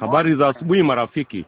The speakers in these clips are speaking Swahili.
Habari za asubuhi, marafiki.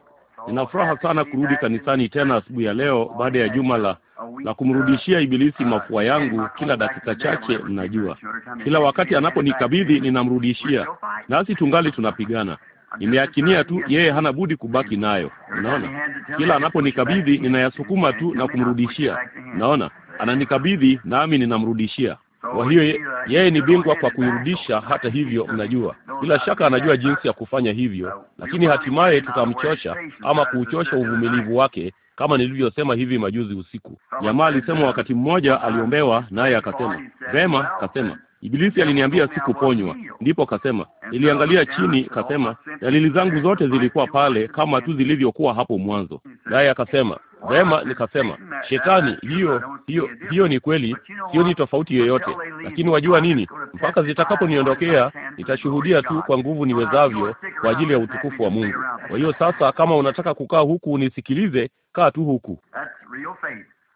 Nina furaha sana kurudi kanisani tena asubuhi ya leo baada ya juma la la kumrudishia ibilisi mafua yangu kila dakika chache. Mnajua, kila wakati anaponikabidhi ninamrudishia, nasi tungali tunapigana. Nimeakinia tu, yeye hana budi kubaki nayo. Unaona, kila anaponikabidhi ninayasukuma tu na kumrudishia. naona ananikabidhi nami ninamrudishia. Kwa hiyo yeye ni bingwa kwa kuirudisha. Hata hivyo, mnajua, bila shaka anajua jinsi ya kufanya hivyo, lakini hatimaye tutamchosha ama kuuchosha uvumilivu wake, kama nilivyosema hivi majuzi usiku. Jamaa alisema wakati mmoja aliombewa, naye akasema vema, akasema Ibilisi aliniambia sikuponywa, ndipo akasema, niliangalia chini, kasema dalili zangu zote zilikuwa pale kama tu zilivyokuwa hapo mwanzo. Naye akasema vema. Nikasema, shetani, hiyo hiyo hiyo ni kweli, ni tofauti yoyote, lakini wajua nini? Mpaka zitakaponiondokea nitashuhudia tu kwa nguvu niwezavyo kwa ajili ya utukufu wa Mungu. Kwa hiyo sasa, kama unataka kukaa huku unisikilize, kaa tu huku.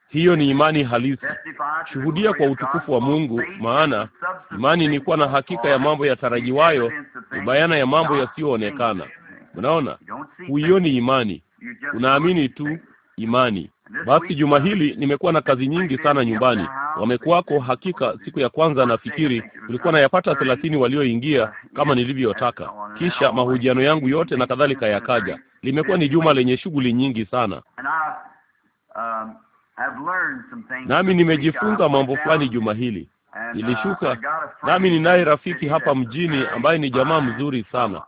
Hiyo ni imani halisi, shuhudia kwa utukufu wa Mungu, maana imani ni kuwa na hakika ya mambo yatarajiwayo, tarajiwayo bayana ya mambo yasiyoonekana. Mnaona, huioni imani, unaamini tu imani. Basi juma uh, hili nimekuwa na kazi nyingi sana nyumbani, wamekuwako. Hakika siku ya kwanza nafikiri kulikuwa na yapata thelathini walioingia uh, kama nilivyotaka, kisha mahojiano yangu yote na kadhalika yakaja. Limekuwa ni juma lenye shughuli nyingi sana nami nimejifunza mambo fulani juma hili. Uh, Nilishuka nami ninaye rafiki hapa mjini ambaye ni jamaa mzuri sana.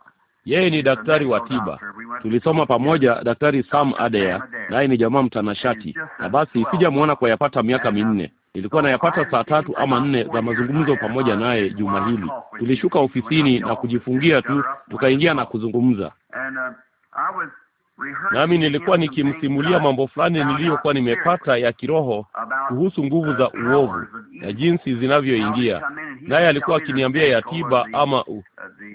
Yeye ni daktari wa tiba, tulisoma pamoja, Daktari Sam Adea, naye ni jamaa mtanashati, na basi sijamwona kwa yapata miaka uh, minne. Nilikuwa nayapata saa tatu ama nne za mazungumzo pamoja naye juma hili. Tulishuka ofisini na kujifungia tu, tukaingia na kuzungumza uh, nami nilikuwa nikimsimulia mambo fulani niliyokuwa nimepata ya kiroho kuhusu nguvu za uovu na jinsi zinavyoingia, naye alikuwa akiniambia ya tiba ama u,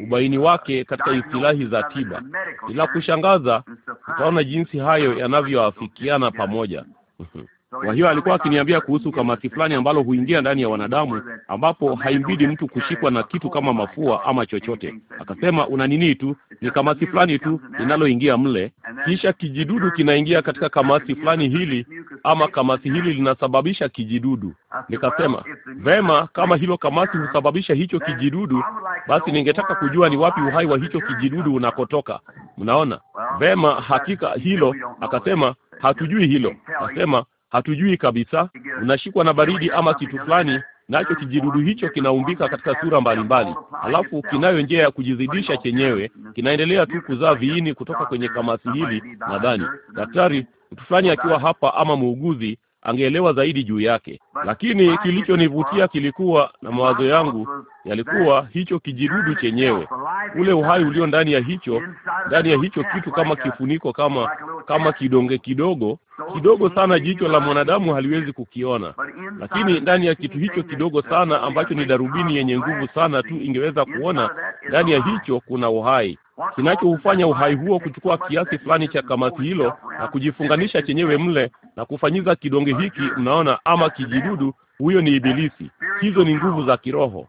ubaini wake katika istilahi za tiba. Ila kushangaza, utaona jinsi hayo yanavyoafikiana pamoja Kwa hiyo alikuwa akiniambia kuhusu kamasi fulani ambalo huingia ndani ya wanadamu, ambapo haimbidi mtu kushikwa na kitu kama mafua ama chochote. Akasema una nini tu, ni kamasi fulani tu linaloingia mle, kisha kijidudu kinaingia katika kamasi fulani hili, ama kamasi hili linasababisha kijidudu. Nikasema vema, kama hilo kamasi husababisha hicho kijidudu, basi ningetaka kujua ni wapi uhai wa hicho kijidudu unakotoka. Mnaona vema, hakika hilo. Akasema hatujui hilo. Akasema hatujui kabisa, unashikwa na baridi ama kitu fulani, nacho kijidudu hicho kinaumbika katika sura mbalimbali, alafu kinayo njia ya kujizidisha chenyewe, kinaendelea tu kuzaa viini kutoka kwenye kamasi hili. Nadhani daktari mtu fulani akiwa hapa ama muuguzi angeelewa zaidi juu yake, lakini kilichonivutia kilikuwa na mawazo yangu yalikuwa hicho kijidudu chenyewe, ule uhai ulio ndani ya hicho ndani ya hicho kitu, kama kifuniko, kama kama kidonge kidogo kidogo sana, jicho la mwanadamu haliwezi kukiona, lakini ndani ya kitu hicho kidogo sana ambacho ni darubini yenye nguvu sana tu ingeweza kuona, ndani ya hicho kuna uhai. Kinachoufanya uhai huo kuchukua kiasi fulani cha kamati hilo na kujifunganisha chenyewe mle na kufanyiza kidonge hiki, mnaona, ama kijidudu huyo ni Ibilisi. Hizo ni nguvu za kiroho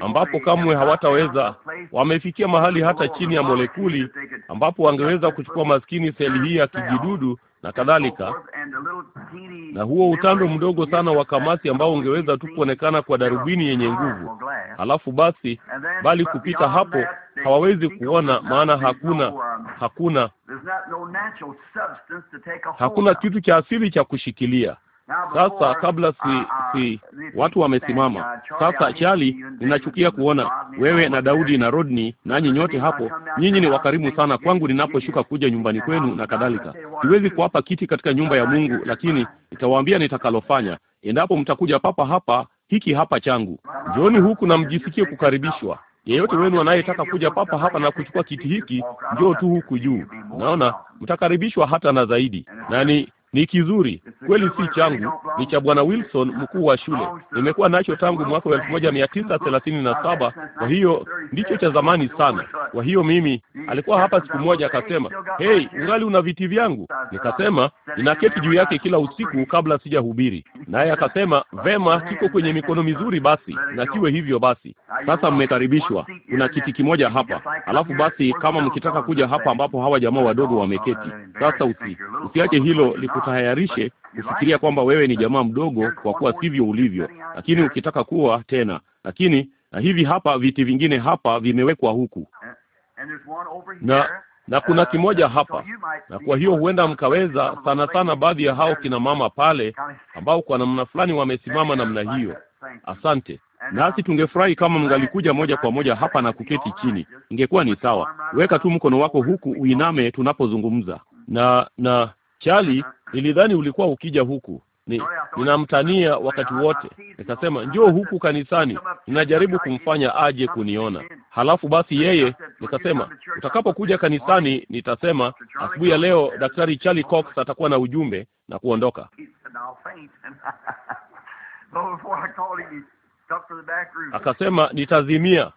ambapo kamwe hawataweza. Wamefikia mahali hata chini ya molekuli ambapo wangeweza kuchukua maskini seli hii ya kijidudu na kadhalika, na huo utando mdogo sana wa kamasi ambao ungeweza tu kuonekana kwa darubini yenye nguvu, halafu basi, bali kupita hapo hawawezi kuona, maana hakuna um, hakuna hakuna kitu cha asili cha kushikilia sasa kabla uh, si uh, si watu wamesimama uh, sasa. Chali, ninachukia kuona wewe na Daudi na Rodney nanyi nyote hapo, nyinyi ni wakarimu sana kwangu ninaposhuka kuja nyumbani kwenu na kadhalika. Siwezi kuwapa kiti katika nyumba ya Mungu, lakini nitawaambia nitakalofanya endapo mtakuja papa hapa. Hiki hapa changu, njoni huku na mjisikie kukaribishwa. Yeyote wenu anayetaka kuja papa hapa na kuchukua kiti hiki, njoo tu huku juu. Naona mtakaribishwa hata na zaidi. Nani ni kizuri kweli, si changu, ni cha Bwana Wilson, mkuu wa shule. Nimekuwa nacho tangu mwaka wa elfu moja mia tisa thelathini na saba, kwa hiyo ndicho cha zamani sana. Kwa hiyo mimi, alikuwa hapa siku moja akasema, hei, ungali una viti vyangu? Nikasema ninaketi juu yake kila usiku kabla sijahubiri. Naye akasema vema, kiko kwenye mikono mizuri, basi na kiwe hivyo basi. Sasa mmekaribishwa, kuna kiti kimoja hapa. Alafu basi, kama mkitaka kuja hapa ambapo hawa jamaa wadogo wameketi, sasa usi usiache hilo liku ukatayarishe, kufikiria kwamba wewe ni jamaa mdogo, kwa kuwa sivyo ulivyo. Lakini ukitaka kuwa tena, lakini na hivi hapa viti vingine hapa vimewekwa huku na na kuna uh, kimoja hapa, na kwa hiyo huenda mkaweza sana sana, baadhi ya hao kina mama pale ambao kwa namna fulani wamesimama namna hiyo. Asante. Nasi tungefurahi kama mngalikuja moja kwa moja hapa na kuketi chini, ingekuwa ni sawa. Weka tu mkono wako huku, uiname tunapozungumza. Mm. Na na Chali, Nilidhani ulikuwa ukija huku ni, ninamtania wakati wote. Nikasema njoo huku kanisani, ninajaribu kumfanya aje kuniona. Halafu basi yeye, nikasema utakapokuja kanisani nitasema asubuhi ya leo Daktari Charlie Cox atakuwa na ujumbe na kuondoka. Akasema nitazimia.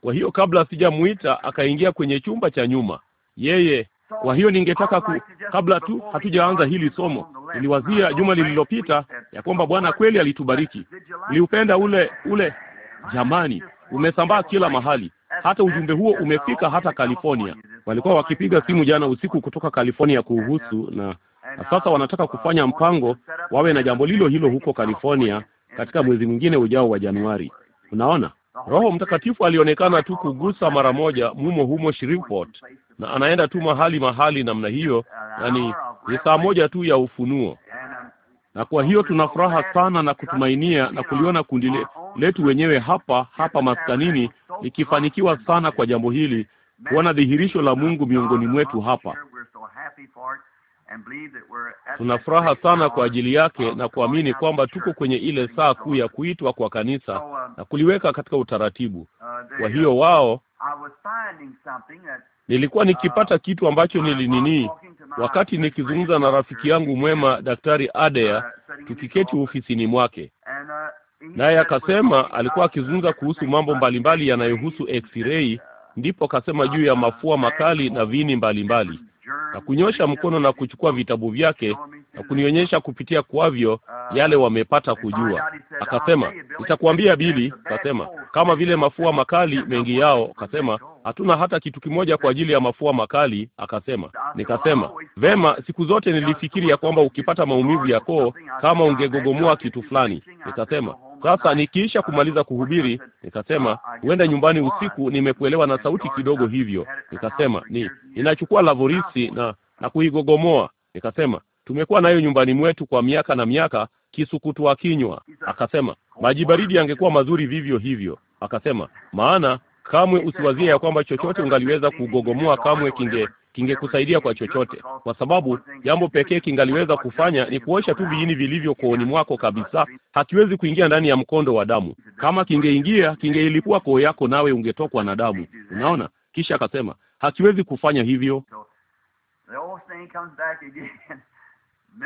Kwa hiyo kabla sijamuita, akaingia kwenye chumba cha nyuma. Yeye kwa hiyo ningetaka ku, kabla tu hatujaanza hili somo, niliwazia juma lililopita ya kwamba Bwana kweli alitubariki. Niliupenda ule ule, jamani, umesambaa kila mahali, hata ujumbe huo umefika hata California. Walikuwa wakipiga simu jana usiku kutoka California kuhusu na na sasa wanataka kufanya mpango wawe na jambo lilo hilo huko California katika mwezi mwingine ujao wa Januari. Unaona, Roho Mtakatifu alionekana tu kugusa mara moja mumo humo Shreveport, na anaenda tu mahali mahali namna hiyo, yani ni saa moja tu ya ufunuo. Na kwa hiyo tuna furaha sana na kutumainia na kuliona kundi letu wenyewe hapa hapa maskanini likifanikiwa sana kwa jambo hili, kuona dhihirisho la Mungu miongoni mwetu hapa. Tuna furaha sana kwa ajili yake na kuamini kwamba tuko kwenye ile saa kuu ya kuitwa kwa kanisa um, na kuliweka katika utaratibu. Uh, kwa hiyo wao, nilikuwa uh, nikipata kitu ambacho nilinini, wakati nikizungumza na rafiki yangu mwema Daktari uh, Adea, tukiketi ofisini mwake, naye akasema, alikuwa akizungumza kuhusu mambo mbalimbali yanayohusu x-ray, ndipo akasema juu ya mafua makali na vini mbalimbali mbali na kunyosha mkono na kuchukua vitabu vyake na kunionyesha kupitia kwavyo yale wamepata kujua. Akasema, nitakuambia Bili, akasema, kama vile mafua makali mengi yao, akasema, hatuna hata kitu kimoja kwa ajili ya mafua makali, akasema. Nikasema, vema, siku zote nilifikiri ya kwamba ukipata maumivu ya koo, kama ungegogomoa kitu fulani. Nikasema sasa nikiisha kumaliza kuhubiri, nikasema huenda nyumbani usiku nimekuelewa na sauti kidogo hivyo. Nikasema ni ninachukua lavorisi na na kuigogomoa. Nikasema tumekuwa nayo nyumbani mwetu kwa miaka na miaka, kisukutwa kinywa. Akasema maji baridi yangekuwa mazuri vivyo hivyo. Akasema maana kamwe usiwazie ya kwamba chochote ungaliweza kugogomoa kamwe kinge kingekusaidia kwa chochote, kwa sababu jambo pekee kingaliweza kufanya ni kuosha tu viini vilivyo kooni mwako kabisa. Hakiwezi kuingia ndani ya mkondo wa damu. Kama kingeingia, kingeilipua koo yako, nawe ungetokwa na damu. Unaona? Kisha akasema hakiwezi kufanya hivyo.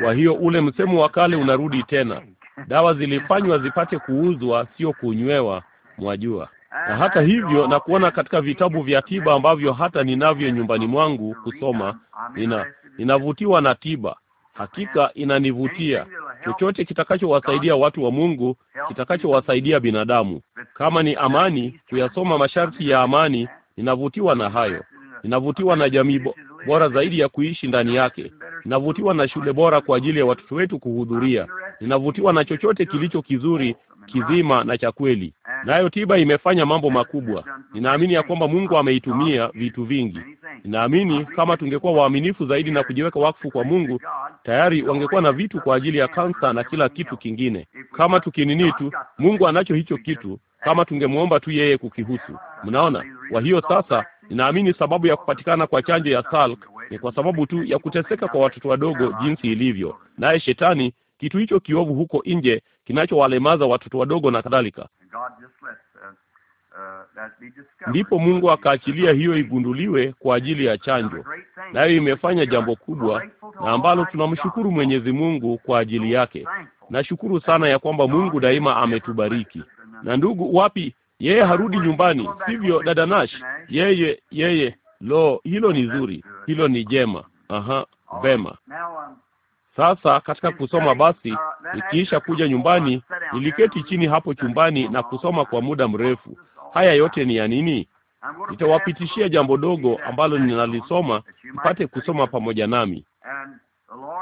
Kwa hiyo ule msemo wa kale unarudi tena, dawa zilifanywa zipate kuuzwa, sio kunywewa. Mwajua na hata hivyo na kuona katika vitabu vya tiba ambavyo hata ninavyo nyumbani mwangu kusoma, nina ninavutiwa na tiba. Hakika inanivutia chochote kitakachowasaidia watu wa Mungu, kitakachowasaidia binadamu. Kama ni amani, kuyasoma masharti ya amani, ninavutiwa na hayo. Ninavutiwa na jamii bora zaidi ya kuishi ndani yake. Ninavutiwa na shule bora kwa ajili ya watoto wetu kuhudhuria. Ninavutiwa na chochote kilicho kizuri kizima na cha kweli, nayo tiba imefanya mambo makubwa. Ninaamini ya kwamba Mungu ameitumia vitu vingi. Ninaamini kama tungekuwa waaminifu zaidi na kujiweka wakfu kwa Mungu, tayari wangekuwa na vitu kwa ajili ya kansa na kila kitu kingine. Kama tukinini tu, Mungu anacho hicho kitu, kama tungemwomba tu yeye kukihusu. Mnaona? Kwa hiyo sasa, ninaamini sababu ya kupatikana kwa chanjo ya Salk ni kwa sababu tu ya kuteseka kwa watoto wadogo jinsi ilivyo, naye shetani kitu hicho kiovu huko nje kinachowalemaza watoto wadogo na kadhalika. Uh, Ndipo Mungu akaachilia hiyo igunduliwe kwa ajili ya chanjo, nayo imefanya jambo kubwa na ambalo tunamshukuru Mwenyezi Mungu kwa ajili yake. Nashukuru sana ya kwamba Mungu daima ametubariki. Na ndugu, wapi yeye harudi nyumbani, sivyo dada Nash? Yeye yeye, lo, hilo ni zuri, hilo ni jema. Aha, vema. Um, sasa katika kusoma basi, uh, nikiisha kuja nyumbani, niliketi chini hapo chumbani na kusoma kwa muda mrefu. Haya yote ni ya nini? Nitawapitishia jambo dogo ambalo ninalisoma mpate kusoma pamoja nami.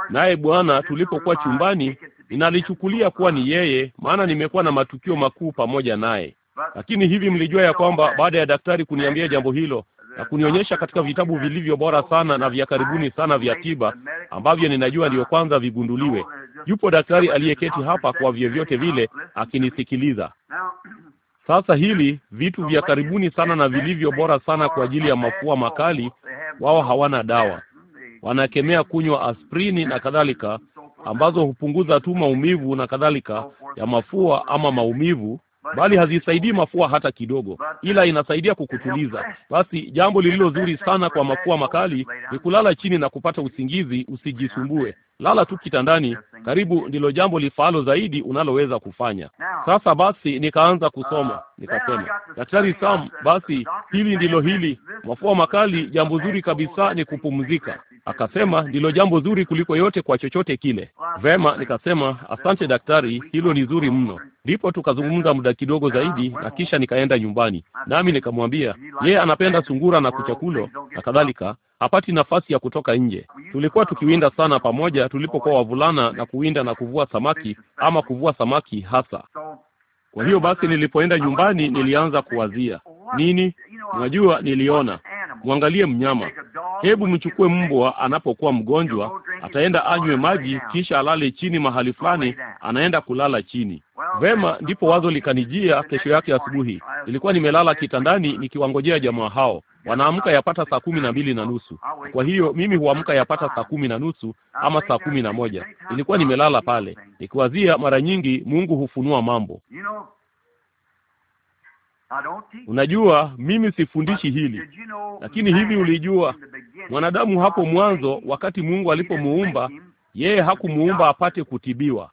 Naye Bwana tulipokuwa chumbani, ninalichukulia kuwa ni yeye, maana nimekuwa na matukio makuu pamoja naye. Lakini hivi mlijua ya kwamba baada ya daktari kuniambia jambo hilo, na kunionyesha katika vitabu vilivyo bora sana na vya karibuni sana vya tiba ambavyo ninajua ndiyo kwanza vigunduliwe. Yupo daktari aliyeketi hapa kwa vyovyote vile akinisikiliza. Sasa hili vitu vya karibuni sana na vilivyo bora sana kwa ajili ya mafua makali, wao hawana dawa, wanakemea kunywa aspirini na kadhalika, ambazo hupunguza tu maumivu na kadhalika ya mafua ama maumivu bali hazisaidii mafua hata kidogo, ila inasaidia kukutuliza. Basi jambo lililo zuri sana kwa mafua makali ni kulala chini na kupata usingizi, usijisumbue lala tu kitandani, karibu ndilo jambo lifaalo zaidi unaloweza kufanya. Sasa basi, nikaanza uh, kusoma, nikasema, Daktari Sam, basi hili ndilo hili, mafua makali, jambo zuri kabisa ni kupumzika. Akasema ndilo jambo zuri kuliko yote kwa chochote kile. Vema, nikasema asante daktari, hilo ni zuri mno. Ndipo tukazungumza muda kidogo zaidi, na kisha nikaenda nyumbani, nami nikamwambia yeye anapenda sungura na kuchakulo na kadhalika hapati nafasi ya kutoka nje. Tulikuwa tukiwinda sana pamoja tulipokuwa wavulana na kuwinda na kuvua samaki, ama kuvua samaki hasa. Kwa hiyo basi, nilipoenda nyumbani, nilianza kuwazia nini, unajua, niliona mwangalie mnyama. Hebu mchukue mbwa anapokuwa mgonjwa, ataenda anywe maji, kisha alale chini mahali fulani, anaenda kulala chini. Vema, ndipo wazo likanijia. Kesho yake asubuhi nilikuwa nimelala kitandani nikiwangojea jamaa hao wanaamka yapata saa kumi na mbili na nusu. Kwa hiyo mimi huamka yapata saa kumi na nusu ama saa kumi na moja. Nilikuwa nimelala pale nikiwazia, mara nyingi Mungu hufunua mambo. Unajua, mimi sifundishi hili, lakini hivi ulijua mwanadamu hapo mwanzo, wakati Mungu alipomuumba yeye, hakumuumba apate kutibiwa.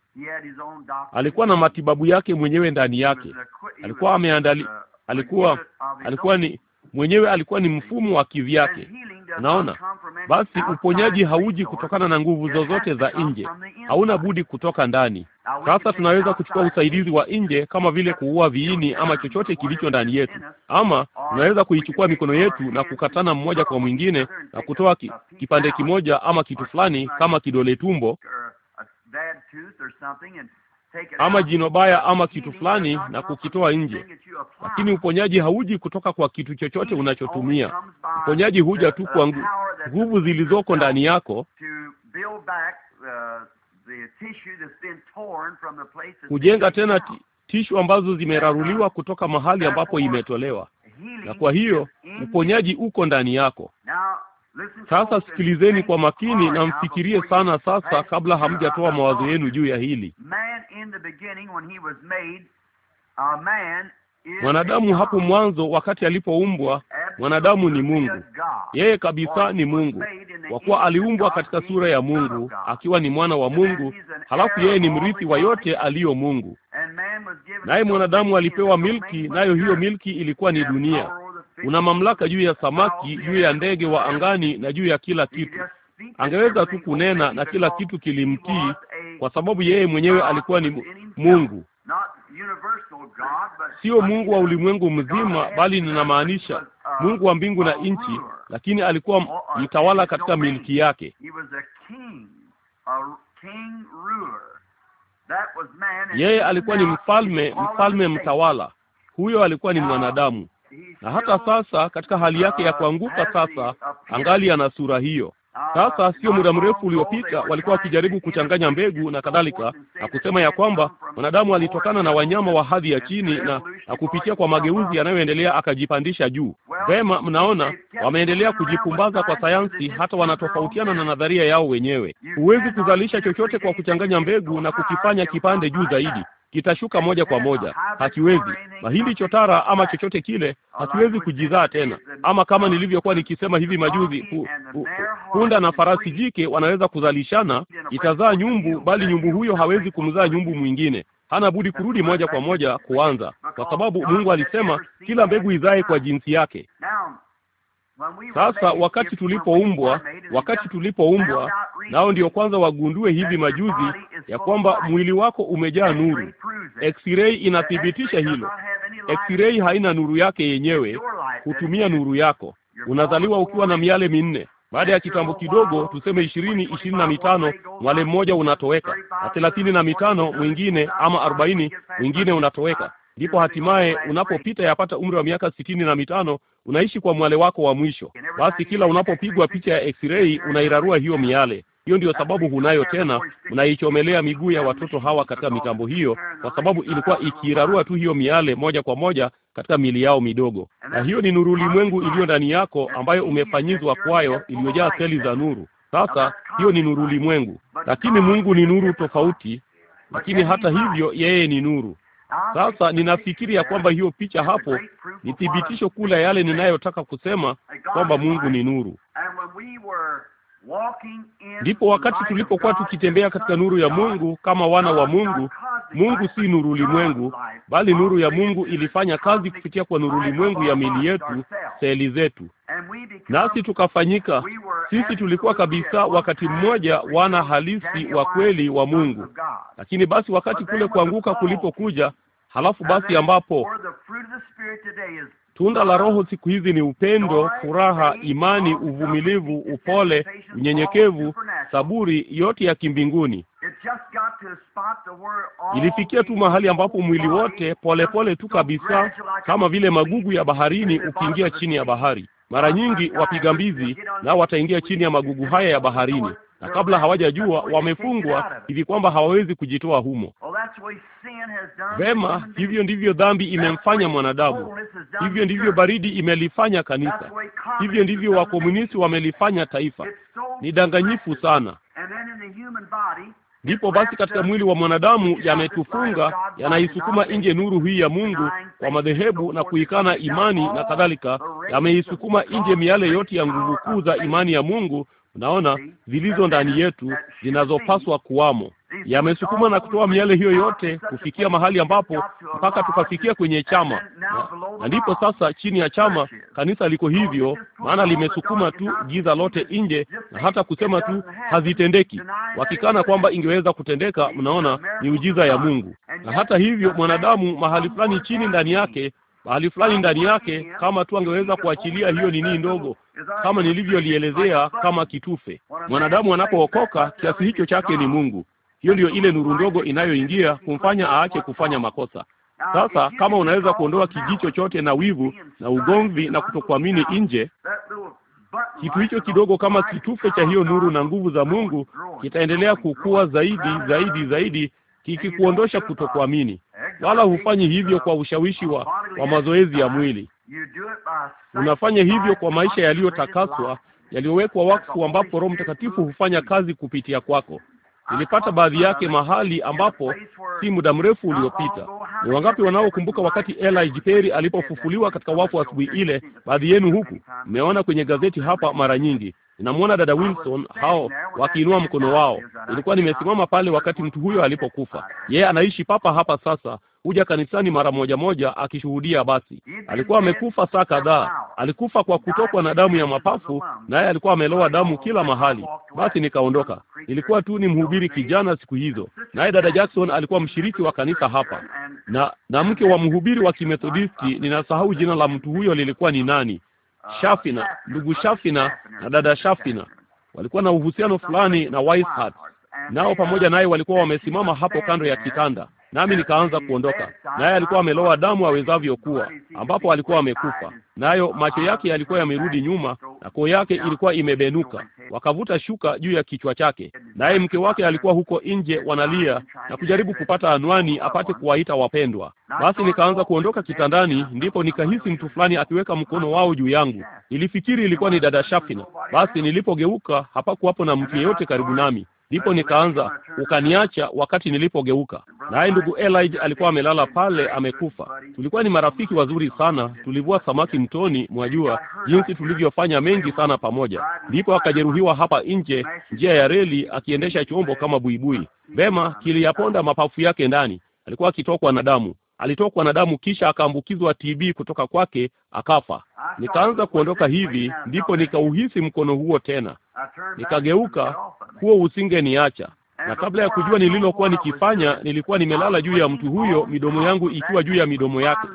Alikuwa na matibabu yake mwenyewe ndani yake, alikuwa ameandali, uh, alikuwa alikuwa ni mwenyewe, alikuwa ni mfumo wa kivyake, Naona basi uponyaji hauji kutokana na nguvu zozote za nje, hauna budi kutoka ndani. Sasa tunaweza kuchukua usaidizi wa nje kama vile kuua viini ama chochote kilicho ndani yetu, ama tunaweza kuichukua mikono yetu na kukatana mmoja kwa mwingine na kutoa ki, kipande kimoja ama kitu fulani kama kidole tumbo ama jino baya ama kitu fulani na kukitoa nje. Lakini uponyaji hauji kutoka kwa kitu chochote unachotumia. Uponyaji huja tu kwa nguvu zilizoko ndani yako kujenga tena tishu ambazo zimeraruliwa kutoka mahali ambapo imetolewa, na kwa hiyo uponyaji uko ndani yako. Sasa sikilizeni kwa makini na mfikirie sana sasa, kabla hamjatoa mawazo yenu juu ya hili. Mwanadamu hapo mwanzo, wakati alipoumbwa, mwanadamu ni Mungu, yeye kabisa ni Mungu, kwa kuwa aliumbwa katika sura ya Mungu, akiwa ni mwana wa Mungu. Halafu yeye ni mrithi wa yote aliyo Mungu, naye mwanadamu alipewa milki, nayo hiyo milki ilikuwa ni dunia Una mamlaka juu ya samaki, juu ya ndege wa angani na juu ya kila kitu. Angeweza tu kunena na kila kitu kilimtii, kwa sababu yeye mwenyewe alikuwa ni Mungu, sio Mungu wa ulimwengu mzima, bali ninamaanisha Mungu wa mbingu na nchi, lakini alikuwa mtawala katika miliki yake. Yeye alikuwa ni mfalme, mfalme mtawala. Huyo alikuwa ni mwanadamu na hata sasa katika hali yake ya kuanguka ah, sasa angali ana sura hiyo. Ah, sasa sio muda ah, mrefu uliopita walikuwa wakijaribu kuchanganya mbegu na kadhalika, na kusema ya kwamba mwanadamu alitokana na wanyama wa hadhi ya chini na, na kupitia kwa mageuzi yanayoendelea akajipandisha juu. Vema, mnaona wameendelea kujipumbaza kwa sayansi, hata wanatofautiana na nadharia yao wenyewe. Huwezi kuzalisha chochote kwa kuchanganya mbegu na kukifanya kipande juu zaidi kitashuka moja kwa moja. Hakiwezi, mahindi chotara ama chochote kile hakiwezi kujizaa tena, ama kama nilivyokuwa nikisema hivi majuzi, punda na farasi jike wanaweza kuzalishana, itazaa nyumbu, bali nyumbu huyo hawezi kumzaa nyumbu mwingine. Hana budi kurudi moja kwa moja kuanza, kwa sababu Mungu alisema kila mbegu izae kwa jinsi yake. Sasa wakati tulipoumbwa, wakati tulipoumbwa, nao ndio kwanza wagundue hivi majuzi ya kwamba mwili wako umejaa nuru. X-ray inathibitisha hilo. X-ray haina nuru yake yenyewe, hutumia nuru yako. Unazaliwa ukiwa na miale minne. Baada ya kitambo kidogo, tuseme ishirini, ishirini na mitano, mwale mmoja unatoweka, na thelathini na mitano mwingine, ama arobaini mwingine unatoweka uh, ndipo hatimaye unapopita yapata umri wa miaka sitini na mitano unaishi kwa mwale wako wa mwisho. Basi kila unapopigwa picha ya x-ray unairarua hiyo miale. Hiyo ndiyo sababu hunayo tena, unaichomelea miguu ya watoto hawa katika mitambo hiyo, kwa sababu ilikuwa ikiirarua tu hiyo miale moja kwa moja katika mili yao midogo. Na hiyo ni nuru ulimwengu iliyo ndani yako, ambayo umefanyizwa kwayo, iliyojaa seli za nuru. Sasa hiyo ni nuru ulimwengu, lakini Mungu ni nuru tofauti. Lakini hata hivyo, yeye ni nuru. Sasa ninafikiri ya kwamba hiyo picha hapo ni thibitisho kula yale ninayotaka kusema kwamba Mungu ni nuru. Ndipo wakati tulipokuwa tukitembea katika nuru ya Mungu kama wana wa Mungu, Mungu si nuru limwengu, bali nuru ya Mungu ilifanya kazi kupitia kwa nuru limwengu ya mili yetu, seli zetu, nasi tukafanyika. Sisi tulikuwa kabisa wakati mmoja wana halisi wa kweli wa Mungu, lakini basi wakati kule kuanguka kulipokuja, halafu basi ambapo Tunda la Roho siku hizi ni upendo, furaha, imani, uvumilivu, upole, unyenyekevu, saburi, yote ya kimbinguni. Ilifikia tu mahali ambapo mwili wote polepole tu kabisa, kama vile magugu ya baharini, ukiingia chini ya bahari. Mara nyingi wapiga mbizi nao wataingia chini ya magugu haya ya baharini, na kabla hawajajua wamefungwa hivi kwamba hawawezi kujitoa humo. Vema, hivyo ndivyo dhambi imemfanya mwanadamu, hivyo ndivyo baridi imelifanya kanisa, hivyo ndivyo wakomunisti wamelifanya taifa. Ni danganyifu sana. Ndipo basi katika mwili wa mwanadamu yametufunga, yanaisukuma nje nuru hii ya Mungu kwa madhehebu na kuikana imani na kadhalika, yameisukuma nje miale yote ya nguvu kuu za imani ya Mungu Naona zilizo ndani yetu zinazopaswa kuwamo, yamesukuma na kutoa miale hiyo yote kufikia mahali ambapo mpaka tukafikia kwenye chama na, na ndipo sasa chini ya chama kanisa liko hivyo, maana limesukuma tu giza lote nje, na hata kusema tu hazitendeki, wakikana kwamba ingeweza kutendeka. Mnaona miujiza ya Mungu, na hata hivyo mwanadamu mahali fulani chini ndani yake mahali fulani ah, ndani yake, eh? kama tu angeweza kuachilia hiyo nini ndogo, kama nilivyolielezea, kama kitufe. Mwanadamu anapookoka kiasi hicho chake ni Mungu. Hiyo ndiyo ile nuru ndogo inayoingia kumfanya aache kufanya makosa. Ah, Sasa kama unaweza kuondoa kijii chochote na wivu na ugomvi na kutokuamini nje, kitu hicho kidogo kama kitufe cha hiyo nuru na nguvu za Mungu kitaendelea kukua zaidi zaidi zaidi kikikuondosha kutokuamini, wala hufanyi hivyo kwa ushawishi wa, wa mazoezi ya mwili. Unafanya hivyo kwa maisha yaliyotakaswa, yaliyowekwa wakfu, ambapo Roho Mtakatifu hufanya kazi kupitia kwako. Nilipata baadhi yake mahali ambapo si muda mrefu uliopita. Ni wangapi wanaokumbuka wakati Eli Jiperi alipofufuliwa katika wafu asubuhi ile? Baadhi yenu huku mmeona kwenye gazeti hapa mara nyingi ninamwona dada Wilson hao wakiinua mkono wao. Nilikuwa nimesimama pale wakati mtu huyo alipokufa. Yeye anaishi papa hapa sasa, huja kanisani mara moja moja akishuhudia. Basi alikuwa amekufa saa kadhaa, alikufa kwa kutokwa na damu ya mapafu, naye alikuwa amelowa damu kila mahali. Basi nikaondoka, ilikuwa tu ni mhubiri kijana siku hizo, naye dada Jackson alikuwa mshiriki wa kanisa hapa, na na mke wa mhubiri wa Kimethodisti, ninasahau jina la mtu huyo lilikuwa ni nani Ah, Shafina, ndugu Shafina na dada Shafina walikuwa na uhusiano fulani na Weishaupt nao pamoja naye walikuwa wamesimama hapo kando ya kitanda, nami nikaanza kuondoka, naye alikuwa ameloa damu awezavyo kuwa, ambapo alikuwa amekufa, nayo macho yake yalikuwa yamerudi nyuma na koo yake ilikuwa imebenuka. Wakavuta shuka juu ya kichwa chake, naye mke wake alikuwa huko nje wanalia na kujaribu kupata anwani apate kuwaita wapendwa. Basi nikaanza kuondoka kitandani, ndipo nikahisi mtu fulani akiweka mkono wao juu yangu. Nilifikiri ilikuwa ni dada Shafina. Basi nilipogeuka, hapakuwapo na mtu yeyote karibu nami. Ndipo nikaanza ukaniacha wakati nilipogeuka, naye ndugu Elijah alikuwa amelala pale, amekufa. Tulikuwa ni marafiki wazuri sana, tulivua samaki mtoni, mwajua jinsi tulivyofanya mengi sana pamoja. Ndipo akajeruhiwa hapa nje, njia ya reli, akiendesha chombo kama buibui. Vema, kiliyaponda mapafu yake ndani, alikuwa akitokwa na damu alitokwa na damu kisha akaambukizwa TB kutoka kwake akafa. Nikaanza kuondoka hivi, ndipo nikauhisi mkono huo tena. Nikageuka, huo usingeniacha na kabla ya kujua nililokuwa nikifanya, nilikuwa nimelala juu ya mtu huyo, midomo yangu ikiwa juu ya midomo yake.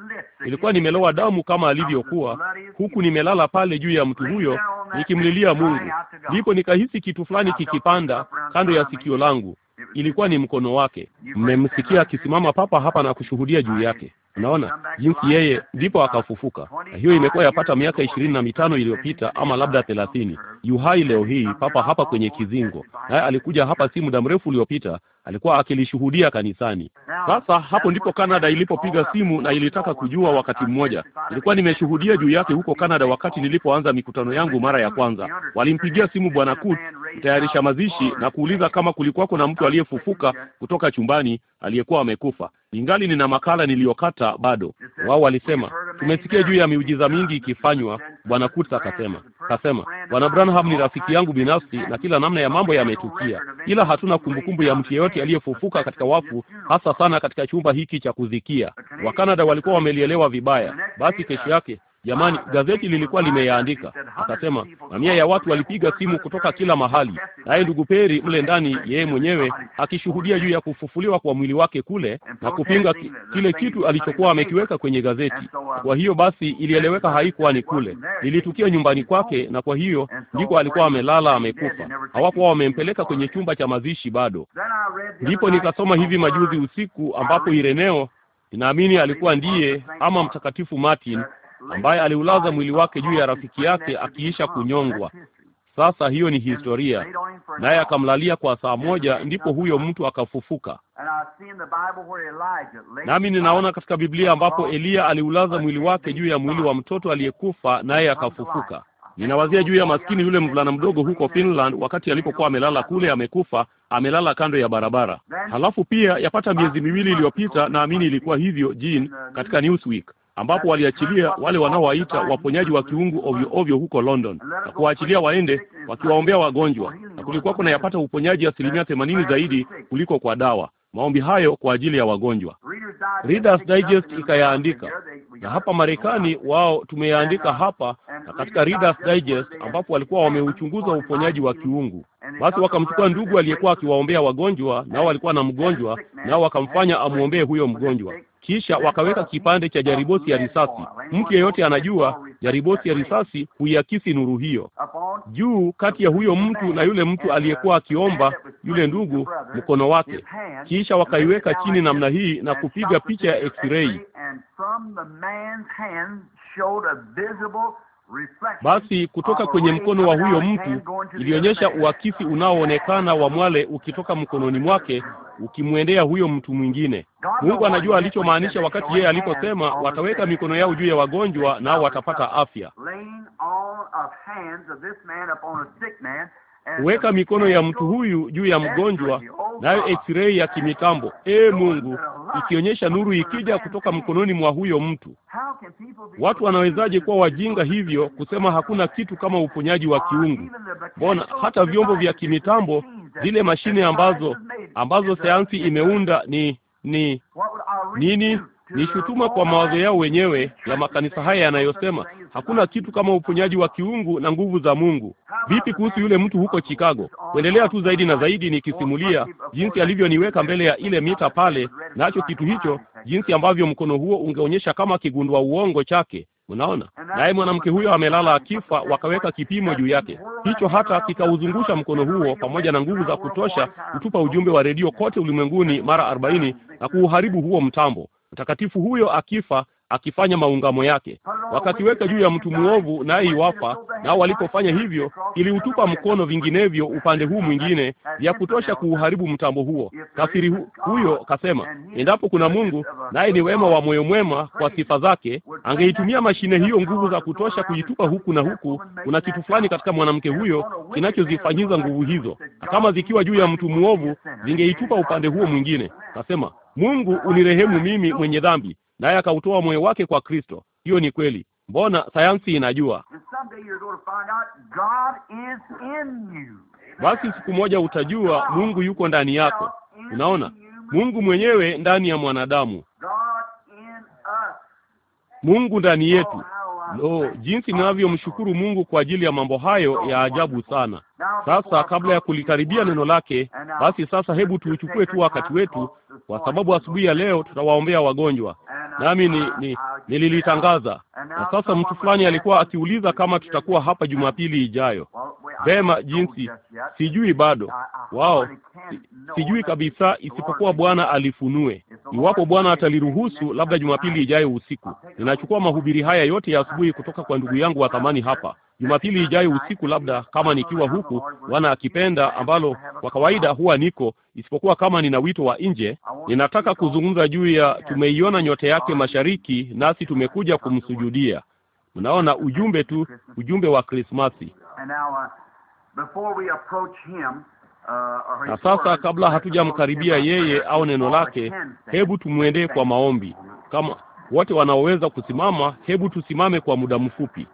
Nilikuwa nimelowa damu kama alivyokuwa, huku nimelala pale juu ya mtu huyo nikimlilia Mungu. Ndipo nikahisi kitu fulani kikipanda kando ya sikio langu, ilikuwa ni mkono wake. Mmemsikia akisimama papa hapa na kushuhudia juu yake. Unaona jinsi yeye, ndipo akafufuka. Hiyo imekuwa yapata miaka ishirini na mitano iliyopita ama labda thelathini. Yuhai leo hii papa hapa kwenye kizingo, naye alikuja hapa si muda mrefu uliopita alikuwa akilishuhudia kanisani. Sasa hapo ndipo kanada ilipopiga simu na ilitaka kujua wakati mmoja. Nilikuwa nimeshuhudia juu yake huko kanada wakati nilipoanza mikutano yangu mara ya kwanza. Walimpigia simu Bwana Kut, kutayarisha mazishi, na kuuliza kama kulikuwa kuna mtu aliyefufuka kutoka chumbani aliyekuwa amekufa. Ningali nina makala niliyokata bado. Wao walisema tumesikia juu ya miujiza mingi ikifanywa. Bwana kuts akasema kasema, Bwana Branham ni rafiki yangu binafsi na kila namna ya mambo yametukia, ila hatuna kumbukumbu ya mtu yeyote aliyefufuka katika wafu, hasa sana katika chumba hiki cha kuzikia. Wakanada walikuwa wamelielewa vibaya. Basi kesho uh, yake Jamani, gazeti lilikuwa limeyaandika. Akasema mamia ya watu walipiga simu kutoka kila mahali, naye ndugu Peri mle ndani, yeye mwenyewe akishuhudia juu ya kufufuliwa kwa mwili wake kule na kupinga kile kitu alichokuwa amekiweka kwenye gazeti. Um, kwa hiyo basi ilieleweka haikuwa ni kule, ilitukia nyumbani kwake, na kwa hiyo ndiko alikuwa amelala amekufa. Hawakuwa wamempeleka kwenye chumba cha mazishi bado. Ndipo nikasoma hivi majuzi usiku ambapo Ireneo, ninaamini alikuwa ndiye ama Mtakatifu Martin ambaye aliulaza mwili wake juu ya rafiki yake akiisha kunyongwa. Sasa hiyo ni historia. Naye akamlalia kwa saa moja, ndipo huyo mtu akafufuka. Nami ninaona katika Biblia ambapo Eliya aliulaza mwili wake juu ya mwili wa mtoto aliyekufa, naye akafufuka. Ninawazia juu ya maskini yule mvulana mdogo huko Finland, wakati alipokuwa amelala kule, amekufa, amelala kando ya barabara. Halafu pia yapata miezi miwili iliyopita, naamini ilikuwa hivyo, Jean, katika Newsweek ambapo waliachilia wale wanaowaita waponyaji wa kiungu ovyo ovyo huko London na kuwaachilia waende wakiwaombea wagonjwa, na kulikuwa yapata uponyaji asilimia themanini zaidi kuliko kwa dawa. Maombi hayo kwa ajili ya wagonjwa, Reader's Digest ikayaandika, na hapa Marekani wao tumeyaandika hapa na katika Reader's Digest, ambapo walikuwa wameuchunguza uponyaji wa kiungu. Basi wakamchukua ndugu aliyekuwa akiwaombea wagonjwa, nao walikuwa na mgonjwa, nao wakamfanya amwombee huyo mgonjwa kisha wakaweka kipande cha jaribosi ya risasi. Mtu yeyote anajua jaribosi ya risasi huiakisi nuru hiyo juu, kati ya huyo mtu na yule mtu aliyekuwa akiomba, yule ndugu, mkono wake. Kisha wakaiweka chini namna hii na kupiga picha ya x-ray basi kutoka kwenye mkono wa huyo mtu ilionyesha uakisi unaoonekana wa mwale ukitoka mkononi mwake ukimwendea huyo mtu mwingine. Mungu anajua alichomaanisha wakati yeye aliposema wataweka mikono yao juu ya wagonjwa nao watapata afya. Weka mikono ya mtu huyu juu ya mgonjwa, nayo x-ray ya kimitambo, ee Mungu, ikionyesha nuru ikija kutoka mkononi mwa huyo mtu. Watu wanawezaje kuwa wajinga hivyo kusema hakuna kitu kama uponyaji wa kiungu? Mbona hata vyombo vya kimitambo, zile mashine ambazo ambazo sayansi imeunda ni ni nini? Ni shutuma kwa mawazo yao wenyewe ya makanisa haya yanayosema hakuna kitu kama uponyaji wa kiungu na nguvu za Mungu. Vipi kuhusu yule mtu huko Chicago? Kuendelea tu zaidi na zaidi, nikisimulia jinsi alivyoniweka mbele ya ile mita pale, nacho na kitu hicho, jinsi ambavyo mkono huo ungeonyesha kama kigundua uongo chake. Unaona, naye mwanamke huyo amelala akifa, wakaweka kipimo juu yake. Hicho hata kikauzungusha mkono huo pamoja na nguvu za kutosha kutupa ujumbe wa redio kote ulimwenguni mara arobaini na kuuharibu huo mtambo. Mtakatifu huyo akifa akifanya maungamo yake, wakakiweka juu ya mtu mwovu, naye iwafa. Nao walipofanya hivyo, iliutupa mkono, vinginevyo upande huu mwingine, vya kutosha kuuharibu mtambo huo. Kafiri hu huyo kasema, endapo kuna Mungu naye ni wema wa moyo mwema kwa sifa zake, angeitumia mashine hiyo nguvu za kutosha kuitupa huku na huku. Kuna kitu fulani katika mwanamke huyo kinachozifanyiza nguvu hizo, kama zikiwa juu ya mtu mwovu, zingeitupa upande huo mwingine. Kasema Mungu unirehemu mimi mwenye dhambi, naye akautoa moyo wake kwa Kristo. Hiyo ni kweli. Mbona sayansi inajua. Basi siku moja utajua Mungu yuko ndani yako. Unaona, Mungu mwenyewe ndani ya mwanadamu, Mungu ndani yetu, Lo, jinsi ninavyomshukuru Mungu kwa ajili ya mambo hayo ya ajabu sana. Sasa kabla ya kulikaribia neno lake, basi sasa hebu tuuchukue tu wakati wetu, kwa sababu asubuhi ya leo tutawaombea wagonjwa, nami ni, ni nililitangaza. Na sasa mtu fulani alikuwa akiuliza kama tutakuwa hapa Jumapili ijayo. Vema, jinsi sijui bado, wao sijui kabisa, isipokuwa Bwana alifunue. Iwapo Bwana ataliruhusu, labda Jumapili ijayo usiku. Ninachukua mahubiri haya yote ya asubuhi kutoka kwa ndugu yangu wa thamani hapa Jumapili ijayo usiku, labda kama nikiwa huku, Bwana akipenda, ambalo kwa kawaida huwa niko, isipokuwa kama nina wito wa nje. Ninataka kuzungumza juu ya tumeiona nyote yake mashariki, nasi tumekuja kumsujudia. Mnaona ujumbe tu, ujumbe wa Krismasi. Na sasa kabla hatujamkaribia yeye au neno lake, hebu tumwendee kwa maombi kama wote wanaoweza kusimama, hebu tusimame kwa muda mfupi.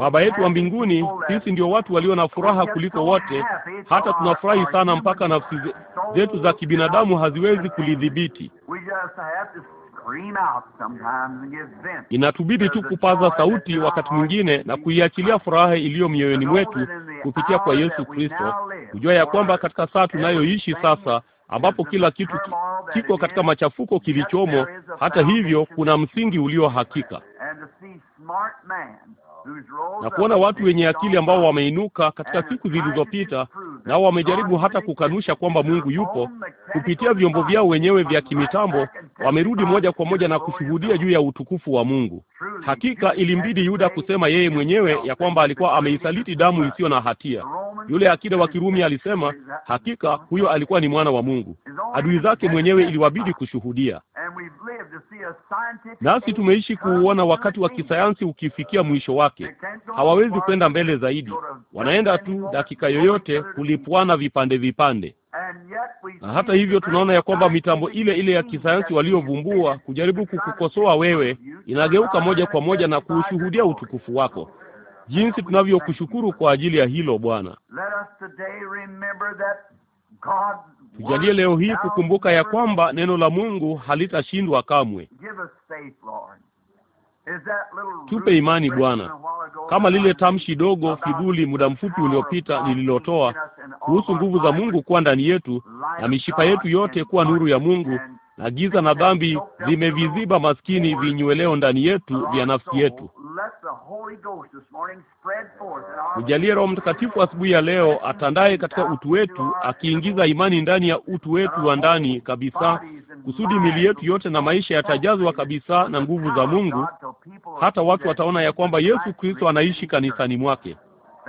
Baba yetu wa mbinguni, sisi ndio watu walio na furaha kuliko wote, hata tunafurahi sana mpaka nafsi zetu za kibinadamu haziwezi kulidhibiti. Inatubidi tu kupaza sauti wakati mwingine na kuiachilia furaha iliyo mioyoni mwetu kupitia kwa Yesu Kristo, kujua ya kwamba katika saa tunayoishi sasa ambapo kila kitu kiko katika machafuko kilichomo. Hata hivyo, kuna msingi ulio hakika na kuona watu wenye akili ambao wameinuka katika siku zilizopita, nao wamejaribu hata kukanusha kwamba Mungu yupo, kupitia vyombo vyao wenyewe vya kimitambo, wamerudi moja kwa moja na kushuhudia juu ya utukufu wa Mungu. Hakika ilimbidi Yuda kusema yeye mwenyewe ya kwamba alikuwa ameisaliti damu isiyo na hatia. Yule akida wa Kirumi alisema hakika huyo alikuwa ni mwana wa Mungu. Adui zake mwenyewe iliwabidi kushuhudia, nasi tumeishi kuuona wakati wa kisayansi ukifikia mwisho wake wake. Hawawezi kwenda mbele zaidi, wanaenda tu dakika yoyote kulipuana vipande vipande. Na hata hivyo tunaona ya kwamba mitambo ile ile ya kisayansi waliovumbua kujaribu kukukosoa wewe inageuka moja kwa moja na kuushuhudia utukufu wako. Jinsi tunavyokushukuru kwa ajili ya hilo Bwana. Tujalie leo hii kukumbuka ya kwamba neno la Mungu halitashindwa kamwe. Tupe imani Bwana, kama lile tamshi dogo kiduli muda mfupi uliopita lililotoa kuhusu nguvu za Mungu kuwa ndani yetu na mishipa yetu yote kuwa nuru ya Mungu na giza na dhambi zimeviziba maskini vinyweleo ndani yetu vya nafsi yetu. Ujalie Roho Mtakatifu asubuhi ya leo atandaye katika utu wetu, akiingiza imani ndani ya utu wetu wa ndani kabisa, kusudi mili yetu yote na maisha yatajazwa kabisa na nguvu za Mungu, hata watu wataona ya kwamba Yesu Kristo anaishi kanisani mwake.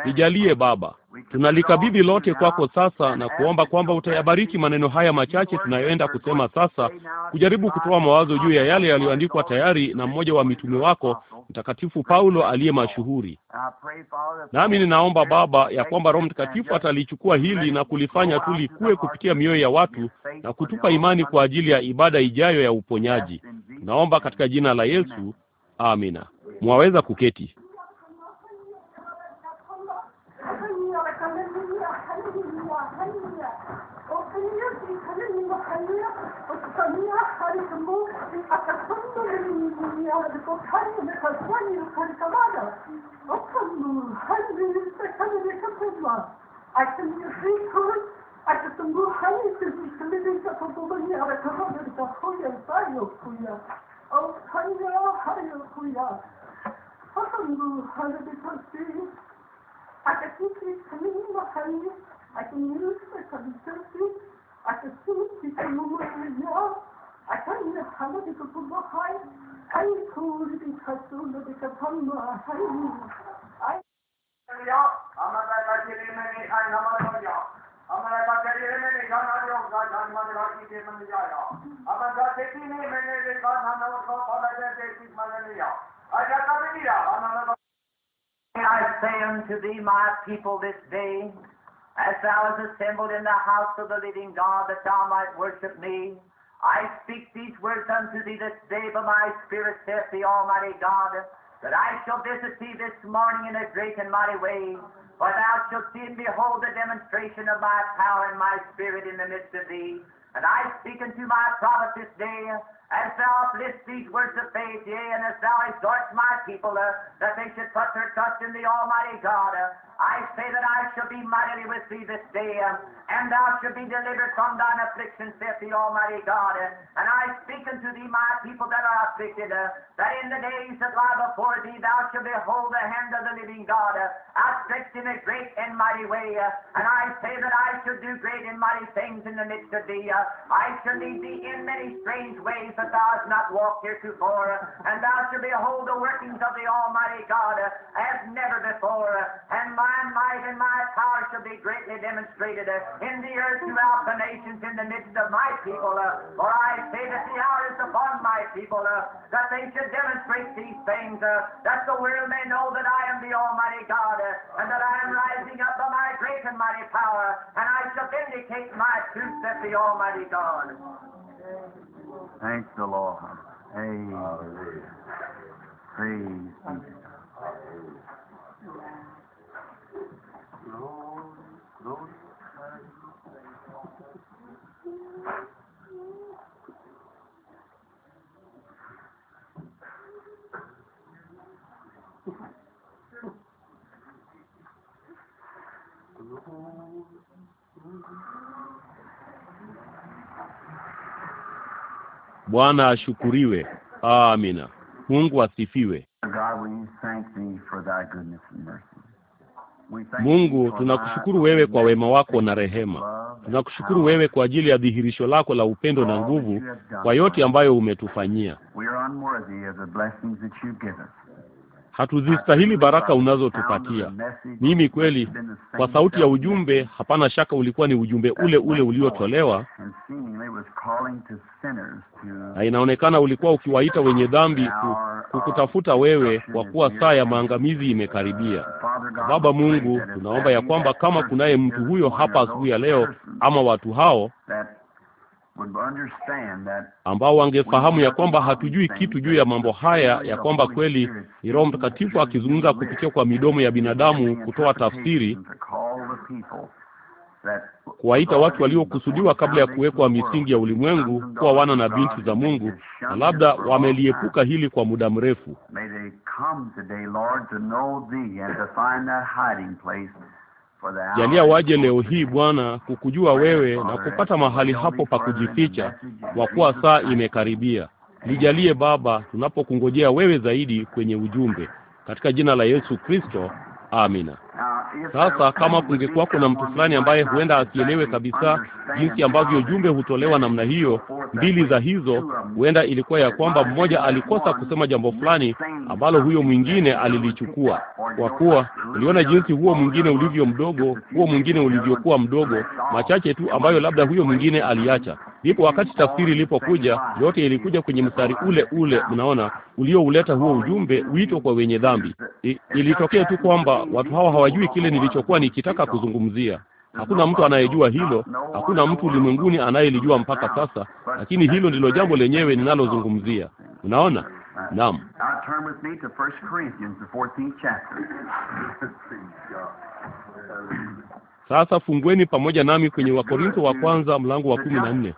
Nijalie Baba, tunalikabidhi lote kwako sasa na kuomba kwamba utayabariki maneno haya machache tunayoenda kusema sasa, kujaribu kutoa mawazo juu ya yale yaliyoandikwa tayari na mmoja wa mitume wako Mtakatifu Paulo aliye mashuhuri. Nami ninaomba Baba ya kwamba Roho Mtakatifu atalichukua hili na kulifanya tu likue kupitia mioyo ya watu na kutupa imani kwa ajili ya ibada ijayo ya uponyaji. Naomba katika jina la Yesu, amina. Mwaweza kuketi. يعرف حربك خيرك الكمال وكل حرب يستكملك كل عشان يحييكم عشان تنبو حيث يستمدك تطبني على كرامك خويا طيب خويا أو خيا خيا خويا فخلوا حربك السير عشان تسمين وخير عشان يرسلك بالسلسل عشان تسمين في كل مرة عشان حمدك الله خير আমরা কাছে রেমেনি আর নামাজ যাও আমরা কাছে রেমেনি গানা I say unto thee, my people, this day, as thou hast assembled in the house of the living God, that thou might worship me, I speak these words unto thee this day by my Spirit, saith the Almighty God, that I shall visit thee this morning in a great and mighty way, for thou shalt see and behold the demonstration of my power and my Spirit in the midst of thee. And I speak unto my prophet this day, as thou uplift these words of faith, yea, and as thou exhort my people uh, that they should put their trust in the Almighty God, uh, I say that I shall be mightily with thee this day, and thou shalt be delivered from thine affliction, saith the Almighty God. And I speak unto thee, my people that are afflicted, that in the days that lie before thee thou shalt behold the hand of the living God, outstretched in a great and mighty way. And I say that I shall do great and mighty things in the midst of thee. I shall lead thee in many strange ways that thou hast not walked heretofore, and thou shalt behold the workings of the Almighty God as never before. And my my might and my power shall be greatly demonstrated uh, in the earth throughout the nations in the midst of my people. Uh, for I say that the hour is upon my people uh, that they should demonstrate these things, uh, that the world may know that I am the Almighty God, uh, and that I am rising up by my great and mighty power, and I shall vindicate my truth that the Almighty God. Thanks the Lord. Amen. Praise Bwana ashukuriwe. Amina. Mungu asifiwe. Mungu, tunakushukuru wewe kwa wema wako na rehema. Tunakushukuru wewe kwa ajili ya dhihirisho lako la upendo na nguvu, kwa yote ambayo umetufanyia hatuzistahili baraka unazotupatia. Mimi kweli, kwa sauti ya ujumbe, hapana shaka ulikuwa ni ujumbe ule ule uliotolewa, na inaonekana ulikuwa ukiwaita wenye dhambi kukutafuta wewe, kwa kuwa saa ya maangamizi imekaribia. Baba Mungu, tunaomba ya kwamba kama kunaye mtu huyo hapa asubuhi ya leo, ama watu hao ambao wangefahamu ya kwamba hatujui kitu juu ya mambo haya, ya kwamba kweli ni Roho Mtakatifu akizungumza kupitia kwa midomo ya binadamu kutoa tafsiri, kuwaita watu waliokusudiwa kabla ya kuwekwa misingi ya ulimwengu kuwa wana na binti za Mungu, na labda wameliepuka hili kwa muda mrefu. Jalia waje leo hii Bwana, kukujua wewe na kupata mahali hapo pa kujificha, kwa kuwa saa imekaribia. Nijalie Baba, tunapokungojea wewe zaidi kwenye ujumbe, katika jina la Yesu Kristo, amina. Uh, Sasa kama kungekuwa kuna mtu fulani ambaye huenda asielewe kabisa jinsi ambavyo jumbe hutolewa namna hiyo, mbili za hizo, huenda ilikuwa ya kwamba mmoja alikosa kusema jambo fulani ambalo huyo mwingine alilichukua, kwa kuwa uliona jinsi huo mwingine ulivyo mdogo, huo mwingine ulivyokuwa mdogo, machache tu ambayo labda huyo mwingine aliacha. Ndipo wakati tafsiri ilipokuja, yote ilikuja kwenye mstari ule ule, mnaona, uliouleta huo ujumbe, wito kwa wenye dhambi. I, ilitokea tu kwamba watu hawa hawa hawajui kile nilichokuwa nikitaka kuzungumzia. Hakuna mtu anayejua hilo, hakuna mtu ulimwenguni anayelijua mpaka sasa, lakini hilo ndilo jambo lenyewe ninalozungumzia. Unaona? Naam. Sasa fungueni pamoja nami kwenye Wakorintho wa kwanza mlango wa kumi na nne.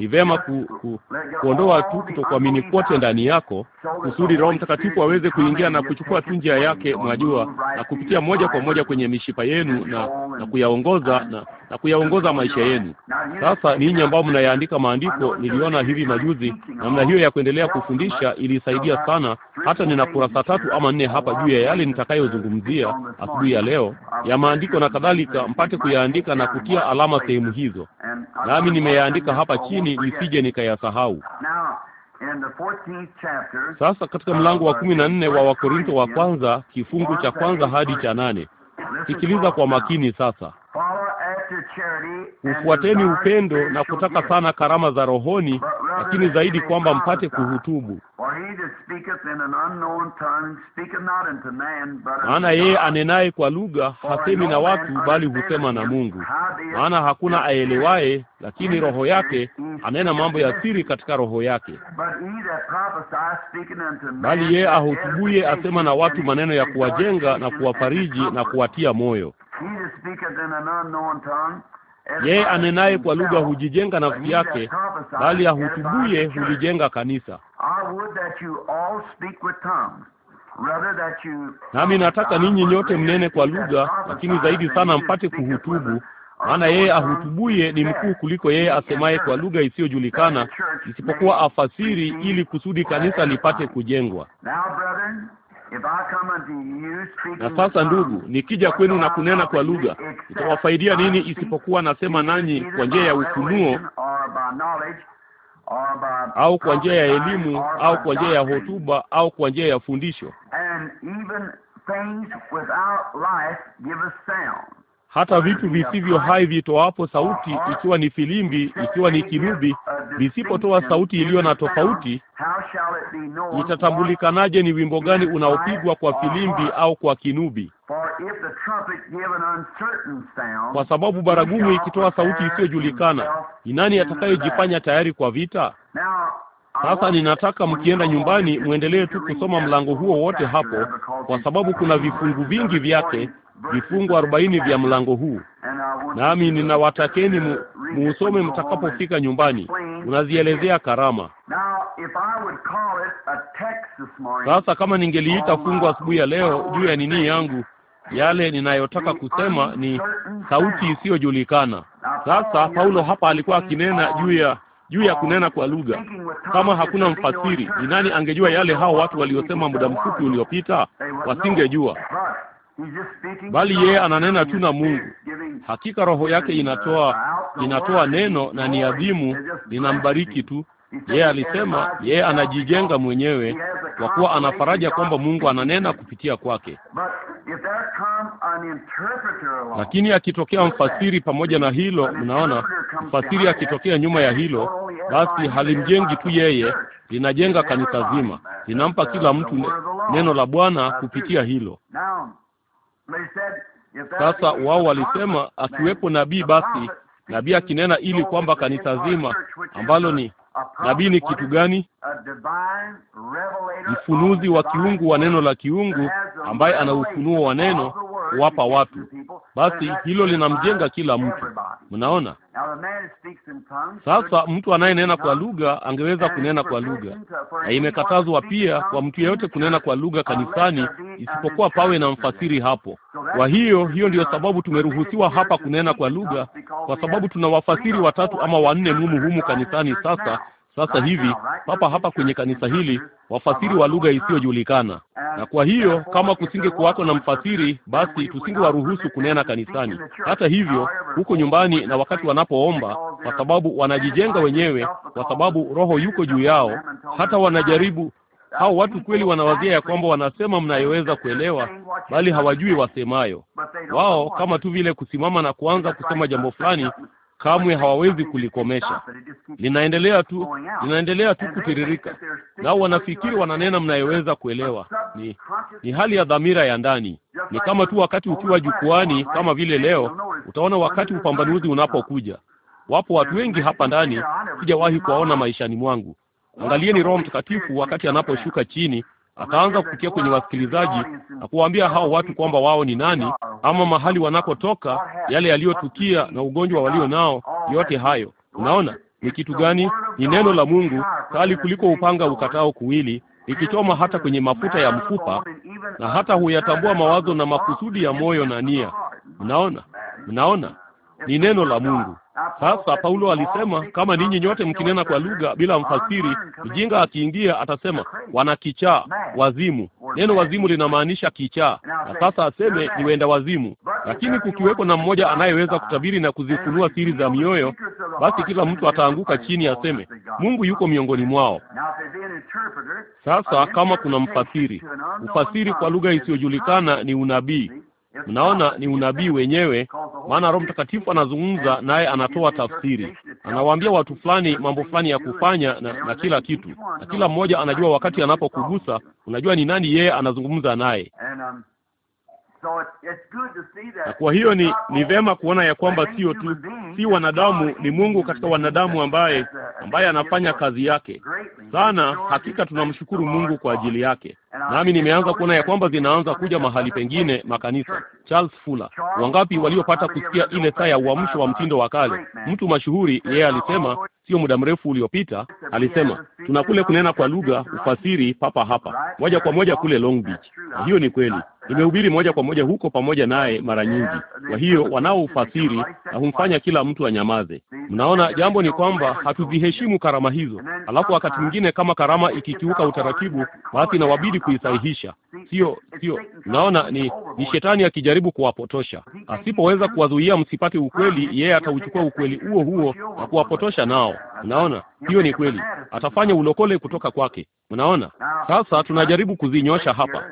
Ni vema ku, ku, kuondoa tu kutokuamini kwote ndani yako kusudi Roho Mtakatifu aweze kuingia na kuchukua tu njia yake, mwajua, na kupitia moja kwa moja kwenye mishipa yenu na na kuyaongoza na na kuyaongoza maisha yenu. Sasa ninyi ambao mnayaandika maandiko, niliona hivi majuzi namna hiyo ya kuendelea kufundisha ilisaidia sana. Hata nina kurasa tatu ama nne hapa juu ya yale nitakayozungumzia asubuhi ya leo ya maandiko na kadhalika, mpate kuyaandika na kutia alama sehemu hizo, nami nimeyaandika hapa chini nisije nikayasahau. Sasa katika mlango wa kumi na nne wa Wakorinto wa kwanza kifungu cha kwanza hadi cha nane sikiliza kwa makini sasa. Mfuateni upendo na kutaka sana karama za rohoni, lakini zaidi kwamba mpate uh, kuhutubu. Maana yeye anenaye kwa lugha hasemi na watu, bali husema na Mungu, maana hakuna aelewaye, lakini roho yake anena mambo ya siri katika roho yake. Bali yeye ahutubuye asema na watu maneno ya kuwajenga na kuwafariji na kuwatia moyo. Yeye anenaye kwa lugha hujijenga nafsi yake, bali ahutubuye hulijenga kanisa. Nami nataka ninyi nyote mnene kwa lugha, lakini zaidi sana mpate kuhutubu, maana yeye ahutubuye ni mkuu kuliko yeye asemaye kwa lugha isiyojulikana, isipokuwa afasiri, ili kusudi kanisa lipate kujengwa. Na sasa, ndugu, nikija kwenu na kunena kwa lugha, itawafaidia nini isipokuwa nasema nanyi kwa njia ya ufunuo au kwa njia ya elimu au kwa njia ya hotuba au kwa njia ya fundisho? hata vitu visivyo hai vitoapo sauti, ikiwa ni filimbi, ikiwa ni kinubi, visipotoa sauti iliyo na tofauti, itatambulikanaje ni wimbo gani unaopigwa kwa filimbi au kwa kinubi? Kwa sababu baragumu ikitoa sauti isiyojulikana, ni nani atakayejifanya tayari kwa vita? Sasa ninataka mkienda nyumbani mwendelee tu kusoma mlango huo wote hapo, kwa sababu kuna vifungu vingi vyake vifungu arobaini vya mlango huu, nami ninawatakeni muusome mtakapofika nyumbani. Unazielezea karama. Sasa kama ningeliita fungu asubuhi ya leo juu ya nini yangu, yale ninayotaka kusema ni sauti isiyojulikana. Sasa Paulo hapa alikuwa akinena juu ya juu ya kunena kwa lugha. Kama hakuna mfasiri, ni nani angejua yale hao watu waliosema muda mfupi uliopita? Wasingejua bali yeye ananena tu na Mungu. Hakika roho yake inatoa inatoa neno na ni adhimu, linambariki tu yeye. Alisema yeye anajijenga mwenyewe kwa kuwa anafaraja kwamba Mungu ananena kupitia kwake. Lakini akitokea mfasiri pamoja na hilo, mnaona mfasiri akitokea nyuma ya hilo, basi halimjengi tu yeye, linajenga kanisa zima, linampa kila mtu neno la Bwana kupitia hilo. Sasa wao walisema, akiwepo nabii, basi nabii akinena ili kwamba kanisa zima ambalo ni nabii ni kitu gani? Mfunuzi wa kiungu wa neno la kiungu, ambaye ana ufunuo wa neno, kuwapa watu, basi hilo linamjenga kila mtu. Mnaona sasa, mtu anayenena kwa lugha angeweza kunena kwa lugha, na imekatazwa pia kwa mtu yeyote kunena kwa lugha kanisani, isipokuwa pawe na mfasiri hapo. Kwa hiyo, hiyo ndiyo sababu tumeruhusiwa hapa kunena kwa lugha, kwa sababu tuna wafasiri watatu ama wanne mumu humu kanisani sasa sasa hivi papa hapa kwenye kanisa hili wafasiri wa lugha isiyojulikana, na kwa hiyo kama kusinge kuwako na mfasiri, basi tusingewaruhusu kunena kanisani. Hata hivyo, huko nyumbani na wakati wanapoomba, kwa sababu wanajijenga wenyewe, kwa sababu Roho yuko juu yao, hata wanajaribu hao watu kweli wanawazia ya kwamba wanasema mnayoweza kuelewa, bali hawajui wasemayo. Wao kama tu vile kusimama na kuanza kusema jambo fulani kamwe hawawezi kulikomesha. Linaendelea tu, linaendelea tu kutiririka, nao wanafikiri wananena mnayeweza kuelewa. Ni, ni hali ya dhamira ya ndani. Ni kama tu wakati ukiwa jukwani kama vile leo, utaona wakati upambanuzi unapokuja. Wapo watu wengi hapa ndani sijawahi kuwaona maishani mwangu. Angalieni Roho Mtakatifu wakati anaposhuka chini akaanza kufikia kwenye wasikilizaji na kuwaambia hao watu kwamba wao ni nani ama mahali wanakotoka, yale yaliyotukia na ugonjwa walio nao, yote hayo. Unaona ni kitu gani? Ni neno la Mungu kali kuliko upanga ukatao kuwili, ikichoma hata kwenye mafuta ya mfupa na hata huyatambua mawazo na makusudi ya moyo na nia. Mnaona, mnaona, ni neno la Mungu. Sasa Paulo alisema, kama ninyi nyote mkinena kwa lugha bila mfasiri, mjinga akiingia atasema wanakichaa, wazimu. Neno wazimu linamaanisha kichaa, na sasa aseme ni wenda wazimu. Lakini kukiweko na mmoja anayeweza kutabiri na kuzifunua siri za mioyo, basi kila mtu ataanguka chini aseme Mungu yuko miongoni mwao. Sasa kama kuna mfasiri, ufasiri kwa lugha isiyojulikana ni unabii. Mnaona ni unabii wenyewe, maana Roho Mtakatifu anazungumza naye anatoa tafsiri, anawaambia watu fulani mambo fulani ya kufanya na, na kila kitu, na kila mmoja anajua wakati anapokugusa, unajua ni nani yeye anazungumza naye. Um, na kwa hiyo ni ni vema kuona ya kwamba sio tu si wanadamu, ni Mungu katika wanadamu ambaye ambaye anafanya kazi yake sana. Hakika tunamshukuru Mungu kwa ajili yake. Nami nimeanza kuona ya kwamba zinaanza kuja mahali pengine makanisa. Charles Fuller, wangapi waliopata kusikia ile saa ya uamsho wa mtindo wa kale? Mtu mashuhuri yeye oh, alisema, sio muda mrefu uliopita, alisema tuna kule kunena kwa lugha, ufasiri papa hapa, moja kwa moja kule Long Beach. Na hiyo ni kweli. Nimehubiri moja kwa moja huko pamoja naye mara nyingi. Kwa hiyo wanaoufasiri na humfanya kila mtu anyamaze. Mnaona, jambo ni kwamba hatuziheshimu karama hizo, alafu wakati mwingine kama karama ikikiuka utaratibu, basi inawabidi kuisahihisha. Sio, sio, mnaona ni, ni shetani akijaribu kuwapotosha, asipoweza kuwazuia msipate ukweli, yeye atauchukua ukweli huo huo na kuwapotosha nao. naona hiyo ni kweli, atafanya ulokole kutoka kwake. mnaona sasa tunajaribu kuzinyosha hapa,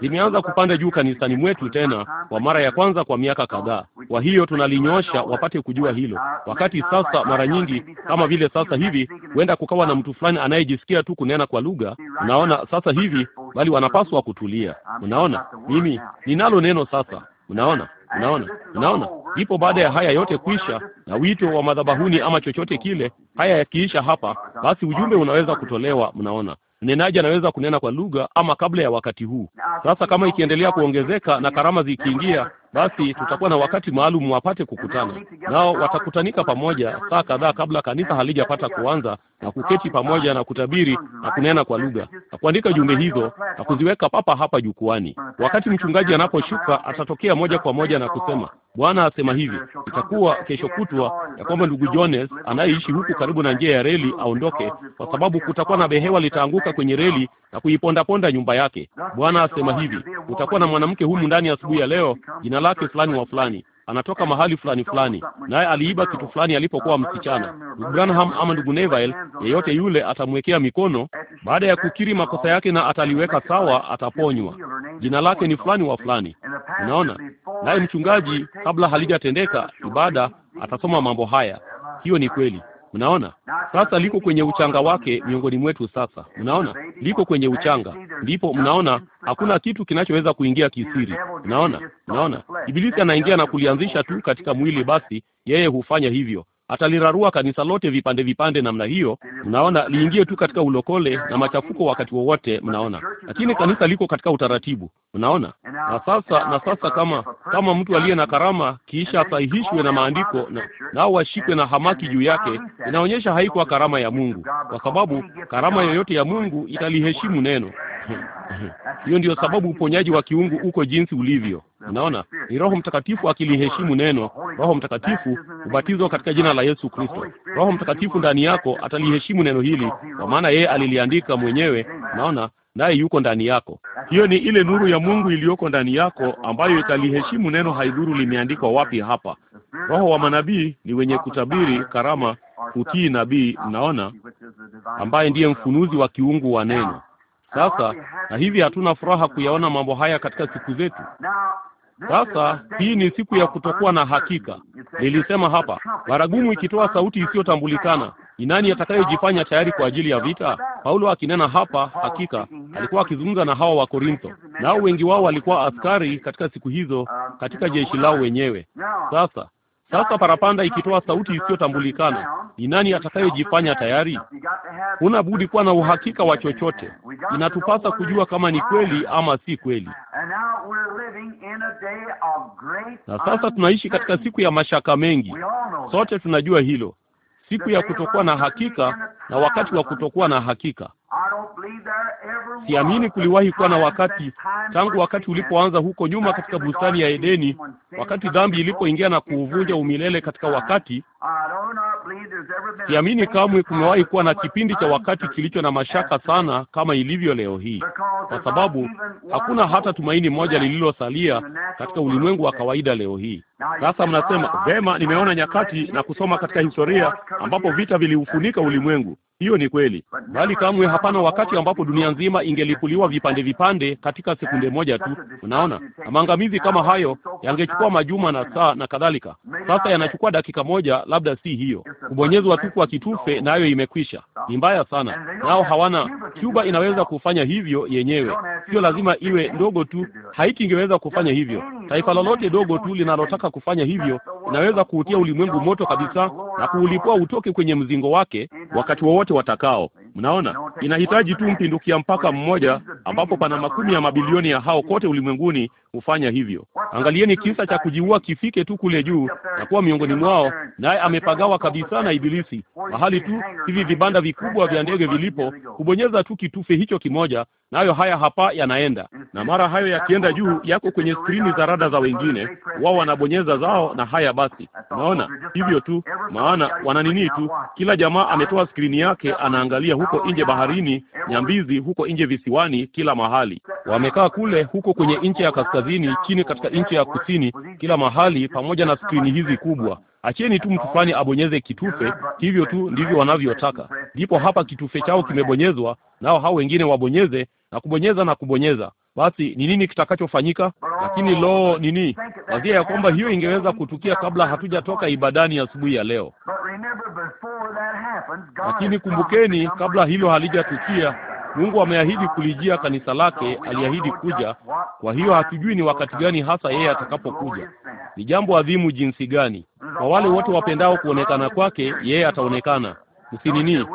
zimeanza kupanda juu kanisani mwetu tena kwa mara ya kwanza kwa miaka kadhaa. Kwa hiyo tunalinyosha wapate kujua hilo, wakati sasa mara nyingi kama vile sasa hivi huenda kukawa na mtu fulani anayejisikia tu kunena kwa lugha. mnaona sasa hivi, bali wanapaswa kutulia. mnaona mimi ninalo neno sasa Unaona, unaona, unaona. Ndipo baada ya haya yote kuisha na wito wa madhabahuni ama chochote kile, haya yakiisha hapa, basi ujumbe unaweza kutolewa. Mnaona, mnenaji anaweza kunena kwa lugha ama kabla ya wakati huu. Sasa kama ikiendelea kuongezeka na karama zikiingia, basi tutakuwa na wakati maalum wapate kukutana nao, watakutanika pamoja saa kadhaa kabla kanisa halijapata kuanza na kuketi pamoja na kutabiri na kunena kwa lugha na kuandika jumbe hizo na kuziweka papa hapa jukwani. Wakati mchungaji anaposhuka, atatokea moja kwa moja na kusema, Bwana asema hivi, itakuwa kesho kutwa ya kwamba ndugu Jones anayeishi huku karibu na njia ya reli aondoke, kwa sababu kutakuwa na behewa litaanguka kwenye reli na kuipondaponda nyumba yake. Bwana asema hivi, utakuwa na mwanamke humu ndani asubuhi ya leo jina lake fulani wa fulani anatoka mahali fulani fulani, naye aliiba kitu fulani alipokuwa msichana. Ndugu Branham ama ndugu Neville, yeyote yule atamwekea mikono baada ya kukiri makosa yake na ataliweka sawa, ataponywa. Jina lake ni fulani wa fulani, unaona. Naye mchungaji, kabla halijatendeka ibada, atasoma mambo haya. Hiyo ni kweli. Mnaona sasa liko kwenye uchanga wake miongoni mwetu. Sasa mnaona liko kwenye uchanga, ndipo mnaona hakuna kitu kinachoweza kuingia kisiri. Mnaona, mnaona Ibilisi anaingia na kulianzisha tu katika mwili, basi yeye hufanya hivyo atalirarua kanisa lote vipande vipande namna hiyo. Mnaona, liingie tu katika ulokole na machafuko wakati wowote, mnaona. Lakini kanisa liko katika utaratibu, mnaona. Na sasa na sasa, kama kama mtu aliye na karama kiisha asahihishwe na maandiko na nao washikwe na hamaki juu yake, inaonyesha haikuwa karama ya Mungu, kwa sababu karama yoyote ya Mungu italiheshimu neno hiyo ndiyo sababu uponyaji wa kiungu uko jinsi ulivyo. Unaona, ni Roho Mtakatifu akiliheshimu neno. Roho Mtakatifu ubatizo katika jina la Yesu Kristo. Roho Mtakatifu ndani yako ataliheshimu neno hili, kwa maana yeye aliliandika mwenyewe. Unaona, naye yuko ndani yako. Hiyo ni ile nuru ya Mungu iliyoko ndani yako ambayo italiheshimu neno, haidhuru limeandikwa wapi. Hapa roho wa manabii ni wenye kutabiri, karama, kutii nabii, mnaona, ambaye ndiye mfunuzi wa kiungu wa neno. Sasa na hivi hatuna furaha kuyaona mambo haya katika siku zetu. Sasa hii ni siku ya kutokuwa na hakika. Nilisema hapa, baragumu ikitoa sauti isiyotambulikana, ni nani atakayejifanya tayari kwa ajili ya vita? Paulo akinena hapa, hakika alikuwa akizungumza na hawa wa Korintho, nao wengi wao walikuwa askari katika siku hizo um, katika jeshi lao wenyewe. Sasa sasa parapanda ikitoa sauti isiyotambulikana, ni nani atakayejifanya tayari? Huna budi kuwa na uhakika wa chochote. Inatupasa kujua kama ni kweli ama si kweli. Na sasa tunaishi katika siku ya mashaka mengi, sote tunajua hilo, siku ya kutokuwa na hakika na wakati wa kutokuwa na hakika. Siamini kuliwahi kuwa na wakati tangu wakati ulipoanza huko nyuma katika bustani ya Edeni, wakati dhambi ilipoingia na kuuvunja umilele katika wakati Siamini kamwe kumewahi kuwa na kipindi cha wakati kilicho na mashaka sana kama ilivyo leo hii, kwa sababu hakuna hata tumaini moja lililosalia katika ulimwengu wa kawaida leo hii. Sasa mnasema vema, nimeona nyakati na kusoma katika historia ambapo vita viliufunika ulimwengu. Hiyo ni kweli, bali kamwe hapana wakati ambapo dunia nzima ingelipuliwa vipande vipande katika sekunde moja tu. Unaona, maangamizi kama hayo yangechukua majuma na saa na kadhalika. Sasa yanachukua dakika moja, labda si hiyo kubonyezwa tu kwa kitufe, nayo na imekwisha. Ni mbaya sana, nao hawana. Cuba inaweza kufanya hivyo yenyewe, sio lazima iwe ndogo tu. Haiti ingeweza kufanya hivyo. Taifa lolote dogo tu linalotaka kufanya hivyo inaweza kuutia ulimwengu moto kabisa na kuulipua utoke kwenye mzingo wake wakati wowote watakao. Mnaona, inahitaji tu mpindukia mpaka mmoja, ambapo pana makumi ya mabilioni ya hao kote ulimwenguni hufanya hivyo. Angalieni kisa cha kujiua kifike tu kule juu na kuwa miongoni mwao, naye amepagawa kabisa na Ibilisi mahali tu hivi vibanda vikubwa vya ndege vilipo, kubonyeza tu kitufe hicho kimoja, nayo haya hapa yanaenda, na mara hayo yakienda juu, yako kwenye skrini za rada za wengine, wao wanabonyeza zao, na haya basi. Unaona hivyo tu, maana wananini tu, kila jamaa ametoa skrini yake, anaangalia huko nje baharini, nyambizi huko nje visiwani, kila mahali wamekaa kule, huko kwenye nchi ya kaskazini, chini katika nchi ya kusini, kila mahali, pamoja na skrini hizi kubwa. Acheni tu mtu fulani abonyeze kitufe, hivyo tu ndivyo wanavyotaka. Ndipo hapa kitufe chao kimebonyezwa, nao hao wengine wabonyeze na kubonyeza na kubonyeza basi ni nini kitakachofanyika. Lakini lo, nini wazia ya kwamba hiyo ingeweza kutukia kabla hatujatoka ibadani asubuhi ya, ya leo. Lakini kumbukeni, kabla hilo halijatukia Mungu ameahidi kulijia kanisa lake, aliahidi kuja. Kwa hiyo hatujui ni wakati gani hasa yeye atakapokuja. Ni jambo adhimu jinsi gani! Kwa wale wote wapendao kuonekana kwake, yeye ataonekana. Msinini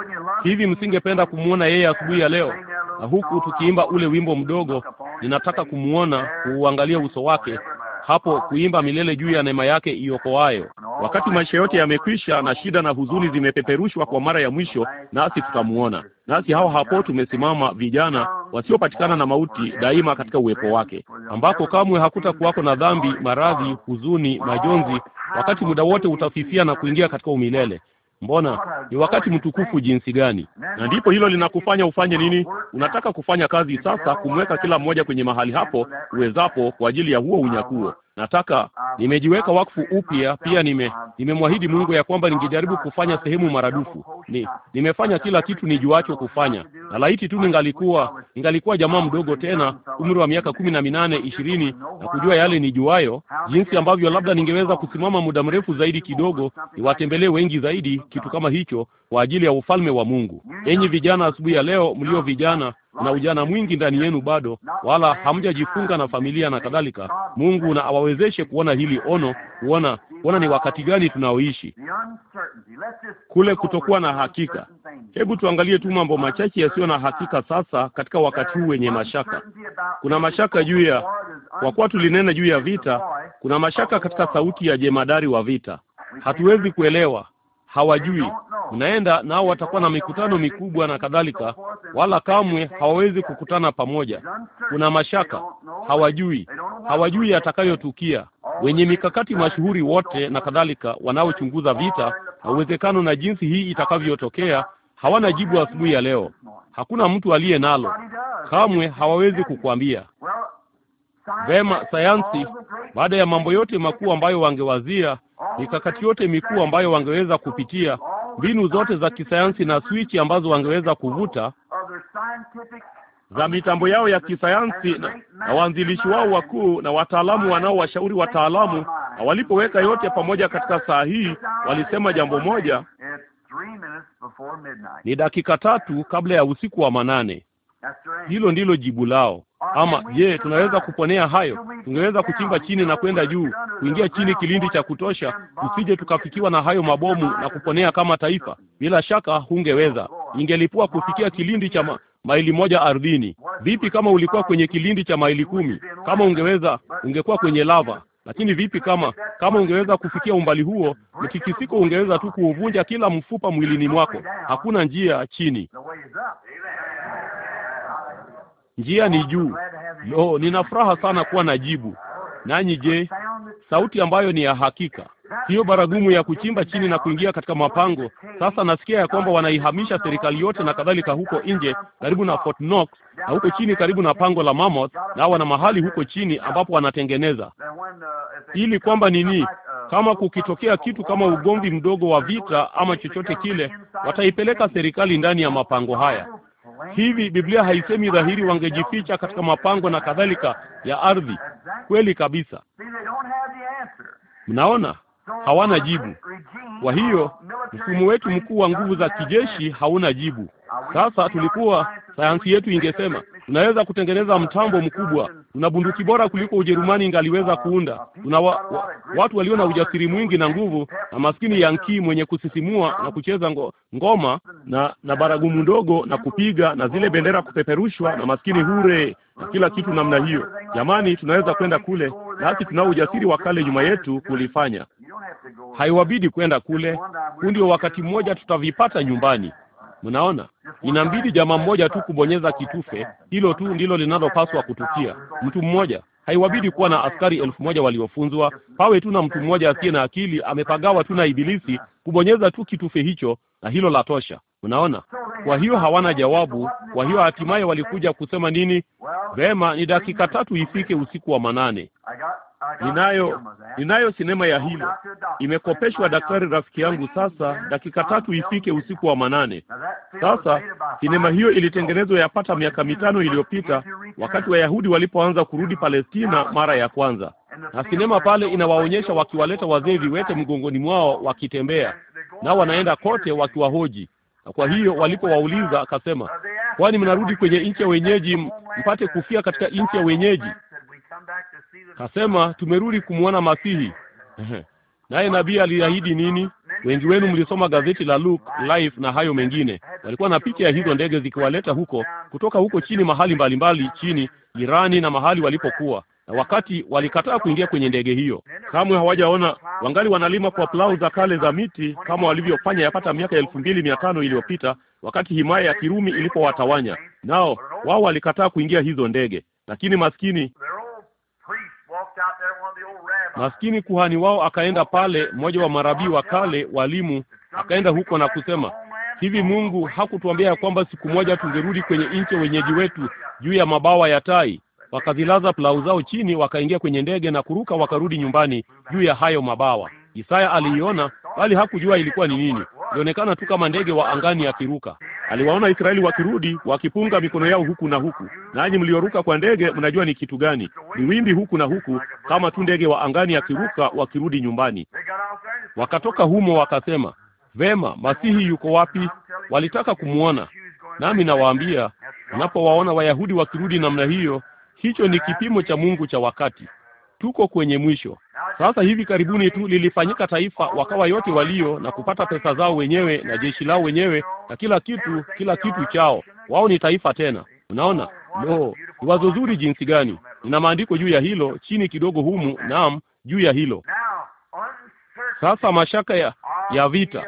hivi, msingependa kumwona yeye asubuhi ya leo? na huku tukiimba ule wimbo mdogo, ninataka kumwona, kuuangalia uso wake hapo kuimba milele juu ya neema yake iokoayo. Wakati maisha yote yamekwisha na shida na huzuni zimepeperushwa kwa mara ya mwisho, nasi tutamuona. Nasi hao hapo tumesimama, vijana wasiopatikana na mauti, daima katika uwepo wake, ambako kamwe hakutakuwako na dhambi, maradhi, huzuni, majonzi, wakati muda wote utafifia na kuingia katika umilele. Mbona ni wakati mtukufu jinsi gani! Na ndipo hilo linakufanya ufanye nini? Unataka kufanya kazi sasa, kumweka kila mmoja kwenye mahali hapo uwezapo kwa ajili ya huo unyakuo. Nataka nimejiweka wakfu upya, pia nime nimemwahidi Mungu ya kwamba ningejaribu kufanya sehemu maradufu. Ni nimefanya kila kitu nijuacho kufanya, na laiti tu ningalikuwa ningalikuwa jamaa mdogo tena, umri wa miaka kumi na minane ishirini, na kujua yale nijuayo, jinsi ambavyo labda ningeweza kusimama muda mrefu zaidi kidogo, niwatembelee wengi zaidi, kitu kama hicho, kwa ajili ya ufalme wa Mungu. Enyi vijana, asubuhi ya leo mlio vijana na ujana mwingi ndani yenu bado, wala hamjajifunga na familia na kadhalika. Mungu na awawezeshe kuona hili ono, kuona kuona ni wakati gani tunaoishi, kule kutokuwa na hakika. Hebu tuangalie tu mambo machache yasiyo na hakika sasa, katika wakati huu wenye mashaka. Kuna mashaka juu ya, kwa kuwa tulinena juu ya vita, kuna mashaka katika sauti ya jemadari wa vita. Hatuwezi kuelewa hawajui. unaenda nao, watakuwa na mikutano mikubwa na kadhalika, wala kamwe hawawezi kukutana pamoja. Kuna mashaka, hawajui, hawajui yatakayotukia. Wenye mikakati mashuhuri wote na kadhalika, wanaochunguza vita na uwezekano na jinsi hii itakavyotokea, hawana jibu asubuhi ya leo. Hakuna mtu aliye nalo, kamwe hawawezi kukuambia. Vema, sayansi baada ya mambo yote makuu ambayo wangewazia, mikakati yote mikuu ambayo wangeweza kupitia, mbinu zote za kisayansi na swichi ambazo wangeweza kuvuta za mitambo yao ya kisayansi na, na waanzilishi wao wakuu na wataalamu wanaowashauri wataalamu, na walipoweka yote pamoja katika saa hii, walisema jambo moja: ni dakika tatu kabla ya usiku wa manane. Hilo ndilo jibu lao. Ama je, tunaweza kuponea hayo? Tungeweza kuchimba chini na kwenda juu, kuingia chini kilindi cha kutosha, usije tukafikiwa na hayo mabomu na kuponea kama taifa. Bila shaka hungeweza, ingelipua kufikia kilindi cha ma maili moja ardhini. Vipi kama ulikuwa kwenye kilindi cha maili kumi? Kama ungeweza, ungekuwa kwenye lava. Lakini vipi kama kama ungeweza kufikia umbali huo, mtikisiko ungeweza tu kuuvunja kila mfupa mwilini mwako. Hakuna njia chini. Njia ni juu. Lo, nina furaha sana kuwa na jibu. Nanyi je, sauti ambayo ni ya hakika, hiyo baragumu ya kuchimba chini na kuingia katika mapango. Sasa nasikia ya kwamba wanaihamisha serikali yote na kadhalika, huko nje karibu na Fort Knox na huko chini karibu na pango la Mammoth, na wana mahali huko chini ambapo wanatengeneza ili kwamba nini, kama kukitokea kitu kama ugomvi mdogo wa vita ama chochote kile, wataipeleka serikali ndani ya mapango haya. Hivi Biblia haisemi dhahiri wangejificha katika mapango na kadhalika ya ardhi? Kweli kabisa. Mnaona, hawana jibu. Kwa hiyo mfumo wetu mkuu wa nguvu za kijeshi hauna jibu. Sasa tulikuwa, sayansi yetu ingesema tunaweza kutengeneza mtambo mkubwa, tuna bunduki bora kuliko Ujerumani ingaliweza ah, kuunda, tuna wa, wa, watu walio na ah, ujasiri mwingi na nguvu, na maskini ah, Yankii mwenye kusisimua na kucheza ngoma na na baragumu ndogo na kupiga na zile bendera kupeperushwa na maskini hure na kila kitu namna hiyo. Jamani, tunaweza kwenda kule, nasi tunao ujasiri wa kale nyuma yetu kulifanya. Haiwabidi kwenda kule, huu ndio wakati mmoja tutavipata nyumbani. Mnaona, inambidi jamaa mmoja tu kubonyeza kitufe. Hilo tu ndilo linalopaswa kutukia, mtu mmoja. Haiwabidi kuwa na askari elfu moja waliofunzwa, pawe tu na mtu mmoja asiye na akili, amepagawa tu na Ibilisi, kubonyeza tu kitufe hicho, na hilo la tosha. Mnaona, kwa hiyo hawana jawabu. Kwa hiyo hatimaye walikuja kusema nini? Vema, ni dakika tatu ifike usiku wa manane. Ninayo, ninayo sinema ya hilo, imekopeshwa daktari rafiki yangu. Sasa dakika tatu ifike usiku wa manane. Sasa sinema hiyo ilitengenezwa yapata miaka mitano iliyopita, wakati Wayahudi walipoanza kurudi Palestina mara ya kwanza, na sinema pale inawaonyesha wakiwaleta wazee viwete mgongoni mwao wakitembea, nao wanaenda kote wakiwahoji na kwa hiyo walipowauliza, akasema kwani mnarudi kwenye nchi ya wenyeji mpate kufia katika nchi ya wenyeji? kasema, tumerudi kumwona Masihi. Naye nabii aliahidi nini? Wengi wenu mlisoma gazeti la Luke Life na hayo mengine, walikuwa na picha ya hizo ndege zikiwaleta huko kutoka huko chini, mahali mbalimbali mbali, chini jirani na mahali walipokuwa na wakati walikataa kuingia kwenye ndege hiyo. Kamwe hawajaona, wangali wanalima kwa plau za kale za miti kama walivyofanya yapata miaka elfu mbili mia tano iliyopita wakati himaya ya Kirumi ilipowatawanya. Nao wao walikataa kuingia hizo ndege, lakini maskini Maskini kuhani wao akaenda pale, mmoja wa marabii wa kale walimu, akaenda huko na kusema hivi, Mungu hakutuambia ya kwamba siku moja tungerudi kwenye nchi wenyeji wetu juu ya mabawa ya tai? Wakazilaza plau zao chini, wakaingia kwenye ndege na kuruka, wakarudi nyumbani juu ya hayo mabawa. Isaya aliiona, bali hakujua ilikuwa ni nini. Ilionekana tu kama ndege wa angani akiruka. Aliwaona Israeli wakirudi wakipunga mikono yao huku na huku, nanyi mlioruka kwa ndege mnajua ni kitu gani, ni wimbi huku na huku, kama tu ndege wa angani akiruka wakirudi nyumbani. Wakatoka humo wakasema, vema, Masihi yuko wapi? Walitaka kumwona. Nami nawaambia, unapowaona Wayahudi wakirudi namna hiyo, hicho ni kipimo cha Mungu cha wakati tuko kwenye mwisho. Sasa hivi karibuni tu lilifanyika taifa, wakawa yote walio na kupata pesa zao wenyewe na jeshi lao wenyewe na kila kitu, kila kitu chao wao, ni taifa tena. Unaona, no, ni wazo zuri jinsi gani! Nina maandiko juu ya hilo chini kidogo humu, naam, juu ya hilo. Sasa mashaka ya ya vita,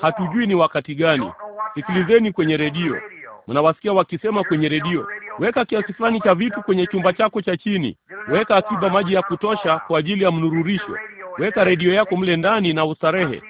hatujui ni wakati gani. Sikilizeni kwenye redio, mnawasikia wakisema kwenye redio, weka kiasi fulani cha vitu kwenye chumba chako cha chini, weka akiba maji ya kutosha kwa ajili ya mnururisho, weka redio yako mle ndani na ustarehe.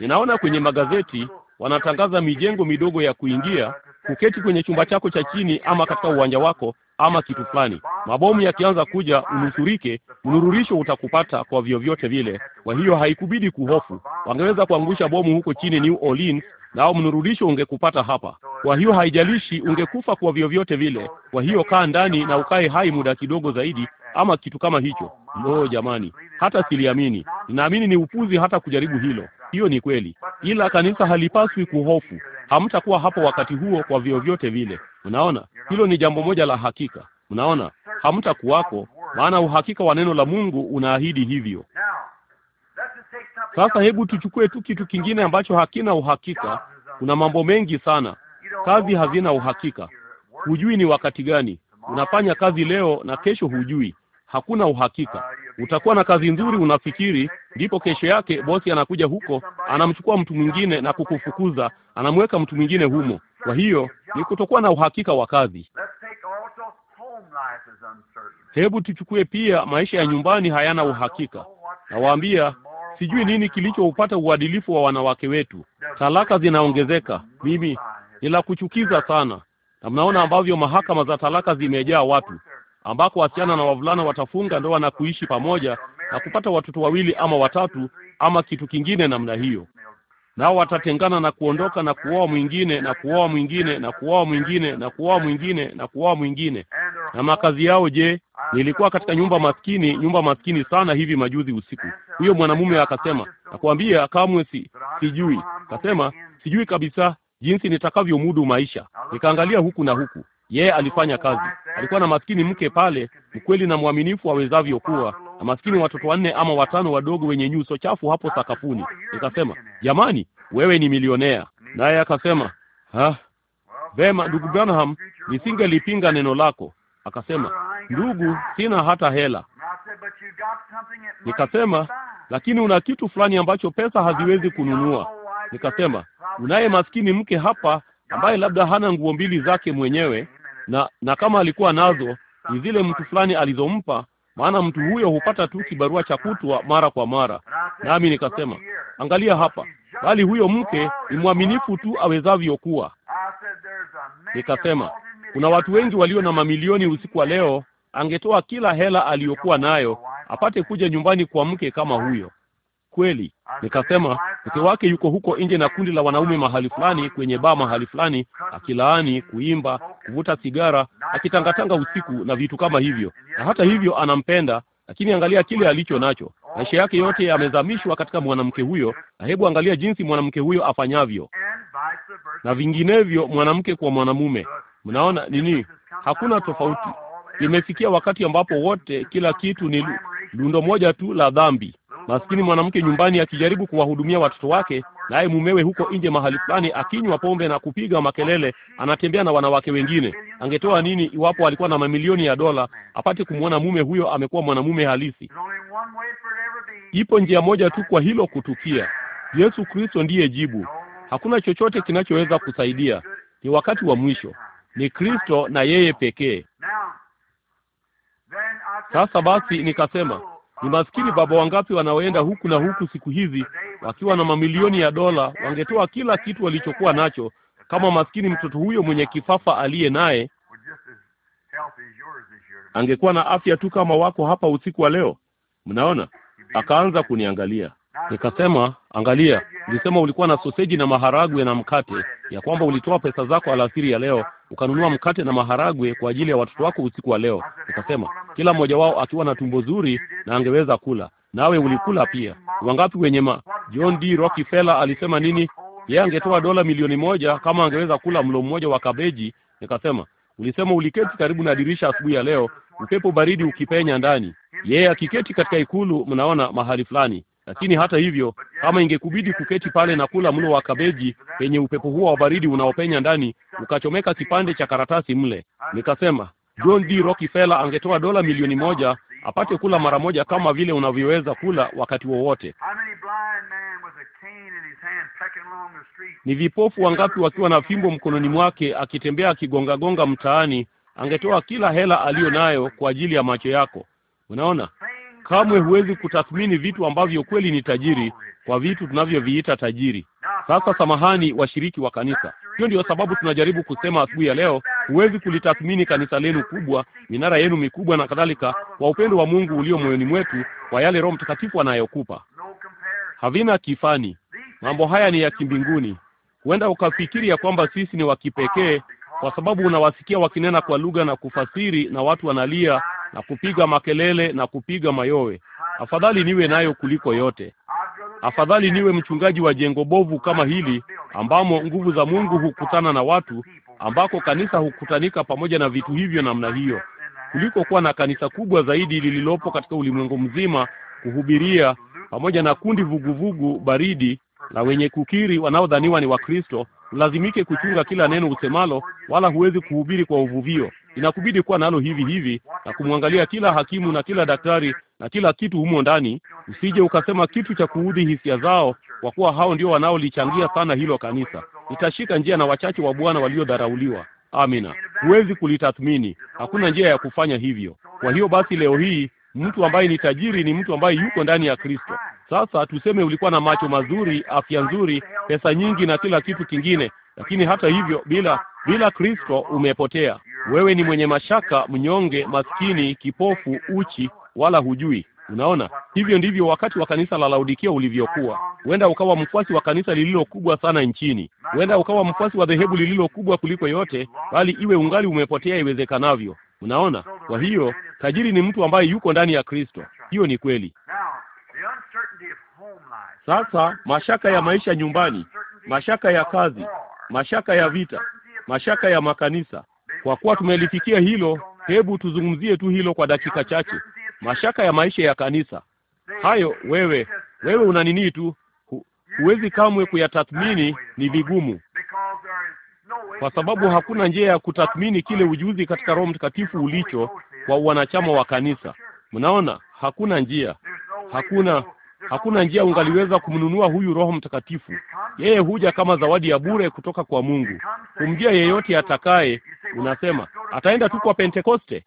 Ninaona kwenye magazeti wanatangaza mijengo midogo ya kuingia, kuketi kwenye chumba chako cha chini ama katika uwanja wako ama kitu fulani. Mabomu yakianza kuja, unusurike, mnururisho utakupata kwa vyovyote vile. Kwa hiyo haikubidi kuhofu. Wangeweza kuangusha bomu huko chini New Orleans, nao mnururisho ungekupata hapa. Kwa hiyo haijalishi, ungekufa kwa vyovyote vile. Kwa hiyo kaa ndani na ukae hai muda kidogo zaidi, ama kitu kama hicho. Lo, jamani, hata siliamini. Ninaamini ni upuzi hata kujaribu hilo. Hiyo ni kweli, ila kanisa halipaswi kuhofu. Hamtakuwa hapo wakati huo kwa vyovyote vile. Mnaona, hilo ni jambo moja la hakika. Mnaona, hamtakuwako, maana uhakika wa neno la Mungu unaahidi hivyo. Sasa hebu tuchukue tu kitu kingine ambacho hakina uhakika. Kuna mambo mengi sana, kazi hazina uhakika. Hujui ni wakati gani unafanya kazi leo, na kesho hujui hakuna uhakika. Utakuwa na kazi nzuri unafikiri, ndipo kesho yake bosi anakuja huko, anamchukua mtu mwingine na kukufukuza, anamweka mtu mwingine humo. Kwa hiyo ni kutokuwa na uhakika wa kazi. Hebu tuchukue pia maisha ya nyumbani, hayana uhakika. Nawaambia, sijui nini kilichoupata uadilifu wa wanawake wetu. Talaka zinaongezeka, mimi ni la kuchukiza sana, na mnaona ambavyo mahakama za talaka zimejaa watu ambako wasichana na wavulana watafunga ndoa na kuishi pamoja na kupata watoto wawili ama watatu ama kitu kingine namna hiyo, nao watatengana na kuondoka na kuoa mwingine na kuoa mwingine na kuoa mwingine na kuoa mwingine na kuoa mwingine. Na makazi yao je? Nilikuwa katika nyumba maskini, nyumba maskini sana hivi majuzi usiku. Huyo mwanamume akasema, nakwambia kamwe si, sijui. Akasema sijui kabisa jinsi nitakavyomudu maisha. Nikaangalia huku na huku, yeye alifanya kazi. Alikuwa na maskini mke pale, mkweli na mwaminifu awezavyo kuwa, na maskini watoto wanne ama watano wadogo wenye nyuso chafu hapo sakafuni. Nikasema, jamani, wewe ni milionea. Naye akasema ha, vema ndugu Branham, nisingelipinga neno lako. Akasema, ndugu, sina hata hela. Nikasema, lakini una kitu fulani ambacho pesa haziwezi kununua. Nikasema, unaye maskini mke hapa ambaye labda hana nguo mbili zake mwenyewe na na kama alikuwa nazo ni zile mtu fulani alizompa, maana mtu huyo hupata tu kibarua cha kutwa mara kwa mara. Nami nikasema, angalia hapa, bali huyo mke ni mwaminifu tu awezavyo kuwa. Nikasema kuna watu wengi walio na mamilioni usiku wa leo, angetoa kila hela aliyokuwa nayo apate kuja nyumbani kwa mke kama huyo kweli. Nikasema mke wake yuko huko nje na kundi la wanaume mahali fulani kwenye baa mahali fulani, akilaani kuimba, kuvuta sigara, akitangatanga usiku na vitu kama hivyo, na hata hivyo anampenda lakini angalia kile alicho nacho. Maisha yake yote yamezamishwa katika mwanamke huyo, na hebu angalia jinsi mwanamke huyo afanyavyo, na vinginevyo, mwanamke kwa mwanamume. Mnaona nini? Hakuna tofauti. Imefikia wakati ambapo wote, kila kitu ni lundo moja tu la dhambi maskini mwanamke nyumbani akijaribu kuwahudumia watoto wake, naye mumewe huko nje mahali fulani akinywa pombe na kupiga makelele, anatembea na wanawake wengine. Angetoa nini iwapo alikuwa na mamilioni ya dola apate kumwona mume huyo amekuwa mwanamume halisi? Ipo njia moja tu kwa hilo kutukia. Yesu Kristo ndiye jibu. Hakuna chochote kinachoweza kusaidia. Ni wakati wa mwisho, ni Kristo na yeye pekee. Sasa basi, nikasema ni maskini baba wangapi wanaoenda huku na huku siku hizi wakiwa na mamilioni ya dola, wangetoa kila kitu walichokuwa nacho, kama maskini mtoto huyo mwenye kifafa aliye naye angekuwa na afya tu kama wako hapa usiku wa leo. Mnaona, akaanza kuniangalia Nikasema, angalia, ulisema ulikuwa na soseji na maharagwe na mkate, ya kwamba ulitoa pesa zako alasiri ya leo ukanunua mkate na maharagwe kwa ajili ya watoto wako usiku wa leo. Nikasema kila mmoja wao akiwa na tumbo zuri na angeweza kula, nawe ulikula pia. Wangapi wenye ma... John D Rockefeller alisema nini? Yeye angetoa dola milioni moja kama angeweza kula mlo mmoja wa kabeji. Nikasema ulisema uliketi karibu na dirisha asubuhi ya leo, upepo baridi ukipenya ndani, yeye akiketi katika ikulu, mnaona mahali fulani lakini hata hivyo, kama ingekubidi kuketi pale na kula mlo wa kabeji penye upepo huo wa baridi unaopenya ndani, ukachomeka kipande cha karatasi mle, nikasema John D. Rockefeller angetoa dola milioni moja apate kula mara moja kama vile unavyoweza kula wakati wowote. Ni vipofu wangapi wakiwa na fimbo mkononi mwake akitembea akigongagonga mtaani, angetoa kila hela aliyo nayo kwa ajili ya macho yako. Unaona, Kamwe huwezi kutathmini vitu ambavyo kweli ni tajiri kwa vitu tunavyoviita tajiri. Sasa samahani, washiriki wa kanisa, hiyo ndiyo sababu tunajaribu kusema asubuhi ya leo, huwezi kulitathmini kanisa lenu kubwa, minara yenu mikubwa na kadhalika, kwa upendo wa Mungu ulio moyoni mwetu, kwa yale Roho Mtakatifu anayokupa havina kifani. Mambo haya ni ya kimbinguni. Huenda ukafikiri ya kwamba sisi ni wa kipekee kwa sababu unawasikia wakinena kwa lugha na kufasiri na watu wanalia na kupiga makelele na kupiga mayowe. Afadhali niwe nayo kuliko yote. Afadhali niwe mchungaji wa jengo bovu kama hili ambamo nguvu za Mungu hukutana na watu, ambako kanisa hukutanika pamoja na vitu hivyo namna hiyo, kuliko kuwa na kanisa kubwa zaidi lililopo katika ulimwengu mzima kuhubiria, pamoja na kundi vuguvugu vugu baridi la wenye kukiri wanaodhaniwa ni Wakristo. Ulazimike kuchunga kila neno usemalo, wala huwezi kuhubiri kwa uvuvio inakubidi kuwa nalo hivi hivi na kumwangalia kila hakimu na kila daktari na kila kitu humo ndani, usije ukasema kitu cha kuudhi hisia zao, kwa kuwa hao ndio wanaolichangia sana hilo kanisa. Nitashika njia na wachache wa Bwana waliodharauliwa. Amina. Huwezi kulitathmini, hakuna njia ya kufanya hivyo. Kwa hiyo basi, leo hii mtu ambaye ni tajiri ni mtu ambaye yuko ndani ya Kristo. Sasa tuseme ulikuwa na macho mazuri, afya nzuri, pesa nyingi na kila kitu kingine, lakini hata hivyo, bila bila Kristo umepotea. Wewe ni mwenye mashaka, mnyonge, maskini, kipofu, uchi, wala hujui. Unaona, hivyo ndivyo wakati wa kanisa la Laodikia ulivyokuwa. Huenda ukawa mfuasi wa kanisa lililo kubwa sana nchini, huenda ukawa mfuasi wa dhehebu lililo kubwa kuliko yote, bali iwe ungali umepotea iwezekanavyo. Unaona, kwa hiyo tajiri ni mtu ambaye yuko ndani ya Kristo. Hiyo ni kweli. Sasa mashaka ya maisha nyumbani, mashaka ya kazi, mashaka ya vita, mashaka ya makanisa. Kwa kuwa tumelifikia hilo, hebu tuzungumzie tu hilo kwa dakika chache. Mashaka ya maisha ya kanisa hayo, wewe wewe una nini tu, huwezi kamwe kuyatathmini, ni vigumu kwa sababu hakuna njia ya kutathmini kile ujuzi katika Roho Mtakatifu ulicho kwa wanachama wa kanisa. Mnaona, hakuna njia, hakuna Hakuna njia ungaliweza kumnunua huyu Roho Mtakatifu. Yeye huja kama zawadi ya bure kutoka kwa Mungu. Kumjia yeyote atakaye, unasema ataenda tu kwa Pentekoste.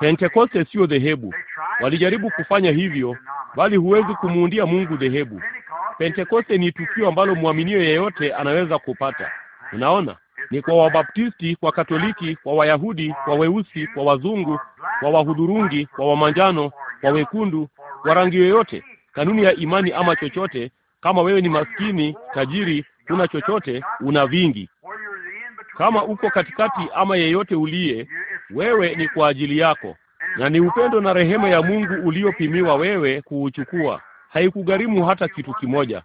Pentekoste siyo dhehebu. Walijaribu kufanya hivyo, bali huwezi kumuundia Mungu dhehebu. Pentekoste ni tukio ambalo mwaminio yeyote anaweza kupata. Unaona, ni kwa Wabaptisti, kwa Katoliki, kwa Wayahudi, kwa weusi, kwa wazungu, kwa wahudhurungi, kwa wamanjano, kwa wekundu, wa rangi yoyote, kanuni ya imani ama chochote. Kama wewe ni maskini, tajiri, kuna chochote, una vingi. Kama uko katikati ama yeyote uliye, wewe ni kwa ajili yako, na ni upendo na rehema ya Mungu uliopimiwa wewe kuuchukua. Haikugharimu hata kitu kimoja.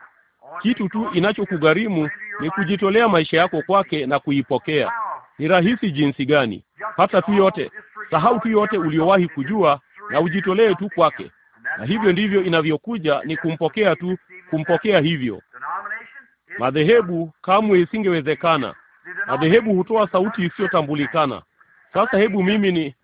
Kitu tu inachokugharimu ni kujitolea maisha yako kwake na kuipokea ni rahisi jinsi gani! hata tu yote, sahau tu yote uliowahi kujua na ujitolee tu kwake, na hivyo ndivyo inavyokuja, ni kumpokea tu, kumpokea hivyo. Madhehebu kamwe isingewezekana. Madhehebu hutoa sauti isiyotambulikana. Sasa hebu mimi ni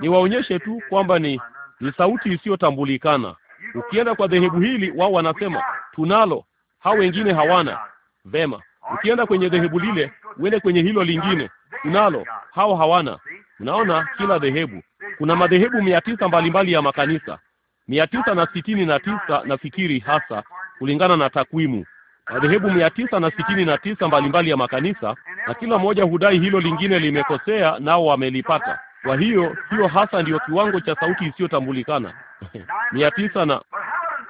niwaonyeshe ni tu kwamba ni ni sauti isiyotambulikana. Ukienda kwa dhehebu hili, wao wanasema tunalo, hao wengine hawana. Vema, ukienda kwenye dhehebu lile, uende kwenye hilo lingine, unalo, hao hawana. Unaona, kila dhehebu kuna madhehebu mia tisa mbalimbali ya makanisa mia tisa na sitini na tisa nafikiri, hasa kulingana na takwimu, madhehebu mia tisa na sitini na tisa mbalimbali ya makanisa, na kila moja hudai hilo lingine limekosea, nao wamelipata. Kwa hiyo hiyo hasa ndiyo kiwango cha sauti isiyotambulikana mia tisa na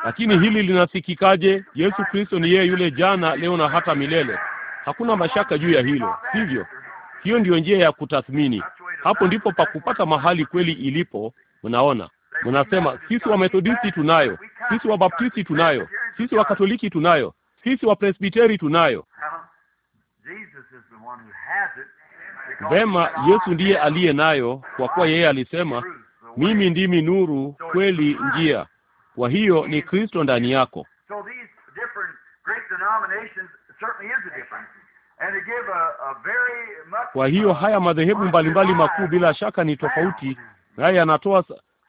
lakini hili linasikikaje? Yesu Kristo ni yeye yule jana, leo na hata milele. Hakuna mashaka juu ya hilo, sivyo? Hiyo ndiyo njia ya kutathmini. Hapo ndipo pa kupata mahali kweli ilipo. Mnaona, mnasema sisi Wamethodisti tunayo, sisi Wabaptisti tunayo, sisi Wakatoliki tunayo, sisi Wapresbiteri tunayo. Vema, Yesu ndiye aliye nayo, kwa kuwa yeye alisema, mimi ndimi nuru, kweli, njia. Kwa hiyo ni Kristo ndani yako. Kwa hiyo haya madhehebu mbalimbali makuu bila shaka ni tofauti, naye yanatoa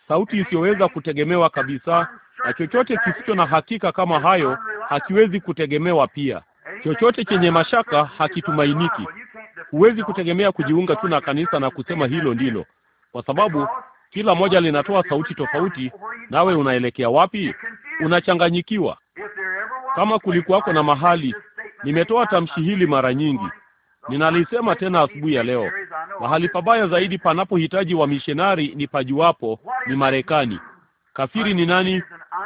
sauti isiyoweza kutegemewa kabisa, na chochote kisicho na hakika kama hayo hakiwezi kutegemewa pia. Chochote chenye mashaka hakitumainiki. Huwezi kutegemea kujiunga tu na kanisa na kusema hilo ndilo, kwa sababu kila moja linatoa sauti tofauti, nawe unaelekea wapi? Unachanganyikiwa. Kama kulikuwako na mahali Nimetoa tamshi hili mara nyingi, ninalisema tena asubuhi ya leo. Mahali pabaya zaidi panapohitaji wamishonari ni pajuwapo ni Marekani. Kafiri ni nani?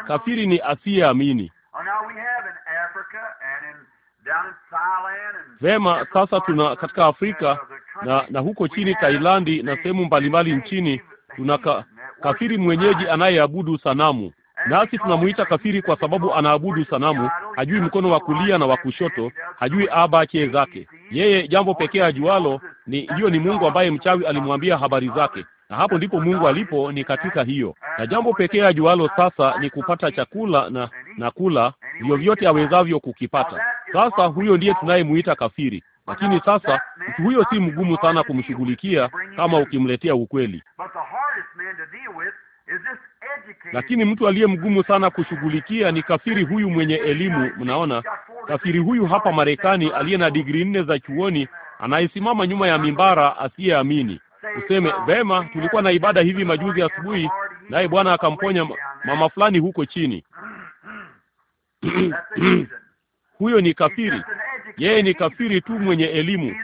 Kafiri ni asiyeamini. Oh, Vema, sasa tuna katika Afrika na na huko chini Tailandi na sehemu mbalimbali nchini tuna ka, kafiri mwenyeji anayeabudu sanamu. Nasi tunamwita kafiri kwa sababu anaabudu sanamu, hajui mkono wa kulia na wa kushoto, hajui abache zake. Yeye jambo pekee ajualo ni hiyo, ni Mungu ambaye mchawi alimwambia habari zake, na hapo ndipo Mungu alipo, ni katika hiyo. Na jambo pekee ajualo sasa ni kupata chakula na na kula vyovyote awezavyo kukipata. Sasa huyo ndiye tunayemuita kafiri. Lakini sasa mtu huyo si mgumu sana kumshughulikia kama ukimletea ukweli lakini mtu aliye mgumu sana kushughulikia ni kafiri huyu mwenye elimu. Mnaona, kafiri huyu hapa Marekani aliye na digrii nne za chuoni, anayesimama nyuma ya mimbara, asiyeamini. Useme vema, tulikuwa na ibada hivi majuzi asubuhi, naye Bwana akamponya mama fulani huko chini. Huyo ni kafiri. Yeye ni kafiri tu mwenye elimu.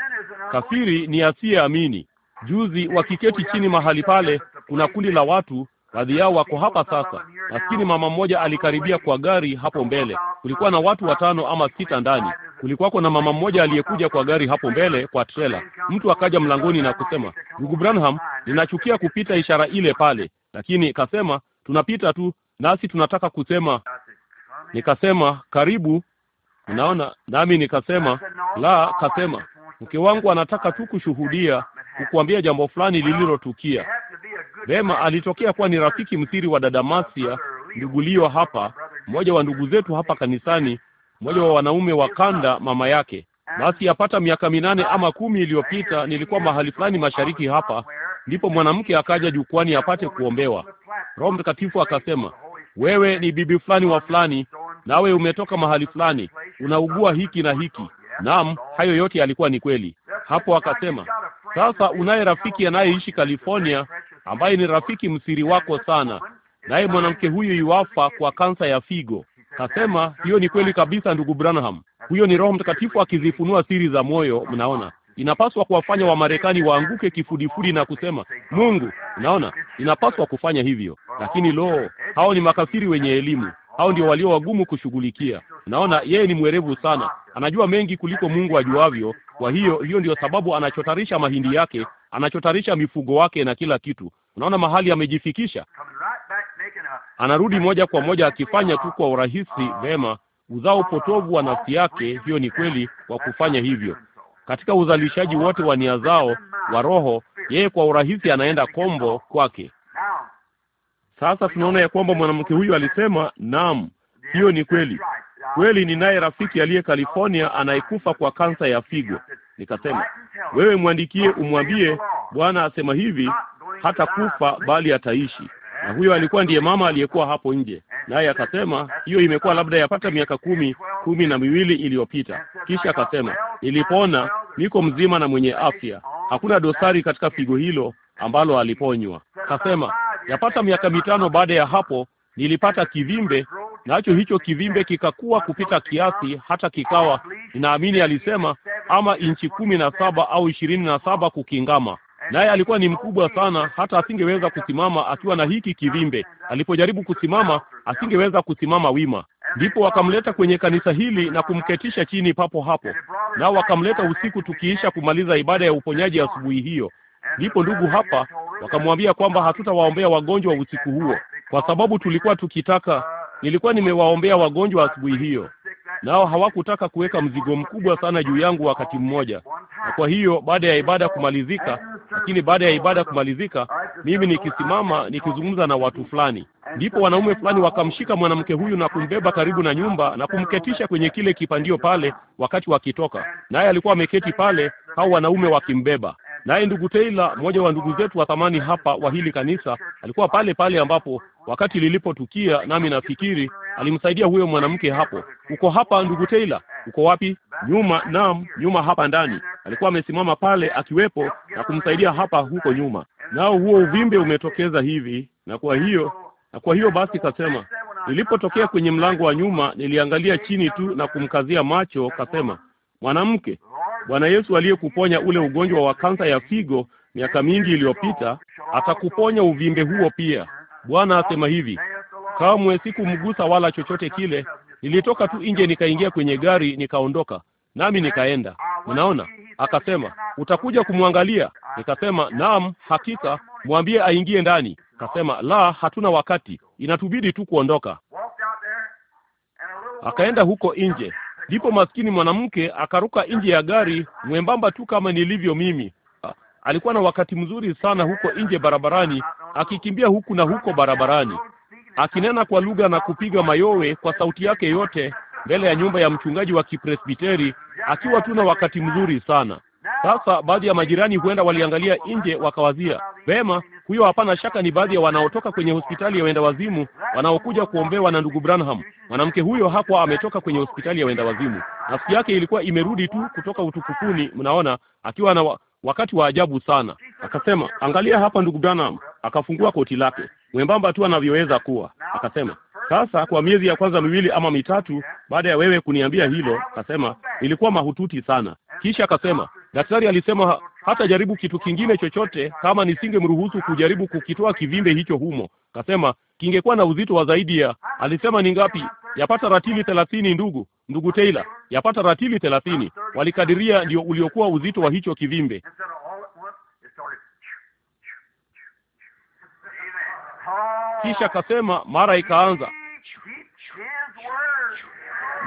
Kafiri ni asiyeamini. Juzi wakiketi chini mahali pale, kuna kundi la watu Baadhi yao wako hapa sasa. Nafikiri mama mmoja alikaribia kwa gari hapo mbele. Kulikuwa na watu watano ama sita ndani. Kulikuwako na mama mmoja aliyekuja kwa gari hapo mbele kwa trela. Mtu akaja mlangoni na kusema, ndugu Branham, ninachukia kupita ishara ile pale, lakini kasema tunapita tu, nasi tunataka kusema. Nikasema karibu, unaona, nami nikasema la, kasema mke wangu anataka tu kushuhudia, kukuambia jambo fulani lililotukia. Vema, alitokea kuwa ni rafiki msiri wa dada Masia, ndugulio hapa, mmoja wa ndugu zetu hapa kanisani, mmoja wa wanaume wa kanda, mama yake. Basi yapata miaka minane ama kumi iliyopita, nilikuwa mahali fulani mashariki hapa, ndipo mwanamke akaja jukwani apate kuombewa. Roho Mtakatifu akasema, wewe ni bibi fulani wa fulani, nawe umetoka mahali fulani, unaugua hiki na hiki Naam, hayo yote yalikuwa ni kweli. Hapo akasema, sasa unaye rafiki anayeishi California ambaye ni rafiki msiri wako sana, naye mwanamke huyu yuafa kwa kansa ya figo. Kasema hiyo ni kweli kabisa, ndugu Branham. Huyo ni Roho Mtakatifu akizifunua siri za moyo. Mnaona, inapaswa kuwafanya Wamarekani waanguke kifudifudi na kusema Mungu. Unaona, inapaswa kufanya hivyo, lakini lo, hao ni makafiri wenye elimu hao ndio walio wagumu kushughulikia. Naona yeye ni mwerevu sana, anajua mengi kuliko Mungu ajuavyo. Kwa hiyo hiyo ndio sababu anachotarisha mahindi yake, anachotarisha mifugo wake na kila kitu. Unaona mahali amejifikisha, anarudi moja kwa moja akifanya tu kwa urahisi vema uzao upotovu wa nafsi yake. Hiyo ni kweli. Kwa kufanya hivyo katika uzalishaji wote wa nia zao wa roho, yeye kwa urahisi anaenda kombo kwake. Sasa tunaona ya kwamba mwanamke huyu alisema, naam, hiyo ni kweli kweli. Ninaye rafiki aliye California anayekufa kwa kansa ya figo. Nikasema, wewe mwandikie, umwambie Bwana asema hivi, hata kufa bali ataishi. Na huyo alikuwa ndiye mama aliyekuwa hapo nje, naye akasema hiyo imekuwa labda yapata miaka kumi kumi na miwili iliyopita. Kisha akasema ilipona, niko mzima na mwenye afya, hakuna dosari katika figo hilo ambalo aliponywa. Kasema Yapata miaka mitano baada ya hapo nilipata kivimbe, nacho hicho kivimbe kikakuwa kupita kiasi, hata kikawa, ninaamini alisema, ama inchi kumi na saba au ishirini na saba kukingama. Naye alikuwa ni mkubwa sana, hata asingeweza kusimama akiwa na hiki kivimbe. Alipojaribu kusimama, asingeweza kusimama wima. Ndipo wakamleta kwenye kanisa hili na kumketisha chini papo hapo, nao wakamleta usiku, tukiisha kumaliza ibada ya uponyaji asubuhi hiyo. Ndipo ndugu hapa wakamwambia kwamba hatutawaombea wagonjwa usiku huo, kwa sababu tulikuwa tukitaka, nilikuwa nimewaombea wagonjwa asubuhi hiyo, nao hawakutaka kuweka mzigo mkubwa sana juu yangu wakati mmoja. Na kwa hiyo baada ya ibada kumalizika, lakini baada ya ibada kumalizika, mimi nikisimama nikizungumza na watu fulani, ndipo wanaume fulani wakamshika mwanamke huyu na kumbeba karibu na nyumba na kumketisha kwenye kile kipandio pale wakati wakitoka, naye alikuwa ameketi pale, hao wanaume wakimbeba. Naye ndugu Taylor, mmoja wa ndugu zetu wa thamani hapa wa hili kanisa, alikuwa pale pale ambapo wakati lilipotukia, nami nafikiri alimsaidia huyo mwanamke hapo. Uko hapa ndugu Taylor? Uko wapi? Nyuma. Naam, nyuma hapa ndani. Alikuwa amesimama pale akiwepo na kumsaidia hapa huko nyuma, nao huo uvimbe umetokeza hivi, na kwa hiyo na kwa hiyo basi kasema Nilipotokea kwenye mlango wa nyuma, niliangalia chini tu na kumkazia macho. Kasema, mwanamke, Bwana Yesu aliyekuponya ule ugonjwa wa kansa ya figo miaka mingi iliyopita atakuponya uvimbe huo pia. Bwana asema hivi, kamwe sikumgusa wala chochote kile. Nilitoka tu nje, nikaingia kwenye gari, nikaondoka, nami nikaenda. Unaona, akasema utakuja kumwangalia. Nikasema naam, hakika, mwambie aingie ndani. Akasema la, hatuna wakati, inatubidi tu kuondoka. Akaenda huko nje Ndipo maskini mwanamke akaruka nje ya gari mwembamba tu kama nilivyo mimi. Alikuwa na wakati mzuri sana huko nje barabarani, akikimbia huku na huko barabarani, akinena kwa lugha na kupiga mayowe kwa sauti yake yote mbele ya nyumba ya mchungaji wa Kipresbiteri, akiwa tu na wakati mzuri sana. Sasa baadhi ya majirani huenda waliangalia nje wakawazia vema, huyo hapana shaka ni baadhi ya wanaotoka kwenye hospitali ya wenda wazimu wanaokuja kuombewa na ndugu Branham. Mwanamke huyo hakuwa ametoka kwenye hospitali ya wenda wazimu, nafsi yake ilikuwa imerudi tu kutoka utukufuni, mnaona, akiwa na wa, wakati wa ajabu sana. Akasema, angalia hapa ndugu Branham. Akafungua koti lake mwembamba tu anavyoweza kuwa, akasema sasa kwa miezi ya kwanza miwili ama mitatu baada ya wewe kuniambia hilo, akasema ilikuwa mahututi sana. Kisha akasema Daktari alisema hata jaribu kitu kingine chochote kama nisingemruhusu kujaribu kukitoa kivimbe hicho humo. Kasema kingekuwa na uzito wa zaidi ya, alisema ni ngapi? Yapata ratili thelathini. Ndugu ndugu Taylor, yapata ratili thelathini walikadiria, ndio uliokuwa uzito wa hicho kivimbe. Kisha kasema mara ikaanza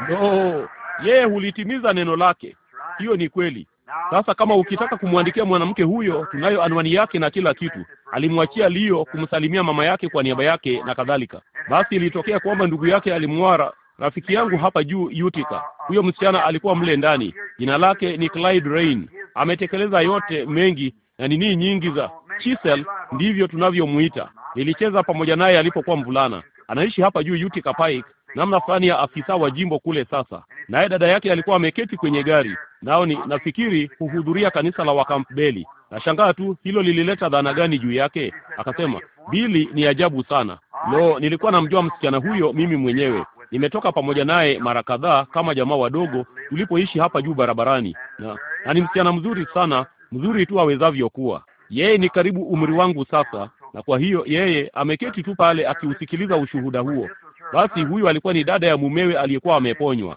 no, yeye hulitimiza neno lake. Hiyo ni kweli. Sasa kama ukitaka kumwandikia mwanamke huyo, tunayo anwani yake na kila kitu. Alimwachia Leo kumsalimia mama yake kwa niaba yake na kadhalika. Basi ilitokea kwamba ndugu yake alimwara rafiki yangu hapa juu Utica. Uh, uh, huyo uh, msichana alikuwa mle ndani, jina lake ni Clyde Rain. Ametekeleza yote mengi na nini nyingi za Chisel, ndivyo tunavyomuita. Nilicheza pamoja naye alipokuwa mvulana. Anaishi hapa juu Utica Pike, namna fulani ya afisa wa jimbo kule sasa, naye dada yake alikuwa ameketi kwenye gari, nao ni nafikiri kuhudhuria kanisa la Wakampbeli. Nashangaa tu hilo lilileta dhana gani juu yake. Akasema Bili ni ajabu sana. Lo, nilikuwa namjua msichana huyo mimi mwenyewe nimetoka pamoja naye mara kadhaa kama jamaa wadogo tulipoishi hapa juu barabarani, na, na ni msichana mzuri sana, mzuri tu awezavyo kuwa. Yeye ni karibu umri wangu sasa, na kwa hiyo yeye ameketi tu pale akiusikiliza ushuhuda huo, basi huyu alikuwa ni dada ya mumewe aliyekuwa ameponywa.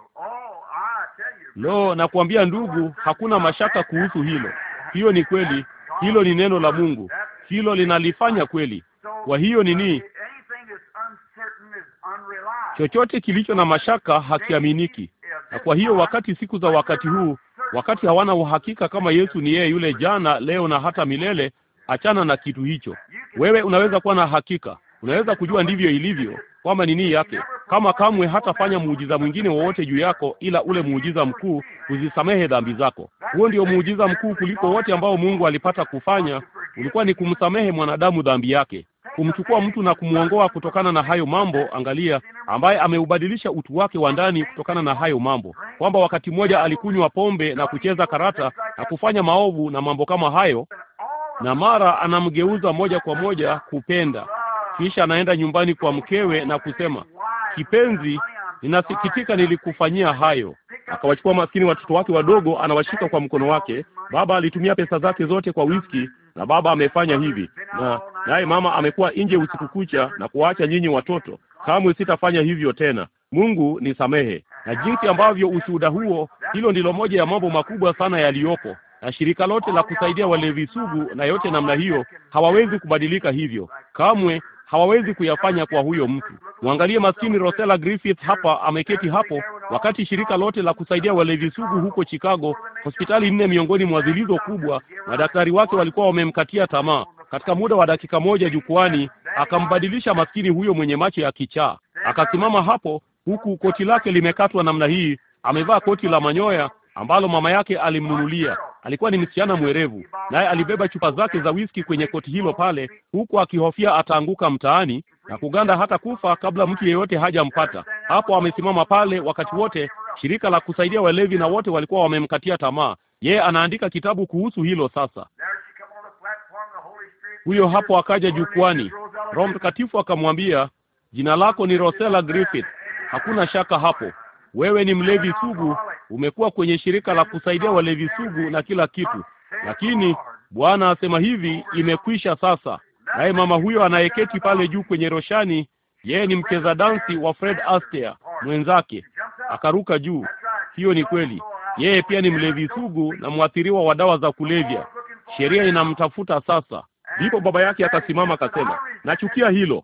Lo, nakwambia ndugu, hakuna mashaka kuhusu hilo. Hiyo ni kweli, hilo ni neno la Mungu, hilo linalifanya kweli. Kwa hiyo nini, chochote kilicho na mashaka hakiaminiki. Na kwa hiyo wakati siku za wakati huu, wakati hawana uhakika kama Yesu ni yeye yule jana, leo na hata milele, achana na kitu hicho. Wewe unaweza kuwa na hakika, unaweza kujua ndivyo ilivyo, kwamba ni yake, kama kamwe hatafanya muujiza mwingine wowote juu yako ila ule muujiza mkuu, kuzisamehe dhambi zako. Huo ndio muujiza mkuu kuliko wote ambao Mungu alipata kufanya, ulikuwa ni kumsamehe mwanadamu dhambi yake, kumchukua mtu na kumwongoa kutokana na hayo mambo. Angalia, ambaye ameubadilisha utu wake wa ndani kutokana na hayo mambo, kwamba wakati mmoja alikunywa pombe na kucheza karata na kufanya maovu na mambo kama hayo, na mara anamgeuza moja kwa moja kupenda kisha anaenda nyumbani kwa mkewe na kusema, kipenzi, ninasikitika nilikufanyia hayo. Akawachukua maskini watoto wake wadogo, anawashika kwa mkono wake. Baba alitumia pesa zake zote kwa whisky, na baba amefanya hivi, na naye mama amekuwa nje usiku kucha na kuwaacha nyinyi watoto. Kamwe sitafanya hivyo tena. Mungu nisamehe. Na jinsi ambavyo ushuhuda huo, hilo ndilo moja ya mambo makubwa sana yaliyopo, na shirika lote la kusaidia walevi sugu na yote namna hiyo hawawezi kubadilika hivyo kamwe, hawawezi kuyafanya kwa huyo mtu. Mwangalie maskini Rosella Griffith hapa ameketi hapo, wakati shirika lote la kusaidia walevi sugu huko Chicago, hospitali nne miongoni mwa zilizo kubwa, madaktari wake walikuwa wamemkatia tamaa. Katika muda wa dakika moja jukwani, akambadilisha maskini huyo mwenye macho ya kichaa. Akasimama hapo huku koti lake limekatwa namna hii, amevaa koti la manyoya ambalo mama yake alimnunulia. Alikuwa ni msichana mwerevu, naye alibeba chupa zake za whisky kwenye koti hilo pale, huku akihofia ataanguka mtaani na kuganda hata kufa kabla mtu yeyote hajampata. Hapo amesimama pale wakati wote, shirika la kusaidia walevi na wote walikuwa wamemkatia tamaa. Yeye anaandika kitabu kuhusu hilo sasa. Huyo hapo akaja jukwani, Roho Mtakatifu akamwambia, jina lako ni Rosella Griffith. Hakuna shaka hapo wewe ni mlevi sugu, umekuwa kwenye shirika la kusaidia walevi sugu na kila kitu, lakini Bwana asema hivi, imekwisha sasa. Naye mama huyo anayeketi pale juu kwenye roshani, yeye ni mcheza dansi wa Fred Astaire mwenzake, akaruka juu. Hiyo ni kweli, yeye pia ni mlevi sugu na mwathiriwa wa dawa za kulevya. Sheria inamtafuta sasa. Ndipo baba yake akasimama akasema, nachukia hilo.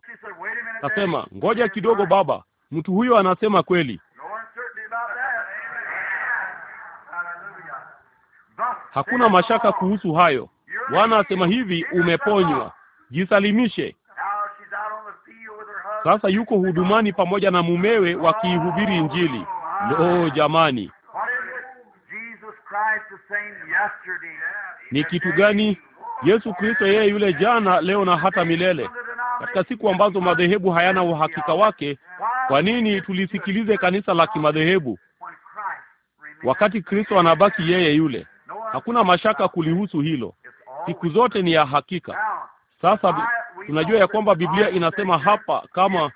Akasema, ngoja kidogo baba, mtu huyo anasema kweli. Hakuna mashaka kuhusu hayo. Bwana asema hivi, umeponywa, jisalimishe. Sasa yuko hudumani pamoja na mumewe wakiihubiri Injili. Lo, jamani, ni kitu gani? Yesu Kristo yeye yule jana, leo na hata milele. Katika siku ambazo madhehebu hayana uhakika wake, kwa nini tulisikilize kanisa la kimadhehebu wakati Kristo anabaki yeye yule? Hakuna mashaka kulihusu hilo, siku zote ni ya hakika. Sasa tunajua ya kwamba Biblia inasema hapa kama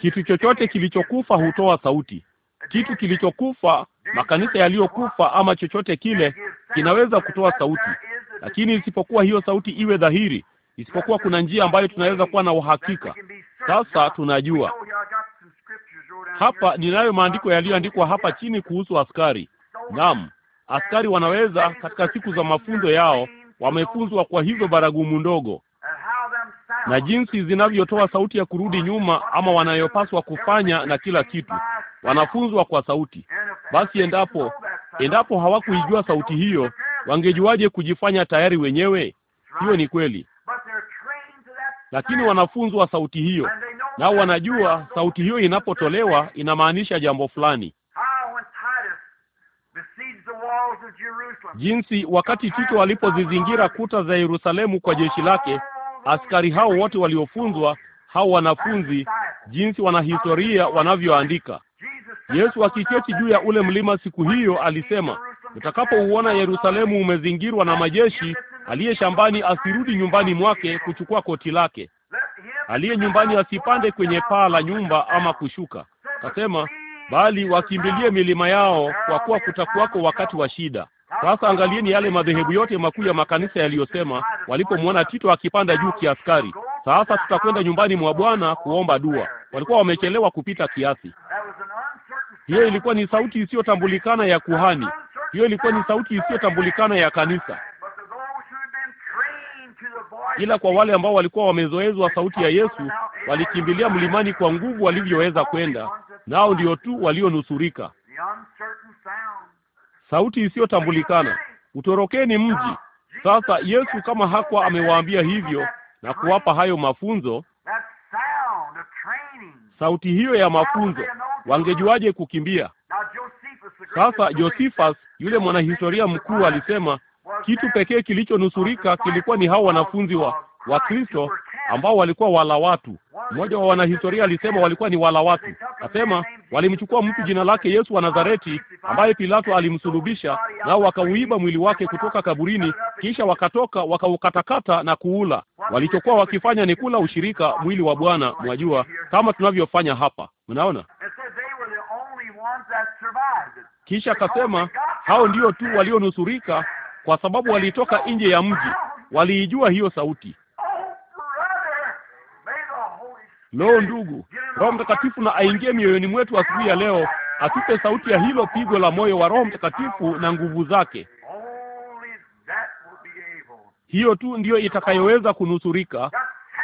kitu chochote kilichokufa hutoa sauti. Kitu kilichokufa, makanisa yaliyokufa, ama chochote kile kinaweza kutoa sauti, lakini isipokuwa hiyo sauti iwe dhahiri, isipokuwa kuna njia ambayo tunaweza kuwa na uhakika. Sasa tunajua hapa, ninayo maandiko yaliyoandikwa hapa chini kuhusu askari. Naam, askari wanaweza katika siku za mafunzo yao wamefunzwa kwa hivyo baragumu ndogo na jinsi zinavyotoa sauti ya kurudi nyuma ama wanayopaswa kufanya na kila kitu, wanafunzwa kwa sauti. Basi endapo endapo hawakuijua sauti hiyo, wangejuaje kujifanya tayari wenyewe? Hiyo ni kweli, lakini wanafunzwa sauti hiyo, nao wanajua sauti hiyo inapotolewa inamaanisha jambo fulani jinsi wakati Tito alipozizingira kuta za Yerusalemu kwa jeshi lake, askari hao wote waliofunzwa, hao wanafunzi, jinsi wanahistoria wanavyoandika. Yesu akiketi juu ya ule mlima siku hiyo alisema, utakapouona Yerusalemu umezingirwa na majeshi, aliye shambani asirudi nyumbani mwake kuchukua koti lake, aliye nyumbani asipande kwenye paa la nyumba ama kushuka. Kasema bali wakimbilie milima yao, kwa kuwa kutakuwako wakati wa shida. Sasa angalieni yale madhehebu yote makuu ya makanisa yaliyosema walipomwona Tito akipanda juu kiaskari, sasa tutakwenda nyumbani mwa Bwana kuomba dua. Walikuwa wamechelewa kupita kiasi. Hiyo ilikuwa ni sauti isiyotambulikana ya kuhani, hiyo ilikuwa ni sauti isiyotambulikana ya kanisa, ila kwa wale ambao walikuwa wamezoezwa sauti ya Yesu walikimbilia mlimani kwa nguvu walivyoweza kwenda, nao ndio tu walionusurika. Sauti isiyotambulikana, utorokeni mji. Sasa Yesu kama hakuwa amewaambia hivyo na kuwapa hayo mafunzo, sauti hiyo ya mafunzo, wangejuaje kukimbia? Sasa Josephus yule mwanahistoria mkuu alisema kitu pekee kilichonusurika kilikuwa ni hao wanafunzi wa wa Kristo ambao walikuwa wala watu. Mmoja wa wanahistoria alisema walikuwa ni wala watu, asema walimchukua mtu jina lake Yesu wa Nazareti ambaye Pilato alimsulubisha, nao wakauiba mwili wake kutoka kaburini, kisha wakatoka wakaukatakata na kuula. Walichokuwa wakifanya ni kula ushirika, mwili wa Bwana, mwajua, kama tunavyofanya hapa, mnaona. Kisha akasema hao ndio tu walionusurika kwa sababu walitoka nje ya mji, waliijua hiyo sauti. Loo ndugu, Roho Mtakatifu na aingie mioyoni mwetu asubuhi ya leo, atupe sauti ya hilo pigo la moyo wa Roho Mtakatifu na nguvu zake. Hiyo tu ndiyo itakayoweza kunusurika,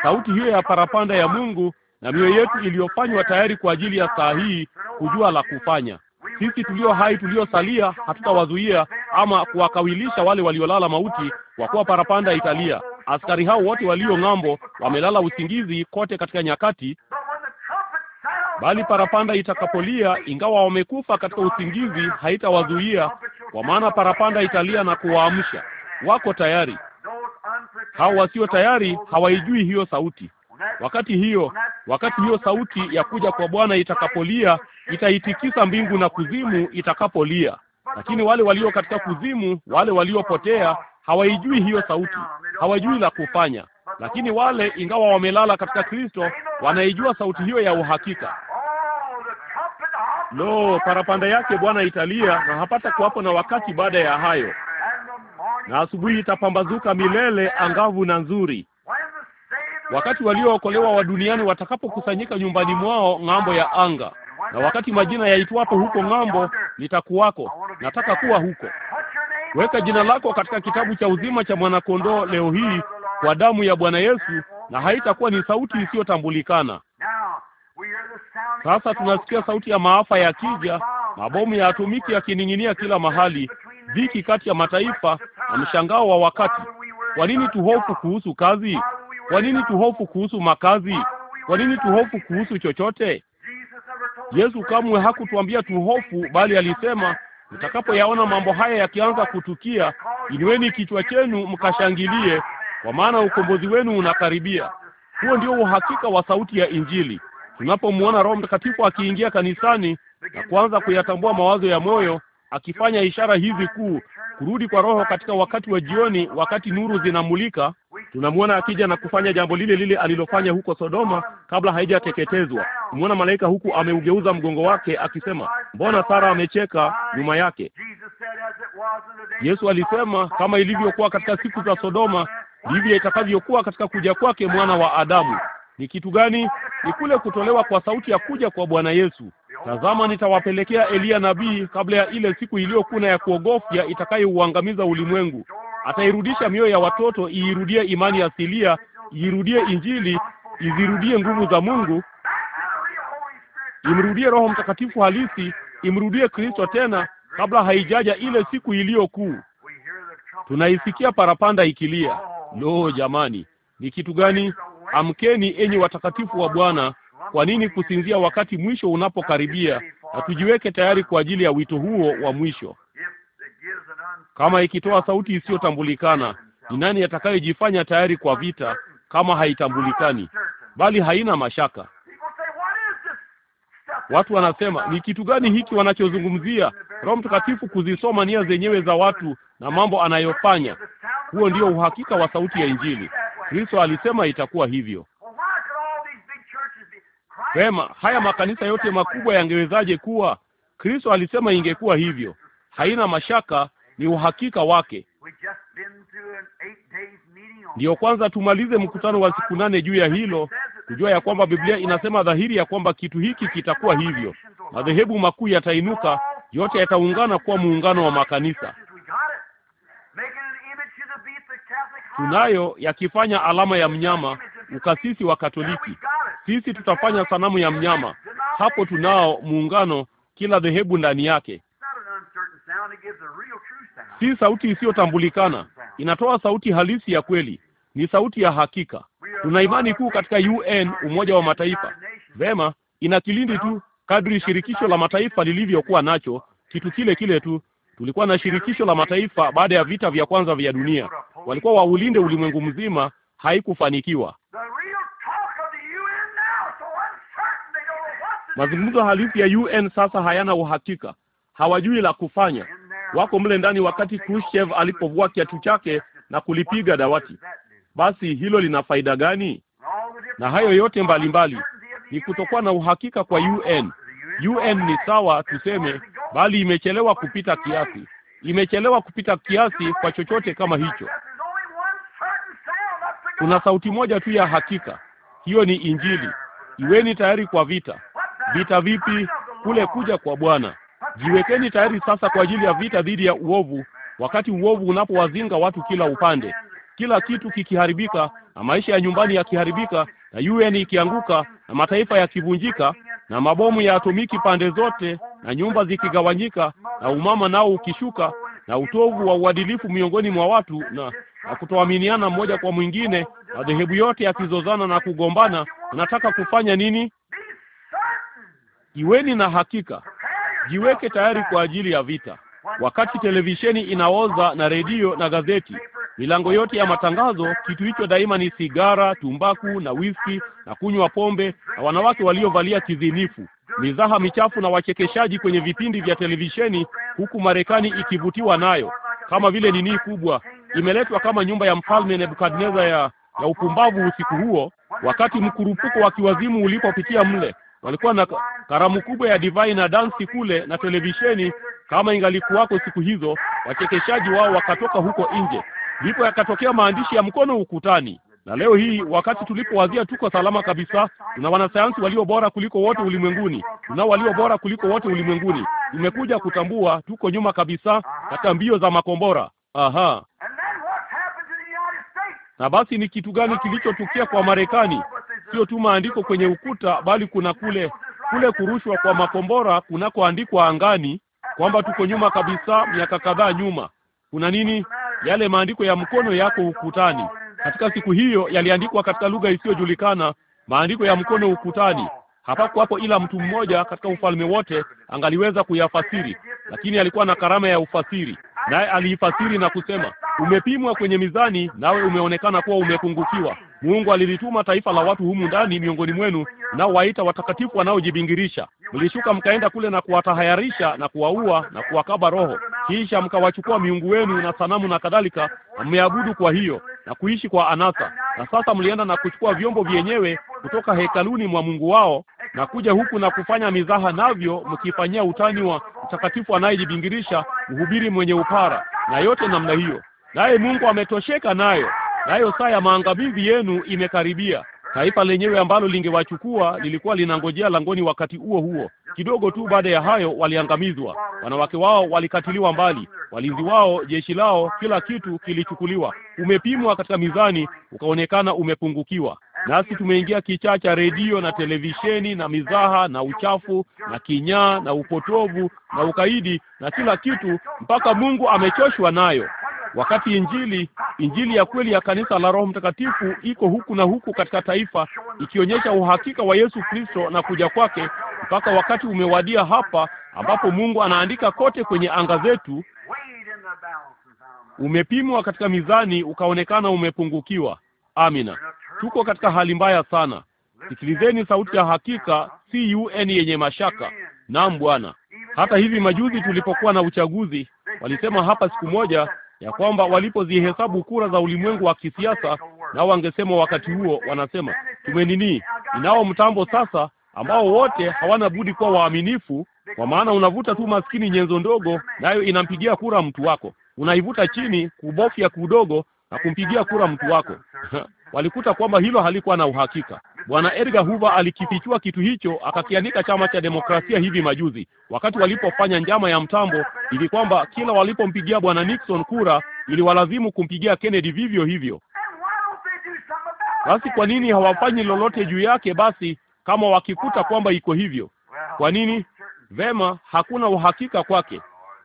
sauti hiyo ya parapanda ya Mungu na mioyo yetu iliyofanywa tayari kwa ajili ya saa hii kujua la kufanya. Sisi tulio hai tuliosalia hatutawazuia ama kuwakawilisha wale waliolala mauti, kwa kuwa parapanda italia. Askari hao wote walio ng'ambo wamelala usingizi kote katika nyakati, bali parapanda itakapolia, ingawa wamekufa katika usingizi, haitawazuia kwa maana parapanda italia na kuwaamsha. Wako tayari. Hao wasio tayari hawaijui hiyo sauti. Wakati hiyo, wakati hiyo sauti ya kuja kwa Bwana itakapolia, itaitikisa mbingu na kuzimu itakapolia. Lakini wale walio katika kuzimu, wale waliopotea, hawaijui hiyo sauti hawajui la kufanya, lakini wale ingawa wamelala katika Kristo wanaijua sauti hiyo ya uhakika. Lo no, parapanda yake Bwana italia na hapata kuwapo na wakati baada ya hayo, na asubuhi itapambazuka milele angavu na nzuri, wakati waliookolewa wa duniani watakapokusanyika nyumbani mwao ng'ambo ya anga, na wakati majina yaitwapo huko ng'ambo, nitakuwako. Nataka kuwa huko. Weka jina lako katika kitabu cha uzima cha mwanakondoo leo hii kwa damu ya Bwana Yesu, na haitakuwa ni sauti isiyotambulikana. Sasa tunasikia sauti ya maafa yakija, mabomu ya atomiki yakining'inia kila mahali, dhiki kati ya mataifa na mshangao wa wakati. Kwa nini tuhofu kuhusu kazi? Kwa nini tuhofu kuhusu makazi? Kwa nini tuhofu kuhusu chochote? Yesu kamwe hakutuambia tuhofu, bali alisema Mtakapoyaona mambo haya yakianza kutukia, inueni kichwa chenu mkashangilie, kwa maana ukombozi wenu unakaribia. Huo ndio uhakika wa sauti ya Injili. Tunapomwona Roho Mtakatifu akiingia kanisani na kuanza kuyatambua mawazo ya moyo, akifanya ishara hizi kuu, kurudi kwa Roho katika wakati wa jioni, wakati nuru zinamulika, tunamwona akija na kufanya jambo lile lile alilofanya huko Sodoma kabla haijateketezwa. Muona malaika huku ameugeuza mgongo wake akisema, mbona Sara amecheka nyuma yake? Yesu alisema, kama ilivyokuwa katika siku za Sodoma, ndivyo itakavyokuwa katika kuja kwake mwana wa Adamu. Ni kitu gani? Ni kule kutolewa kwa sauti ya kuja kwa Bwana Yesu. Tazama, nitawapelekea Eliya nabii kabla ya ile siku iliyokuna ya kuogofya itakayouangamiza ulimwengu. Atairudisha mioyo ya watoto, iirudie imani asilia, iirudie Injili, izirudie nguvu za Mungu, imrudie Roho Mtakatifu halisi, imrudie Kristo tena, kabla haijaja ile siku iliyokuu. Tunaisikia parapanda ikilia. Lo, jamani, ni kitu gani! Amkeni enyi watakatifu wa Bwana, kwa nini kusinzia wakati mwisho unapokaribia, na tujiweke tayari kwa ajili ya wito huo wa mwisho? Kama ikitoa sauti isiyotambulikana, ni nani atakayejifanya tayari kwa vita kama haitambulikani, bali haina mashaka? Watu wanasema ni kitu gani hiki wanachozungumzia? Roho Mtakatifu kuzisoma nia zenyewe za watu na mambo anayofanya. Huo ndio uhakika wa sauti ya Injili. Kristo alisema itakuwa hivyo. Vema, haya makanisa yote makubwa yangewezaje kuwa? Kristo alisema ingekuwa hivyo. Haina mashaka, ni uhakika wake. Ndiyo kwanza tumalize mkutano wa siku nane juu ya hilo, kujua ya kwamba Biblia inasema dhahiri ya kwamba kitu hiki kitakuwa hivyo. Madhehebu makuu yatainuka, yote yataungana kuwa muungano wa makanisa. Tunayo yakifanya alama ya mnyama, ukasisi wa Katoliki sisi tutafanya sanamu ya mnyama. Hapo tunao muungano, kila dhehebu ndani yake. Si sauti isiyotambulikana, inatoa sauti halisi ya kweli, ni sauti ya hakika. Tuna imani kuu katika UN, Umoja wa Mataifa. Vema, ina kilindi tu kadri shirikisho la mataifa lilivyokuwa nacho, kitu kile kile tu. Tulikuwa na shirikisho la mataifa baada ya vita vya kwanza vya dunia, walikuwa waulinde ulimwengu mzima, haikufanikiwa. Mazungumzo halisi ya UN sasa hayana uhakika, hawajui la kufanya. Wako mle ndani, wakati Khrushchev alipovua kiatu chake na kulipiga dawati. Basi hilo lina faida gani? Na hayo yote mbalimbali mbali, ni kutokuwa na uhakika kwa UN. UN ni sawa tuseme, bali imechelewa kupita kiasi, imechelewa kupita kiasi kwa chochote kama hicho. Kuna sauti moja tu ya hakika, hiyo ni Injili. Iweni tayari kwa vita. Vita vipi? Kule kuja kwa Bwana. Jiwekeni tayari sasa kwa ajili ya vita dhidi ya uovu, wakati uovu unapowazinga watu kila upande, kila kitu kikiharibika na maisha ya nyumbani yakiharibika na UN ikianguka na mataifa yakivunjika na mabomu ya atomiki pande zote na nyumba zikigawanyika na umama nao ukishuka na utovu wa uadilifu miongoni mwa watu na, na kutoaminiana mmoja kwa mwingine, madhehebu yote yakizozana na kugombana, anataka kufanya nini? iweni na hakika, jiweke tayari kwa ajili ya vita. Wakati televisheni inaoza na redio na gazeti, milango yote ya matangazo, kitu hicho daima ni sigara, tumbaku na whisky na kunywa pombe na wanawake waliovalia kizinifu, mizaha michafu na wachekeshaji kwenye vipindi vya televisheni, huku Marekani ikivutiwa nayo kama vile nini kubwa imeletwa kama nyumba ya mfalme Nebukadneza ya ya upumbavu usiku huo, wakati mkurupuko wa kiwazimu ulipopitia mle, walikuwa na karamu kubwa ya divai na dansi kule na televisheni kama ingalikuwako siku hizo. Wachekeshaji wao wakatoka huko nje, ndipo yakatokea maandishi ya mkono ukutani. Na leo hii wakati tulipowazia tuko salama kabisa, tuna wanasayansi walio bora kuliko wote ulimwenguni, tunao walio bora kuliko wote ulimwenguni. Tumekuja kutambua tuko nyuma kabisa katika mbio za makombora. Aha. Na basi ni kitu gani kilichotukia kwa Marekani? Sio tu maandiko kwenye ukuta, bali kuna kule kule kurushwa kwa makombora kunakoandikwa angani kwamba tuko nyuma kabisa, miaka kadhaa nyuma. Kuna nini? Yale maandiko ya mkono yako ukutani katika siku hiyo yaliandikwa katika lugha isiyojulikana, maandiko ya mkono ukutani. Hapakuwapo ila mtu mmoja katika ufalme wote angaliweza kuyafasiri, lakini alikuwa na karama ya ufasiri naye aliifasiri na kusema, umepimwa kwenye mizani, nawe umeonekana kuwa umepungukiwa. Mungu alilituma taifa la watu humu ndani miongoni mwenu, nao waita watakatifu wanaojibingirisha. Mlishuka mkaenda kule na kuwatahayarisha na kuwaua na kuwakaba roho, kisha mkawachukua miungu wenu na sanamu na kadhalika, na mmeabudu kwa hiyo na kuishi kwa anasa. Na sasa mlienda na kuchukua vyombo vyenyewe kutoka hekaluni mwa Mungu wao na kuja huku na kufanya mizaha navyo, mkifanyia utani wa mtakatifu anayejibingirisha, mhubiri mwenye upara na yote namna hiyo, naye Mungu ametosheka nayo nayo saa ya maangamizi yenu imekaribia. Taifa lenyewe ambalo lingewachukua lilikuwa linangojea langoni. Wakati huo huo, kidogo tu baada ya hayo, waliangamizwa. Wanawake wao walikatiliwa mbali, walinzi wao, jeshi lao, kila kitu kilichukuliwa. Umepimwa katika mizani, ukaonekana umepungukiwa. Nasi tumeingia kichaa cha redio na televisheni na mizaha na uchafu na kinyaa na upotovu na ukaidi na kila kitu, mpaka Mungu amechoshwa nayo. Wakati injili injili ya kweli ya kanisa la Roho Mtakatifu iko huku na huku katika taifa, ikionyesha uhakika wa Yesu Kristo na kuja kwake, mpaka wakati umewadia hapa ambapo Mungu anaandika kote kwenye anga zetu, umepimwa katika mizani, ukaonekana umepungukiwa. Amina, tuko katika hali mbaya sana. Sikilizeni sauti ya hakika, si UN yenye mashaka. Naam Bwana. Hata hivi majuzi tulipokuwa na uchaguzi, walisema hapa siku moja ya kwamba walipozihesabu kura za ulimwengu wa kisiasa, nao wangesema wakati huo, wanasema tumenini, ninao mtambo sasa ambao wote hawana budi kuwa waaminifu, kwa maana unavuta tu maskini nyenzo ndogo, nayo inampigia kura mtu wako, unaivuta chini kubofya kudogo, na kumpigia kura mtu wako. Walikuta kwamba hilo halikuwa na uhakika. Bwana Edgar Hoover alikifichua kitu hicho, akakianika chama cha demokrasia hivi majuzi, wakati walipofanya njama ya mtambo, ili kwamba kila walipompigia Bwana Nixon kura, iliwalazimu kumpigia Kennedy vivyo hivyo. Basi kwa nini hawafanyi lolote juu yake? Basi kama wakikuta kwamba iko hivyo, kwa nini? Vema, hakuna uhakika kwake.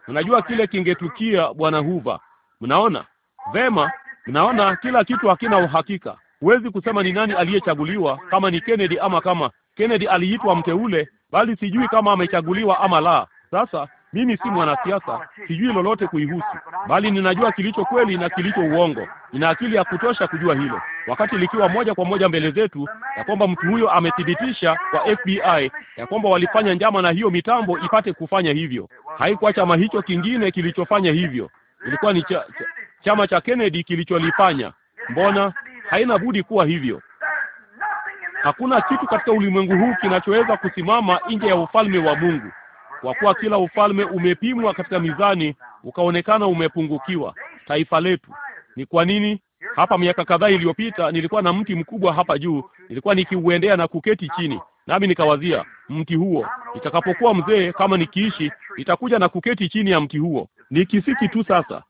Unajua kile kingetukia Bwana Hoover, mnaona? Vema, Naona kila kitu hakina uhakika. Huwezi kusema ni nani aliyechaguliwa, kama ni Kennedy ama kama Kennedy aliitwa mteule, bali sijui kama amechaguliwa ama la. Sasa mimi si mwanasiasa, sijui lolote kuihusu, bali ninajua kilicho kweli na kilicho uongo. Nina akili ya kutosha kujua hilo, wakati likiwa moja kwa moja mbele zetu, ya kwamba mtu huyo amethibitisha kwa FBI ya kwamba walifanya njama na hiyo mitambo ipate kufanya hivyo. Haikuwa chama hicho kingine kilichofanya hivyo, ilikuwa ni cha, cha chama cha Kennedy kilicholifanya. Mbona haina budi kuwa hivyo. Hakuna kitu katika ulimwengu huu kinachoweza kusimama nje ya ufalme wa Mungu, kwa kuwa kila ufalme umepimwa katika mizani ukaonekana umepungukiwa. Taifa letu ni kwa nini? Hapa miaka kadhaa iliyopita nilikuwa na mti mkubwa hapa juu, nilikuwa nikiuendea na kuketi chini, nami nikawazia, mti huo nitakapokuwa mzee, kama nikiishi, nitakuja na kuketi chini ya mti huo. Ni kisiki tu sasa,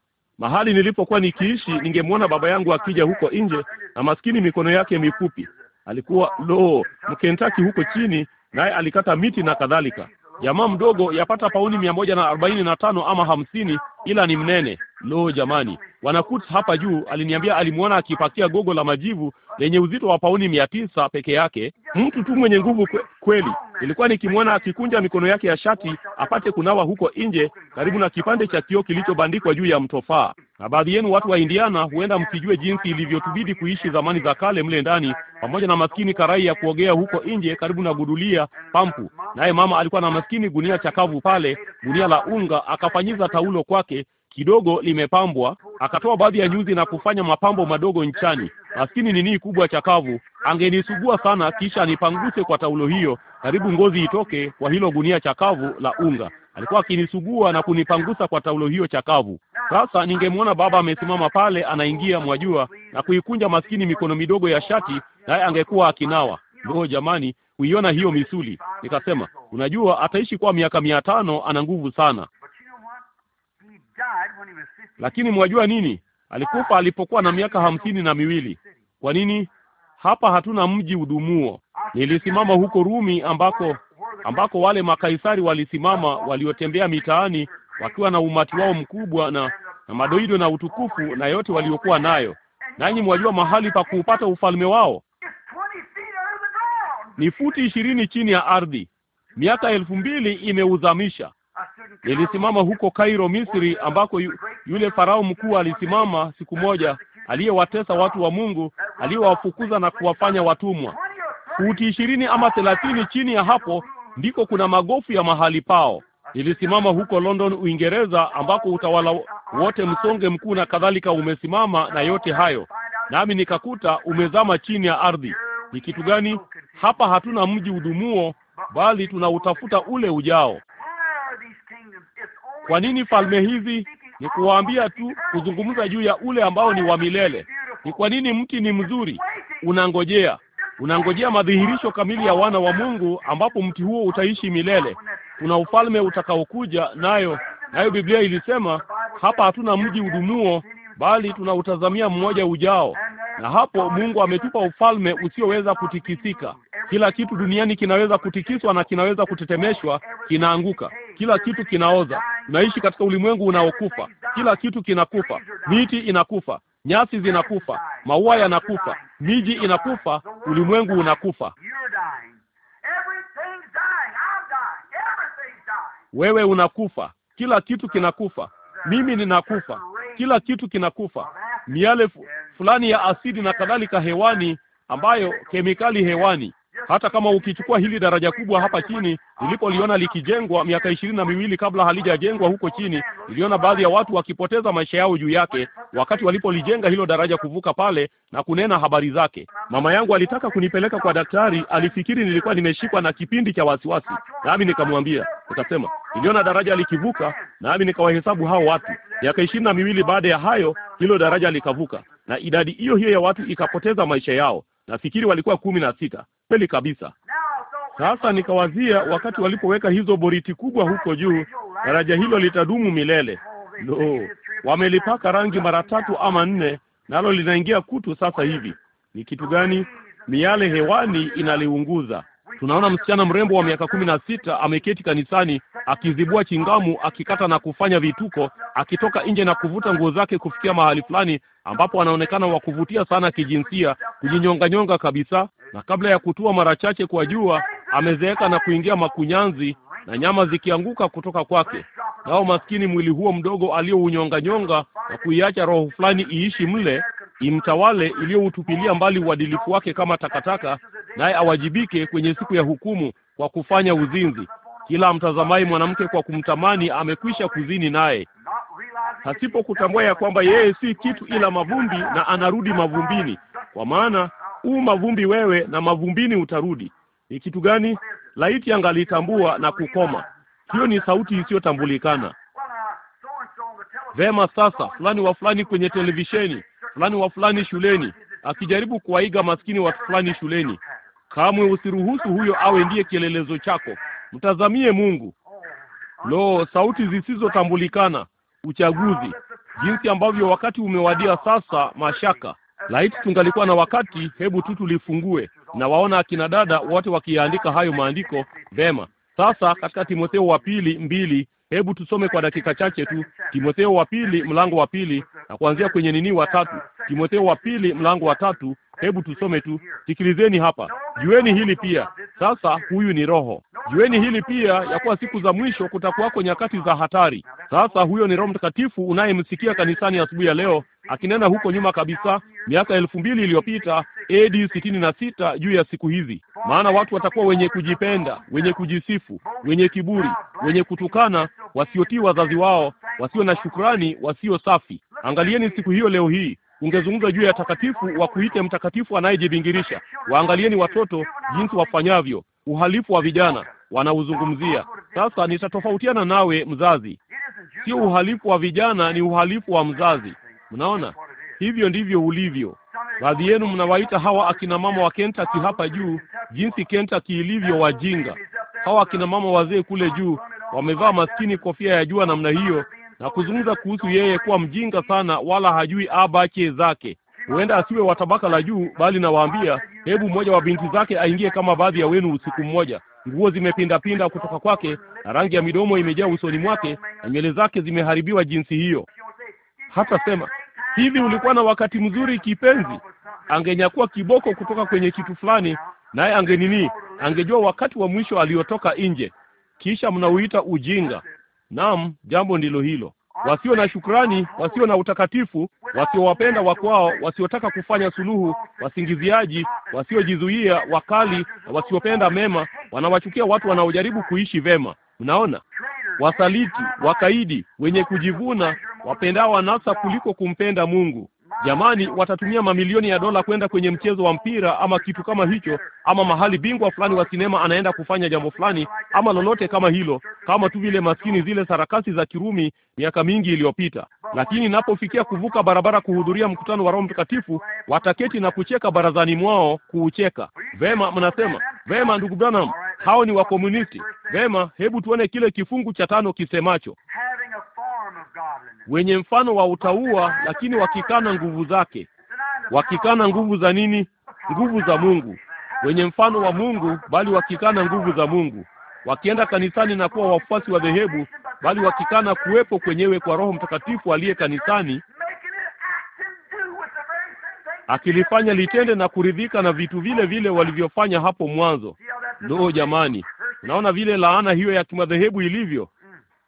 Mahali nilipokuwa nikiishi, ningemwona baba yangu akija huko nje, na maskini mikono yake mifupi alikuwa lo Mkentaki huko chini, naye alikata miti na kadhalika. Jamaa mdogo yapata pauni mia moja na arobaini na tano ama hamsini, ila ni mnene. Lo jamani, Wanakuts hapa juu aliniambia alimwona akipakia gogo la majivu lenye uzito wa pauni mia tisa peke yake, mtu tu mwenye nguvu kwe, kweli. Nilikuwa nikimwona akikunja mikono yake ya shati apate kunawa huko nje karibu na kipande cha kioo kilichobandikwa juu ya mtofaa. Na baadhi yenu watu wa Indiana huenda msijue jinsi ilivyotubidi kuishi zamani za kale mle ndani, pamoja na maskini karai ya kuogea huko nje karibu na gudulia pampu. Naye mama alikuwa na maskini gunia chakavu pale, gunia la unga, akafanyiza taulo kwake kidogo limepambwa, akatoa baadhi ya nyuzi na kufanya mapambo madogo nchani maskini nini kubwa chakavu, angenisugua sana, kisha anipanguse kwa taulo hiyo, karibu ngozi itoke kwa hilo gunia chakavu la unga. Alikuwa akinisugua na kunipangusa kwa taulo hiyo chakavu. Sasa ningemwona baba amesimama pale, anaingia mwajua, na kuikunja maskini mikono midogo ya shati, naye angekuwa akinawa. Ndio jamani, kuiona hiyo misuli! Nikasema, unajua ataishi kwa miaka mia tano, ana nguvu sana. Lakini mwajua nini? Alikufa alipokuwa na miaka hamsini na miwili. Kwa nini hapa hatuna mji udumuo? Nilisimama huko Rumi ambako ambako wale makaisari walisimama, waliotembea mitaani wakiwa na umati wao mkubwa na, na madoido na utukufu na yote waliokuwa nayo. Nanyi mwajua mahali pa kuupata ufalme wao ni futi ishirini chini ya ardhi. Miaka elfu mbili imeuzamisha Nilisimama huko Kairo, Misri, ambako yule farao mkuu alisimama siku moja, aliyewatesa watu wa Mungu, aliyewafukuza na kuwafanya watumwa. Futi ishirini ama thelathini chini ya hapo ndiko kuna magofu ya mahali pao. Nilisimama huko London, Uingereza, ambako utawala wote msonge mkuu na kadhalika umesimama na yote hayo, nami nikakuta umezama chini ya ardhi. Ni kitu gani hapa? Hatuna mji udumuo, bali tunautafuta ule ujao. Kwa nini falme hizi? Ni kuwaambia tu, kuzungumza juu ya ule ambao ni wa milele. Ni kwa nini mti ni mzuri? Unangojea, unangojea madhihirisho kamili ya wana wa Mungu, ambapo mti huo utaishi milele. Kuna ufalme utakaokuja, nayo nayo Biblia ilisema hapa hatuna mji udumuo, bali tunautazamia mmoja ujao. Na hapo Mungu ametupa ufalme usioweza kutikisika. Kila kitu duniani kinaweza kutikiswa na kinaweza kutetemeshwa, kinaanguka, kila kitu kinaoza. Tunaishi katika ulimwengu unaokufa. Kila kitu kinakufa, miti inakufa, nyasi zinakufa, maua yanakufa, miji inakufa, ulimwengu unakufa. Wewe unakufa, kila kitu kinakufa, mimi ninakufa, kila kitu kinakufa. Miale fulani ya asidi na kadhalika hewani, ambayo kemikali hewani hata kama ukichukua hili daraja kubwa hapa chini, nilipoliona likijengwa miaka ishirini na miwili kabla halijajengwa huko chini, niliona baadhi ya watu wakipoteza maisha yao juu yake wakati walipolijenga hilo daraja kuvuka pale na kunena habari zake. Mama yangu alitaka kunipeleka kwa daktari, alifikiri nilikuwa nimeshikwa na kipindi cha wasiwasi, nami nikamwambia, nikasema, niliona daraja likivuka, nami nikawahesabu hao watu. Miaka ishirini na miwili baada ya hayo, hilo daraja likavuka, na idadi hiyo hiyo ya watu ikapoteza maisha yao. Nafikiri walikuwa kumi na sita kweli kabisa. Sasa nikawazia wakati walipoweka hizo boriti kubwa huko juu, daraja hilo litadumu milele. Lo, wamelipaka rangi mara tatu ama nne, nalo linaingia kutu sasa hivi. Ni kitu gani? Miale hewani inaliunguza. Tunaona msichana mrembo wa miaka kumi na sita ameketi kanisani akizibua chingamu, akikata na kufanya vituko, akitoka nje na kuvuta nguo zake kufikia mahali fulani ambapo anaonekana wa kuvutia sana kijinsia, kujinyonganyonga kabisa, na kabla ya kutua mara chache kwa jua amezeeka na kuingia makunyanzi na nyama zikianguka kutoka kwake, nao maskini mwili huo mdogo aliyounyonganyonga na kuiacha roho fulani iishi mle imtawale, iliyoutupilia mbali uadilifu wake kama takataka, naye awajibike kwenye siku ya hukumu kwa kufanya uzinzi. Kila amtazamai mwanamke kwa kumtamani amekwisha kuzini naye, hasipo kutambua ya kwamba yeye si kitu ila mavumbi, na anarudi mavumbini, kwa maana u mavumbi wewe, na mavumbini utarudi. Ni kitu gani? Laiti angalitambua na kukoma. Hiyo ni sauti isiyotambulikana. Vema, sasa fulani wa fulani kwenye televisheni, fulani wa fulani shuleni, akijaribu kuwaiga maskini watu fulani shuleni. Kamwe usiruhusu huyo awe ndiye kielelezo chako. Mtazamie Mungu. Lo, sauti zisizotambulikana, uchaguzi, jinsi ambavyo wakati umewadia sasa, mashaka Laiti tungalikuwa na wakati, hebu tu tulifungue na waona akina dada wote wakiandika hayo maandiko vema. Sasa katika Timotheo wa pili mbili, hebu tusome kwa dakika chache tu Timotheo wa pili mlango wa pili na kuanzia kwenye nini wa tatu. Timotheo wa pili mlango wa tatu Hebu tusome tu, sikilizeni hapa, jueni hili pia sasa. Huyu ni Roho, jueni hili pia ya kuwa siku za mwisho kutakuwako nyakati za hatari. Sasa huyo ni Roho Mtakatifu unayemsikia kanisani asubuhi ya leo akinena huko nyuma kabisa, miaka elfu mbili iliyopita AD sitini na sita juu ya siku hizi. Maana watu watakuwa wenye kujipenda, wenye kujisifu, wenye kiburi, wenye kutukana, wasiotii wazazi wao, wasio na shukrani, wasio safi. Angalieni siku hiyo leo hii ungezungumza juu ya takatifu wa kuite mtakatifu anayejibingirisha. Waangalieni watoto jinsi wafanyavyo, uhalifu wa vijana wanauzungumzia. Sasa nitatofautiana nawe mzazi, sio uhalifu wa vijana, ni uhalifu wa mzazi. Mnaona, hivyo ndivyo ulivyo. Baadhi yenu mnawaita hawa akina mama wa kentaki hapa juu, jinsi kentaki ilivyo wajinga. Hawa akina mama wazee kule juu wamevaa maskini kofia ya jua namna hiyo, na kuzungumza kuhusu yeye kuwa mjinga sana, wala hajui abache zake. Huenda asiwe wa tabaka la juu, bali nawaambia, hebu mmoja wa binti zake aingie kama baadhi ya wenu usiku mmoja. Nguo zimepindapinda kutoka kwake, na rangi ya midomo imejaa usoni mwake, na nywele zake zimeharibiwa jinsi hiyo. Hata sema hivi, ulikuwa na wakati mzuri kipenzi. Angenyakua kiboko kutoka kwenye kitu fulani, naye angenini, angejua wakati wa mwisho aliotoka nje. Kisha mnauita ujinga. Naam, jambo ndilo hilo. Wasio na shukrani, wasio na utakatifu, wasiowapenda wakwao, wasiotaka kufanya suluhu, wasingiziaji, wasiojizuia, wakali na wasiopenda mema, wanawachukia watu wanaojaribu kuishi vema. Mnaona, wasaliti, wakaidi, wenye kujivuna, wapendao anasa kuliko kumpenda Mungu. Jamani, watatumia mamilioni ya dola kwenda kwenye mchezo wa mpira ama kitu kama hicho, ama mahali bingwa fulani wa sinema anaenda kufanya jambo fulani ama lolote kama hilo, kama tu vile maskini zile sarakasi za Kirumi miaka mingi iliyopita. Lakini napofikia kuvuka barabara kuhudhuria mkutano wa Roho Mtakatifu, wataketi na kucheka barazani mwao kuucheka. Vema, mnasema vema, ndugu Branham, hao ni wakomunisti. Vema, hebu tuone kile kifungu cha tano kisemacho wenye mfano wa utaua lakini wakikana nguvu zake. Wakikana nguvu za nini? Nguvu za Mungu, wenye mfano wa Mungu, bali wakikana nguvu za Mungu, wakienda kanisani na kuwa wafuasi wa dhehebu, bali wakikana kuwepo kwenyewe kwa Roho Mtakatifu aliye kanisani, akilifanya litende na kuridhika na vitu vile vile walivyofanya hapo mwanzo. Ndoo jamani, unaona vile laana hiyo ya kimadhehebu ilivyo.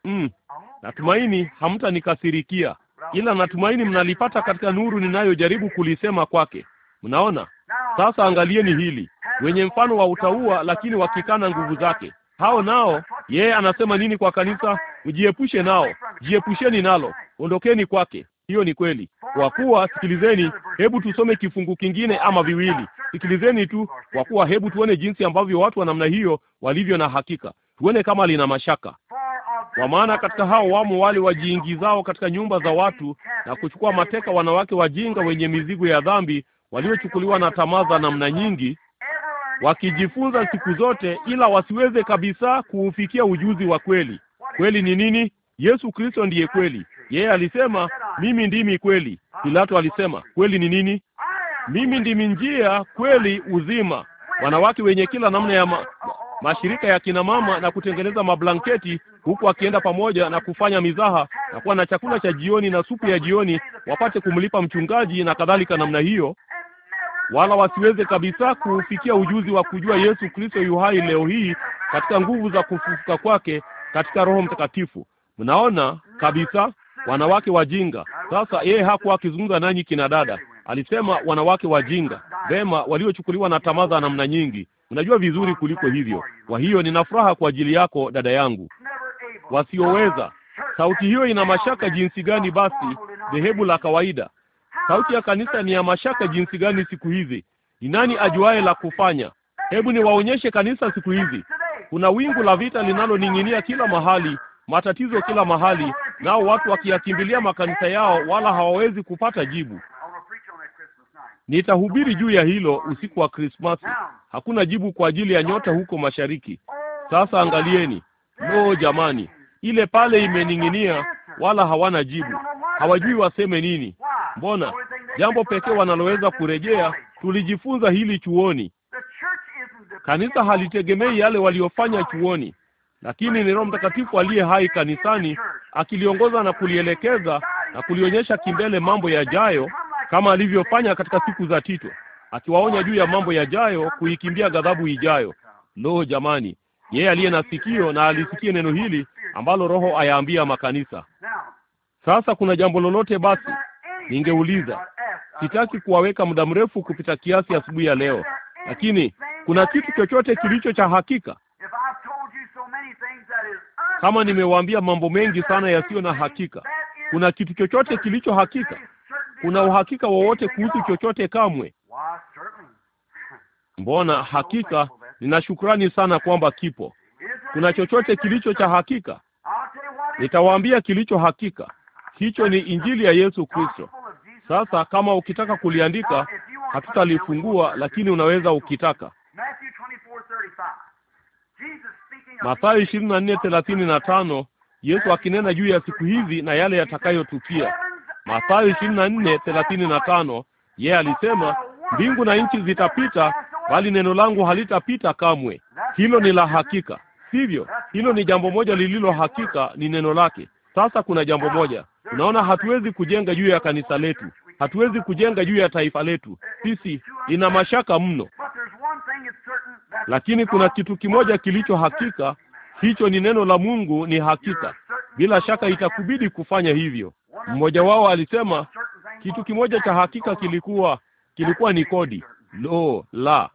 Mm, Natumaini hamtanikasirikia, ila natumaini mnalipata katika nuru ninayojaribu kulisema kwake. Mnaona sasa? Angalieni hili, wenye mfano wa utaua lakini wakikana nguvu zake. Hao nao yeye anasema nini kwa kanisa? Mjiepushe nao, jiepusheni nalo, ondokeni kwake. Hiyo ni kweli. Kwa kuwa sikilizeni, hebu tusome kifungu kingine ama viwili. Sikilizeni tu, kwa kuwa hebu tuone jinsi ambavyo watu wa namna hiyo walivyo na hakika, tuone kama lina mashaka. Kwa maana katika hao wamo wale wajiingizao katika nyumba za watu na kuchukua mateka wanawake wajinga wenye mizigo ya dhambi, waliochukuliwa na tamaa za namna nyingi, wakijifunza siku zote, ila wasiweze kabisa kuufikia ujuzi wa kweli. Kweli ni nini? Yesu Kristo ndiye kweli. Yeye alisema mimi ndimi kweli. Pilato alisema kweli ni nini? Mimi ndimi njia, kweli, uzima. Wanawake wenye kila namna ya ma mashirika ya kina mama na kutengeneza mablanketi, huku akienda pamoja na kufanya mizaha na kuwa na chakula cha jioni na supu ya jioni, wapate kumlipa mchungaji na kadhalika namna hiyo, wala wasiweze kabisa kufikia ujuzi wa kujua Yesu Kristo yuhai leo hii katika nguvu za kufufuka kwake katika Roho Mtakatifu. Mnaona kabisa, wanawake wajinga. Sasa yeye hakuwa akizungumza nanyi kina dada, alisema wanawake wajinga, vema, waliochukuliwa na tamaa za namna nyingi Unajua vizuri kuliko hivyo. Kwa hiyo nina furaha kwa ajili yako dada yangu. Wasioweza, sauti hiyo ina mashaka jinsi gani basi dhehebu la kawaida. Sauti ya kanisa ni ya mashaka jinsi gani siku hizi. Ni nani ajuaye la kufanya? Hebu niwaonyeshe kanisa siku hizi. Kuna wingu la vita linaloning'inia kila mahali, matatizo kila mahali, nao watu wakiyakimbilia makanisa yao, wala hawawezi kupata jibu. Nitahubiri juu ya hilo usiku wa Krismasi. Hakuna jibu kwa ajili ya nyota huko mashariki. Sasa angalieni, no jamani, ile pale imening'inia, wala hawana jibu, hawajui waseme nini. Mbona jambo pekee wanaloweza kurejea, tulijifunza hili chuoni, kanisa halitegemei yale waliofanya chuoni, lakini ni Roho Mtakatifu aliye hai kanisani akiliongoza na kulielekeza na kulionyesha kimbele mambo yajayo kama alivyofanya katika siku za Tito, akiwaonya juu ya mambo yajayo, kuikimbia ghadhabu ijayo. Lo, jamani! Yeye aliye na sikio na alisikie neno hili ambalo Roho ayaambia makanisa. Sasa kuna jambo lolote basi ningeuliza? Sitaki kuwaweka muda mrefu kupita kiasi asubuhi ya, ya leo, lakini kuna kitu chochote kilicho cha hakika? Kama nimewaambia mambo mengi sana yasiyo na hakika, kuna kitu chochote kilicho hakika? una uhakika wowote kuhusu chochote kamwe? Mbona hakika, nina shukrani sana kwamba kipo. Kuna chochote kilicho cha hakika? Nitawaambia kilicho hakika, hicho ni Injili ya Yesu Kristo. Sasa kama ukitaka kuliandika, hatutalifungua lakini unaweza ukitaka. Mathayo ishirini na nne thelathini na tano Yesu akinena juu ya siku hizi na yale yatakayotukia. Mathayo ishirini na nne thelathini na tano yeye alisema, mbingu na nchi zitapita, bali neno langu halitapita kamwe. Hilo ni la hakika, sivyo? Hilo ni jambo moja lililo hakika, ni neno lake. Sasa kuna jambo moja, unaona, hatuwezi kujenga juu ya kanisa letu, hatuwezi kujenga juu ya taifa letu. Sisi ina mashaka mno, lakini kuna kitu kimoja kilicho hakika, hicho ni neno la Mungu, ni hakika. Bila shaka itakubidi kufanya hivyo. Mmoja wao alisema kitu kimoja cha hakika kilikuwa kilikuwa ni kodi. Lo la,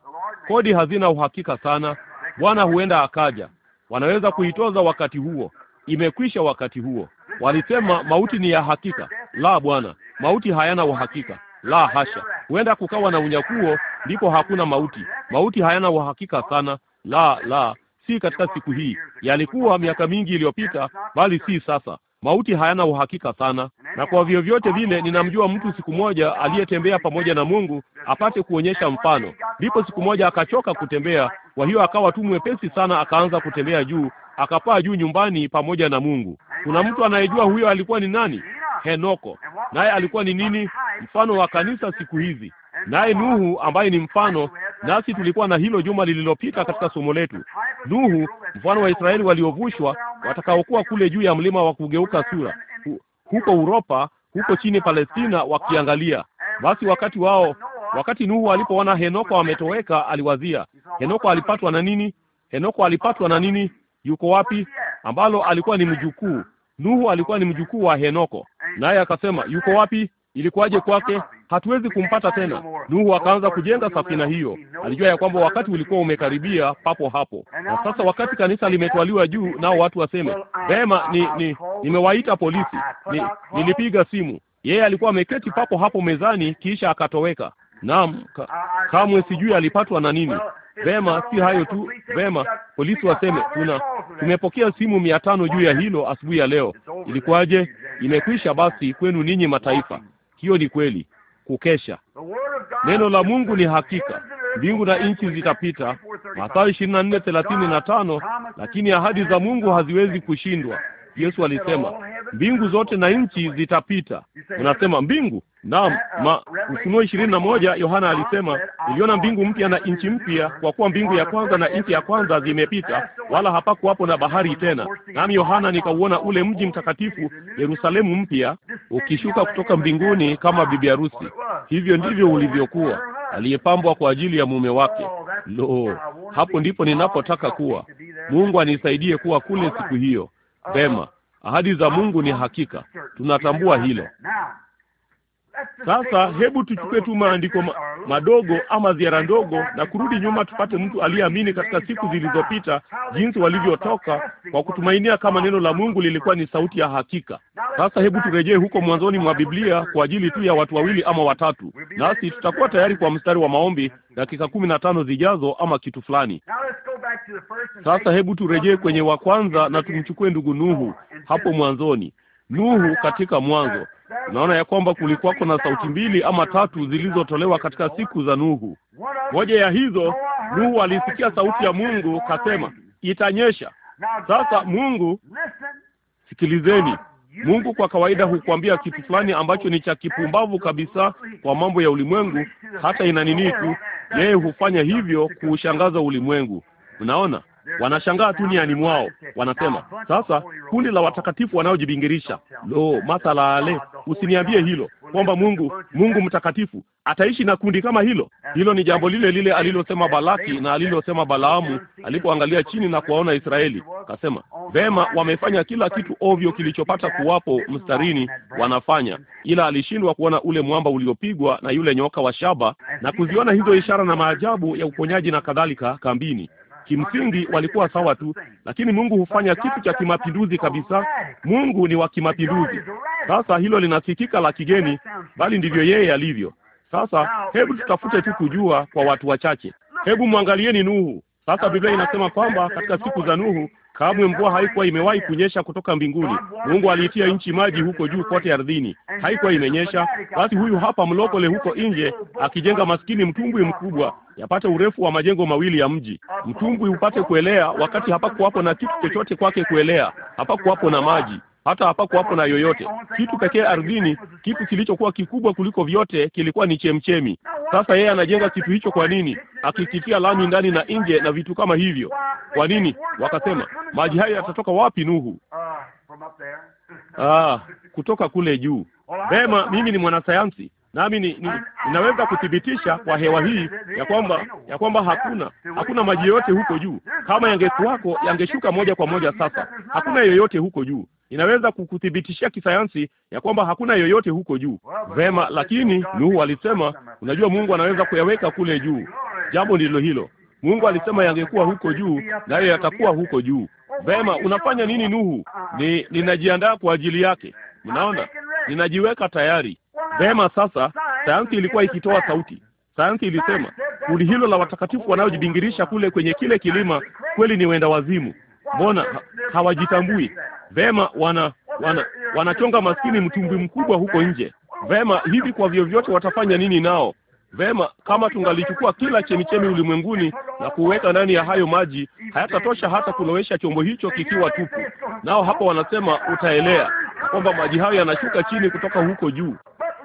kodi hazina uhakika sana. Bwana huenda akaja, wanaweza kuitoza wakati huo, imekwisha wakati huo. Walisema mauti ni ya hakika. La, Bwana, mauti hayana uhakika. La hasha, huenda kukawa na unyakuo, ndipo hakuna mauti. Mauti hayana uhakika sana. La la, si katika siku hii, yalikuwa miaka mingi iliyopita, bali si sasa. Mauti hayana uhakika sana, na kwa vyovyote vile ninamjua mtu siku moja aliyetembea pamoja na Mungu apate kuonyesha mfano. Ndipo siku moja akachoka kutembea, kwa hiyo akawa tu mwepesi sana, akaanza kutembea juu, akapaa juu nyumbani pamoja na Mungu. Kuna mtu anayejua huyo alikuwa ni nani? Henoko. Naye alikuwa ni nini? Mfano wa kanisa siku hizi naye Nuhu ambaye ni mfano, nasi tulikuwa na hilo juma lililopita katika somo letu, Nuhu mfano wa Israeli waliovushwa, watakaokuwa kule juu ya mlima wa kugeuka sura, huko Uropa, huko chini Palestina, wakiangalia. Basi wakati wao, wakati Nuhu alipoona Henoko ametoweka aliwazia Henoko alipatwa na nini? Henoko alipatwa na nini? Yuko wapi? Ambalo alikuwa ni mjukuu Nuhu alikuwa ni mjukuu wa Henoko, naye akasema yuko wapi? Ilikuwaje kwake? Hatuwezi kumpata tena. Nuhu akaanza kujenga safina hiyo. Alijua ya kwamba wakati ulikuwa umekaribia papo hapo, na sasa wakati kanisa limetwaliwa juu, nao watu waseme vema, ni, ni nimewaita polisi, ni, nilipiga simu. Yeye alikuwa ameketi papo hapo mezani, kisha akatoweka. Naam, ka, kamwe sijui alipatwa na nini. Vema, si hayo tu. Vema, polisi waseme tuna tumepokea simu mia tano juu ya hilo asubuhi ya leo. Ilikuwaje? Imekwisha basi kwenu ninyi mataifa. Hiyo ni kweli, kukesha. Neno la Mungu ni hakika, mbingu na nchi zitapita, Mathayo ishirini na nne thelathini na tano. Lakini ahadi za Mungu haziwezi kushindwa. Yesu alisema mbingu zote na nchi zitapita. Unasema mbingu? Naam, ma Ufunuo ishirini na moja Yohana alisema niliona mbingu mpya na nchi mpya, kwa kuwa mbingu ya kwanza na nchi ya kwanza zimepita, wala hapakuwapo na bahari tena. Nami Yohana nikauona ule mji mtakatifu Yerusalemu mpya ukishuka kutoka mbinguni kama bibi harusi. Hivyo ndivyo ulivyokuwa, aliyepambwa kwa ajili ya mume wake. Lo, hapo ndipo ninapotaka kuwa. Mungu anisaidie kuwa kule siku hiyo. Vema. Ahadi za Mungu ni hakika, tunatambua hilo. Sasa hebu tuchukue tu maandiko madogo ama ziara ndogo na kurudi nyuma, tupate mtu aliyeamini katika siku zilizopita jinsi walivyotoka kwa kutumainia kama neno la Mungu lilikuwa ni sauti ya hakika. Sasa hebu turejee huko mwanzoni mwa Biblia kwa ajili tu ya watu wawili ama watatu, nasi tutakuwa tayari kwa mstari wa maombi dakika kumi na tano zijazo ama kitu fulani. Sasa hebu turejee kwenye wa kwanza na tumchukue ndugu Nuhu hapo mwanzoni. Nuhu katika Mwanzo Unaona ya kwamba kulikuwa kuna sauti mbili ama tatu zilizotolewa katika siku za Nuhu. Moja ya hizo, Nuhu alisikia sauti ya Mungu kasema, itanyesha. Sasa Mungu, sikilizeni, Mungu kwa kawaida hukwambia kitu fulani ambacho ni cha kipumbavu kabisa kwa mambo ya ulimwengu, hata ina nini tu, yeye hufanya hivyo kuushangaza ulimwengu. Unaona, wanashangaa duniani mwao, wanasema sasa, kundi la watakatifu wanaojibingirisha. Lo, ale usiniambie hilo kwamba Mungu, Mungu mtakatifu ataishi na kundi kama hilo. Hilo ni jambo lile lile alilosema Balaki na alilosema Balaamu alipoangalia chini na kuwaona Israeli, akasema vema, wamefanya kila kitu ovyo kilichopata kuwapo mstarini, wanafanya ila alishindwa kuona ule mwamba uliopigwa na yule nyoka wa shaba na kuziona hizo ishara na maajabu ya uponyaji na kadhalika kambini. Kimsingi walikuwa sawa tu, lakini Mungu hufanya kitu cha kimapinduzi kabisa. Mungu ni wa kimapinduzi. Sasa hilo linasikika la kigeni, bali ndivyo yeye alivyo. Sasa hebu tutafute tu kujua kwa watu wachache. Hebu mwangalieni Nuhu. Sasa Biblia inasema kwamba katika siku za Nuhu Kamwe mvua haikuwa imewahi kunyesha kutoka mbinguni. Mungu aliitia nchi maji huko juu kote ardhini, haikuwa imenyesha. Basi huyu hapa mlokole huko nje akijenga maskini mtumbwi mkubwa, yapate urefu wa majengo mawili ya mji. Mtumbwi upate kuelea, wakati hapakuwapo na kitu chochote kwake kuelea, hapakuwapo na maji hata hapo na yoyote. Kitu pekee ardhini, kitu kilichokuwa kikubwa kuliko vyote, kilikuwa ni chemchemi. Sasa yeye anajenga kitu hicho kwa nini? Akitifia lami ndani na nje na vitu kama hivyo. Kwa nini? Wakasema, maji haya yatatoka wapi, Nuhu? Ah, kutoka kule juu. Vema, mimi ni mwanasayansi nami ni, ni, ninaweza kuthibitisha kwa hewa hii ya kwamba ya kwamba hakuna hakuna maji yoyote huko juu. Kama yangekuwako yangeshuka moja kwa moja. Sasa hakuna yoyote huko juu, inaweza kukuthibitishia kisayansi ya kwamba hakuna yoyote huko juu. Vema, lakini Nuhu alisema, unajua Mungu anaweza kuyaweka kule juu. Jambo ndilo hilo. Mungu alisema yangekuwa huko juu, nayo yatakuwa huko juu. Vema, unafanya nini Nuhu? Ni ninajiandaa kwa ajili yake. Mnaona, ninajiweka tayari. Vema, sasa sayansi ilikuwa ikitoa sauti. Sayansi ilisema kundi hilo la watakatifu wanaojibingirisha kule kwenye kile kilima kweli ni wenda wazimu. Mbona hawajitambui? Vema, wana wana wanachonga maskini mtumbwi mkubwa huko nje. Vema, hivi kwa vyovyote watafanya nini nao? Vema, kama tungalichukua kila chemichemi ulimwenguni na kuweka ndani ya hayo maji, hayatatosha hata kulowesha chombo hicho kikiwa tupu. Nao hapo wanasema utaelea, kwamba maji hayo yanashuka chini kutoka huko juu.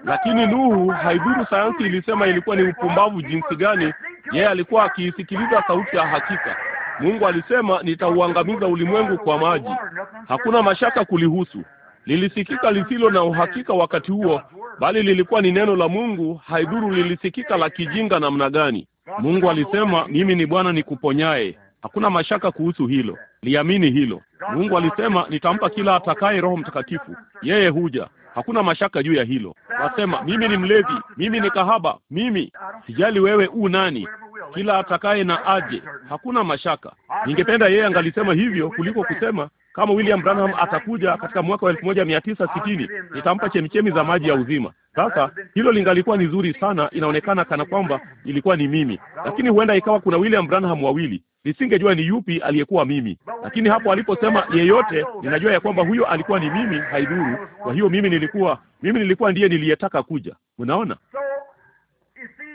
Lakini Nuhu, haidhuru sayansi ilisema ilikuwa ni upumbavu jinsi gani, yeye alikuwa akiisikiliza sauti ya hakika. Mungu alisema nitauangamiza ulimwengu kwa maji. Hakuna mashaka kulihusu. Lilisikika lisilo na uhakika wakati huo, bali lilikuwa ni neno la Mungu, haidhuru lilisikika la kijinga namna gani. Mungu alisema, mimi ni Bwana nikuponyaye. Hakuna mashaka kuhusu hilo, liamini hilo. Mungu alisema, nitampa kila atakaye Roho Mtakatifu, yeye huja. Hakuna mashaka juu ya hilo. Wasema, mimi ni mlevi, mimi ni kahaba, mimi sijali. Wewe u nani? kila atakaye na aje, hakuna mashaka. Ningependa yeye angalisema hivyo kuliko kusema kama William Branham atakuja katika mwaka wa elfu moja mia tisa sitini nitampa chemichemi za maji ya uzima. Sasa hilo lingalikuwa ni zuri sana, inaonekana kana kwamba ilikuwa ni mimi, lakini huenda ikawa kuna William Branham wawili, nisingejua ni yupi aliyekuwa mimi. Lakini hapo aliposema yeyote, ninajua ya kwamba huyo alikuwa ni mimi, haidhuru. Kwa hiyo mimi nilikuwa mimi nilikuwa ndiye niliyetaka kuja. Unaona?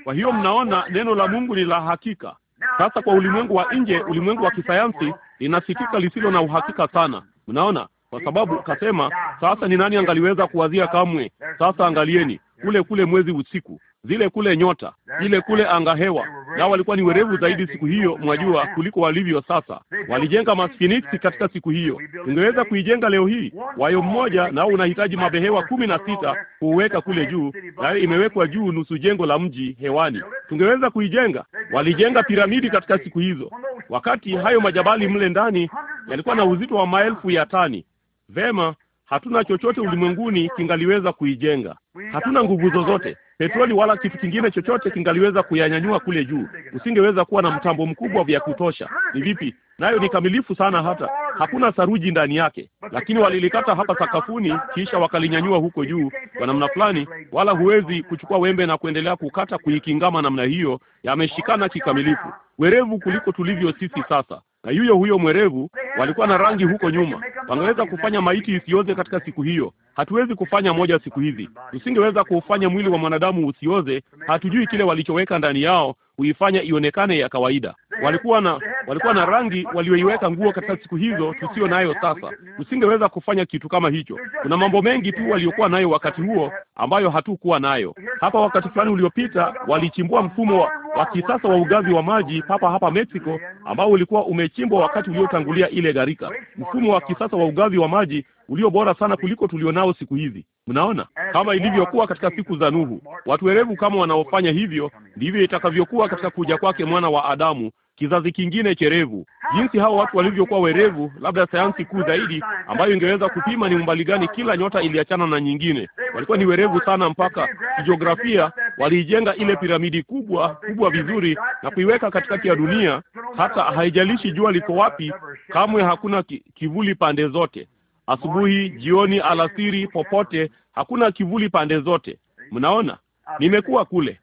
Kwa hiyo mnaona neno la Mungu ni la hakika. Sasa kwa ulimwengu wa nje, ulimwengu wa kisayansi, linasikika lisilo na uhakika sana, mnaona, kwa sababu kasema, sasa ni nani angaliweza kuwazia kamwe? Sasa angalieni, kule kule mwezi usiku, zile kule nyota, ile kule anga hewa. Nao walikuwa ni werevu zaidi siku hiyo, mwajua, kuliko walivyo sasa. Walijenga masfiniksi katika siku hiyo, tungeweza kuijenga leo hii. Wayo mmoja nao unahitaji mabehewa kumi na sita kuweka kule juu, nayo imewekwa juu nusu jengo la mji hewani. Tungeweza kuijenga. Walijenga piramidi katika siku hizo, wakati hayo majabali mle ndani yalikuwa na uzito wa maelfu ya tani. Vema, Hatuna chochote ulimwenguni kingaliweza kuijenga. Hatuna nguvu zozote, petroli wala kitu kingine chochote kingaliweza kuyanyanyua kule juu. Usingeweza kuwa na mtambo mkubwa vya kutosha. Ni vipi nayo? Ni kamilifu sana, hata hakuna saruji ndani yake, lakini walilikata hapa sakafuni, kisha wakalinyanyua huko juu kwa namna fulani. Wala huwezi kuchukua wembe na kuendelea kukata kuikingama namna hiyo, yameshikana kikamilifu, werevu kuliko tulivyo sisi sasa na yuyo huyo mwerevu walikuwa na rangi huko nyuma. Wangeweza kufanya maiti isioze katika siku hiyo. Hatuwezi kufanya moja siku hizi, tusingeweza kuufanya mwili wa mwanadamu usioze. Hatujui kile walichoweka ndani yao huifanya ionekane ya kawaida walikuwa na walikuwa na rangi walioiweka nguo katika siku hizo tusiyo nayo sasa. Usingeweza kufanya kitu kama hicho. Kuna mambo mengi tu waliokuwa nayo wakati huo ambayo hatukuwa nayo hapa. Wakati fulani uliopita walichimbua mfumo wa, wa kisasa wa ugavi wa maji hapa hapa Mexico, ambao ulikuwa umechimbwa wakati uliotangulia ile gharika, mfumo wa kisasa wa ugavi wa maji ulio bora sana kuliko tulionao siku hizi. Mnaona, kama ilivyokuwa katika siku za Nuhu, watu werevu kama wanaofanya hivyo, ndivyo itakavyokuwa katika kuja kwake mwana wa Adamu kizazi kingine cherevu. Jinsi hao watu walivyokuwa werevu, labda sayansi kuu zaidi ambayo ingeweza kupima ni umbali gani kila nyota iliachana na nyingine. Walikuwa ni werevu sana, mpaka kijiografia waliijenga ile piramidi kubwa kubwa vizuri na kuiweka katikati ya dunia, hata haijalishi jua liko wapi, kamwe hakuna kivuli pande zote. Asubuhi, jioni, alasiri, popote hakuna kivuli pande zote. Mnaona, nimekuwa kule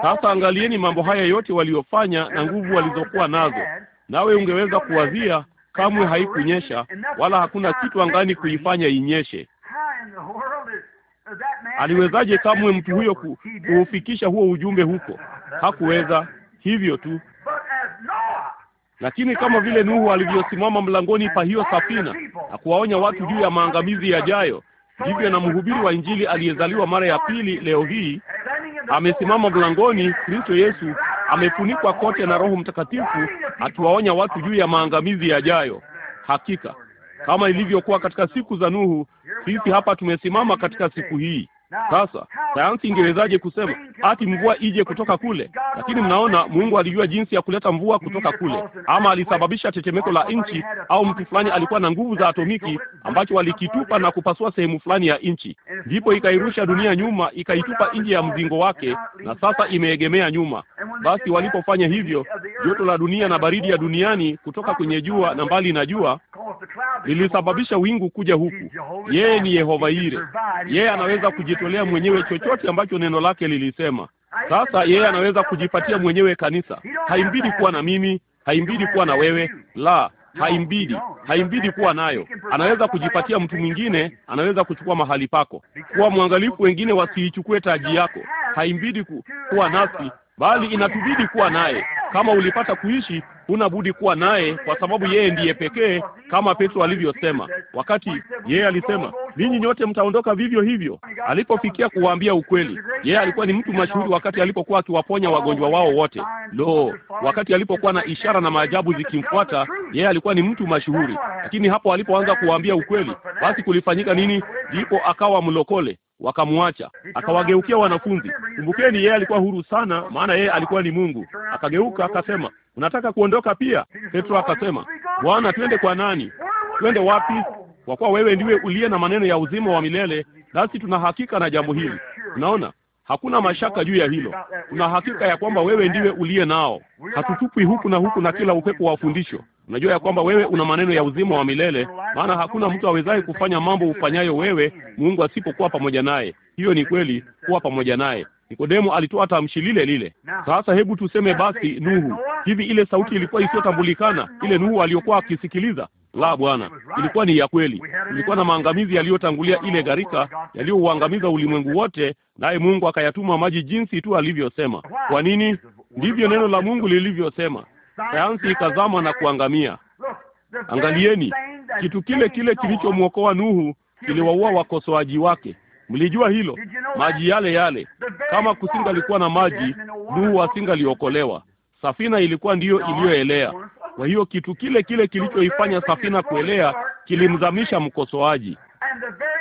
sasa angalieni mambo haya yote waliofanya na nguvu walizokuwa nazo, nawe ungeweza kuwazia, kamwe haikunyesha wala hakuna kitu angani kuifanya inyeshe. Aliwezaje kamwe mtu huyo kuufikisha huo ujumbe huko? Hakuweza hivyo tu. Lakini kama vile Nuhu alivyosimama mlangoni pa hiyo safina na kuwaonya watu juu ya maangamizi yajayo, ndivyo na mhubiri wa Injili aliyezaliwa mara ya pili leo hii amesimama mlangoni. Kristo Yesu amefunikwa kote na Roho Mtakatifu, akiwaonya watu juu ya maangamizi yajayo. Hakika kama ilivyokuwa katika siku za Nuhu, sisi hapa tumesimama katika siku hii. Sasa sayansi ingewezaje kusema ati mvua ije kutoka kule? Lakini mnaona, Mungu alijua jinsi ya kuleta mvua kutoka kule, ama alisababisha tetemeko la nchi, au mtu fulani alikuwa na nguvu za atomiki ambacho walikitupa na kupasua sehemu fulani ya nchi, ndipo ikairusha dunia nyuma, ikaitupa nje ya mzingo wake, na sasa imeegemea nyuma. Basi walipofanya hivyo, joto la dunia na baridi ya duniani kutoka kwenye jua na mbali na jua lilisababisha wingu kuja huku. Yeye ni Yehova Ire, yeye anaweza kujit kujitolea mwenyewe chochote ambacho neno lake lilisema. Sasa yeye anaweza kujipatia mwenyewe kanisa. Haimbidi kuwa na mimi, haimbidi kuwa na wewe, la haimbidi haimbidi kuwa nayo. Anaweza kujipatia mtu mwingine, anaweza kuchukua mahali pako. Kuwa mwangalifu, wengine wasiichukue taji yako. Haimbidi ku, kuwa nasi, bali inatubidi kuwa naye. Kama ulipata kuishi, huna budi kuwa naye, kwa sababu yeye ndiye pekee, kama Petro alivyosema wakati yeye alisema, ninyi nyote mtaondoka vivyo hivyo, alipofikia kuwaambia ukweli. Yeye alikuwa ni mtu mashuhuri wakati alipokuwa akiwaponya wagonjwa wao wote. Lo, wakati alipokuwa na ishara na maajabu zikimfuata, yeye alikuwa ni mtu mashuhuri, lakini hapo alipoanza kuwaambia ukweli, basi kulifanyika nini? Ndipo akawa mlokole wakamwacha akawageukia wanafunzi. Kumbukeni, yeye alikuwa huru sana, maana yeye alikuwa ni Mungu. Akageuka Yesu akasema, unataka kuondoka pia? Petro akasema, Bwana, twende kwa nani? Twende wapi? Kwa kuwa wewe ndiwe uliye na maneno ya uzima wa milele, nasi tuna hakika na jambo hili. Unaona, hakuna mashaka juu ya hilo. Tuna hakika ya kwamba wewe ndiwe uliye nao, hatutupwi huku na huku na kila upepo wa fundisho. Unajua ya kwamba wewe una maneno ya uzima wa milele, maana hakuna mtu awezaye kufanya mambo ufanyayo wewe, Mungu asipokuwa pamoja naye. Hiyo ni kweli, kuwa pamoja naye. Nikodemo alitoa tamshi lile lile. Sasa hebu tuseme basi Nuhu. Hivi ile sauti ilikuwa isiyotambulikana, ile Nuhu aliyokuwa akisikiliza? La, Bwana, ilikuwa ni ya kweli. Ilikuwa na maangamizi yaliyotangulia ile gharika, yaliyouangamiza ulimwengu wote, naye Mungu akayatuma maji jinsi tu alivyosema. Kwa nini? Ndivyo neno la Mungu lilivyosema. Sayansi ikazama na kuangamia. Angalieni, kitu kile kile kilichomwokoa Nuhu kiliwaua wakosoaji wake. Mlijua hilo? Maji yale yale, kama kusingalikuwa na maji, Nuhu asingaliokolewa. Safina ilikuwa ndiyo iliyoelea. Kwa hiyo kitu kile kile kilichoifanya safina kuelea kilimzamisha mkosoaji,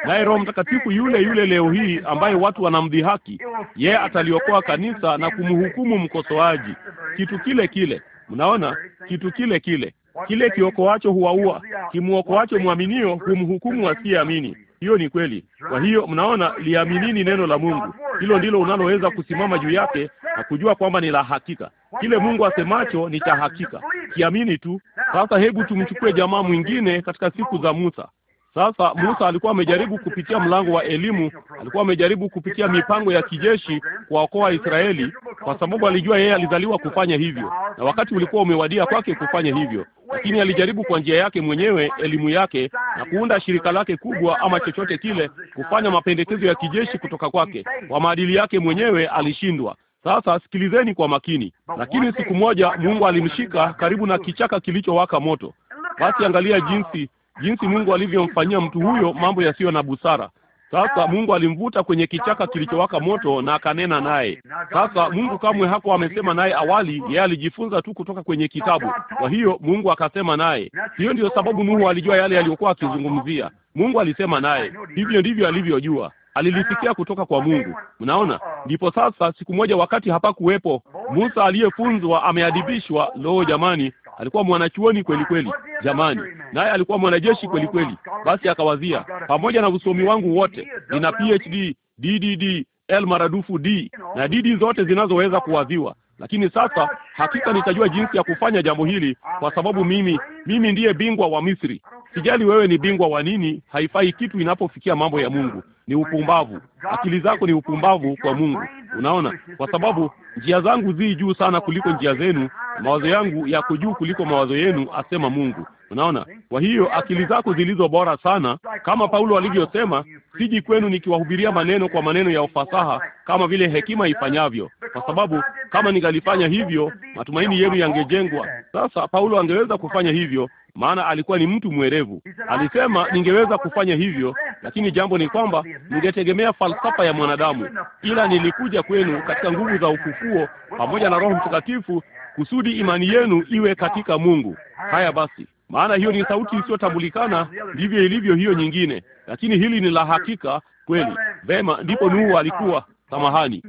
naye Roho Mtakatifu yule yule leo hii ambaye watu wanamdhihaki yeye, ataliokoa kanisa na kumhukumu mkosoaji. Kitu kile kile, mnaona, kitu kile kile, kile kiokoacho huwaua, kimwokoacho mwaminio humhukumu asiyeamini. Hiyo ni kweli. Kwa hiyo mnaona, liaminini neno la Mungu, hilo ndilo unaloweza kusimama juu yake na kujua kwamba ni la hakika. Kile Mungu asemacho ni cha hakika, kiamini tu. Sasa hebu tumchukue jamaa mwingine katika siku za Musa. Sasa Musa alikuwa amejaribu kupitia mlango wa elimu, alikuwa amejaribu kupitia mipango ya kijeshi kuwaokoa Israeli, kwa sababu alijua yeye alizaliwa kufanya hivyo, na wakati ulikuwa umewadia kwake kufanya hivyo, lakini alijaribu kwa njia yake mwenyewe, elimu yake, na kuunda shirika lake kubwa ama chochote kile, kufanya mapendekezo ya kijeshi kutoka kwake, kwa maadili yake mwenyewe alishindwa. Sasa sikilizeni kwa makini. Lakini siku moja Mungu alimshika karibu na kichaka kilichowaka moto. Basi angalia jinsi jinsi Mungu alivyomfanyia mtu huyo mambo yasiyo na busara. Sasa ah. Mungu alimvuta kwenye kichaka kilichowaka moto na akanena naye. Sasa Mungu kamwe hako amesema naye awali, yeye alijifunza tu kutoka kwenye kitabu. Kwa hiyo Mungu akasema naye. Hiyo ndiyo sababu Nuhu alijua yale aliyokuwa akizungumzia. Mungu alisema naye, hivyo ndivyo alivyojua alilisikia kutoka kwa Mungu. Mnaona, ndipo sasa siku moja wakati hapakuwepo Musa aliyefunzwa ameadhibishwa. Loo jamani, alikuwa mwanachuoni kweli kweli, jamani, naye alikuwa mwanajeshi kweli kweli. Basi akawazia, pamoja na usomi wangu wote, nina PhD, DDD, L maradufu D na didi zote zinazoweza kuwaziwa lakini sasa hakika nitajua jinsi ya kufanya jambo hili, kwa sababu mimi mimi ndiye bingwa wa Misri. Sijali wewe ni bingwa wa nini, haifai kitu inapofikia mambo ya Mungu ni upumbavu, akili zako ni upumbavu kwa Mungu. Unaona, kwa sababu njia zangu zi juu sana kuliko njia zenu, mawazo yangu yako juu kuliko mawazo yenu, asema Mungu. Unaona, kwa hiyo akili zako zilizo bora sana, kama Paulo alivyosema, siji kwenu nikiwahubiria maneno kwa maneno ya ufasaha, kama vile hekima ifanyavyo, kwa sababu kama ningalifanya hivyo, matumaini yenu yangejengwa. Sasa Paulo angeweza kufanya hivyo maana alikuwa ni mtu mwerevu. Alisema ningeweza kufanya hivyo, lakini jambo ni kwamba ningetegemea falsafa ya mwanadamu, ila nilikuja kwenu katika nguvu za ufufuo pamoja na Roho Mtakatifu kusudi imani yenu iwe katika Mungu. Haya basi, maana hiyo ni sauti isiyotambulikana, ndivyo ilivyo hiyo nyingine, lakini hili ni la hakika kweli. Vema, ndipo Nuhu alikuwa samahani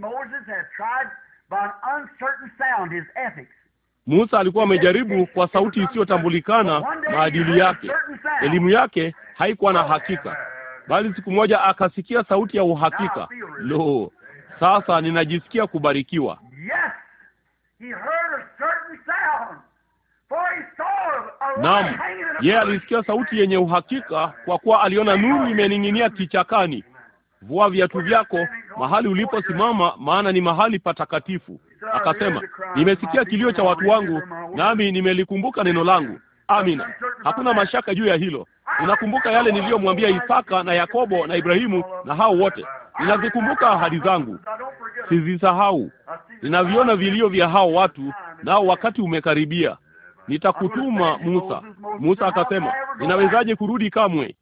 Musa alikuwa amejaribu kwa sauti isiyotambulikana maadili yake, elimu yake haikuwa na hakika, bali siku moja akasikia sauti ya uhakika. Lo, sasa ninajisikia kubarikiwa. Naam, yeye alisikia sauti yenye uhakika, kwa kuwa aliona nuru imening'inia kichakani. Vua viatu vyako mahali uliposimama, maana ni mahali patakatifu. Akasema, nimesikia kilio cha watu wangu, nami nimelikumbuka neno langu. Amina, hakuna mashaka juu ya hilo. Unakumbuka yale niliyomwambia Isaka na Yakobo na Ibrahimu na hao wote. Ninazikumbuka ahadi zangu, sizisahau. Ninaviona vilio vya hao watu, nao wakati umekaribia. Nitakutuma Musa. Musa akasema, ninawezaje kurudi kamwe?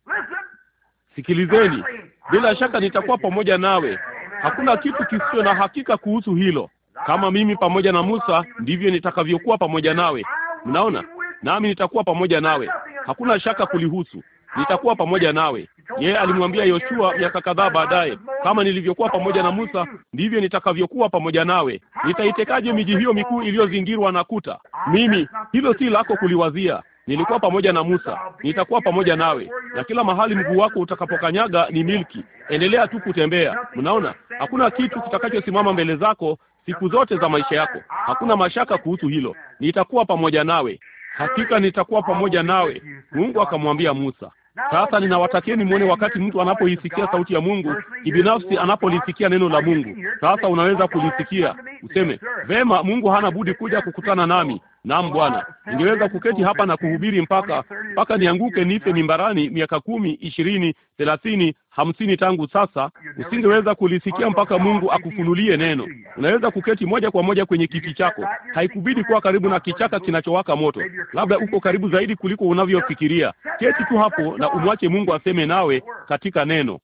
Sikilizeni, bila shaka nitakuwa pamoja nawe. Hakuna kitu kisicho na hakika kuhusu hilo. Kama mimi pamoja na Musa, ndivyo nitakavyokuwa pamoja nawe. Mnaona, nami nitakuwa pamoja nawe. Hakuna shaka kulihusu, nitakuwa pamoja nawe. Yeye alimwambia Yoshua miaka kadhaa baadaye, kama nilivyokuwa pamoja na Musa, ndivyo nitakavyokuwa pamoja nawe. Nitaitekaje miji hiyo mikuu iliyozingirwa na kuta? Mimi hilo si lako kuliwazia. Nilikuwa pamoja na Musa, nitakuwa pamoja nawe, na kila mahali mguu wako utakapokanyaga ni milki. Endelea tu kutembea. Mnaona, hakuna kitu kitakachosimama mbele zako siku zote za maisha yako. Hakuna mashaka kuhusu hilo. Nitakuwa pamoja nawe, hakika nitakuwa pamoja nawe. Mungu akamwambia Musa, sasa ninawatakieni mwone wakati mtu anapoisikia sauti ya Mungu, kibinafsi anapolisikia neno la Mungu. Sasa unaweza kulisikia useme, vema, Mungu hana budi kuja kukutana nami, Naam Bwana, ningeweza kuketi hapa na kuhubiri mpaka mpaka nianguke nife mimbarani, miaka kumi, ishirini, thelathini, hamsini tangu sasa. Usingeweza kulisikia mpaka Mungu akufunulie neno. Unaweza kuketi moja kwa moja kwenye kiti chako, haikubidi kuwa karibu na kichaka kinachowaka moto. Labda uko karibu zaidi kuliko unavyofikiria. Keti tu hapo na umwache Mungu aseme nawe katika neno.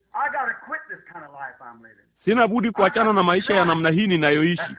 Sina budi kuachana na maisha ya namna hii ninayoishi.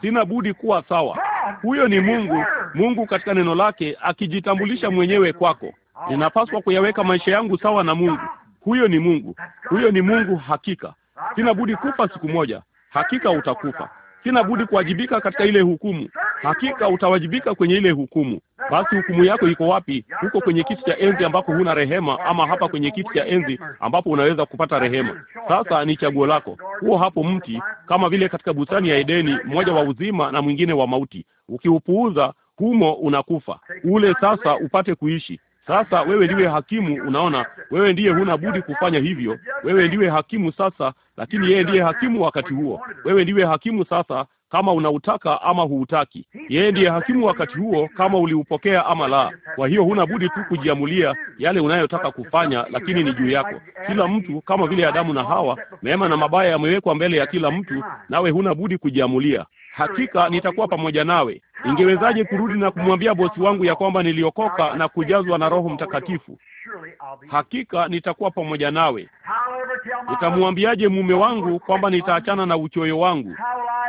Sina budi kuwa sawa. Huyo ni Mungu, Mungu katika neno lake akijitambulisha mwenyewe kwako. Ninapaswa kuyaweka maisha yangu sawa na Mungu. Huyo ni Mungu, huyo ni Mungu hakika. Sina budi kufa siku moja, hakika utakufa sina budi kuwajibika katika ile hukumu. Hakika utawajibika kwenye ile hukumu. Basi hukumu yako iko wapi? Huko kwenye kiti cha enzi ambako huna rehema, ama hapa kwenye kiti cha enzi ambapo unaweza kupata rehema? Sasa ni chaguo lako. Huo hapo mti, kama vile katika bustani ya Edeni, mmoja wa uzima na mwingine wa mauti. Ukiupuuza humo unakufa. Ule sasa upate kuishi. Sasa wewe ndiwe hakimu, unaona, wewe ndiye huna budi kufanya hivyo. Wewe ndiwe hakimu sasa, lakini yeye ndiye hakimu wakati huo. Wewe ndiwe hakimu sasa, kama unautaka ama huutaki. Yeye ndiye hakimu wakati huo, kama uliupokea ama la. Kwa hiyo huna budi tu kujiamulia yale unayotaka kufanya, lakini ni juu yako. Kila mtu kama vile Adamu na Hawa, mema na mabaya yamewekwa mbele ya kila mtu, nawe huna budi kujiamulia hakika nitakuwa pamoja nawe. Ingewezaje kurudi na kumwambia bosi wangu ya kwamba niliokoka na kujazwa na Roho Mtakatifu? Hakika nitakuwa pamoja nawe. Nitamwambiaje mume wangu kwamba nitaachana na uchoyo wangu?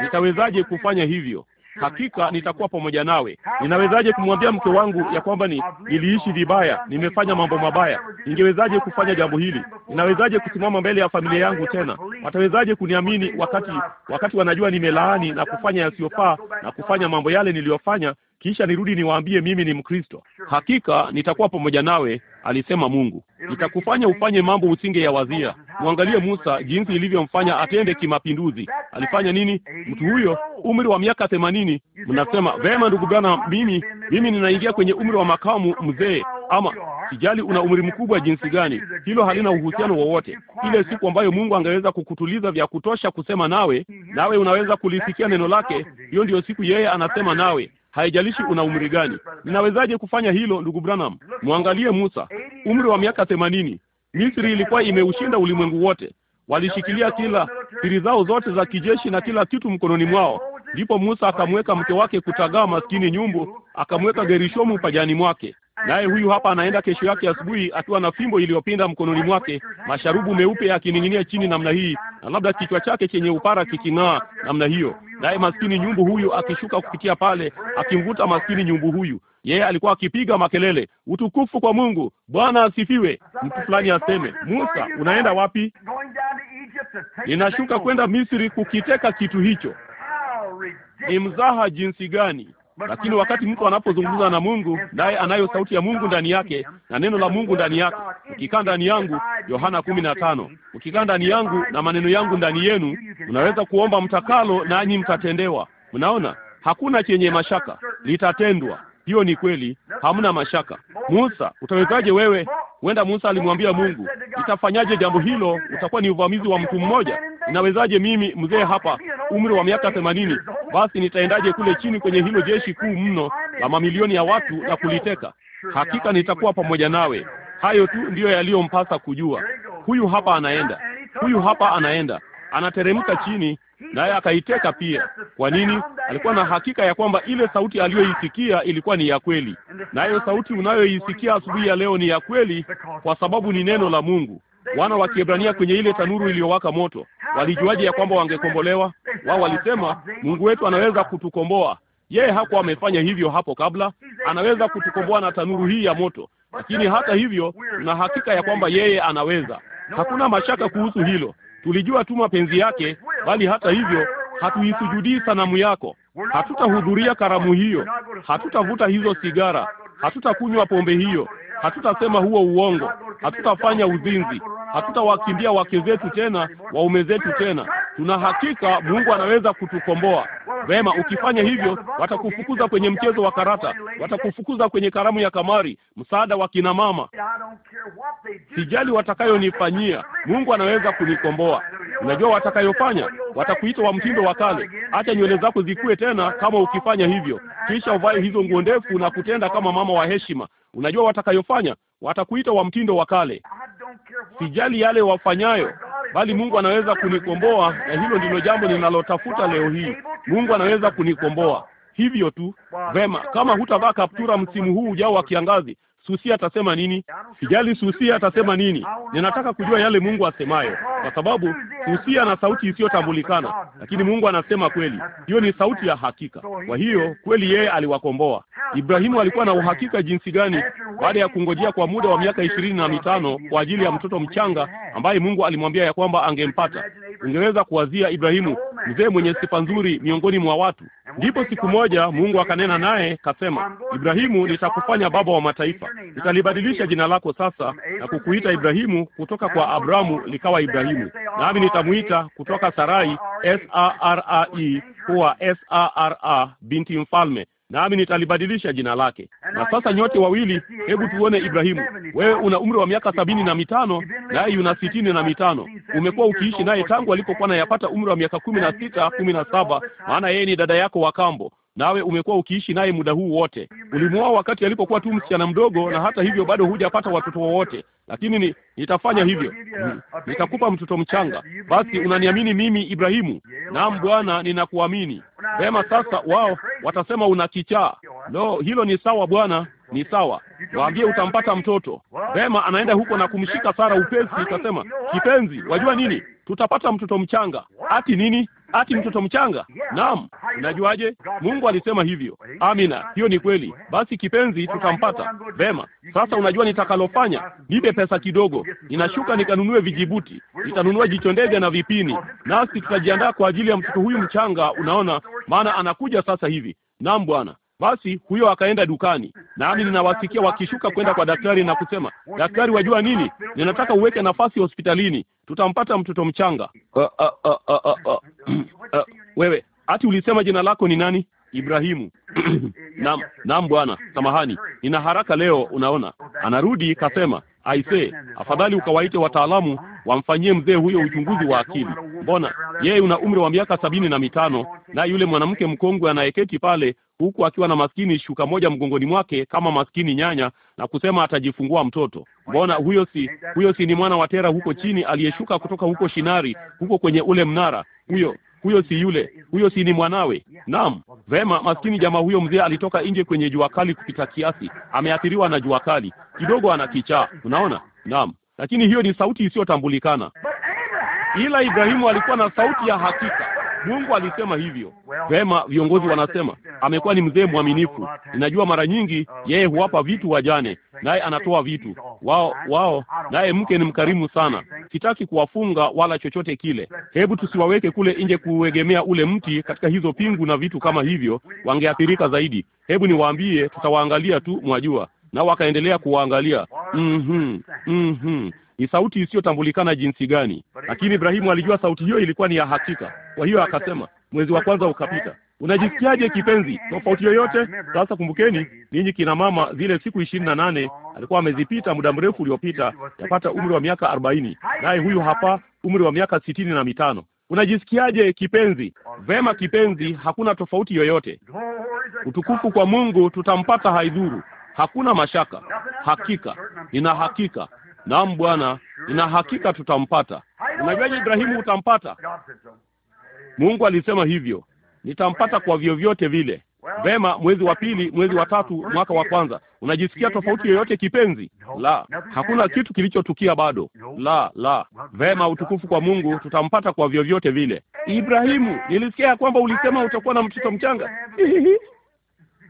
Nitawezaje kufanya hivyo? hakika nitakuwa pamoja nawe. Ninawezaje kumwambia mke wangu ya kwamba ni niliishi vibaya, nimefanya mambo mabaya? Ningewezaje kufanya jambo hili? Ninawezaje kusimama mbele ya familia yangu tena? Watawezaje kuniamini wakati wakati wanajua nimelaani na kufanya yasiyofaa na kufanya mambo yale niliyofanya, kisha nirudi niwaambie mimi ni Mkristo? Hakika nitakuwa pamoja nawe alisema Mungu, nitakufanya ufanye mambo usinge ya wazia. Mwangalie Musa jinsi ilivyomfanya atende kimapinduzi. Alifanya nini? Mtu huyo umri wa miaka themanini, mnasema vema, ndugu bwana, mimi mimi ninaingia kwenye umri wa makamu mzee, ama sijali una umri mkubwa jinsi gani, hilo halina uhusiano wowote. Ile siku ambayo Mungu angeweza kukutuliza vya kutosha kusema nawe, nawe unaweza kulisikia neno lake, hiyo ndiyo siku yeye anasema nawe haijalishi una umri gani. Ninawezaje kufanya hilo, ndugu Branham? Mwangalie Musa, umri wa miaka themanini. Misri ilikuwa imeushinda ulimwengu wote, walishikilia kila siri zao zote za kijeshi na kila kitu mkononi mwao. Ndipo Musa akamweka mke wake kutagaa maskini nyumbu, akamweka Gerishomu pajani mwake naye huyu hapa anaenda kesho yake asubuhi akiwa na fimbo iliyopinda mkononi mwake, masharubu meupe yakining'inia chini namna hii, na labda kichwa chake chenye upara kiking'aa namna hiyo, naye maskini nyumbu huyu akishuka kupitia pale, akimvuta maskini nyumbu huyu. Yeye alikuwa akipiga makelele, utukufu kwa Mungu, Bwana asifiwe. Mtu fulani aseme, Musa, unaenda wapi? Ninashuka kwenda Misri kukiteka kitu hicho. Ni mzaha jinsi gani! Lakini wakati mtu anapozungumza na Mungu, naye anayo sauti ya Mungu ndani yake na neno la Mungu ndani yake, ukikaa ndani yangu, Yohana kumi na tano, ukikaa ndani yangu na maneno yangu ndani yenu, unaweza kuomba mtakalo, nanyi mtatendewa. Mnaona, hakuna chenye mashaka, litatendwa. Hiyo ni kweli, hamna mashaka. Musa, utawezaje wewe? Huenda Musa alimwambia Mungu, itafanyaje jambo hilo? Utakuwa ni uvamizi wa mtu mmoja. Inawezaje mimi mzee hapa, umri wa miaka themanini, basi nitaendaje kule chini kwenye hilo jeshi kuu mno la mamilioni ya watu na kuliteka? Hakika nitakuwa pamoja nawe. Hayo tu ndiyo yaliyompasa kujua. Huyu hapa anaenda, huyu hapa anaenda anateremka chini, naye akaiteka pia. Kwa nini? Alikuwa na hakika ya kwamba ile sauti aliyoisikia ilikuwa ni ya kweli, nayo sauti unayoisikia asubuhi ya leo ni ya kweli, kwa sababu ni neno la Mungu. Wana wa Kiebrania kwenye ile tanuru iliyowaka moto walijuaje ya kwamba wangekombolewa? Wao walisema Mungu wetu anaweza kutukomboa. Yeye hakuwa amefanya hivyo hapo kabla. Anaweza kutukomboa na tanuru hii ya moto, lakini hata hivyo, tuna hakika ya kwamba yeye anaweza. Hakuna mashaka kuhusu hilo. Tulijua tu mapenzi yake, bali hata hivyo hatuisujudii sanamu yako, hatutahudhuria karamu hiyo, hatutavuta hizo sigara, hatutakunywa pombe hiyo, Hatutasema huo uongo, hatutafanya uzinzi, hatutawakimbia wake zetu tena, waume zetu tena. Tuna hakika Mungu anaweza kutukomboa. Vema, ukifanya hivyo, watakufukuza kwenye mchezo wa karata, watakufukuza kwenye karamu ya kamari, msaada wa kina mama. Sijali watakayonifanyia, Mungu anaweza kunikomboa. Unajua watakayofanya? Watakuita wa mtindo wa kale, acha nywele zako zikue tena kama ukifanya hivyo, kisha uvae hizo nguo ndefu na kutenda kama mama wa heshima. Unajua watakayofanya, watakuita wa mtindo wa kale. Sijali yale wafanyayo, bali Mungu anaweza kunikomboa, na hilo ndilo jambo ninalotafuta leo hii. Mungu anaweza kunikomboa hivyo tu. Vema, kama hutavaa kaptura msimu huu ujao wa kiangazi, Susia atasema nini? Sijali Susia atasema nini. Ninataka kujua yale Mungu asemayo, kwa sababu Susia ana sauti isiyotambulikana, lakini Mungu anasema kweli. Hiyo ni sauti ya hakika. Kwa hiyo kweli yeye aliwakomboa. Ibrahimu alikuwa na uhakika jinsi gani baada ya kungojea kwa muda wa miaka ishirini na mitano kwa ajili ya mtoto mchanga ambaye Mungu alimwambia ya kwamba angempata. Ungeweza kuwazia Ibrahimu, mzee mwenye sifa nzuri miongoni mwa watu. Ndipo siku moja Mungu akanena naye, kasema, Ibrahimu, nitakufanya baba wa mataifa nitalibadilisha jina lako sasa na kukuita Ibrahimu kutoka kwa abrahamu likawa Ibrahimu, nami nitamwita kutoka Sarai S A R A I kuwa S A R A binti mfalme nami nitalibadilisha jina lake. Na sasa nyote wawili, hebu tuone Ibrahimu. Wewe una umri wa miaka sabini na mitano naye yuna sitini na mitano. Umekuwa ukiishi naye tangu alipokuwa anayapata umri wa miaka kumi na sita kumi na saba maana yeye ni dada yako wa kambo nawe umekuwa ukiishi naye muda huu wote. Ulimwoa wakati alipokuwa tu msichana mdogo, na hata hivyo bado hujapata watoto wowote, lakini ni, nitafanya hivyo Nitakupa mtoto mchanga. Basi unaniamini mimi Ibrahimu? Naam Bwana, ninakuamini. Vema, sasa wao watasema una kichaa. Lo, hilo ni sawa Bwana, ni sawa, waambie utampata mtoto. vema anaenda huko na kumshika Sara upesi, utasema kipenzi, wajua nini, tutapata mtoto mchanga. Ati nini? Ati mtoto mchanga? Naam. Unajuaje? Mungu alisema hivyo. Amina, hiyo ni kweli. Basi kipenzi, tutampata. Vema, sasa unajua nitakalofanya? Nipe pesa kidogo, ninashuka nikanunue vijibuti, nitanunua jichondege na vipini, nasi tutajiandaa kwa ajili ya mtoto huyu mchanga. Unaona, maana anakuja sasa hivi. Naam, bwana. Basi huyo akaenda dukani, nami ninawasikia wakishuka kwenda kwa daktari na kusema, daktari, wajua nini, ninataka uweke nafasi hospitalini, tutampata mtoto mchanga. Uh, uh, uh, uh, uh, uh, uh, uh wewe ati ulisema jina lako ni nani? Ibrahimu. Naam, naam bwana, samahani, nina haraka leo, unaona. Anarudi kasema aisee, afadhali ukawaite wataalamu wamfanyie mzee huyo uchunguzi wa akili. Mbona yeye una umri wa miaka sabini na mitano, na yule mwanamke mkongwe anayeketi pale huku akiwa na maskini shuka moja mgongoni mwake kama maskini nyanya, na kusema atajifungua mtoto. Mbona huyo si huyo si ni mwana wa Tera huko chini, aliyeshuka kutoka huko Shinari, huko kwenye ule mnara? Huyo huyo si yule, huyo si ni mwanawe? Naam, vema. Maskini jamaa huyo mzee alitoka nje kwenye jua kali kupita kiasi, ameathiriwa na jua kali kidogo, ana kichaa. Unaona? Naam, lakini hiyo ni sauti isiyotambulikana, ila Ibrahimu alikuwa na sauti ya hakika. Mungu alisema hivyo. Vema, viongozi wanasema um, amekuwa ni mzee mwaminifu. Ninajua mara nyingi um, yeye huwapa vitu wajane, naye anatoa vitu wao wao, naye mke ni mkarimu sana. Sitaki kuwafunga wala chochote kile. Hebu tusiwaweke kule nje kuegemea ule mti katika hizo pingu na vitu kama hivyo, wangeathirika zaidi. Hebu niwaambie, tutawaangalia tu, mwajua. Nao wakaendelea kuwaangalia. mm -hmm, mm -hmm ni sauti isiyotambulikana jinsi gani, lakini Ibrahimu alijua sauti hiyo ilikuwa ni ya hakika. Kwa hiyo akasema, mwezi wa kwanza ukapita. Unajisikiaje kipenzi? Tofauti yoyote? Sasa kumbukeni, ninyi kina mama, zile siku ishirini na nane alikuwa amezipita muda mrefu uliopita, yapata umri wa miaka arobaini, naye huyu hapa umri wa miaka sitini na mitano. Unajisikiaje kipenzi? Vema kipenzi, hakuna tofauti yoyote. Utukufu kwa Mungu, tutampata haidhuru. Hakuna mashaka, hakika, nina hakika Naam Bwana, nina hakika tutampata. Unajuaje Ibrahimu utampata? Mungu alisema hivyo, nitampata kwa vyovyote vile. Vema, mwezi wa pili, mwezi wa tatu, mwaka wa kwanza. Unajisikia tofauti yoyote kipenzi? La, hakuna kitu kilichotukia bado. La, la. Vema, utukufu kwa Mungu, tutampata kwa vyovyote vile. Ibrahimu, nilisikia kwamba ulisema utakuwa na mtoto mchanga.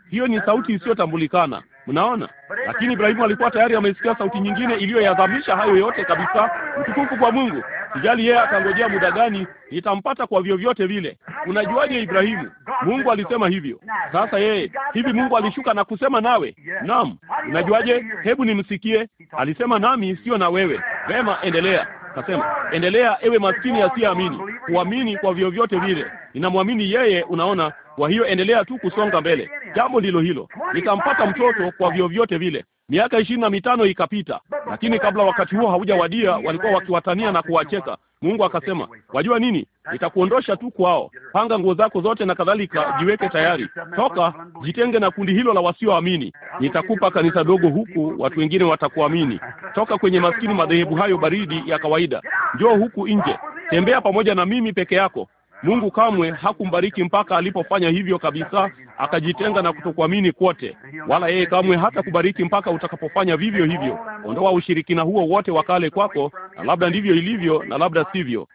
Hiyo ni sauti isiyotambulikana. Mnaona, lakini Ibrahimu alikuwa tayari amesikia sauti nyingine iliyoyadhamisha hayo yote kabisa. Utukufu kwa Mungu. Sijali yeye atangojea muda gani, nitampata kwa vyovyote vile. Unajuaje Ibrahimu? Mungu alisema hivyo. Sasa yeye hivi, Mungu alishuka na kusema nawe? Naam. Unajuaje? Hebu nimsikie. Alisema nami, sio na wewe. Vema, endelea akasema, endelea ewe maskini asiyeamini kuamini kwa vyovyote vile, ninamwamini yeye, unaona. Kwa hiyo endelea tu kusonga mbele. Jambo ndilo hilo, nitampata mtoto kwa vyovyote vile. Miaka ishirini na mitano ikapita, lakini kabla wakati huo haujawadia, walikuwa wakiwatania na kuwacheka. Mungu akasema, wajua nini, nitakuondosha tu kwao. Panga nguo zako zote na kadhalika, jiweke tayari, toka, jitenge na kundi hilo la wasioamini. Nitakupa kanisa dogo huku, watu wengine watakuamini. Toka kwenye maskini madhehebu hayo baridi ya kawaida, njoo huku nje, tembea pamoja na mimi peke yako. Mungu kamwe hakumbariki mpaka alipofanya hivyo kabisa, akajitenga na kutokuamini kwote, wala yeye kamwe hata kubariki mpaka utakapofanya vivyo hivyo. Ondoa ushirikina huo wote wa kale kwako, na labda ndivyo ilivyo na labda sivyo.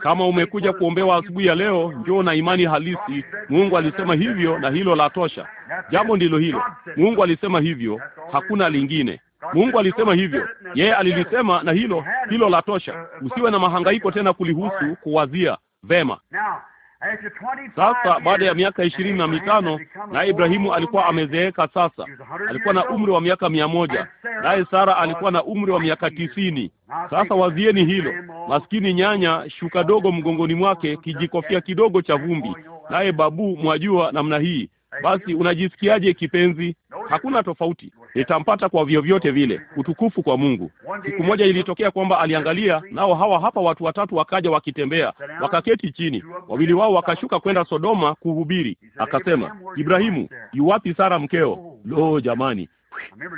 Kama umekuja kuombewa asubuhi ya leo, njoo na imani halisi. Mungu alisema hivyo na hilo la tosha. Jambo ndilo hilo. Mungu alisema hivyo, hakuna lingine. Mungu alisema hivyo, yeye alilisema na hilo hilo la tosha. Usiwe na mahangaiko tena kulihusu, kuwazia Vema. Sasa baada ya miaka ishirini na mitano naye Ibrahimu alikuwa amezeeka sasa, alikuwa na umri wa miaka mia moja naye Sara alikuwa na umri wa miaka tisini Sasa wazieni hilo, maskini nyanya, shuka dogo mgongoni mwake, kijikofia kidogo cha vumbi, uh, naye babu mwajua namna hii basi unajisikiaje kipenzi? Hakuna tofauti, nitampata kwa vyovyote vile. Utukufu kwa Mungu. Siku moja ilitokea kwamba aliangalia, nao hawa hapa watu watatu wakaja wakitembea, wakaketi chini, wawili wao wakashuka kwenda Sodoma kuhubiri. Akasema, Ibrahimu, yuwapi Sara mkeo? Lo, jamani,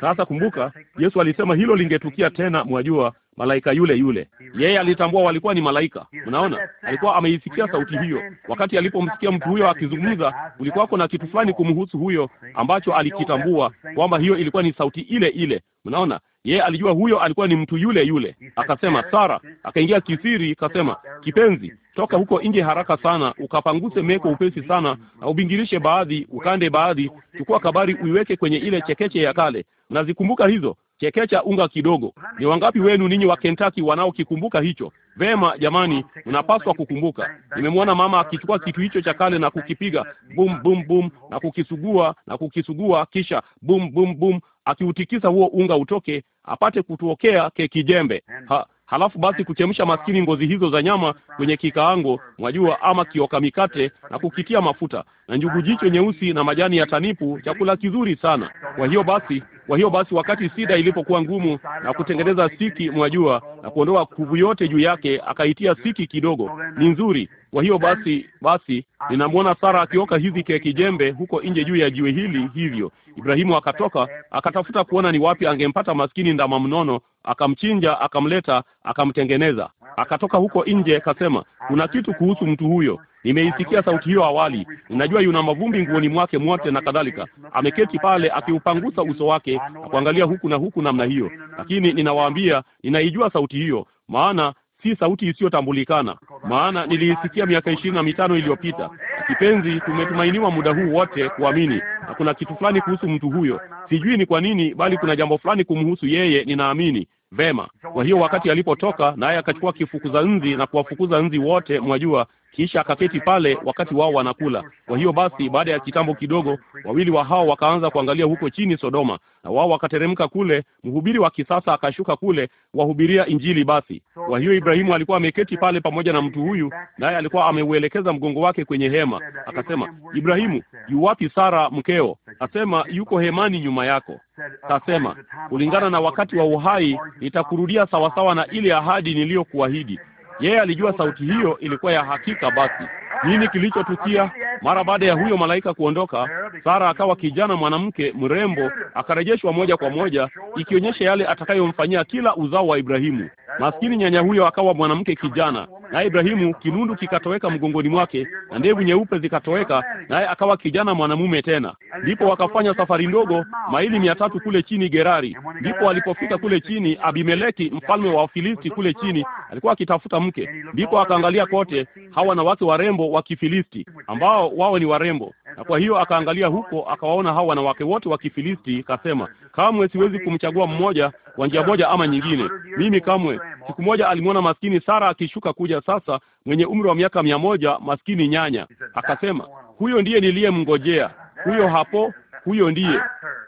sasa kumbuka, Yesu alisema hilo lingetukia tena, mwajua malaika yule yule. Yeye alitambua walikuwa ni malaika. Mnaona, alikuwa ameisikia sauti hiyo. Wakati alipomsikia mtu huyo akizungumza, kulikuwako na kitu fulani kumhusu huyo ambacho alikitambua kwamba hiyo ilikuwa ni sauti ile ile. Mnaona, yeye alijua huyo alikuwa ni mtu yule yule. Akasema, Sara. Akaingia kisiri, akasema, kipenzi, toka huko nje haraka sana, ukapanguse meko upesi sana, na ubingirishe baadhi, ukande baadhi, chukua kabari uiweke kwenye ile chekeche ya kale. Mnazikumbuka hizo chekecha unga kidogo? Ni wangapi wenu ninyi wa Kentucky wanaokikumbuka hicho? Vema jamani, mnapaswa kukumbuka. Nimemwona mama akichukua kitu hicho cha kale na kukipiga bum bum bum, na kukisugua na kukisugua, kisha bum bum bum, akiutikisa huo unga utoke, apate kutuokea keki jembe. Ha, Halafu basi kuchemsha maskini ngozi hizo za nyama kwenye kikaango, mwajua, ama kioka mikate na kukitia mafuta na njugu jicho nyeusi na majani ya tanipu, chakula kizuri sana. Kwa hiyo basi, kwa hiyo basi, wakati sida ilipokuwa ngumu na kutengeneza siki, mwajua, na kuondoa kuvu yote juu yake, akaitia siki kidogo, ni nzuri. Kwa hiyo basi, basi ninamwona Sara akioka hizi keki jembe huko nje juu ya jiwe hili hivyo. Ibrahimu akatoka akatafuta kuona ni wapi angempata maskini ndama mnono, akamchinja, akamleta, akamtengeneza. Akatoka huko nje akasema, kuna kitu kuhusu mtu huyo, nimeisikia sauti hiyo awali, ninajua yuna mavumbi nguoni mwake mwote na kadhalika. Ameketi pale akiupangusa uso wake na kuangalia huku na huku namna hiyo, lakini ninawaambia, ninaijua sauti hiyo, maana si sauti isiyotambulikana, maana niliisikia miaka ishirini na mitano iliyopita. Kipenzi, tumetumainiwa muda huu wote kuamini, na kuna kitu fulani kuhusu mtu huyo, sijui ni kwa nini, bali kuna jambo fulani kumhusu yeye, ninaamini vema. Kwa hiyo wakati alipotoka, naye akachukua kifukuza nzi na kuwafukuza nzi wote, mwajua kisha akaketi pale wakati wao wanakula. Kwa hiyo basi, baada ya kitambo kidogo, wawili wa hao wakaanza kuangalia huko chini Sodoma, na wao wakateremka kule. Mhubiri wa kisasa akashuka kule wahubiria Injili. Basi kwa hiyo Ibrahimu alikuwa ameketi pale pamoja na mtu huyu, naye alikuwa ameuelekeza mgongo wake kwenye hema. Akasema, Ibrahimu, yu wapi Sara mkeo? Asema, yuko hemani nyuma yako. Kasema, kulingana na wakati wa uhai nitakurudia sawasawa na ile ahadi niliyokuahidi. Yeye alijua sauti hiyo ilikuwa ya hakika. Basi nini kilichotukia mara baada ya huyo malaika kuondoka. Sara akawa kijana mwanamke mrembo, akarejeshwa moja kwa moja, ikionyesha yale atakayomfanyia kila uzao wa Ibrahimu. Maskini nyanya huyo akawa mwanamke kijana, naye Ibrahimu kinundu kikatoweka mgongoni mwake na ndevu nyeupe zikatoweka, naye akawa kijana mwanamume tena. Ndipo wakafanya safari ndogo maili mia tatu kule chini Gerari. Ndipo alipofika kule chini, Abimeleki mfalme wa filisti kule chini alikuwa akitafuta mke. Ndipo akaangalia kote, hawa wanawake warembo wa Kifilisti ambao wao ni warembo, na kwa hiyo akaangalia huko akawaona hao wanawake wote wa Kifilisti, kasema kamwe siwezi kumchagua mmoja kwa njia moja ama nyingine, mimi kamwe. Siku moja alimwona maskini Sara akishuka kuja sasa, mwenye umri wa miaka mia moja, maskini nyanya, akasema huyo ndiye niliyemngojea, huyo hapo huyo ndiye.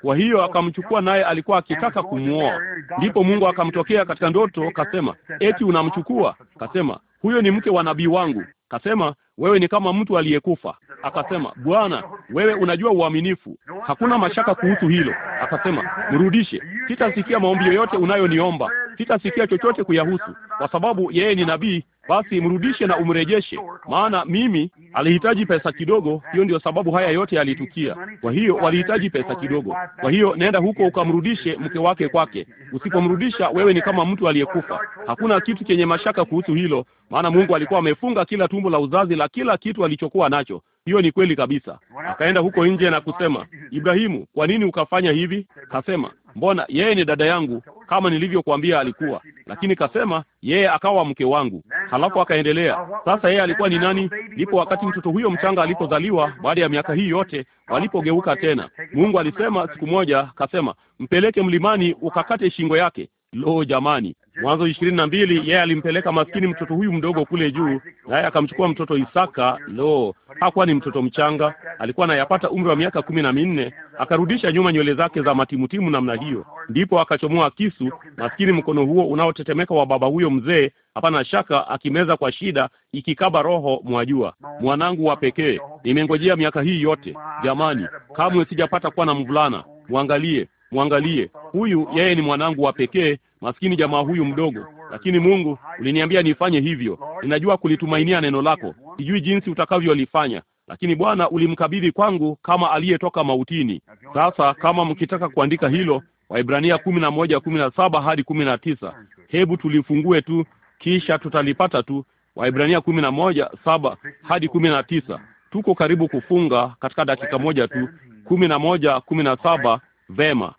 Kwa hiyo akamchukua, naye alikuwa akitaka kumwoa. Ndipo Mungu akamtokea katika ndoto, kasema eti unamchukua? Kasema huyo ni mke wa nabii wangu. Kasema wewe ni kama mtu aliyekufa. Akasema, Bwana, wewe unajua uaminifu, hakuna mashaka kuhusu hilo. Akasema, mrudishe, sitasikia maombi yoyote unayoniomba, sitasikia chochote kuyahusu, kwa sababu yeye ni nabii. Basi mrudishe na umrejeshe, maana mimi alihitaji pesa kidogo. Hiyo ndiyo sababu haya yote yalitukia. Kwa hiyo walihitaji pesa kidogo. Kwa hiyo nenda huko ukamrudishe mke wake kwake. Usipomrudisha, wewe ni kama mtu aliyekufa. Hakuna kitu chenye mashaka kuhusu hilo, maana Mungu alikuwa amefunga kila tumbo la uzazi la kila kitu alichokuwa nacho. Hiyo ni kweli kabisa. Akaenda huko nje na kusema, Ibrahimu, kwa nini ukafanya hivi? Kasema, mbona yeye ni dada yangu kama nilivyokuambia alikuwa, lakini kasema yeye akawa mke wangu. Halafu akaendelea, sasa yeye alikuwa ni nani? Ndipo wakati mtoto huyo mchanga alipozaliwa, baada ya miaka hii yote, walipogeuka tena, Mungu alisema siku moja, kasema, mpeleke mlimani ukakate shingo yake, Lo, jamani! Mwanzo ishirini na mbili, yeye alimpeleka maskini mtoto huyu mdogo kule juu, naye akamchukua mtoto Isaka. Lo, hakuwa ni mtoto mchanga, alikuwa anayapata umri wa miaka kumi na minne. Akarudisha nyuma nywele zake za matimutimu namna hiyo, ndipo akachomoa kisu, maskini mkono huo unaotetemeka wa baba huyo mzee, hapana shaka akimeza kwa shida, ikikaba roho. Mwajua, mwanangu wa pekee, nimengojea miaka hii yote jamani, kamwe sijapata kuwa na mvulana. Mwangalie, mwangalie huyu, yeye ni mwanangu wa pekee maskini jamaa huyu mdogo, lakini Mungu uliniambia nifanye hivyo. Ninajua kulitumainia neno lako, sijui jinsi utakavyolifanya, lakini Bwana ulimkabidhi kwangu kama aliyetoka mautini. Sasa kama mkitaka kuandika hilo, Waibrania kumi na moja kumi na saba hadi kumi na tisa hebu tulifungue tu, kisha tutalipata tu. Waibrania kumi na moja saba hadi kumi na tisa Tuko karibu kufunga katika dakika moja tu. kumi na moja kumi na saba Vema.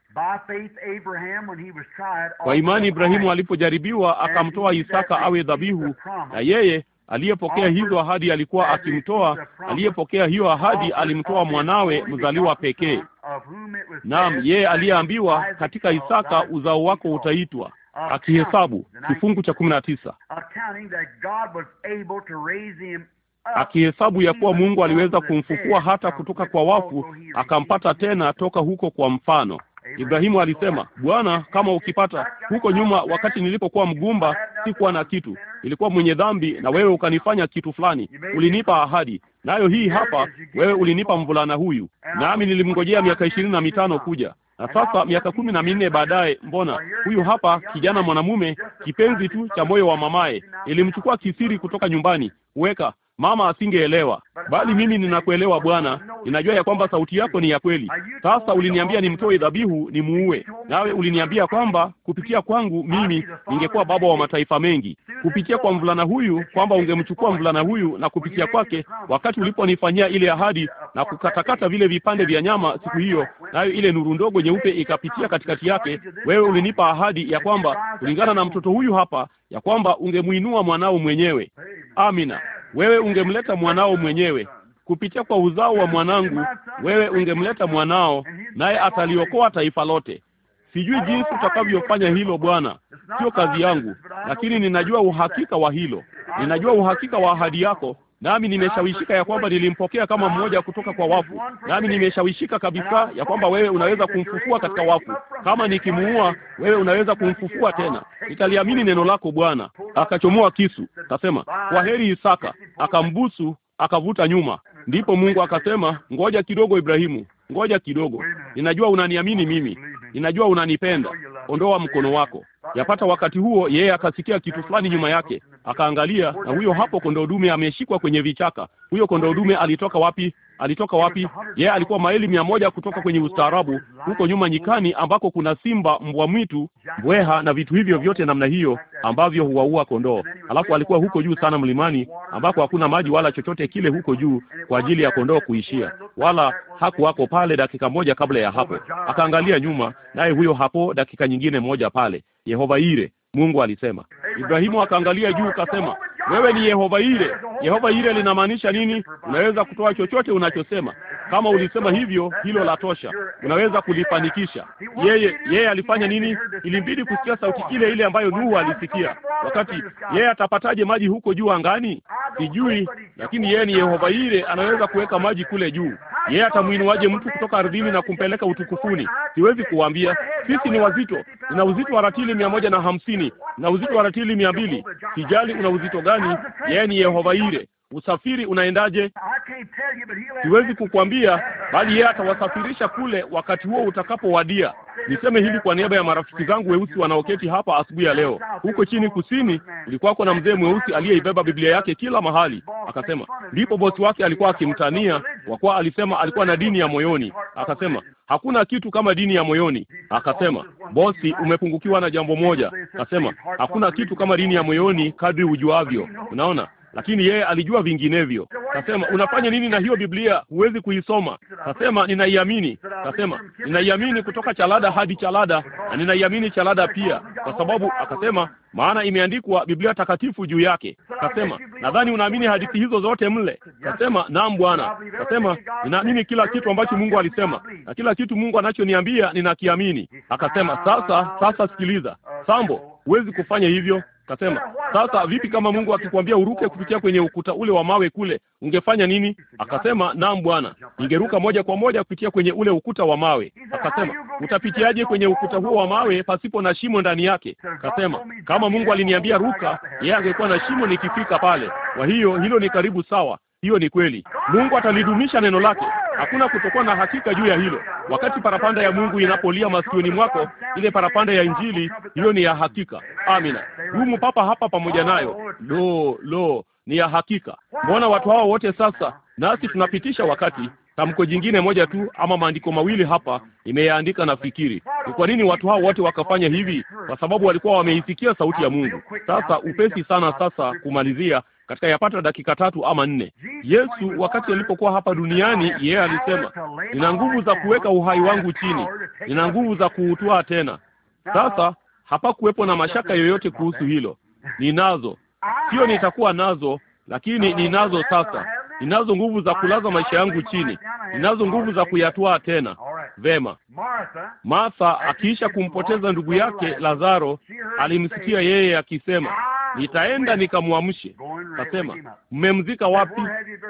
Kwa imani Ibrahimu alipojaribiwa akamtoa Isaka awe dhabihu, na yeye aliyepokea hizo ahadi alikuwa akimtoa, aliyepokea hiyo ahadi alimtoa mwanawe mzaliwa pekee. Naam, yeye aliyeambiwa katika Isaka uzao wako utaitwa, akihesabu kifungu cha kumi na tisa, akihesabu ya kuwa Mungu aliweza kumfufua hata kutoka kwa wafu, akampata tena toka huko kwa mfano Ibrahimu alisema, Bwana, kama ukipata huko nyuma, wakati nilipokuwa mgumba, sikuwa na kitu, nilikuwa mwenye dhambi, na wewe ukanifanya kitu fulani, ulinipa ahadi, nayo hii hapa, wewe ulinipa mvulana huyu, nami nilimngojea miaka ishirini na mitano kuja na sasa miaka kumi na minne baadaye, mbona huyu hapa kijana mwanamume kipenzi tu cha moyo wa mamaye. Ilimchukua kisiri kutoka nyumbani, weka mama asingeelewa, bali mimi ninakuelewa Bwana, ninajua ya kwamba sauti yako ni ya kweli. Sasa uliniambia nimtoe dhabihu ni muue, nawe uliniambia kwamba kupitia kwangu mimi ningekuwa baba wa mataifa mengi, kupitia kwa mvulana huyu, kwamba ungemchukua mvulana huyu na kupitia kwake, wakati uliponifanyia ile ahadi na kukatakata vile vipande vya nyama siku hiyo, nayo ile nuru ndogo nyeupe ikapitia katikati yake, wewe ulinipa ahadi ya kwamba kulingana na mtoto huyu hapa, ya kwamba ungemuinua mwanao mwenyewe. Amina wewe ungemleta mwanao mwenyewe kupitia kwa uzao wa mwanangu, wewe ungemleta mwanao, naye ataliokoa taifa lote. Sijui jinsi utakavyofanya hilo Bwana, sio kazi yangu, lakini ninajua uhakika wa hilo, ninajua uhakika wa ahadi yako nami nimeshawishika ya kwamba nilimpokea kama mmoja kutoka kwa wafu, nami nimeshawishika kabisa ya kwamba wewe unaweza kumfufua katika wafu. Kama nikimuua wewe, unaweza kumfufua tena. Nitaliamini neno lako Bwana. Akachomoa kisu, kasema kwa heri Isaka, akambusu, akavuta nyuma. Ndipo Mungu akasema, ngoja kidogo Ibrahimu, ngoja kidogo, ninajua unaniamini mimi, ninajua unanipenda, ondoa mkono wako. Yapata wakati huo yeye akasikia kitu fulani nyuma yake, akaangalia, na huyo hapo kondoo dume ameshikwa kwenye vichaka. Huyo kondoo dume alitoka wapi? Alitoka wapi? Yeye alikuwa maili mia moja kutoka kwenye ustaarabu, huko nyuma nyikani, ambako kuna simba, mbwa mwitu, mbweha na vitu hivyo vyote namna hiyo ambavyo huwaua kondoo. Alafu alikuwa huko juu sana mlimani, ambako hakuna maji wala chochote kile huko juu kwa ajili ya kondoo kuishia, wala hakuwako pale dakika moja kabla ya hapo. Akaangalia nyuma, naye huyo hapo dakika nyingine moja pale Yehova Ire, Mungu alisema. Ibrahimu akaangalia juu, akasema wewe ni Yehova ile. Yehova ile linamaanisha nini? Unaweza kutoa chochote unachosema. Kama ulisema hivyo, hilo la tosha, unaweza kulifanikisha. Yeye yeye alifanya nini? ilibidi kusikia sauti ile ile ambayo Nuhu alisikia. Wakati yeye atapataje maji huko juu angani? Sijui, lakini yeye ni Yehova ile, anaweza kuweka maji kule juu. Yeye atamuinuaje mtu kutoka ardhini na kumpeleka utukufuni? Siwezi kuambia. Sisi ni wazito, nina uzito wa ratili mia moja na hamsini na uzito wa ratili mia mbili Sijali una uzito gani nyumbani, yeye ni Yehova Ire, usafiri unaendaje? Siwezi kukwambia, bali yeye atawasafirisha kule wakati huo utakapowadia. Niseme hivi kwa niaba ya marafiki zangu weusi wanaoketi hapa asubuhi ya leo. Huko chini kusini, kulikuwa na mzee mweusi aliyeibeba Biblia yake kila mahali, akasema. Ndipo bosi wake alikuwa akimtania kwa kuwa alisema alikuwa na dini ya moyoni, akasema hakuna kitu kama dini ya moyoni. Akasema bosi, umepungukiwa na jambo moja. Akasema hakuna kitu kama dini ya moyoni kadri ujuavyo. Unaona, lakini yeye alijua vinginevyo. Kasema, unafanya nini na hiyo Biblia? Huwezi kuisoma. Kasema, ninaiamini. Kasema, ninaiamini kutoka chalada hadi chalada, na ninaiamini chalada pia, kwa sababu akasema, maana imeandikwa Biblia takatifu juu yake. Kasema, nadhani unaamini hadithi hizo zote mle. Kasema, naam Bwana. Kasema, ninaamini kila kitu ambacho Mungu alisema na kila kitu Mungu anachoniambia ninakiamini. Akasema, sasa sasa, sikiliza Sambo, huwezi kufanya hivyo. Kasema, sasa vipi kama Mungu akikwambia uruke kupitia kwenye ukuta ule wa mawe kule, ungefanya nini? Akasema, naam Bwana, ningeruka moja kwa moja kupitia kwenye ule ukuta wa mawe. Akasema, utapitiaje kwenye ukuta huo wa mawe pasipo na shimo ndani yake? Kasema, kama Mungu aliniambia ruka, yeye angekuwa na shimo nikifika pale. Kwa hiyo hilo ni karibu sawa, hiyo ni kweli. Mungu atalidumisha neno lake. Hakuna kutokuwa na hakika juu ya hilo. Wakati parapanda ya Mungu inapolia masikioni mwako, ile parapanda ya Injili, hiyo ni ya hakika. Amina. Dumu papa hapa pamoja nayo. Lo, lo, ni ya hakika. Mbona watu hao wote sasa, nasi tunapitisha wakati Tamko jingine moja tu ama maandiko mawili hapa nimeyaandika, nafikiri. Ni kwa nini watu hao wote wakafanya hivi? Kwa sababu walikuwa wameisikia sauti ya Mungu. Sasa upesi sana, sasa kumalizia, katika yapata dakika tatu ama nne. Yesu wakati alipokuwa hapa duniani, yeye alisema, nina nguvu za kuweka uhai wangu chini, nina nguvu za kuutoa tena. Sasa hapakuwepo na mashaka yoyote kuhusu hilo. Ninazo, sio nitakuwa nazo, lakini ninazo sasa. Ninazo nguvu za kulaza maisha yangu chini, ninazo nguvu za kuyatoa tena. Vema. Martha akiisha kumpoteza ndugu yake Lazaro, alimsikia yeye akisema, ah, nitaenda nikamwamshe. Kasema, mmemzika wapi?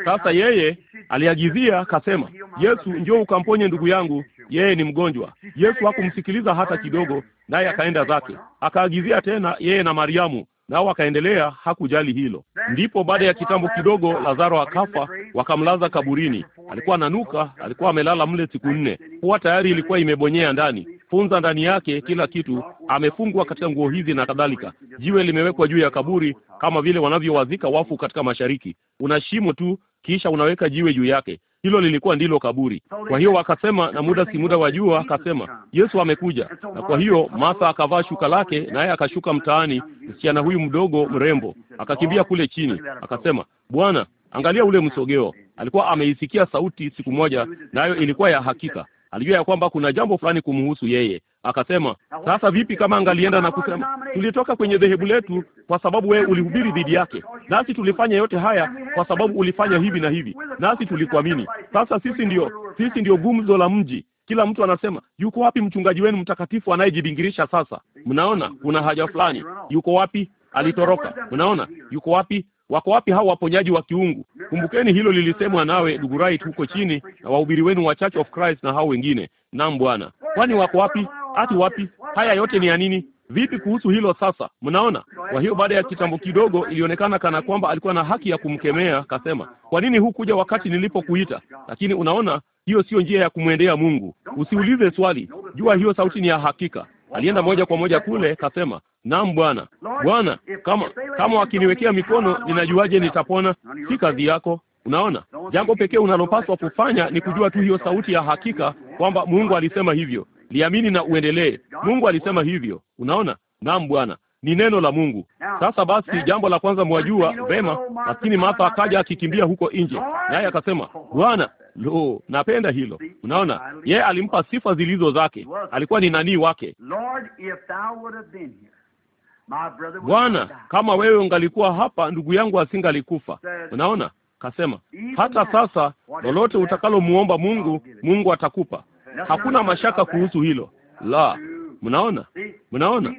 Sasa yeye aliagizia, kasema, Yesu, njoo ukamponye ndugu yangu, yeye ni mgonjwa. Yesu hakumsikiliza hata kidogo, naye akaenda zake. Akaagizia tena yeye na Mariamu, Nao wakaendelea hakujali hilo. Ndipo baada ya kitambo kidogo, Lazaro akafa, wakamlaza kaburini. Alikuwa ananuka, alikuwa amelala mle siku nne, huwa tayari ilikuwa imebonyea ndani funza ndani yake, kila kitu amefungwa katika nguo hizi na kadhalika. Jiwe limewekwa juu ya kaburi, kama vile wanavyowazika wafu katika mashariki. Una shimo tu, kisha unaweka jiwe juu yake. Hilo lilikuwa ndilo kaburi. Kwa hiyo wakasema, na muda si muda wa jua akasema, Yesu amekuja. Na kwa hiyo Martha akavaa shuka lake, naye akashuka mtaani, msichana huyu mdogo mrembo akakimbia kule chini, akasema, Bwana, angalia ule msogeo. Alikuwa ameisikia sauti siku moja, nayo ilikuwa ya hakika. Alijua ya kwamba kuna jambo fulani kumhusu yeye, Akasema, sasa vipi kama angalienda na kusema tulitoka kwenye dhehebu letu kwa sababu wewe ulihubiri dhidi yake, nasi tulifanya yote haya kwa sababu ulifanya hivi na hivi, nasi tulikuamini. Sasa sisi ndio, sisi ndio gumzo la mji. Kila mtu anasema yuko wapi mchungaji wenu mtakatifu anayejibingirisha? Sasa mnaona kuna haja fulani. Yuko wapi? Alitoroka. Mnaona yuko wapi? Wako wapi hao waponyaji wa kiungu? Kumbukeni hilo lilisemwa nawe Ndugu Wright huko chini na wahubiri wenu wa Church of Christ na hao wengine. Naam Bwana, kwani wako wapi? ati wapi? Haya yote ni ya nini? Vipi kuhusu hilo sasa? Mnaona? Kwa hiyo baada ya kitambo kidogo, ilionekana kana kwamba alikuwa na haki ya kumkemea, kasema, kwa nini hukuja wakati nilipokuita? Lakini unaona, hiyo sio njia ya kumwendea Mungu. Usiulize swali, jua hiyo sauti ni ya hakika. Alienda moja kwa moja kule, kasema, naam Bwana, Bwana, kama kama wakiniwekea mikono, ninajuaje nitapona? Si kazi yako. Unaona, jambo pekee unalopaswa kufanya ni kujua tu hiyo sauti ya hakika kwamba Mungu alisema hivyo liamini na uendelee. Mungu alisema hivyo. Unaona? Naam, Bwana, ni neno la Mungu. Sasa basi, jambo la kwanza mwajua vema, lakini Martha akaja akikimbia huko nje, naye akasema, Bwana, lo, napenda hilo. Unaona, yeye alimpa sifa zilizo zake, alikuwa ni nani wake. Bwana, kama wewe ungalikuwa hapa, ndugu yangu asingalikufa. Unaona, kasema hata sasa, lolote utakalomuomba Mungu, Mungu atakupa. Hakuna mashaka kuhusu hilo la. Mnaona, mnaona,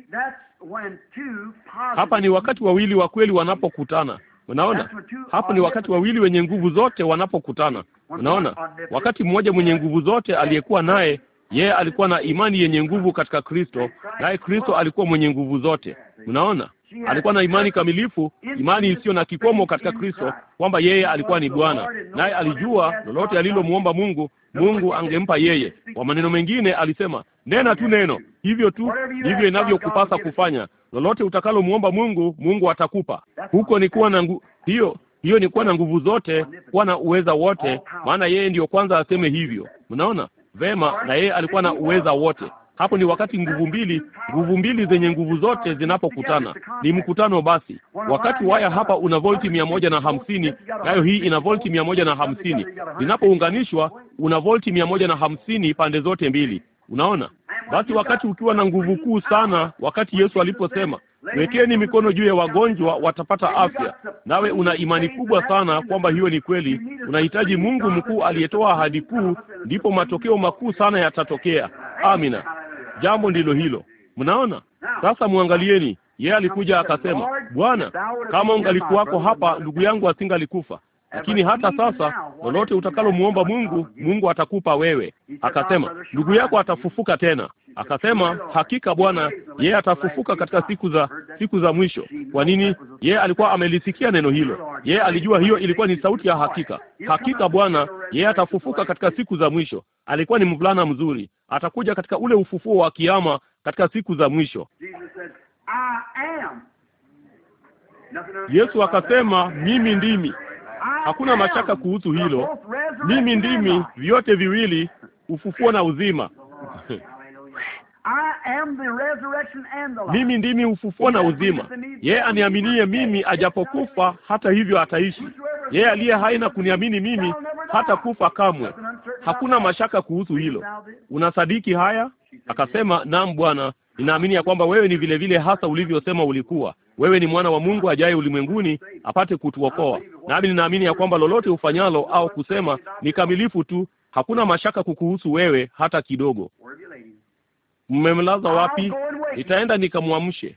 hapa ni wakati wawili wa kweli wanapokutana. mnaona hapa ni wakati wawili wenye nguvu zote wanapokutana. Mnaona wakati mmoja mwenye nguvu zote aliyekuwa naye, yeye alikuwa na imani yenye nguvu katika Kristo, naye Kristo alikuwa mwenye nguvu zote. mnaona alikuwa na imani kamilifu, imani isiyo na kikomo katika Kristo, kwamba yeye alikuwa ni Bwana, naye alijua lolote alilomwomba Mungu, Mungu angempa yeye. Kwa maneno mengine, alisema nena tu neno, hivyo tu ndivyo inavyokupasa kufanya. Lolote utakalomwomba Mungu, Mungu atakupa. Huko ni kuwa na hiyo hiyo ni kuwa na nguvu zote, kuwa na uweza wote, maana yeye ndiyo kwanza aseme hivyo. Mnaona vema, na yeye alikuwa na uweza wote. Hapo ni wakati nguvu mbili, nguvu mbili zenye nguvu zote zinapokutana, ni mkutano. Basi wakati waya hapa una volti mia moja na hamsini nayo hii ina volti mia moja na hamsini zinapounganishwa, una volti mia moja na hamsini pande zote mbili. Unaona? Basi wakati ukiwa na nguvu kuu sana, wakati Yesu aliposema wekeni mikono juu ya wagonjwa watapata afya, nawe una imani kubwa sana kwamba hiyo ni kweli, unahitaji Mungu mkuu aliyetoa ahadi kuu, ndipo matokeo makuu sana yatatokea. Amina. Jambo ndilo hilo. Mnaona sasa, muangalieni. Yeye alikuja akasema, Bwana, kama ungalikuwako hapa, ndugu yangu asingalikufa. Lakini hata sasa lolote utakalomwomba Mungu, Mungu atakupa wewe. Akasema ndugu yako atafufuka tena. Akasema hakika Bwana, yeye atafufuka katika siku za siku za mwisho. Kwa nini? Yeye alikuwa amelisikia neno hilo, yeye alijua hiyo ilikuwa ni sauti ya hakika. Hakika Bwana, yeye atafufuka katika siku za mwisho. Alikuwa ni mvulana mzuri, atakuja katika ule ufufuo wa kiama katika siku za mwisho. Yesu akasema mimi ndimi Hakuna mashaka kuhusu hilo. Mimi ndimi vyote viwili, ufufuo na uzima. Mimi ndimi ufufuo na uzima. Yeye aniaminie mimi, ajapokufa hata hivyo ataishi. Yeye aliye hai na kuniamini mimi hata kufa kamwe. Hakuna mashaka kuhusu hilo. Unasadiki haya? Akasema, naam Bwana, ninaamini ya kwamba wewe ni vile vile hasa ulivyosema ulikuwa wewe ni mwana wa Mungu ajaye ulimwenguni apate kutuokoa. Nami ninaamini ya kwamba lolote ufanyalo au kusema ni kamilifu tu, hakuna mashaka kukuhusu wewe hata kidogo. Mmemlaza wapi? Nitaenda nikamwamshe.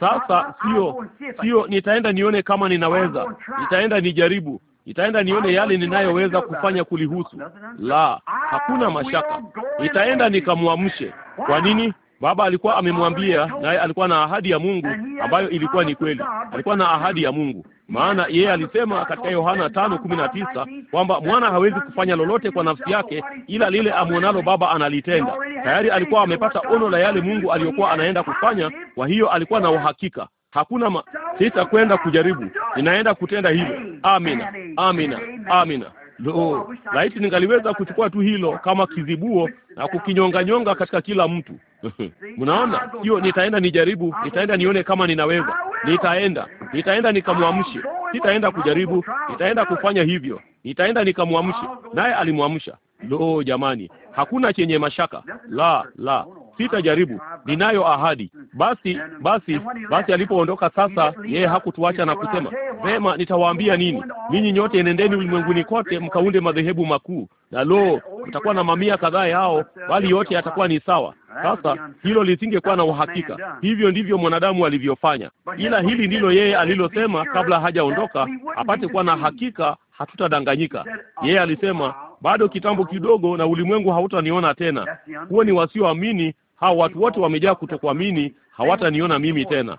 Sasa sio sio, nitaenda nione kama ninaweza, nitaenda nijaribu, nitaenda nione yale ninayoweza kufanya kulihusu. La, hakuna mashaka, nitaenda nikamwamshe. Kwa nini? Baba alikuwa amemwambia, naye alikuwa na ahadi ya Mungu ambayo ilikuwa ni kweli. Alikuwa na ahadi ya Mungu, maana yeye alisema katika Yohana tano kumi na tisa kwamba mwana hawezi kufanya lolote kwa nafsi yake, ila lile amwonalo Baba analitenda. Tayari alikuwa amepata ono la yale Mungu aliyokuwa anaenda kufanya, kwa hiyo alikuwa na uhakika Hakuna ma... sitakwenda kujaribu, ninaenda kutenda hivyo. Amina, amina, amina. Lo, laiti ningaliweza kuchukua tu hilo kama kizibuo na kukinyonganyonga katika kila mtu. Mnaona, hiyo nitaenda nijaribu, nitaenda nione kama ninaweza, nitaenda nitaenda nikamwamshe. Sitaenda kujaribu, nitaenda kufanya hivyo, nitaenda nikamwamshe. Naye alimwamsha. Lo, jamani, hakuna chenye mashaka. La, la, sitajaribu, ninayo ahadi. Basi basi basi, alipoondoka sasa, yeye hakutuacha na kusema vema, nitawaambia nini, ninyi nyote enendeni ulimwenguni kote mkaunde madhehebu makuu, na lo, mtakuwa na mamia kadhaa yao, bali yote yatakuwa ni sawa. Sasa hilo lisingekuwa na uhakika. Hivyo ndivyo mwanadamu alivyofanya, ila hili ndilo yeye alilosema kabla hajaondoka, apate kuwa na hakika hatutadanganyika. Yeye alisema bado kitambo kidogo na ulimwengu hautaniona tena. Huo ni wasioamini hao watu wote wamejaa kutokuamini, hawataniona mimi tena.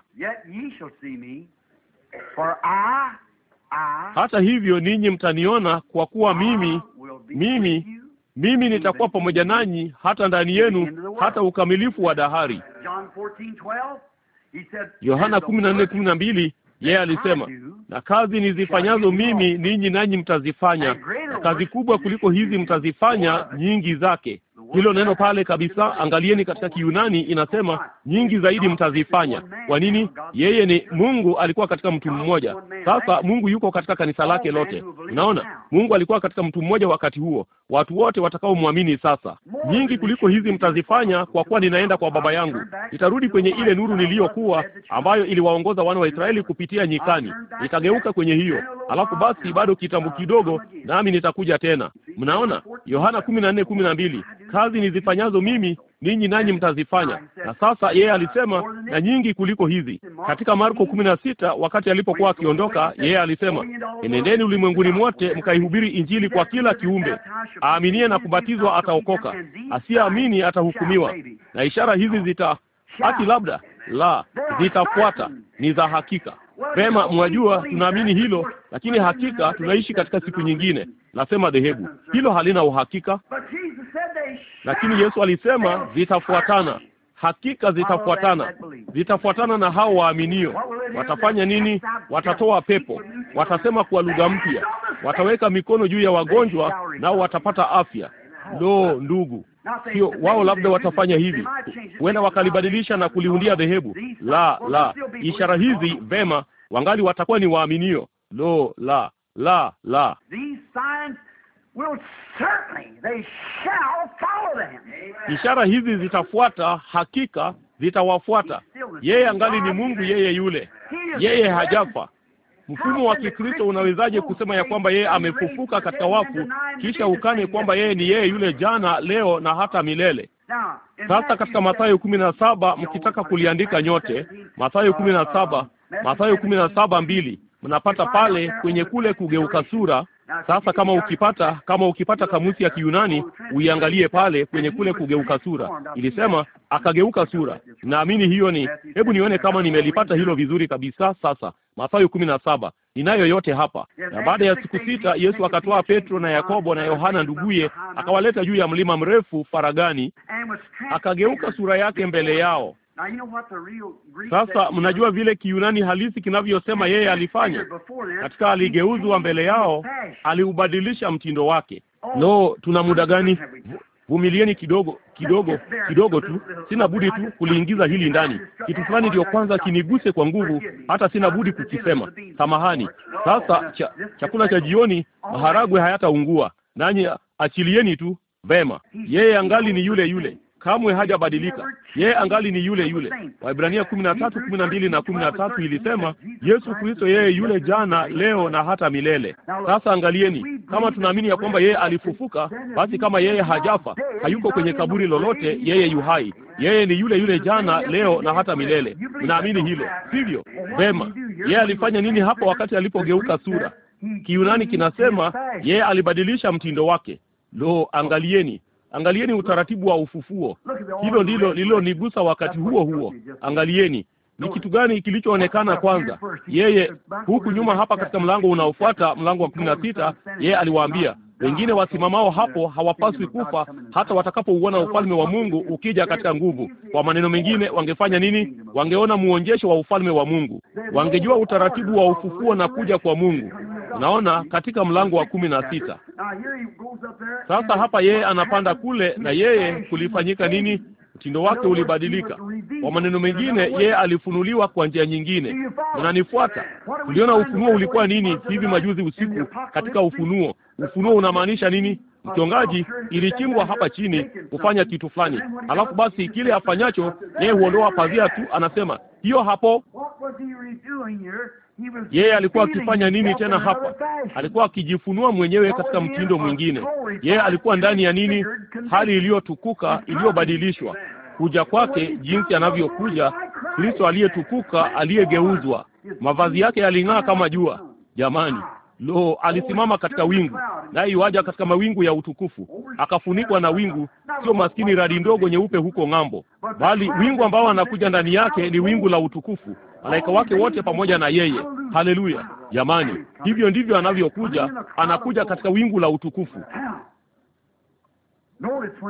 Hata hivyo ninyi mtaniona, kwa kuwa mimi mimi mimi nitakuwa pamoja nanyi hata ndani yenu, hata ukamilifu wa dahari. Yohana kumi na nne kumi na mbili yeye alisema, na kazi nizifanyazo mimi ninyi nanyi mtazifanya, na kazi kubwa kuliko hizi mtazifanya, nyingi zake. Hilo neno pale kabisa, angalieni katika Kiyunani inasema nyingi zaidi mtazifanya. Kwa nini? Yeye ni Mungu, alikuwa katika mtu mmoja. Sasa Mungu yuko katika kanisa lake lote. Unaona, Mungu alikuwa katika mtu mmoja wakati huo, watu wote watakaomwamini. Sasa nyingi kuliko hizi mtazifanya, kwa kuwa ninaenda kwa Baba yangu. Nitarudi kwenye ile nuru niliyokuwa, ambayo iliwaongoza wana wa Israeli kupitia nyikani, nitageuka kwenye hiyo. Alafu basi, bado kitambo kidogo, nami nitakuja tena. Mnaona Yohana kumi na nne kumi na mbili kazi nizifanyazo mimi ninyi nanyi mtazifanya. Na sasa yeye alisema na nyingi kuliko hizi. Katika Marko kumi na sita, wakati alipokuwa akiondoka, yeye alisema enendeni ulimwenguni mwote mkaihubiri Injili kwa kila kiumbe, aaminie na kubatizwa ataokoka, asiyeamini atahukumiwa. Na ishara hizi zita hati labda la zitafuata, ni za hakika. Vema, mwajua tunaamini hilo, lakini hakika tunaishi katika siku nyingine. Nasema dhehebu hilo halina uhakika, lakini Yesu alisema zitafuatana, hakika zitafuatana, zitafuatana na hao waaminio. Watafanya nini? Watatoa pepo, watasema kwa lugha mpya, wataweka mikono juu ya wagonjwa, nao watapata afya. Lo, ndugu Sio wao, labda watafanya hivi, huenda wakalibadilisha na kuliundia dhehebu la la. Ishara hizi vema, wangali watakuwa ni waaminio. Lo la la la Ishara hizi zitafuata, hakika zitawafuata. Yeye angali ni Mungu, yeye yule, yeye hajafa. Mfumo wa Kikristo unawezaje kusema ya kwamba yeye amefufuka katika wafu kisha ukane kwamba yeye ni yeye yule jana, leo na hata milele? Sasa katika Mathayo kumi na saba, mkitaka kuliandika nyote, Mathayo kumi na saba, Mathayo kumi na saba mbili, mnapata pale kwenye kule kugeuka sura sasa kama ukipata kama ukipata kamusi ya Kiyunani uiangalie pale kwenye kule kugeuka sura, ilisema akageuka sura. Naamini hiyo ni, hebu nione kama nimelipata hilo vizuri kabisa. Sasa Mathayo kumi na saba ninayo yote hapa. Na baada ya siku sita Yesu akatoa Petro na Yakobo na Yohana nduguye, akawaleta juu ya mlima mrefu faragani, akageuka sura yake mbele yao, sasa mnajua vile kiunani halisi kinavyosema yeye alifanya katika, aligeuzwa mbele yao, aliubadilisha mtindo wake. Lo, oh, tuna muda gani? Vumilieni kidogo kidogo kidogo tu, sina budi tu kuliingiza hili ndani. Kitu fulani ndio kwanza kiniguse kwa nguvu, hata sina budi kukisema. Samahani. Oh, Sasa cha, chakula cha jioni, maharagwe oh, hayataungua, nanyi achilieni tu. Vema, yeye angali ni yule yule kamwe hajabadilika, yeye angali ni yule yule. Waibrania kumi na tatu kumi na mbili na kumi na tatu ilisema Yesu Kristo yeye yule jana, leo na hata milele. Sasa angalieni, kama tunaamini ya kwamba yeye alifufuka, basi kama yeye hajafa, hayuko kwenye kaburi lolote, yeye yuhai yeye ni yule yule jana leo na hata milele. mnaamini hilo, sivyo? Vema, yeye alifanya nini hapo wakati alipogeuka sura? Kiyunani kinasema yeye alibadilisha mtindo wake. Lo, angalieni, Angalieni utaratibu wa ufufuo. Hilo ndilo lililonigusa wakati huo huo. Angalieni ni kitu gani kilichoonekana kwanza. Yeye huku nyuma hapa katika mlango unaofuata, mlango wa kumi na sita, yeye aliwaambia wengine wasimamao hapo hawapaswi kufa hata watakapouona ufalme wa Mungu ukija katika nguvu. Kwa maneno mengine, wangefanya nini? Wangeona muonjesho wa ufalme wa Mungu, wangejua utaratibu wa ufufuo na kuja kwa Mungu. Naona katika mlango wa kumi na sita. Sasa hapa yeye anapanda kule, na yeye kulifanyika nini? Mtindo wake ulibadilika. Kwa maneno mengine, yeye alifunuliwa kwa njia nyingine. Unanifuata? Uliona ufunuo ulikuwa nini hivi majuzi usiku? Katika ufunuo, ufunuo unamaanisha nini? Mchongaji ilichimbwa hapa chini kufanya kitu fulani, alafu basi kile afanyacho yeye huondoa pazia tu, anasema hiyo hapo yeye alikuwa akifanya nini tena hapa? Alikuwa akijifunua mwenyewe katika mtindo mwingine. Yeye alikuwa ndani ya nini? Hali iliyotukuka iliyobadilishwa, kuja kwake, jinsi anavyokuja Kristo aliyetukuka aliyegeuzwa. Mavazi yake yaling'aa kama jua. Jamani, lo, alisimama katika wingu, naye iwaja katika mawingu ya utukufu, akafunikwa na wingu, sio maskini radi ndogo nyeupe huko ng'ambo, bali wingu ambao anakuja ndani yake ni wingu la utukufu malaika wake wote pamoja na yeye. Haleluya jamani, hivyo ndivyo anavyokuja. Anakuja katika wingu la utukufu.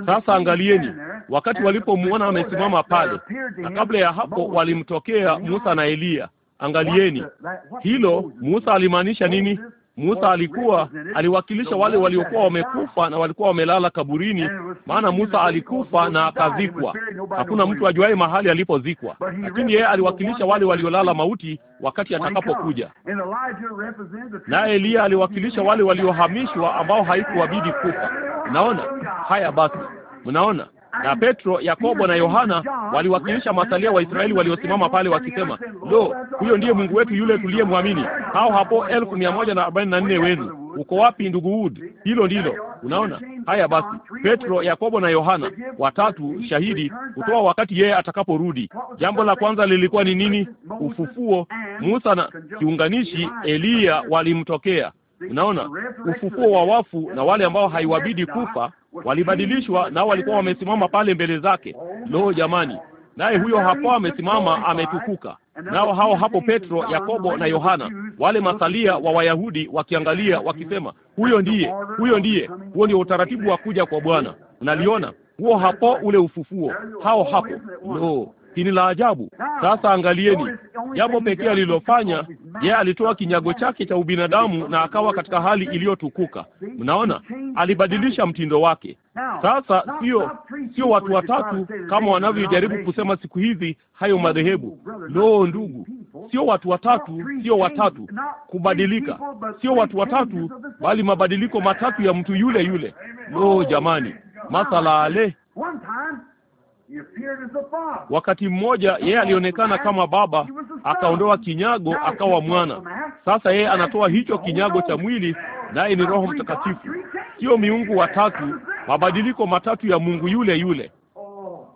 Sasa angalieni, wakati walipomwona amesimama pale, na kabla ya hapo walimtokea Musa na Eliya. Angalieni hilo, Musa alimaanisha nini? Musa alikuwa aliwakilisha wale waliokuwa wamekufa na walikuwa wamelala kaburini, maana Musa alikufa na akazikwa. Hakuna mtu ajuaye mahali alipozikwa, lakini yeye aliwakilisha wale waliolala mauti wakati atakapokuja. Naye Eliya aliwakilisha wale waliohamishwa, ambao haikuwabidi kufa. naona haya? Basi mnaona na Petro, Yakobo na Yohana waliwakilisha masalia wa Israeli waliosimama pale wakisema, lo, huyo ndiye Mungu wetu yule tuliyemwamini. Hao hapo elfu mia moja na arobaini na nne wenu Uko wapi ndugu Wood? Hilo ndilo unaona. Haya basi, Petro, Yakobo na Yohana watatu shahidi kutoa wakati yeye atakaporudi. Jambo la kwanza lilikuwa ni nini? Ufufuo. Musa na kiunganishi Eliya walimtokea Unaona, ufufuo wa wafu na wale ambao haiwabidi kufa walibadilishwa, nao walikuwa wamesimama pale mbele zake. Lo, jamani! Naye huyo hapo amesimama ametukuka. Nao hao hapo Petro, Yakobo na Yohana, wale masalia wa Wayahudi, wakiangalia wakisema, huyo ndiye, huyo ndiye. Huo ndio utaratibu wa kuja kwa Bwana. Unaliona huo hapo, ule ufufuo, hao hapo. Lo, ni la ajabu sasa, angalieni jambo pekee alilofanya yeye, alitoa kinyago chake cha ubinadamu na akawa katika hali iliyotukuka. Mnaona, alibadilisha mtindo wake. Sasa sio sio watu watatu kama wanavyojaribu kusema siku hizi hayo madhehebu. Loo ndugu, sio watu watatu, sio watatu kubadilika, sio watu watatu, bali mabadiliko matatu ya mtu yule yule. Loo jamani, masala ale Wakati mmoja yeye alionekana kama Baba, akaondoa kinyago akawa mwana. Sasa yeye anatoa hicho kinyago cha mwili, naye ni Roho Mtakatifu, sio miungu watatu, mabadiliko matatu ya Mungu yule yule. Oh.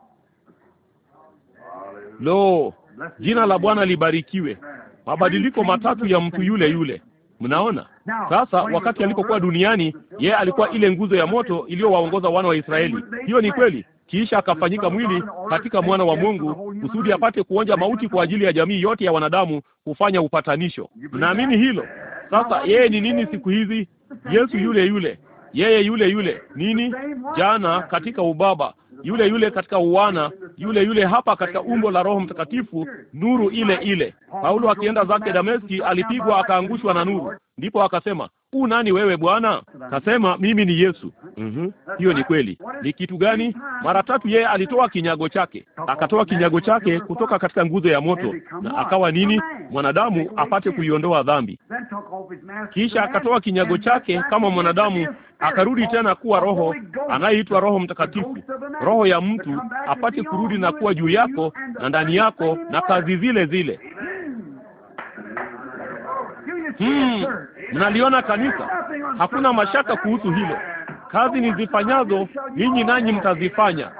Lo, jina la Bwana libarikiwe! Mabadiliko matatu ya mtu yule yule. Mnaona sasa, wakati alipokuwa duniani, yeye alikuwa ile nguzo ya moto iliyowaongoza wana wa Israeli. Hiyo ni kweli, kisha akafanyika mwili katika mwana wa Mungu kusudi apate kuonja mauti kwa ajili ya jamii yote ya wanadamu, kufanya upatanisho. Mnaamini hilo? Sasa yeye ni nini siku hizi? Yesu yule yule, yeye yule yule nini? Jana katika ubaba, yule yule katika uwana, yule yule hapa katika umbo la Roho Mtakatifu, nuru ile ile. Paulo akienda zake Dameski alipigwa akaangushwa na nuru. Ndipo akasema u nani wewe Bwana? Kasema mimi ni Yesu. Mm-hmm. Hiyo ni kweli. Ni kitu gani? Mara tatu yeye alitoa kinyago chake, akatoa kinyago chake kutoka katika nguzo ya moto, na akawa nini? Mwanadamu apate kuiondoa dhambi. Kisha akatoa kinyago chake kama mwanadamu, akarudi tena kuwa roho anayeitwa Roho Mtakatifu, roho ya mtu apate kurudi na kuwa juu yako na ndani yako na kazi zile zile Hmm, mnaliona kanisa, hakuna mashaka kuhusu hilo. Kazi nizifanyazo ninyi nanyi mtazifanya,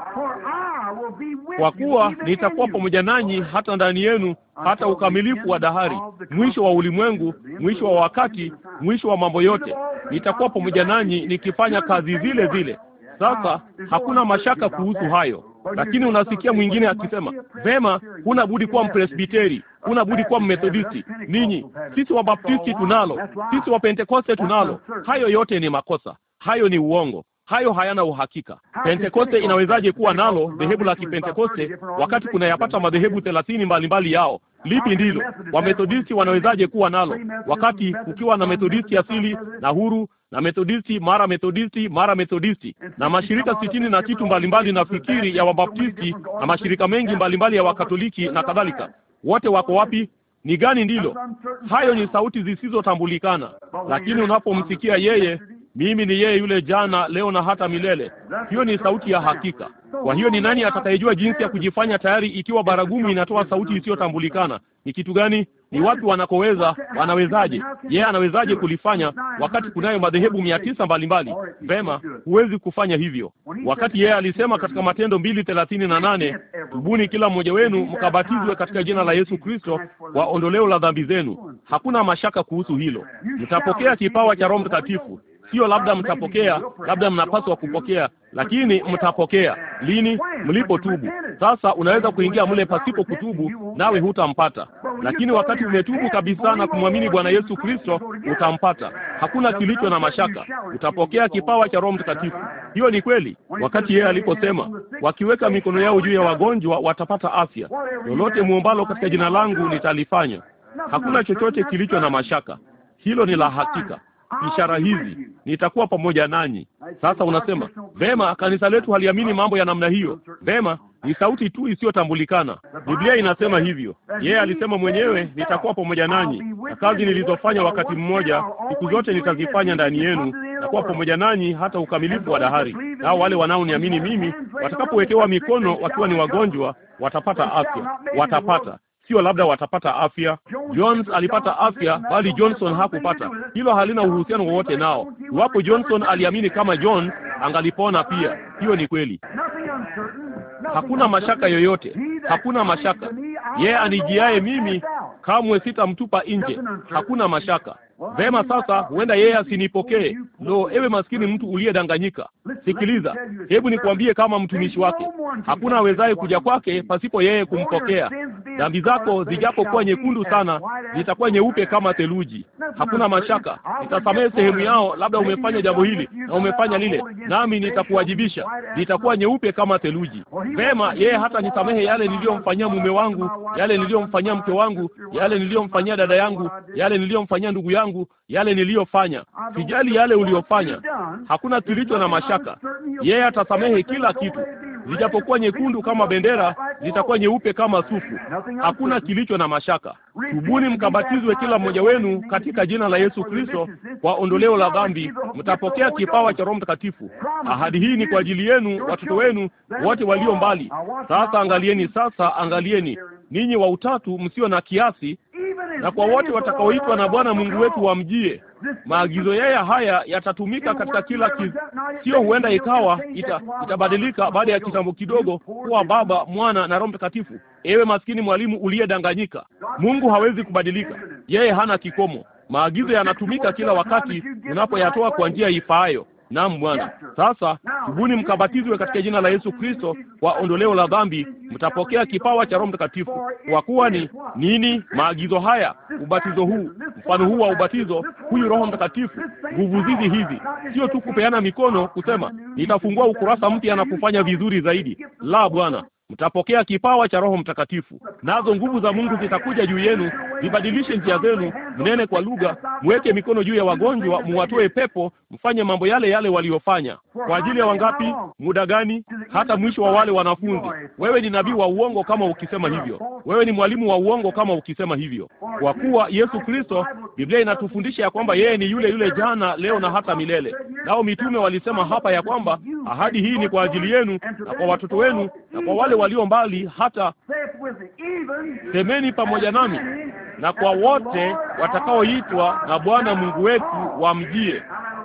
kwa kuwa nitakuwa pamoja nanyi hata ndani yenu, hata ukamilifu wa dahari, mwisho wa ulimwengu, mwisho wa wakati, mwisho wa mambo yote. Nitakuwa pamoja nanyi nikifanya kazi zile zile. Sasa hakuna mashaka kuhusu hayo lakini unasikia mwingine akisema vema, huna budi kuwa Mpresbiteri, huna budi kuwa Mmethodisti, ninyi sisi Wabaptisti tunalo, sisi Wapentekoste tunalo. Hayo yote ni makosa, hayo ni uongo hayo hayana uhakika. Pentekoste inawezaje kuwa nalo dhehebu la Kipentekoste wakati kunayapata madhehebu thelathini mbalimbali yao? Lipi ndilo? Wamethodisti wanawezaje kuwa nalo wakati kukiwa na Methodisti asili na huru na Methodisti mara Methodisti mara Methodisti na mashirika sitini na kitu mbalimbali na fikiri ya Wabaptisti na mashirika mengi mbalimbali ya Wakatoliki na kadhalika, wote wako wapi? Ni gani ndilo? Hayo ni sauti zisizotambulikana, lakini unapomsikia yeye mimi ni yeye yule jana, leo na hata milele. Hiyo ni sauti ya hakika. Kwa hiyo ni nani atakayejua jinsi ya kujifanya tayari ikiwa baragumu inatoa sauti isiyotambulikana? Ni kitu gani? Ni watu wanakoweza? Wanawezaje? Yeye anawezaje kulifanya wakati kunayo madhehebu mia tisa mbalimbali? Vema, huwezi kufanya hivyo. Wakati yeye alisema katika Matendo mbili thelathini na nane tubuni kila mmoja wenu mkabatizwe katika jina la Yesu Kristo kwa ondoleo la dhambi zenu, hakuna mashaka kuhusu hilo. Mtapokea kipawa cha Roho Mtakatifu sio labda mtapokea, labda mnapaswa kupokea, lakini mtapokea lini? Mlipotubu. Sasa unaweza kuingia mle pasipo kutubu, nawe hutampata, lakini wakati umetubu kabisa na kumwamini Bwana Yesu Kristo utampata. Hakuna kilicho na mashaka, utapokea kipawa cha Roho Mtakatifu. Hiyo ni kweli, wakati yeye aliposema, wakiweka mikono yao juu ya wagonjwa watapata afya, lolote muombalo katika jina langu nitalifanya. Hakuna chochote kilicho na mashaka, hilo ni la hakika ishara ah, hizi, nitakuwa pamoja nanyi. Sasa unasema vema, kanisa letu haliamini mambo ya namna hiyo. Vema, ni sauti tu isiyotambulikana. Biblia inasema hivyo. Yeye alisema mwenyewe, nitakuwa pamoja nanyi, na kazi nilizofanya wakati mmoja, siku zote nitazifanya ndani yenu, nakuwa pamoja nanyi hata ukamilifu wa dahari. Nao wale wanaoniamini mimi, watakapowekewa mikono wakiwa ni wagonjwa, watapata afya, watapata sio labda watapata afya. Jones alipata afya, bali Johnson hakupata. Hilo halina uhusiano wowote nao. Iwapo Johnson aliamini kama John, angalipona pia. Hiyo ni kweli, hakuna mashaka yoyote, hakuna mashaka. Yeye anijiaye mimi, kamwe sitamtupa nje, hakuna mashaka. Vema, sasa huenda yeye asinipokee. Lo, ewe maskini mtu uliyedanganyika! Sikiliza, hebu nikwambie kama mtumishi wake, hakuna awezaye kuja kwake pasipo yeye kumpokea. Dhambi zako zijapokuwa nyekundu sana, zitakuwa nyeupe kama theluji. Hakuna mashaka, nitasamehe sehemu yao. Labda umefanya jambo hili na umefanya lile, nami nitakuwajibisha. Zitakuwa nyeupe kama theluji. Vema, yeye hata nisamehe yale niliyomfanyia mume wangu, yale niliyomfanyia mke wangu, yale niliyomfanyia dada yangu, yale niliyomfanyia ndugu yangu yangu yale niliyofanya, sijali yale uliyofanya, hakuna kilicho na mashaka. Yeye atasamehe kila kitu, zijapokuwa nyekundu kama bendera, zitakuwa nyeupe kama sufu. Hakuna kilicho na mashaka. Tubuni mkabatizwe kila mmoja wenu katika jina la Yesu Kristo kwa ondoleo la dhambi, mtapokea kipawa cha Roho Mtakatifu. Ahadi hii ni kwa ajili yenu, watoto wenu wote walio mbali. Sasa angalieni, sasa angalieni, ninyi wa utatu msio na kiasi na kwa wote watakaoitwa na Bwana Mungu wetu wamjie. Maagizo yaya haya yatatumika katika kila kitu, sio, huenda ikawa ita, itabadilika baada ya kitambo kidogo kuwa Baba, Mwana na Roho Mtakatifu. Ewe maskini mwalimu uliyedanganyika, Mungu hawezi kubadilika, yeye hana kikomo. Maagizo yanatumika kila wakati unapoyatoa kwa njia ifaayo. Naam Bwana. Sasa tubuni mkabatizwe katika jina la Yesu Kristo kwa ondoleo la dhambi, mtapokea kipawa cha Roho Mtakatifu. Kwa kuwa ni nini maagizo haya, ubatizo huu, mfano huu wa ubatizo, huyu Roho Mtakatifu, nguvu zizi hizi, sio tu kupeana mikono kusema nitafungua ukurasa mpya na kufanya vizuri zaidi. La Bwana, mtapokea kipawa cha Roho Mtakatifu, nazo nguvu za Mungu zitakuja juu yenu, zibadilishe njia zenu, mnene kwa lugha, mweke mikono juu ya wagonjwa, muwatoe pepo, mfanye mambo yale yale waliyofanya. Kwa ajili ya wangapi? Muda gani? Hata mwisho wa wale wanafunzi. Wewe ni nabii wa uongo kama ukisema hivyo, wewe ni mwalimu wa uongo kama ukisema hivyo, kwa kuwa Yesu Kristo, Biblia inatufundisha ya kwamba yeye ni yule yule jana, leo na hata milele. Nao mitume walisema hapa ya kwamba ahadi hii ni kwa ajili yenu na kwa watoto wenu na kwa wale walio mbali hata semeni pamoja nami na kwa wote watakaoitwa na Bwana Mungu wetu wamjie.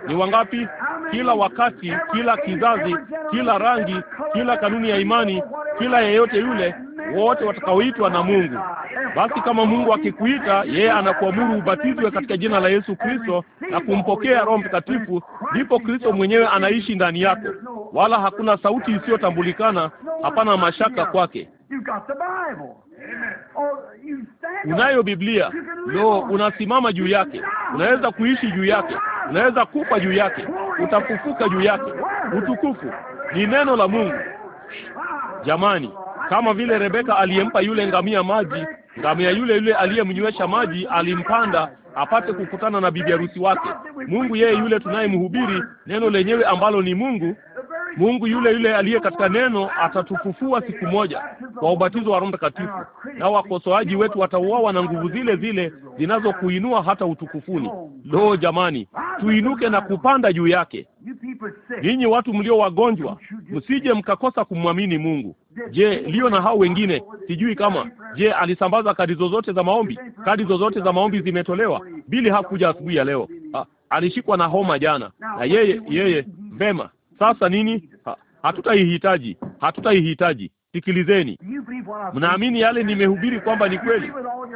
Ni wangapi? Kila wakati, kila kizazi, kila rangi, kila kanuni ya imani, kila yeyote yule, wote watakaoitwa na Mungu. Basi kama Mungu akikuita, yeye anakuamuru ubatizwe katika jina la Yesu Kristo na kumpokea Roho Mtakatifu, ndipo Kristo mwenyewe anaishi ndani yako, wala hakuna sauti isiyotambulikana, hapana mash shaka kwake. Oh, Unayo Biblia. Lo, unasimama juu yake, unaweza kuishi juu yake, unaweza kufa juu yake, utafufuka juu yake. Utukufu ni neno la Mungu. Ah. Jamani, kama vile Rebeka aliyempa yule ngamia maji, ngamia yule yule aliyemnywesha maji alimpanda apate kukutana na bibi harusi wake. Mungu yeye yule tunayemhubiri neno lenyewe ambalo ni Mungu Mungu yule yule aliye katika neno atatufufua siku moja kwa ubatizo wa Roho Mtakatifu, na wakosoaji wetu watauawa na nguvu zile zile zinazokuinua hata utukufuni. Lo, jamani, tuinuke na kupanda juu yake. Ninyi watu mlio wagonjwa, msije mkakosa kumwamini Mungu. Je, lio na hao wengine, sijui kama je, alisambaza kadi zozote za maombi? Kadi zozote za maombi zimetolewa. Bili hakuja asubuhi ya leo. Ha, ah, alishikwa na homa jana, na yeye yeye vema sasa nini? hatutaihitaji, hatutaihitaji. Sikilizeni, mnaamini yale nimehubiri kwamba ni kweli?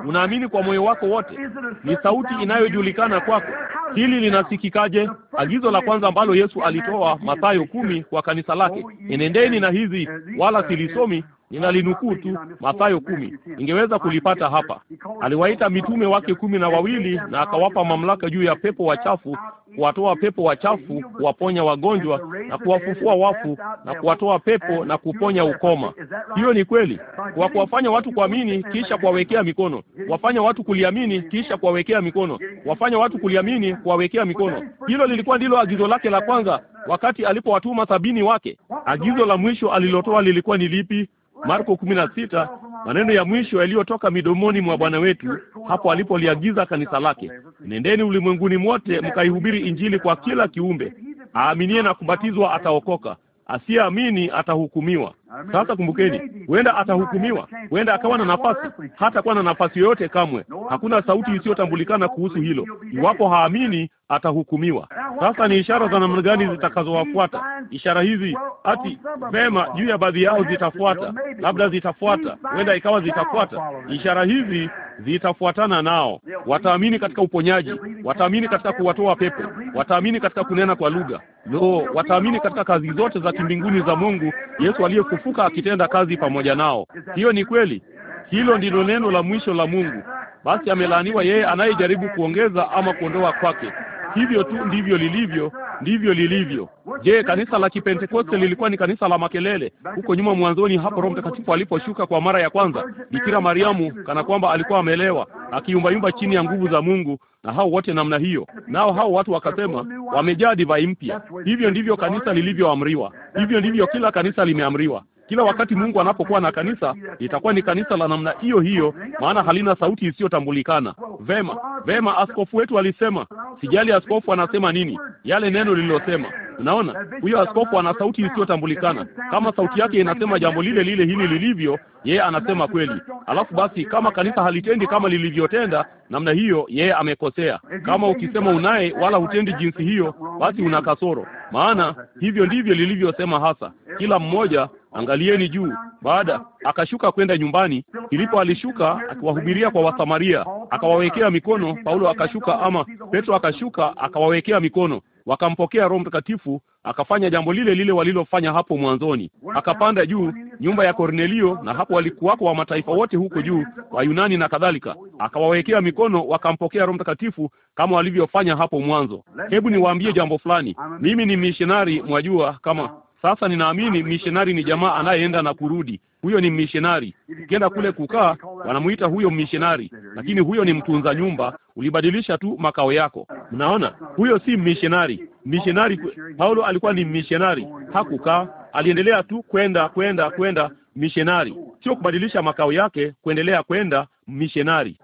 Unaamini kwa moyo wako wote? Ni sauti inayojulikana kwako. Hili linasikikaje? Agizo la kwanza ambalo Yesu alitoa Mathayo kumi kwa kanisa lake, enendeni na hizi, wala silisomi ninalinukuu tu, Mathayo kumi. Ningeweza kulipata hapa. Aliwaita mitume wake kumi na wawili na akawapa mamlaka juu ya pepo wachafu, kuwatoa pepo wachafu, kuwaponya wagonjwa na kuwafufua wafu na kuwatoa pepo na kuponya ukoma. Hiyo ni kweli, kwa kuwafanya watu kuamini kisha kuwawekea mikono, wafanya watu kuliamini kisha kuwawekea mikono, wafanya watu kuliamini, kuwawekea mikono. Hilo lilikuwa ndilo agizo lake la kwanza wakati alipowatuma sabini wake. Agizo la mwisho alilotoa lilikuwa ni lipi? Marko kumi na sita, maneno ya mwisho yaliyotoka midomoni mwa Bwana wetu hapo alipoliagiza kanisa lake, nendeni ulimwenguni mwote mkaihubiri Injili kwa kila kiumbe, aaminie na kubatizwa ataokoka, asiyeamini atahukumiwa. Sasa kumbukeni, huenda atahukumiwa, huenda akawa na nafasi, hata hatakuwa na nafasi yoyote kamwe. Hakuna sauti isiyotambulikana kuhusu hilo. Iwapo haamini, atahukumiwa. Sasa ni ishara za namna gani zitakazowafuata? Ishara hizi ati mema juu ya baadhi yao zitafuata, labda zitafuata, huenda ikawa zitafuata. Ishara hizi zitafuatana nao, wataamini katika uponyaji, wataamini katika kuwatoa pepo, wataamini katika kunena kwa lugha, lo, wataamini katika kazi zote za kimbinguni za Mungu Yesu aliyeku kufufuka akitenda kazi pamoja nao. Hiyo ni kweli. Hilo ndilo neno la mwisho la Mungu. Basi amelaaniwa yeye anayejaribu kuongeza ama kuondoa kwake. Hivyo tu ndivyo lilivyo, ndivyo lilivyo. Je, kanisa la Kipentekoste lilikuwa ni kanisa la makelele huko nyuma mwanzoni, hapo Roho Mtakatifu aliposhuka kwa mara ya kwanza? Bikira Mariamu kana kwamba alikuwa amelewa, akiyumbayumba chini ya nguvu za Mungu, na hao wote namna hiyo, nao hao watu wakasema wamejaa divai mpya. Hivyo ndivyo kanisa lilivyoamriwa, hivyo ndivyo kila kanisa limeamriwa. Kila wakati Mungu anapokuwa na kanisa, itakuwa ni kanisa la namna hiyo hiyo, maana halina sauti isiyotambulikana. Vema, vema, askofu wetu alisema, sijali askofu anasema nini, yale neno lililosema. Unaona, huyo askofu ana sauti isiyotambulikana. Kama sauti yake inasema jambo lile lile hili lilivyo, yeye anasema kweli. Alafu basi, kama kanisa halitendi kama lilivyotenda namna hiyo, yeye amekosea. Kama ukisema unaye wala hutendi jinsi hiyo, basi una kasoro. Maana hivyo ndivyo lilivyosema hasa, kila mmoja angalieni juu. Baada akashuka kwenda nyumbani. Filipo alishuka akiwahubiria kwa Wasamaria, akawawekea mikono. Paulo akashuka, ama Petro akashuka, akawawekea mikono wakampokea Roho Mtakatifu, akafanya jambo lile lile walilofanya hapo mwanzoni. Akapanda juu nyumba ya Kornelio, na hapo walikuwako wa mataifa wote huko juu, wa Yunani na kadhalika, akawawekea mikono, wakampokea Roho Mtakatifu kama walivyofanya hapo mwanzo. Hebu niwaambie jambo fulani, mimi ni mishonari, mwajua kama sasa ninaamini mishonari ni jamaa anayeenda na kurudi. Huyo ni mishonari Ukienda kule kukaa, wanamuita huyo mishonari lakini huyo ni mtunza nyumba, ulibadilisha tu makao yako. Mnaona, huyo si mishonari Missionari Paulo alikuwa ni mishonari hakukaa, aliendelea tu kwenda kwenda kwenda, mishonari sio kubadilisha makao yake, kuendelea kwenda mishonari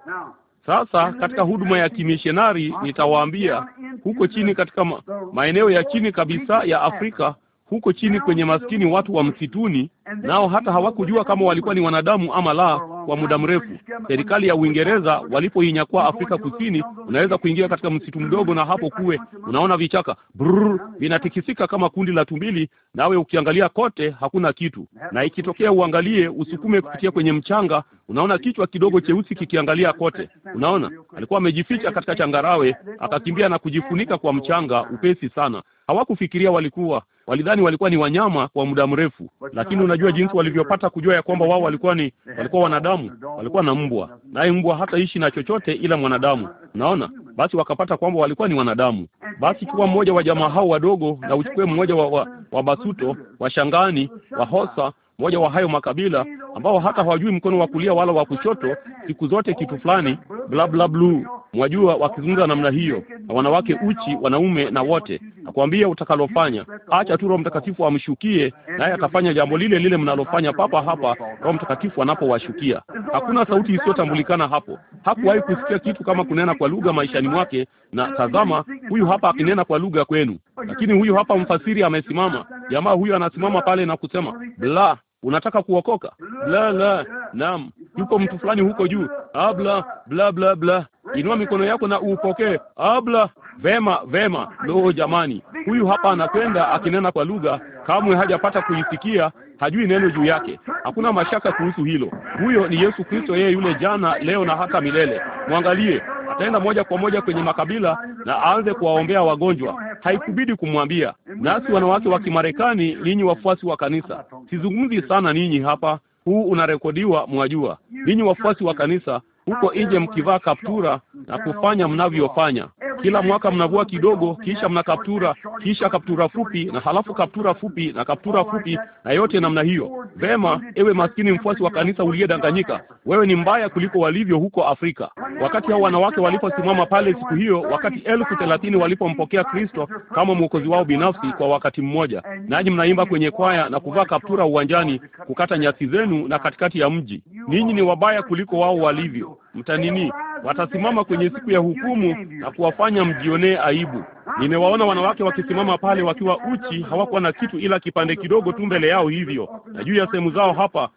Sasa katika huduma ya kimishonari nitawaambia, huko chini katika ma maeneo ya chini kabisa ya Afrika huko chini kwenye maskini watu wa msituni, nao hata hawakujua kama walikuwa ni wanadamu ama la kwa muda mrefu. Serikali ya Uingereza walipoinyakua Afrika Kusini, unaweza kuingia katika msitu mdogo na hapo kuwe unaona vichaka brrr, vinatikisika kama kundi la tumbili, nawe ukiangalia kote hakuna kitu, na ikitokea uangalie, usukume kupitia kwenye mchanga, unaona kichwa kidogo cheusi kikiangalia kote. Unaona, alikuwa amejificha katika changarawe, akakimbia na kujifunika kwa mchanga upesi sana. Hawakufikiria walikuwa walidhani walikuwa ni wanyama kwa muda mrefu, lakini unajua jinsi walivyopata kujua ya kwamba wao walikuwa ni walikuwa wanadamu, walikuwa na mbwa, naye mbwa hataishi na chochote ila mwanadamu. Naona basi wakapata kwamba walikuwa ni wanadamu. Basi chukua mmoja wa jamaa hao wadogo na uchukue mmoja wa, wa, wa Basuto, wa Shangani, wa Hosa moja wa hayo makabila ambao hata hawajui mkono wa kulia wala wa kushoto, siku zote kitu fulani bla bla blu, mwajua, wakizungumza namna hiyo, na wanawake uchi, wanaume na wote. Nakwambia utakalofanya, acha tu Roho Mtakatifu amshukie, naye atafanya jambo lile lile mnalofanya papa hapa Roho Mtakatifu anapowashukia. Hakuna sauti isiyotambulikana hapo. Hakuwahi kusikia kitu kama kunena kwa lugha maishani mwake, na tazama, huyu hapa akinena kwa lugha kwenu. Lakini huyu hapa mfasiri amesimama, jamaa huyu anasimama pale na kusema bla, unataka kuokoka? Bla la, naam, yuko mtu fulani huko juu, abla ah, bla bla bla, inua mikono yako na upokee abla. Ah, vema, vema. Lo, jamani, huyu hapa anakwenda akinena kwa lugha, kamwe hajapata kuisikia, hajui neno juu yake. Hakuna mashaka kuhusu hilo. Huyo ni Yesu Kristo, yeye yule jana, leo na hata milele. Mwangalie, ataenda moja kwa moja kwenye makabila na aanze kuwaombea wagonjwa. Haikubidi kumwambia. Nasi wanawake wa Kimarekani, ninyi wafuasi wa kanisa, sizungumzi sana ninyi hapa, huu unarekodiwa, mwajua. Ninyi wafuasi wa kanisa, huko nje mkivaa kaptura na kufanya mnavyofanya. Kila mwaka mnavua kidogo, kisha mna kaptura, kisha kaptura fupi, na halafu kaptura fupi na kaptura fupi, na yote namna hiyo. Vema, ewe maskini mfuasi wa kanisa uliyedanganyika, wewe ni mbaya kuliko walivyo huko Afrika. Wakati hao wanawake waliposimama pale siku hiyo, wakati elfu thelathini walipompokea Kristo kama mwokozi wao binafsi kwa wakati mmoja, nanyi mnaimba kwenye kwaya na kuvaa kaptura uwanjani, kukata nyasi zenu na katikati ya mji, ninyi ni wabaya kuliko wao walivyo mtanini, watasimama kwenye siku ya hukumu na kuwafanya mjionee aibu. Nimewaona wanawake wakisimama pale wakiwa uchi, hawakuwa na kitu ila kipande kidogo tu mbele yao hivyo, na juu ya sehemu zao hapa,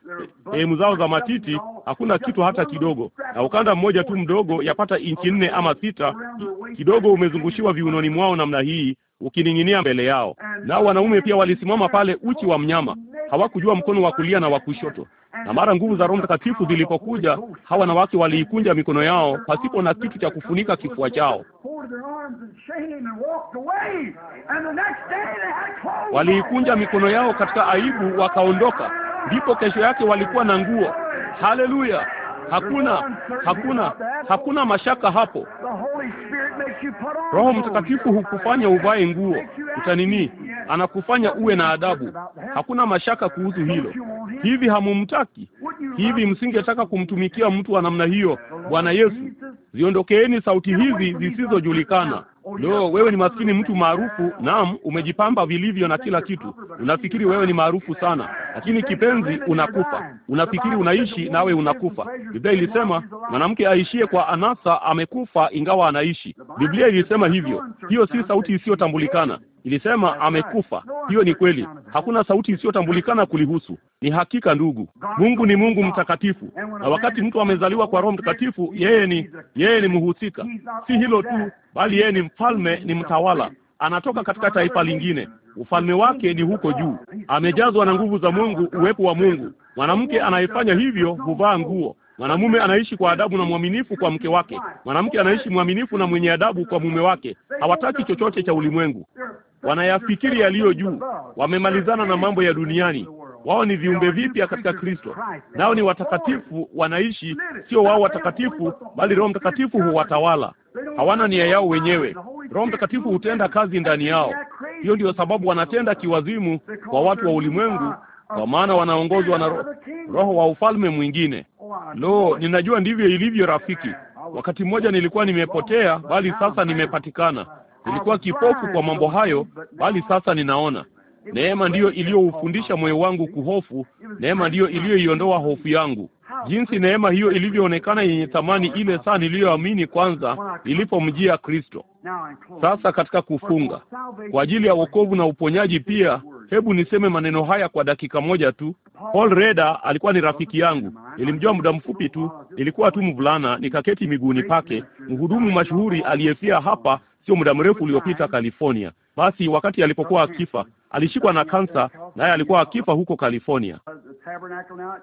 sehemu zao za matiti, hakuna kitu hata kidogo, na ukanda mmoja tu mdogo, yapata inchi nne ama sita, kidogo umezungushiwa viunoni mwao namna hii ukining'inia mbele yao. Nao wanaume pia walisimama pale uchi wa mnyama, hawakujua mkono wa kulia na wa kushoto. Na mara nguvu za Roho Mtakatifu zilipokuja, hawa wanawake waliikunja mikono yao pasipo na kitu cha kufunika kifua chao, waliikunja mikono yao katika aibu, wakaondoka. Ndipo kesho yake walikuwa na nguo. Haleluya! Hakuna, hakuna, hakuna mashaka hapo. Roho Mtakatifu hukufanya uvae nguo utanini, anakufanya uwe na adabu. Hakuna mashaka kuhusu hilo. Hivi hamumtaki? Hivi msingetaka kumtumikia mtu wa namna hiyo? Bwana Yesu, ziondokeeni sauti hizi zisizojulikana. Lo, wewe ni maskini, mtu maarufu. Naam, umejipamba vilivyo na kila kitu, unafikiri wewe ni maarufu sana, lakini kipenzi, unakufa. Unafikiri unaishi nawe unakufa. Biblia ilisema mwanamke aishie kwa anasa amekufa ingawa anaishi. Biblia ilisema hivyo. Hiyo si sauti isiyotambulikana. Ilisema amekufa. Hiyo ni kweli, hakuna sauti isiyotambulikana kulihusu. Ni hakika, ndugu, Mungu ni Mungu mtakatifu, na wakati mtu amezaliwa kwa Roho Mtakatifu, yeye ni yeye ni mhusika. Si hilo tu, bali yeye ni mfalme, ni mtawala, anatoka katika taifa lingine. Ufalme wake ni huko juu, amejazwa na nguvu za Mungu, uwepo wa Mungu. Mwanamke anayefanya hivyo huvaa nguo Mwanamume anaishi kwa adabu na mwaminifu kwa mke wake. Mwanamke anaishi mwaminifu na mwenye adabu kwa mume wake. Hawataki chochote cha ulimwengu, wanayafikiri yaliyo juu. Wamemalizana na mambo ya duniani. Wao ni viumbe vipya katika Kristo, nao ni watakatifu, wanaishi sio wao watakatifu, bali Roho Mtakatifu huwatawala. Hawana nia yao wenyewe. Roho Mtakatifu hutenda kazi ndani yao. Hiyo ndio sababu wanatenda kiwazimu kwa watu wa ulimwengu, kwa maana wanaongozwa na roho, roho wa ufalme mwingine. Lo, ninajua ndivyo ilivyo rafiki. Wakati mmoja nilikuwa nimepotea, bali sasa nimepatikana. Nilikuwa kipofu kwa mambo hayo, bali sasa ninaona. Neema ndiyo iliyoufundisha moyo wangu kuhofu, neema ndiyo iliyoiondoa hofu yangu. Jinsi neema hiyo ilivyoonekana yenye thamani ile saa niliyoamini kwanza ilipomjia Kristo. Sasa katika kufunga kwa ajili ya wokovu na uponyaji pia Hebu niseme maneno haya kwa dakika moja tu. Paul Reda alikuwa ni rafiki yangu, nilimjua muda mfupi tu, nilikuwa tu mvulana, nikaketi miguuni pake, mhudumu mashuhuri aliyefia hapa sio muda mrefu uliopita California. Basi wakati alipokuwa akifa, alishikwa na kansa, naye alikuwa akifa huko California,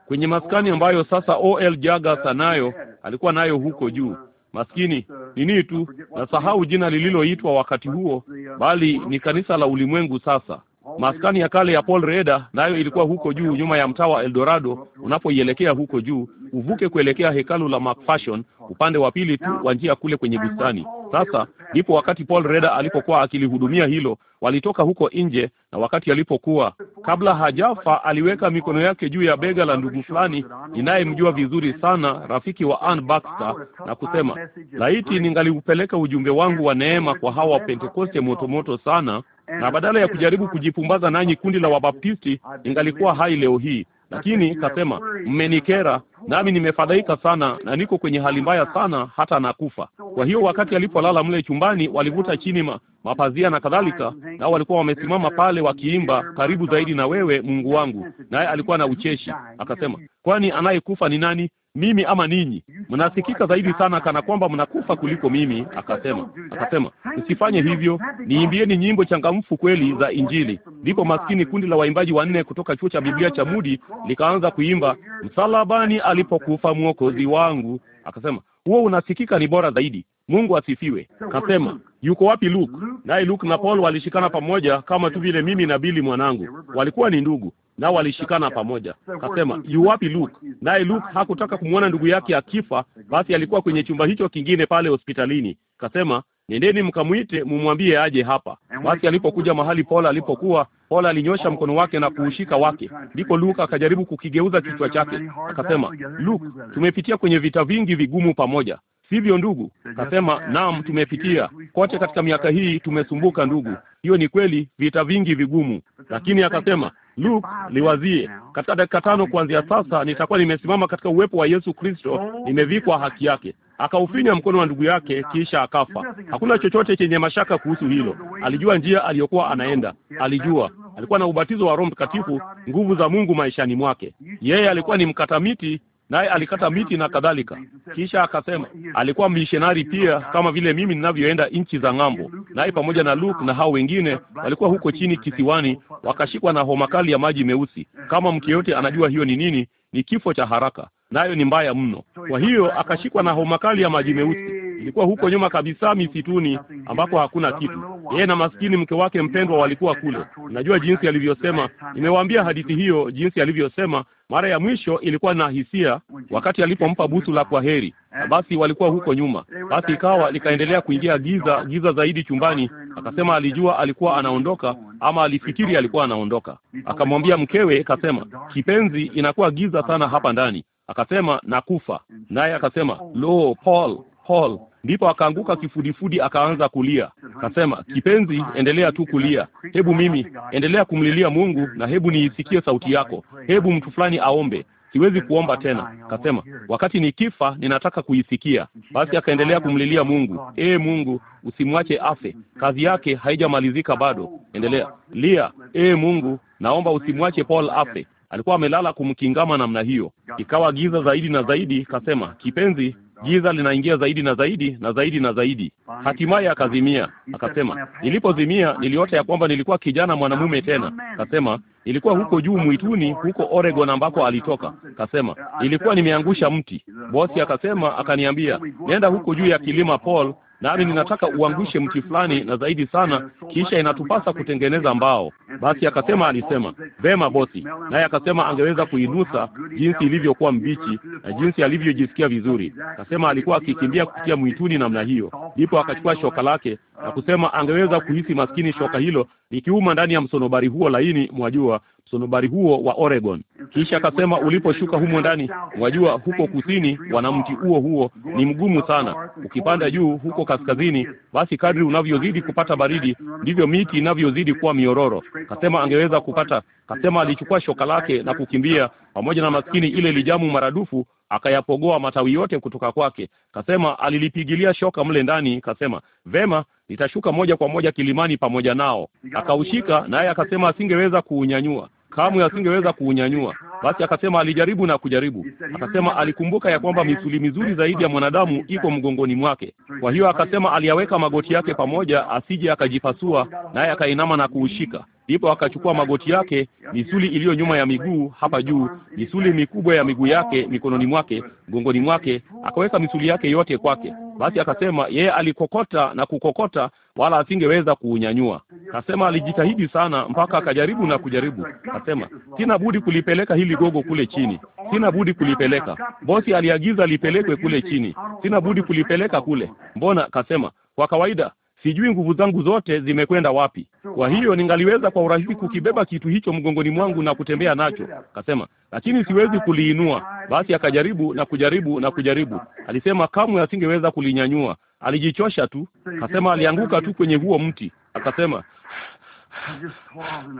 kwenye maskani ambayo sasa OL Jagas anayo, alikuwa nayo huko juu. Maskini nini tu, nasahau jina lililoitwa wakati huo, bali ni kanisa la ulimwengu sasa. Maskani ya kale ya Paul Reda nayo ilikuwa huko juu nyuma ya mtaa wa Eldorado, unapoielekea huko juu, uvuke kuelekea hekalu la MacPherson upande wa pili tu wa njia kule kwenye bustani. Sasa ndipo wakati Paul Reda alipokuwa akilihudumia hilo, walitoka huko nje, na wakati alipokuwa kabla hajafa aliweka mikono yake juu ya bega la ndugu fulani ninayemjua vizuri sana, rafiki wa Ann Baxter, na kusema, laiti ningaliupeleka ujumbe wangu wa neema kwa hawa Pentekoste motomoto sana, na badala ya kujaribu kujipumbaza nanyi kundi la Wabaptisti, ningalikuwa hai leo hii lakini kasema, mmenikera nami nimefadhaika sana na niko kwenye hali mbaya sana hata nakufa. Kwa hiyo wakati alipolala mle chumbani, walivuta chini ma, mapazia na kadhalika, nao walikuwa wamesimama pale wakiimba, karibu zaidi na wewe Mungu wangu, naye alikuwa na ucheshi. Akasema, kwani anayekufa ni nani? mimi ama ninyi. Mnasikika zaidi sana kana kwamba mnakufa kuliko mimi. Akasema, akasema msifanye hivyo, niimbieni nyimbo changamfu kweli za Injili. Ndipo maskini kundi la waimbaji wanne kutoka chuo cha Biblia cha Mudi likaanza kuimba, msalabani alipokufa mwokozi wangu. Akasema huo unasikika ni bora zaidi. Mungu asifiwe. Kasema, yuko wapi Luke? Naye Luke na Paul walishikana pamoja kama tu vile mimi na Bili mwanangu walikuwa ni ndugu nao walishikana pamoja. Akasema, yu wapi Luke? Naye Luke hakutaka kumwona ndugu yake akifa, basi alikuwa kwenye chumba hicho kingine pale hospitalini. Akasema, nendeni mkamwite, mumwambie aje hapa. Basi alipokuja mahali Paul alipokuwa, Paul alinyosha mkono wake na kuushika wake, ndipo Luke akajaribu kukigeuza kichwa chake. Akasema, Luke, tumepitia kwenye vita vingi vigumu pamoja, sivyo ndugu? Kasema naam, tumepitia kote katika miaka hii, tumesumbuka ndugu, hiyo ni kweli, vita vingi vigumu, lakini akasema Luke, liwazie katika dakika tano kuanzia sasa, nitakuwa nimesimama katika uwepo wa Yesu Kristo, nimevikwa haki yake. Akaufinya mkono wa ndugu yake, kisha akafa. Hakuna chochote chenye mashaka kuhusu hilo. Alijua njia aliyokuwa anaenda, alijua alikuwa na ubatizo wa Roho Mtakatifu, nguvu za Mungu maishani mwake. Yeye alikuwa ni mkata miti naye alikata miti na kadhalika. Kisha akasema alikuwa mishonari pia, kama vile mimi ninavyoenda nchi za ng'ambo, naye pamoja na Luke na hao wengine walikuwa huko chini kisiwani, wakashikwa na homa kali ya maji meusi. Kama mke yote anajua hiyo ni nini, ni kifo cha haraka, nayo ni mbaya mno. Kwa hiyo akashikwa na homa kali ya maji meusi Ilikuwa huko nyuma kabisa misituni ambako hakuna kitu. Yeye na maskini mke wake mpendwa walikuwa kule. Najua jinsi alivyosema, nimewaambia hadithi hiyo jinsi alivyosema mara ya mwisho ilikuwa na hisia wakati alipompa busu la kwaheri. na basi walikuwa huko nyuma. Basi ikawa likaendelea kuingia giza, giza zaidi chumbani. Akasema alijua alikuwa anaondoka, ama alifikiri alikuwa anaondoka. Akamwambia mkewe, akasema kipenzi, inakuwa giza sana hapa ndani. Akasema nakufa. Naye akasema lo, Paul, Paul, Ndipo akaanguka kifudifudi akaanza kulia. Kasema, kipenzi, endelea tu kulia, hebu mimi endelea kumlilia Mungu na hebu niisikie sauti yako, hebu mtu fulani aombe Siwezi kuomba tena. Kasema, wakati nikifa ninataka kuisikia. Basi akaendelea kumlilia Mungu, ee Mungu, usimwache afe, kazi yake haijamalizika bado. Endelea lia, ee Mungu, naomba usimwache Paul afe. Alikuwa amelala kumkingama namna hiyo. Ikawa giza zaidi na zaidi. Kasema, kipenzi, giza linaingia zaidi na zaidi na zaidi na zaidi. Hatimaye akazimia, akasema, nilipozimia niliota ya kwamba nilikuwa kijana mwanamume tena. Akasema ilikuwa huko juu mwituni, huko Oregon ambako alitoka. Akasema ilikuwa nimeangusha mti. Bosi akasema, akaniambia nenda huko juu ya kilima Paul nami ninataka uangushe mti fulani na zaidi sana, kisha inatupasa kutengeneza mbao. Basi akasema, alisema vema bosi, naye akasema angeweza kuinusa jinsi ilivyokuwa mbichi na jinsi alivyojisikia vizuri. Akasema alikuwa akikimbia kupitia mwituni namna hiyo, ndipo akachukua shoka lake na kusema angeweza kuhisi maskini shoka hilo likiuma ndani ya msonobari huo laini, mwajua, sonobari huo wa Oregon. Kisha akasema uliposhuka humo ndani, wajua huko kusini wana mti huo huo, ni mgumu sana. Ukipanda juu huko kaskazini, basi kadri unavyozidi kupata baridi ndivyo miti inavyozidi kuwa miororo. Kasema angeweza kupata, kasema alichukua shoka lake na kukimbia pamoja na maskini ile lijamu maradufu akayapogoa matawi yote kutoka kwake. Kasema alilipigilia shoka mle ndani, kasema vema, nitashuka moja kwa moja kilimani pamoja nao. Akaushika naye akasema asingeweza kuunyanyua kamwe asingeweza kuunyanyua. Basi akasema alijaribu na kujaribu, akasema alikumbuka ya kwamba misuli mizuri zaidi ya mwanadamu iko mgongoni mwake. Kwa hiyo akasema aliyaweka magoti yake pamoja asije akajipasua, naye akainama na kuushika. Ndipo akachukua magoti yake, misuli iliyo nyuma ya miguu hapa juu, misuli mikubwa ya miguu yake, mikononi mwake, mgongoni mwake, akaweka misuli yake yote kwake. Basi akasema yeye alikokota na kukokota, wala asingeweza kuunyanyua. Kasema alijitahidi sana, mpaka akajaribu na kujaribu. Kasema sina budi kulipeleka hili gogo kule chini, sina budi kulipeleka. Bosi aliagiza lipelekwe kule chini, sina budi kulipeleka kule. Mbona? Kasema kwa kawaida Sijui nguvu zangu zote zimekwenda wapi. Kwa hiyo ningaliweza kwa urahisi kukibeba kitu hicho mgongoni mwangu na kutembea nacho, akasema, lakini siwezi kuliinua. Basi akajaribu na kujaribu na kujaribu, alisema kamwe asingeweza kulinyanyua, alijichosha tu, akasema alianguka tu kwenye huo mti, akasema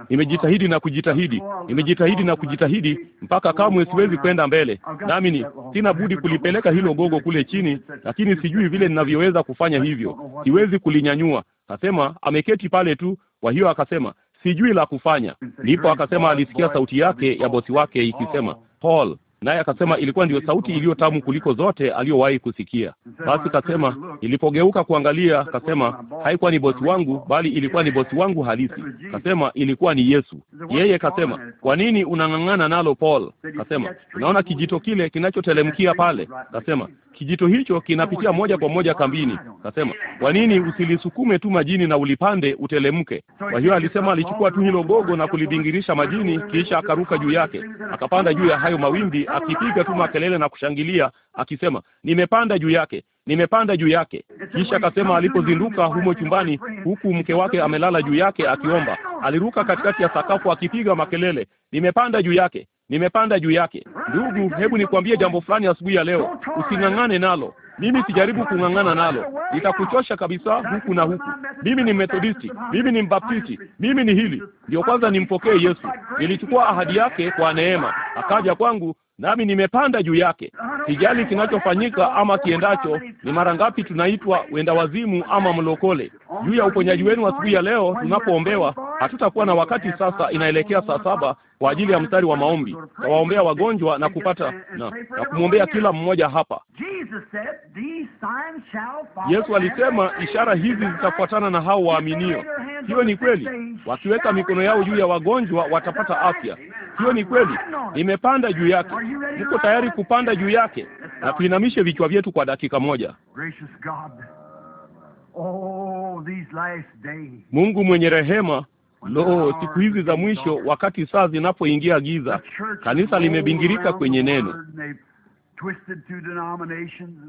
Nimejitahidi na kujitahidi, nimejitahidi na kujitahidi mpaka kamwe siwezi kwenda mbele, nami ni sina budi kulipeleka hilo gogo kule chini, lakini sijui vile ninavyoweza kufanya hivyo, siwezi kulinyanyua. Akasema ameketi pale tu. Kwa hiyo akasema sijui la kufanya. Ndipo akasema alisikia sauti yake ya bosi wake ikisema, Paul naye akasema ilikuwa ndiyo sauti iliyo tamu kuliko zote aliyowahi kusikia. Basi kasema, ilipogeuka kuangalia, kasema haikuwa ni bosi wangu, bali ilikuwa ni bosi wangu halisi. Kasema ilikuwa ni Yesu. Yeye kasema, kwa nini unang'ang'ana nalo Paul? Kasema, unaona kijito kile kinachotelemkia pale? Kasema kijito hicho kinapitia moja kwa moja kambini. Kasema, kwa nini usilisukume tu majini na ulipande utelemke? Kwa hiyo alisema alichukua tu hilo gogo na kulibingirisha majini, kisha akaruka juu yake, akapanda juu ya hayo mawimbi, akipiga tu makelele na kushangilia akisema, nimepanda juu yake, nimepanda juu yake. Kisha akasema alipozinduka humo chumbani, huku mke wake amelala juu yake akiomba, aliruka katikati ya sakafu akipiga makelele, nimepanda juu yake, nimepanda juu yake. Ndugu, hebu nikwambie jambo fulani asubuhi ya leo, using'ang'ane nalo. Mimi sijaribu kung'ang'ana nalo, nitakuchosha kabisa huku na huku. Mimi ni Methodisti, mimi ni Mbaptisti, mimi ni hili. ndio kwanza nimpokee Yesu. Nilichukua ahadi yake kwa neema, akaja kwangu nami nimepanda juu yake. Sijali kinachofanyika ama kiendacho, ni mara ngapi tunaitwa wenda wazimu ama mlokole. Juu ya uponyaji wenu asubuhi ya leo, tunapoombewa hatutakuwa na wakati sasa, inaelekea saa saba kwa ajili ya mstari wa maombi, wawaombea wagonjwa na kupata na, na kumwombea kila mmoja hapa. Yesu alisema ishara hizi zitafuatana na hao waaminio. Hiyo ni kweli, wakiweka mikono yao juu ya wagonjwa watapata afya. Hiyo ni kweli, nimepanda juu yake. Niko tayari kupanda juu yake? Na tuinamishe vichwa vyetu kwa dakika moja. Mungu mwenye rehema, Lo, siku hizi za mwisho, wakati saa zinapoingia giza, kanisa limebingirika kwenye neno,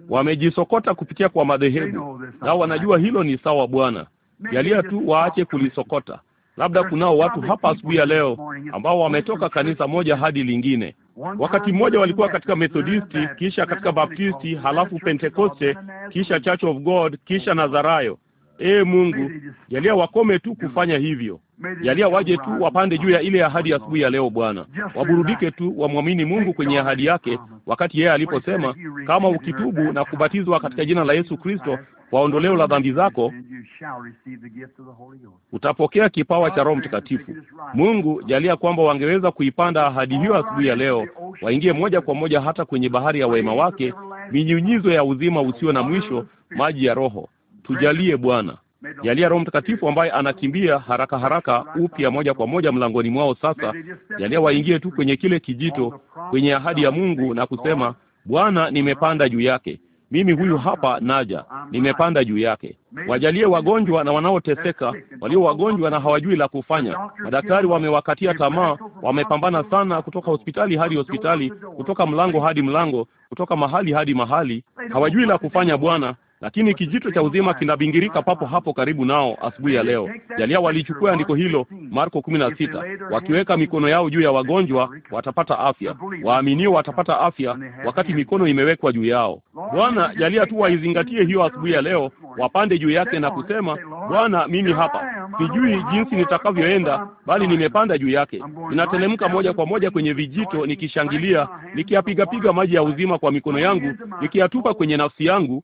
wamejisokota kupitia kwa madhehebu, nao wanajua hilo ni sawa. Bwana jalia tu waache kulisokota. Labda kunao watu hapa asubuhi ya leo ambao wametoka kanisa moja hadi lingine. Wakati mmoja walikuwa katika Methodisti, kisha katika Baptisti, halafu Pentekoste, kisha Church of God, kisha Nazarayo. Ee Mungu, jalia wakome tu kufanya hivyo. Jalia waje tu wapande juu ya ile ahadi asubuhi ya, ya leo Bwana, waburudike tu, wamwamini Mungu kwenye ahadi yake, wakati yeye aliposema kama ukitubu na kubatizwa katika jina la Yesu Kristo kwa ondoleo la dhambi zako utapokea kipawa cha Roho Mtakatifu. Mungu jalia kwamba wangeweza kuipanda ahadi hiyo asubuhi ya leo, waingie moja kwa moja hata kwenye bahari ya wema wake, minyunyizo ya uzima usio na mwisho, maji ya Roho. Tujalie Bwana. Jalia Roho Mtakatifu ambaye anakimbia haraka haraka upya moja kwa moja mlangoni mwao sasa. Jalia waingie tu kwenye kile kijito, kwenye ahadi ya Mungu na kusema, Bwana, nimepanda juu yake mimi huyu hapa naja, nimepanda juu yake. Wajalie wagonjwa na wanaoteseka, walio wagonjwa na hawajui la kufanya. Madaktari wamewakatia tamaa, wamepambana sana, kutoka hospitali hadi hospitali, kutoka mlango hadi mlango, kutoka mahali hadi mahali, hawajui la kufanya. Bwana, lakini kijito cha uzima kinabingirika papo hapo karibu nao asubuhi ya leo. Jalia walichukua andiko hilo Marko kumi na sita, wakiweka mikono yao juu ya wagonjwa watapata afya, waaminio watapata afya, wakati mikono imewekwa juu yao. Bwana, jalia tu waizingatie hiyo asubuhi ya leo, wapande juu yake na kusema, Bwana, mimi hapa, sijui jinsi nitakavyoenda, bali nimepanda juu yake, ninateremka moja kwa moja kwenye vijito, nikishangilia, nikiyapigapiga maji ya uzima kwa mikono yangu, nikiyatupa kwenye nafsi yangu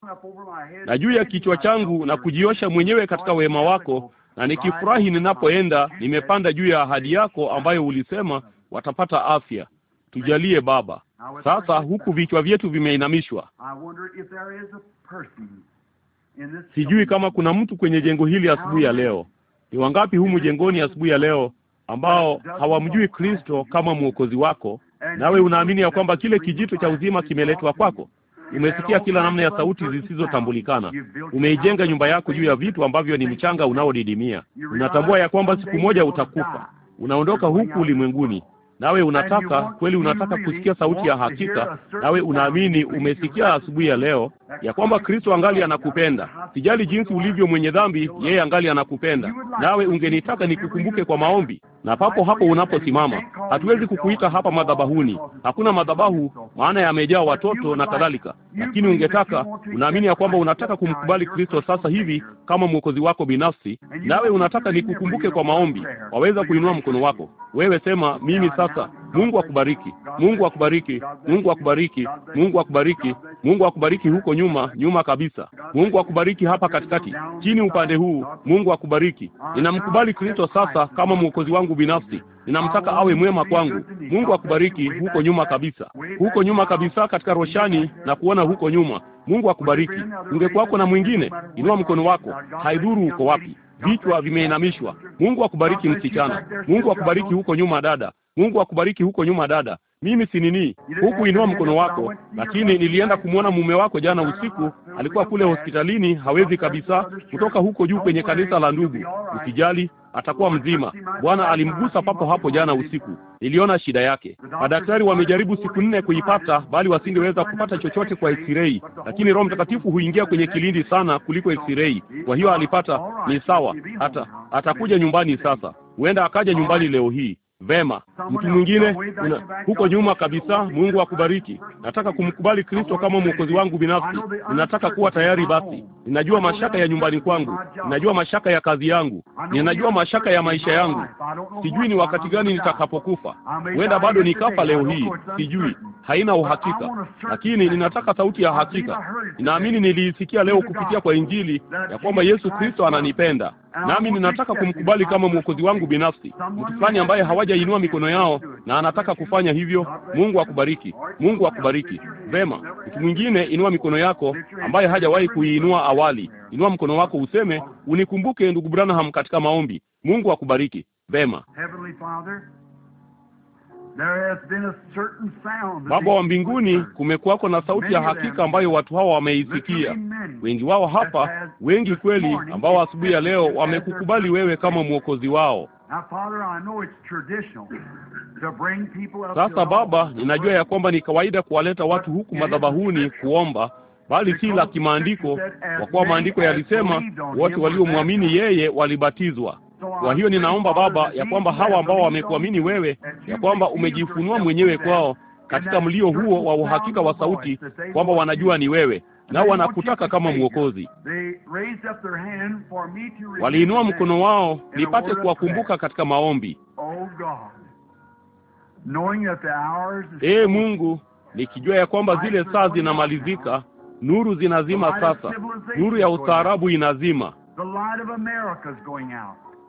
na juu ya kichwa changu na kujiosha mwenyewe katika wema wako, na nikifurahi ninapoenda, nimepanda juu ya ahadi yako ambayo ulisema watapata afya. Tujalie Baba. Sasa huku vichwa vyetu vimeinamishwa, sijui kama kuna mtu kwenye jengo hili asubuhi ya leo. Ni wangapi humu jengoni asubuhi ya leo ambao hawamjui Kristo kama mwokozi wako, nawe unaamini ya kwamba kile kijito cha uzima kimeletwa kwako? Umesikia kila namna ya sauti zisizotambulikana. Umeijenga nyumba yako juu ya vitu ambavyo ni mchanga unaodidimia. Unatambua ya kwamba siku moja utakufa. Unaondoka huku ulimwenguni, nawe unataka kweli, unataka kusikia sauti ya hakika, nawe unaamini umesikia asubuhi ya leo ya kwamba Kristo angali anakupenda. Sijali jinsi ulivyo mwenye dhambi, yeye angali anakupenda. Nawe ungenitaka nikukumbuke kwa maombi, na papo hapo unaposimama. Hatuwezi kukuita hapa madhabahuni, hakuna madhabahu, maana yamejaa watoto na kadhalika. Lakini ungetaka, unaamini ya kwamba unataka kumkubali Kristo sasa hivi kama mwokozi wako binafsi, nawe unataka nikukumbuke kwa maombi, waweza kuinua mkono wako. Wewe sema, mimi sasa Mungu akubariki, Mungu akubariki, Mungu akubariki, Mungu akubariki, Mungu akubariki huko nyuma, nyuma kabisa. Mungu akubariki hapa katikati, chini upande huu. Mungu akubariki. Ninamkubali Kristo sasa kama mwokozi wangu binafsi. Ninamtaka awe mwema kwangu. Mungu akubariki huko nyuma kabisa, huko nyuma kabisa, katika roshani na kuona huko nyuma. Mungu akubariki. Ungekuwako na mwingine, inua mkono wako, haidhuru uko wapi. Vichwa vimeinamishwa. Mungu akubariki msichana. Mungu akubariki huko nyuma dada. Mungu akubariki huko nyuma, dada. Mimi si nini, huku inua mkono wako, lakini nilienda kumwona mume wako jana usiku, alikuwa kule hospitalini, hawezi kabisa kutoka huko juu kwenye kanisa la ndugu. Usijali, atakuwa mzima. Bwana alimgusa papo hapo jana usiku, niliona shida yake. Madaktari wamejaribu siku nne kuipata, bali wasingeweza kupata chochote kwa eksirei, lakini Roho Mtakatifu huingia kwenye kilindi sana kuliko eksirei. Kwa hiyo alipata, ni sawa, hata atakuja nyumbani sasa, huenda akaja nyumbani leo hii. Vema, mtu mwingine huko nyuma kabisa. Mungu akubariki. Nataka kumkubali Kristo kama mwokozi wangu binafsi. Ninataka kuwa tayari basi. Ninajua mashaka ya nyumbani kwangu, ninajua mashaka ya kazi yangu, ninajua mashaka ya maisha yangu. Sijui ni wakati gani nitakapokufa, huenda bado nikafa leo hii, sijui, haina uhakika, lakini ninataka sauti ya hakika. Ninaamini niliisikia leo kupitia kwa Injili ya kwamba Yesu Kristo ananipenda nami ninataka kumkubali kama mwokozi wangu binafsi. Mtu fulani ambaye hawajainua mikono yao na anataka kufanya hivyo, Mungu akubariki, Mungu akubariki. Vema, mtu mwingine, inua mikono yako ambaye hajawahi kuiinua awali. Inua mkono wako useme, unikumbuke ndugu Branham katika maombi. Mungu akubariki. Vema. Baba wa mbinguni, kumekuwako na sauti ya hakika ambayo watu hawa wameisikia. Wengi wao hapa, wengi kweli, ambao asubuhi ya leo wamekukubali wewe kama mwokozi wao. Sasa Baba, ninajua ya kwamba ni kawaida kuwaleta watu huku madhabahuni kuomba, bali si la kimaandiko, kwa kuwa maandiko yalisema wote waliomwamini yeye walibatizwa. Kwa hiyo ninaomba Baba ya kwamba hawa ambao wamekuamini wewe, ya kwamba umejifunua mwenyewe kwao katika mlio huo wa uhakika wa sauti, kwamba wanajua ni wewe nao wanakutaka kama Mwokozi. Waliinua mkono wao nipate kuwakumbuka katika maombi. Ee Mungu, nikijua ya kwamba zile saa zinamalizika, nuru zinazima sasa, nuru ya ustaarabu inazima.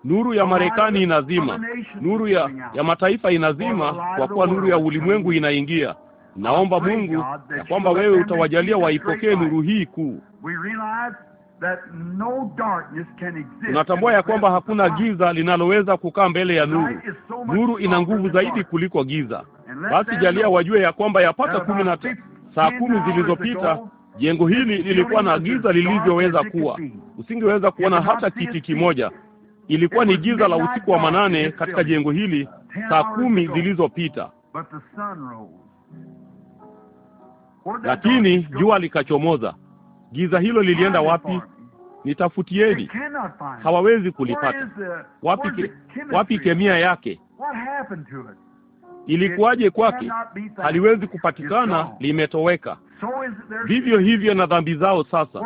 Nuru ya Marekani inazima, nuru ya, ya mataifa inazima, kwa kuwa nuru ya ulimwengu inaingia. Naomba Mungu ya kwamba wewe utawajalia waipokee nuru hii kuu. Tunatambua ya kwamba hakuna giza linaloweza kukaa mbele ya nuru. Nuru ina nguvu zaidi kuliko giza. Basi jalia wajue ya kwamba yapata kumi na saa kumi zilizopita jengo hili lilikuwa na giza lilivyoweza kuwa, usingeweza kuona hata kiti kimoja, Ilikuwa ni giza la usiku wa manane katika jengo hili saa kumi zilizopita, lakini jua likachomoza. Giza hilo lilienda wapi? Nitafutieni, hawawezi kulipata. Wapi ke, wapi kemia yake? Ilikuwaje kwake? Haliwezi kupatikana, limetoweka. Vivyo hivyo na dhambi zao sasa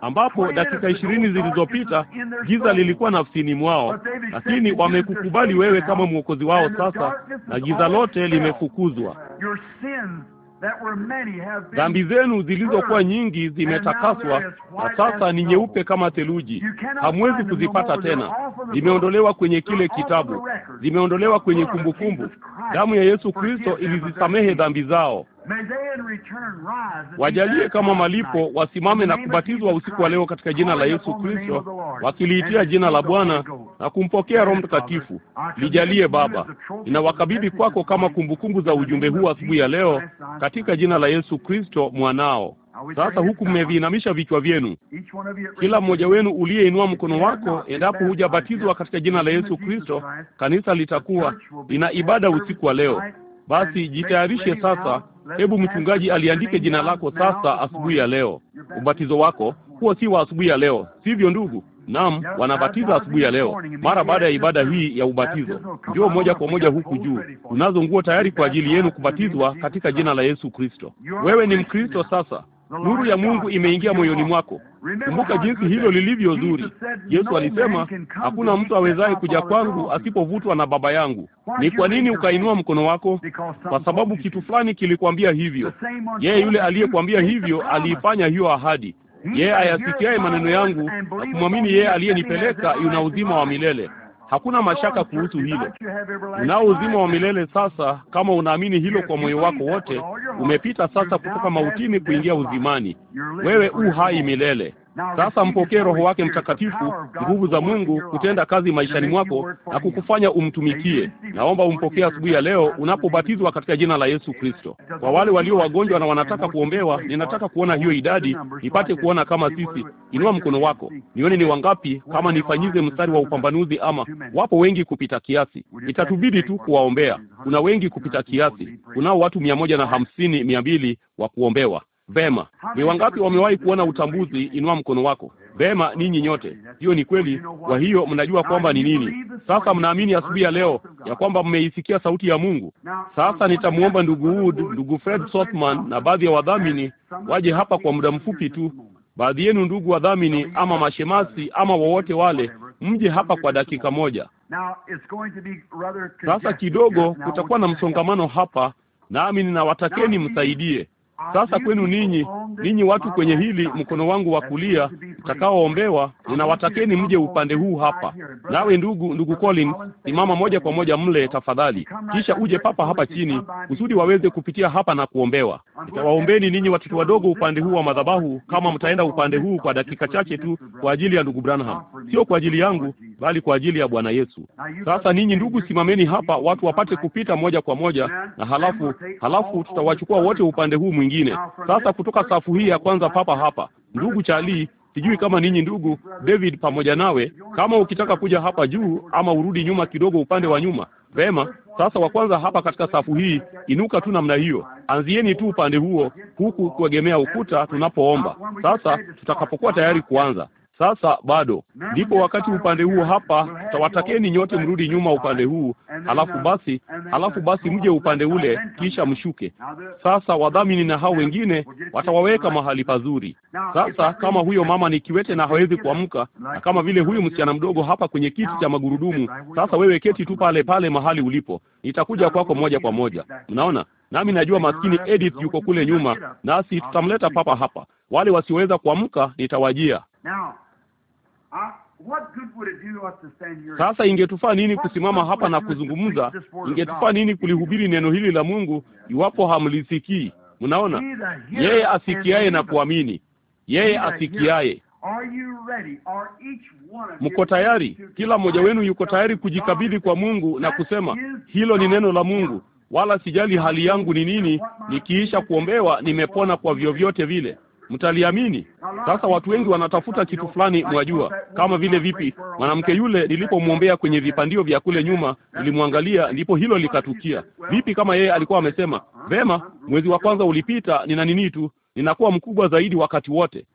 ambapo dakika ishirini zilizopita giza lilikuwa nafsini mwao, lakini wamekukubali wewe kama mwokozi wao sasa, na giza lote limefukuzwa. Dhambi zenu zilizokuwa nyingi zimetakaswa, na sasa ni nyeupe kama theluji. Hamwezi kuzipata tena, zimeondolewa kwenye kile kitabu, zimeondolewa kwenye kumbukumbu. Damu ya Yesu Kristo ilizisamehe dhambi zao. Wajalie kama malipo wasimame na kubatizwa usiku wa leo katika jina la Yesu Kristo, wakiliitia jina la Bwana na kumpokea Roho Mtakatifu. Lijalie Baba, ninawakabidhi kwako kama kumbukumbu za ujumbe huu asubuhi ya leo katika jina la Yesu Kristo mwanao. Sasa huku mmeviinamisha vichwa vyenu, kila mmoja wenu uliyeinua mkono wako, endapo hujabatizwa katika jina la Yesu Kristo, kanisa litakuwa lina ibada usiku wa leo. Basi jitayarishe sasa, hebu mchungaji aliandike jina lako sasa, asubuhi ya leo. Ubatizo wako huo si wa asubuhi ya leo, sivyo ndugu? Naam, wanabatiza asubuhi ya leo, mara baada ya ibada hii ya ubatizo. Njoo moja kwa moja huku juu, tunazo nguo tayari kwa ajili yenu kubatizwa katika jina la Yesu Kristo. Wewe ni Mkristo sasa, nuru ya Mungu imeingia moyoni mwako, Kumbuka jinsi hilo lilivyo zuri. Yesu alisema, hakuna mtu awezaye kuja kwangu asipovutwa na Baba yangu. Ni kwa nini ukainua mkono wako? Kwa sababu kitu fulani kilikwambia hivyo. Yeye yule aliyekwambia hivyo aliifanya hiyo ahadi. Yeye ayasikiaye maneno yangu na kumwamini yeye aliyenipeleka yuna uzima wa milele, Hakuna mashaka kuhusu hilo. Unao uzima wa milele sasa, kama unaamini hilo kwa moyo wako wote. Umepita sasa kutoka mautini kuingia uzimani. Wewe u hai milele. Sasa mpokee Roho wake Mtakatifu, nguvu za Mungu kutenda kazi maishani mwako na kukufanya umtumikie. Naomba umpokee asubuhi ya leo unapobatizwa katika jina la Yesu Kristo. Kwa wale walio wagonjwa na wanataka kuombewa, ninataka kuona hiyo idadi nipate kuona kama sisi. Inua mkono wako nione ni wangapi, kama nifanyize mstari wa upambanuzi, ama wapo wengi kupita kiasi. Itatubidi tu kuwaombea. Kuna wengi kupita kiasi, kunao watu mia moja na hamsini mia mbili wa kuombewa. Vema, ni wangapi wamewahi kuona utambuzi? Inua mkono wako. Vema, ninyi nyote, hiyo ni kweli. Kwa hiyo mnajua kwamba ni nini sasa. Mnaamini asubuhi ya leo ya kwamba mmeisikia sauti ya Mungu. Sasa nitamwomba ndugu Wood, ndugu Fred Sothman na baadhi ya wadhamini waje hapa kwa muda mfupi tu. Baadhi yenu ndugu wadhamini, ama mashemasi ama wowote wale, mje hapa kwa dakika moja. Sasa kidogo kutakuwa na msongamano hapa, nami ninawatakeni msaidie sasa kwenu ninyi, ninyi watu kwenye hili mkono wangu wa kulia mtakaoombewa, ninawatakeni mje upande huu hapa. Nawe ndugu, ndugu Colin, simama moja kwa moja mle tafadhali, kisha uje papa hapa chini kusudi waweze kupitia hapa na kuombewa. Nitawaombeni ninyi watoto wadogo upande huu wa madhabahu, kama mtaenda upande huu kwa dakika chache tu, kwa ajili ya ndugu Branham, sio kwa ajili yangu, bali kwa ajili ya Bwana Yesu. Sasa ninyi ndugu, simameni hapa, watu wapate kupita moja kwa moja, na halafu halafu tutawachukua wote upande huu wengine. Sasa kutoka safu hii ya kwanza papa hapa, ndugu Charlie, sijui kama ninyi ndugu David pamoja nawe, kama ukitaka kuja hapa juu ama urudi nyuma kidogo, upande wa nyuma. Vema, sasa wa kwanza hapa katika safu hii, inuka tu namna hiyo, anzieni tu upande huo, huku kuegemea ukuta tunapoomba. Sasa tutakapokuwa tayari kuanza sasa bado ndipo wakati upande huo hapa, tawatakeni nyote mrudi nyuma upande huu, halafu basi, halafu basi mje upande ule, kisha mshuke. Sasa wadhamini na hao wengine watawaweka mahali pazuri. Sasa kama huyo mama ni kiwete na hawezi kuamka, na kama vile huyu msichana mdogo hapa kwenye kiti cha magurudumu, sasa wewe keti tu pale pale mahali ulipo, nitakuja kwako moja kwa moja. Mnaona, nami najua maskini Edith yuko kule nyuma, nasi tutamleta papa hapa. Wale wasioweza kuamka nitawajia. Ah, Sasa ingetufaa nini kusimama hapa na kuzungumza? Ingetufaa nini kulihubiri neno hili la Mungu iwapo hamlisikii? Mnaona, yeye asikiaye na kuamini, yeye asikiaye. Mko tayari? Kila mmoja wenu yuko tayari kujikabidhi kwa Mungu na kusema hilo ni neno la Mungu, wala sijali hali yangu ni nini. Nikiisha kuombewa, nimepona kwa vyovyote vile mtaliamini. Sasa watu wengi wanatafuta kitu fulani, mwajua, kama vile vipi. Mwanamke yule nilipomwombea kwenye vipandio vya kule nyuma, nilimwangalia, ndipo hilo likatukia. Vipi kama yeye alikuwa amesema vema, mwezi wa kwanza ulipita, nina nini tu, ninakuwa mkubwa zaidi wakati wote.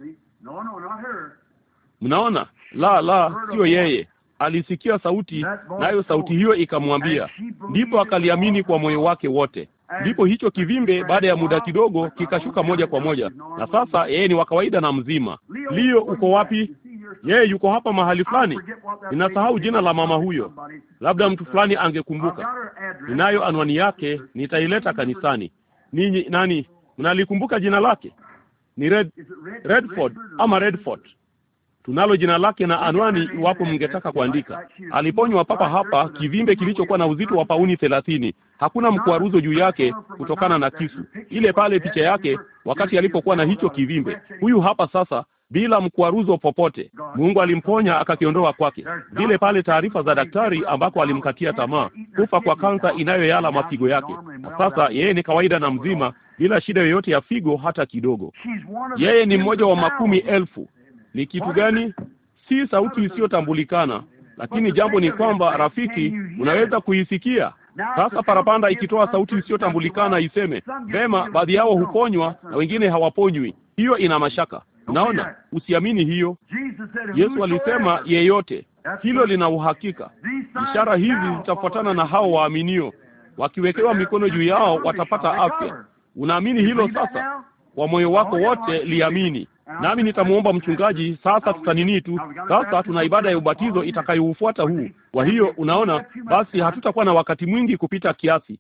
Mnaona, la la, sio yeye alisikia sauti, nayo sauti hiyo ikamwambia, ndipo akaliamini kwa moyo wake wote. Ndipo hicho kivimbe baada ya muda kidogo kikashuka moja kwa moja, na sasa yeye ni wa kawaida na mzima. Leo uko wapi? Yeye yuko hapa mahali fulani, ninasahau jina la mama huyo, labda mtu fulani angekumbuka. Ninayo anwani yake, nitaileta kanisani. Ninyi nani mnalikumbuka jina lake? Ni Red, Redford ama Redford tunalo jina lake na anwani, iwapo mngetaka kuandika. Aliponywa papa hapa kivimbe kilichokuwa na uzito wa pauni thelathini. Hakuna mkwaruzo juu yake kutokana na kisu. Ile pale picha yake wakati alipokuwa na hicho kivimbe. Huyu hapa sasa bila mkwaruzo popote. Mungu alimponya akakiondoa kwake. Vile pale taarifa za daktari ambako alimkatia tamaa, kufa kwa kansa inayoyala mafigo yake, na sasa yeye ni kawaida na mzima bila shida yoyote ya figo hata kidogo. Yeye ni mmoja wa makumi elfu ni kitu gani? Si sauti isiyotambulikana, lakini jambo ni kwamba, rafiki, unaweza kuisikia. Sasa parapanda ikitoa sauti isiyotambulikana iseme, vema, baadhi yao huponywa na wengine hawaponywi. Hiyo ina mashaka. Naona usiamini hiyo. Yesu alisema yeyote, hilo lina uhakika. Ishara hizi zitafuatana na hao waaminio, wakiwekewa mikono juu yao watapata afya. Unaamini hilo? Sasa kwa moyo wako wote liamini, nami nitamwomba mchungaji. Sasa tutanini tu, sasa tuna ibada ya ubatizo itakayoufuata huu. Kwa hiyo unaona, basi hatutakuwa na wakati mwingi kupita kiasi,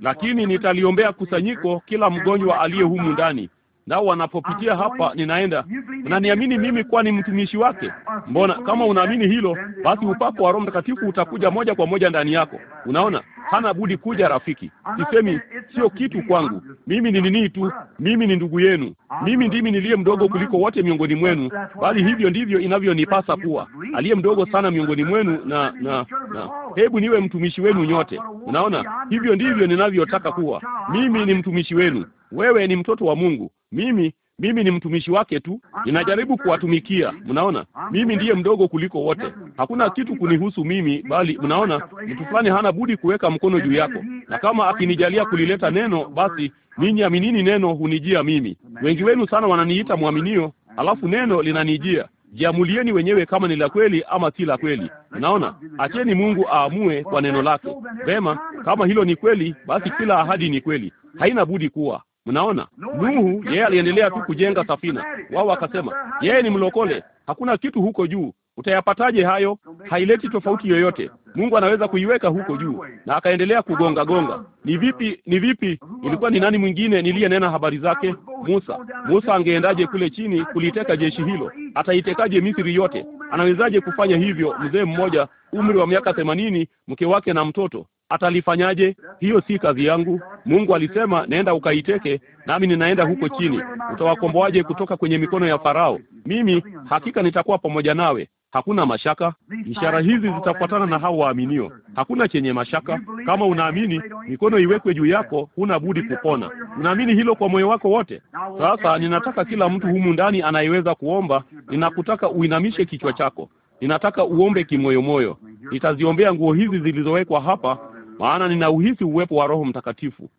lakini nitaliombea kusanyiko, kila mgonjwa aliye humu ndani, nao wanapopitia hapa ninaenda, unaniamini mimi kuwa ni mtumishi wake? Uh, uh, Mbona kama unaamini hilo, basi upako wa Roho Mtakatifu utakuja moja kwa moja ndani yako. Unaona, hana budi kuja, rafiki. Sisemi sio kitu kwangu, mimi ni nini tu, mimi ni ndugu yenu, mimi ndimi niliye mdogo kuliko wote miongoni mwenu, bali hivyo ndivyo inavyonipasa kuwa, aliye mdogo sana miongoni mwenu, na na na hebu niwe mtumishi wenu nyote. Unaona, hivyo ndivyo ninavyotaka kuwa, mimi ni mtumishi wenu wewe ni mtoto wa Mungu, mimi mimi ni mtumishi wake tu, ninajaribu kuwatumikia. Mnaona, mimi ndiye mdogo kuliko wote, hakuna kitu kunihusu mimi, bali mnaona, mtu fulani hana budi kuweka mkono juu yako, na kama akinijalia kulileta neno, basi ninyi aminini, neno hunijia mimi. Wengi wenu sana wananiita mwaminio, alafu neno linanijia. Jiamulieni wenyewe kama ni la kweli ama si la kweli. Naona, acheni Mungu aamue kwa neno lake. Vema, kama hilo ni kweli, basi kila ahadi ni kweli, haina budi kuwa Mnaona, Nuhu yeye aliendelea tu kujenga safina, wao wakasema yeye ni mlokole, hakuna kitu huko juu. Utayapataje hayo? Haileti tofauti yoyote. Mungu anaweza kuiweka huko juu. Na akaendelea kugonga gonga. Ni vipi? Ni vipi? Ilikuwa ni nani mwingine niliyenena habari zake? Musa. Musa angeendaje kule chini kuliteka jeshi hilo? Ataitekaje Misri yote? Anawezaje kufanya hivyo? Mzee mmoja umri wa miaka themanini, mke wake na mtoto atalifanyaje? Hiyo si kazi yangu. Mungu alisema, nenda ukaiteke, nami ninaenda huko chini. Utawakomboaje kutoka kwenye mikono ya Farao? Mimi hakika nitakuwa pamoja nawe, hakuna mashaka. Ishara hizi zitafuatana na hao waaminio, hakuna chenye mashaka. Kama unaamini, mikono iwekwe juu yako, huna budi kupona. Unaamini hilo kwa moyo wako wote? Sasa ninataka kila mtu humu ndani anayeweza kuomba, ninakutaka uinamishe kichwa chako. Ninataka uombe kimoyomoyo. Nitaziombea nguo hizi zilizowekwa hapa maana ninauhisi uwepo wa Roho Mtakatifu.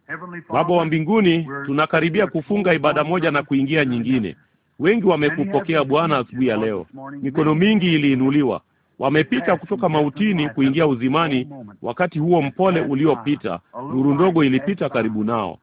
Baba wa mbinguni, tunakaribia kufunga ibada moja na kuingia nyingine. Wengi wamekupokea Bwana asubuhi ya leo, mikono mingi iliinuliwa, wamepita kutoka mautini kuingia uzimani. Wakati huo mpole uliopita, nuru ndogo ilipita karibu nao,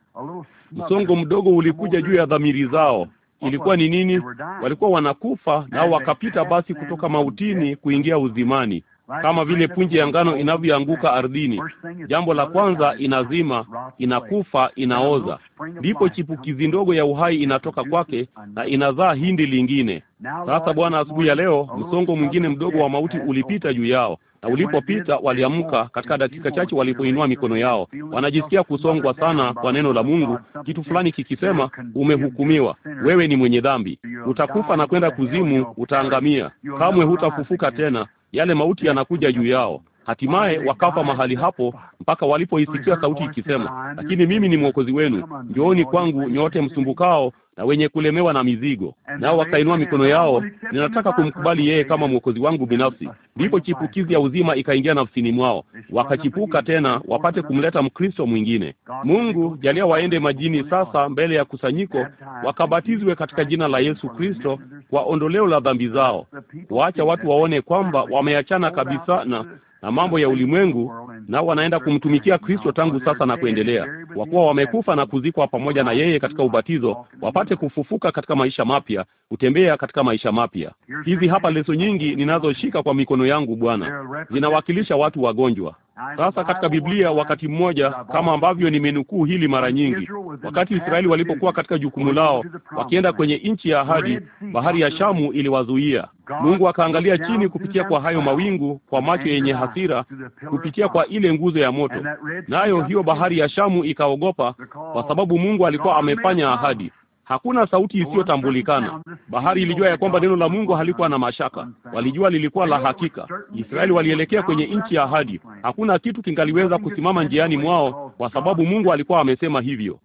msongo mdogo ulikuja juu ya dhamiri zao. Ilikuwa ni nini? Walikuwa wanakufa nao wakapita basi kutoka mautini kuingia uzimani kama vile punje ya ngano inavyoanguka ardhini. Jambo la kwanza inazima, inakufa, inaoza, ndipo chipukizi ndogo ya uhai inatoka kwake na inazaa hindi lingine. Sasa Bwana, asubuhi ya leo oh msongo mwingine mdogo wa mauti ulipita juu yao, na ulipopita waliamka. Katika dakika chache walipoinua mikono yao, wanajisikia kusongwa sana kwa neno la Mungu, kitu fulani kikisema, umehukumiwa, wewe ni mwenye dhambi, utakufa na kwenda kuzimu, utaangamia, kamwe hutafufuka tena yale mauti yanakuja juu yao. Hatimaye wakafa mahali hapo mpaka walipoisikia sauti ikisema, lakini mimi ni mwokozi wenu, njooni kwangu nyote msumbukao na wenye kulemewa na mizigo, nao wakainua mikono yao, ninataka kumkubali yeye kama mwokozi wangu binafsi. Ndipo chipukizi ya uzima ikaingia nafsini mwao, wakachipuka tena wapate kumleta Mkristo mwingine. Mungu jalia waende majini sasa mbele ya kusanyiko, wakabatizwe katika jina la Yesu Kristo kwa ondoleo la dhambi zao, kuacha watu waone kwamba wameachana kabisa na na mambo ya ulimwengu, nao wanaenda kumtumikia Kristo tangu sasa na kuendelea, kwa kuwa wamekufa na kuzikwa pamoja na yeye katika ubatizo, wapate kufufuka katika maisha mapya, kutembea katika maisha mapya. Hizi hapa leso nyingi ninazoshika kwa mikono yangu, Bwana, zinawakilisha watu wagonjwa sasa katika Biblia, wakati mmoja, kama ambavyo nimenukuu hili mara nyingi, wakati Israeli walipokuwa katika jukumu lao, wakienda kwenye nchi ya ahadi, bahari ya Shamu iliwazuia. Mungu akaangalia chini kupitia kwa hayo mawingu, kwa macho yenye hasira, kupitia kwa ile nguzo ya moto, nayo hiyo bahari ya Shamu ikaogopa, kwa sababu Mungu alikuwa amefanya ahadi. Hakuna sauti isiyotambulikana. Bahari ilijua ya kwamba neno la Mungu halikuwa na mashaka, walijua lilikuwa la hakika. Israeli walielekea kwenye nchi ya ahadi. Hakuna kitu kingaliweza kusimama njiani mwao, kwa sababu Mungu alikuwa amesema hivyo.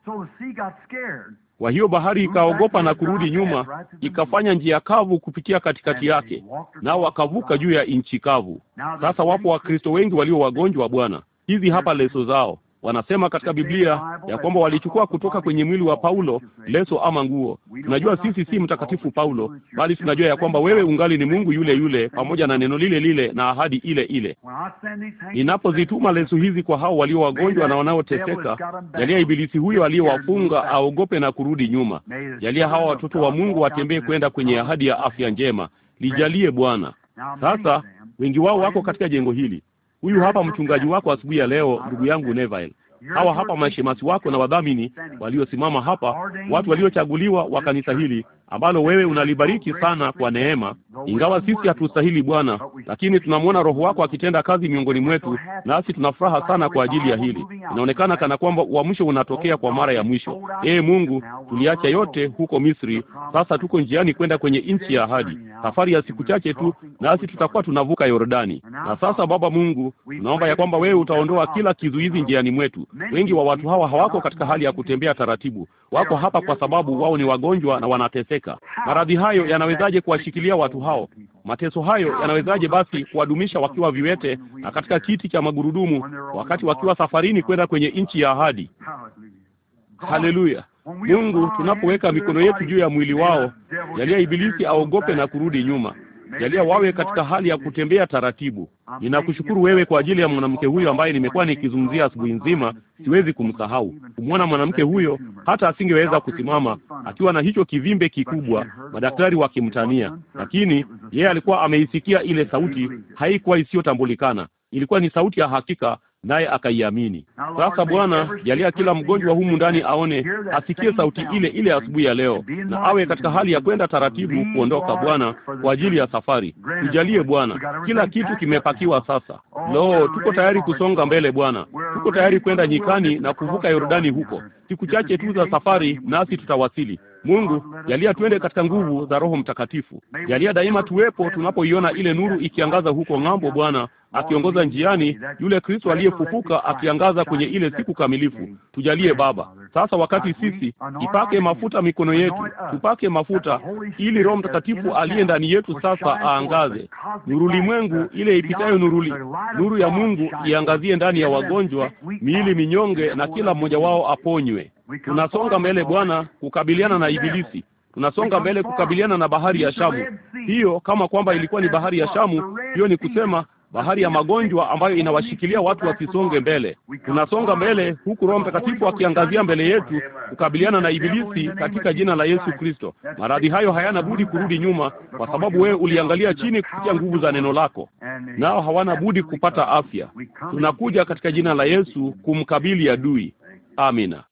Kwa hiyo bahari ikaogopa na kurudi nyuma, ikafanya njia kavu kupitia katikati yake, nao wakavuka juu ya nchi kavu. Sasa wapo Wakristo wengi walio wagonjwa, Bwana. Hizi hapa leso zao Wanasema katika Biblia ya kwamba walichukua kutoka kwenye mwili wa Paulo leso ama nguo. Tunajua sisi si mtakatifu Paulo, bali tunajua ya kwamba wewe ungali ni Mungu yule yule, pamoja na neno lile lile na ahadi ile ile. Ninapozituma leso hizi kwa hao walio wagonjwa na wanaoteseka, jalia ibilisi huyo aliyewafunga aogope na kurudi nyuma. Jalia hawa watoto wa Mungu watembee kwenda kwenye ahadi ya afya njema. Lijalie Bwana. Sasa wengi wao wako katika jengo hili Huyu hapa mchungaji wako asubuhi ya leo, ndugu yangu Neville hawa hapa mashemasi wako na wadhamini waliosimama hapa, watu waliochaguliwa wa kanisa hili ambalo wewe unalibariki sana kwa neema, ingawa sisi hatustahili Bwana, lakini tunamwona Roho wako akitenda kazi miongoni mwetu, nasi tunafuraha sana kwa ajili ya hili. Inaonekana kana kwamba uamsho unatokea kwa mara ya mwisho. Ee Mungu, tuliacha yote huko Misri, sasa tuko njiani kwenda kwenye nchi ya ahadi, safari ya siku chache tu, nasi tutakuwa tunavuka Yordani. Na sasa Baba Mungu, tunaomba ya kwamba wewe utaondoa kila kizuizi njiani mwetu, Wengi wa watu hawa hawako katika hali ya kutembea taratibu, wako hapa kwa sababu wao ni wagonjwa na wanateseka. Maradhi hayo yanawezaje kuwashikilia watu hao? Mateso hayo yanawezaje basi kuwadumisha wakiwa viwete na katika kiti cha magurudumu, wakati wakiwa safarini kwenda kwenye nchi ya ahadi? Haleluya! Mungu, tunapoweka mikono yetu juu ya mwili wao, yaliye ibilisi aogope na kurudi nyuma. Jalia wawe katika hali ya kutembea taratibu. Ninakushukuru wewe kwa ajili ya mwanamke huyo ambaye nimekuwa nikizungumzia asubuhi nzima. Siwezi kumsahau kumwona mwanamke huyo, hata asingeweza kusimama akiwa na hicho kivimbe kikubwa, madaktari wakimtania, lakini yeye alikuwa ameisikia ile sauti. Haikuwa isiyotambulikana, ilikuwa ni sauti ya hakika naye akaiamini. Sasa Bwana, jalia kila mgonjwa humu ndani aone, asikie sauti ile ile asubuhi ya leo, na awe katika hali ya kwenda taratibu kuondoka, Bwana, kwa ajili ya safari. Tujalie Bwana, kila kitu kimepakiwa sasa. Oh, Lo, tuko tayari kusonga mbele Bwana, tuko tayari kwenda nyikani na kuvuka Yordani huko. Siku chache tu za safari, nasi tutawasili. Oh, Mungu, jalia tuende katika nguvu za Roho Mtakatifu. Jalia daima tuwepo tunapoiona ile nuru ikiangaza huko ng'ambo, Bwana, akiongoza njiani, yule Kristo aliyefufuka akiangaza kwenye ile siku kamilifu. Tujalie Baba sasa, wakati sisi ipake mafuta mikono yetu, tupake mafuta ili Roho Mtakatifu aliye ndani yetu sasa aangaze nuru limwengu ile ipitayo nuruli, nuru ya Mungu iangazie ndani ya wagonjwa, miili minyonge, na kila mmoja wao aponywe. Tunasonga mbele Bwana, kukabiliana na Ibilisi tunasonga mbele kukabiliana na bahari ya Shamu. Hiyo kama kwamba ilikuwa ni bahari ya Shamu, hiyo ni kusema bahari ya magonjwa ambayo inawashikilia watu wasisonge mbele. Tunasonga mbele huku Roho Mtakatifu akiangazia mbele yetu kukabiliana na Ibilisi katika jina la Yesu Kristo. Maradhi hayo hayana budi kurudi nyuma, kwa sababu wewe uliangalia chini kupitia nguvu za neno lako, nao hawana budi kupata afya. Tunakuja katika jina la Yesu kumkabili adui. Amina.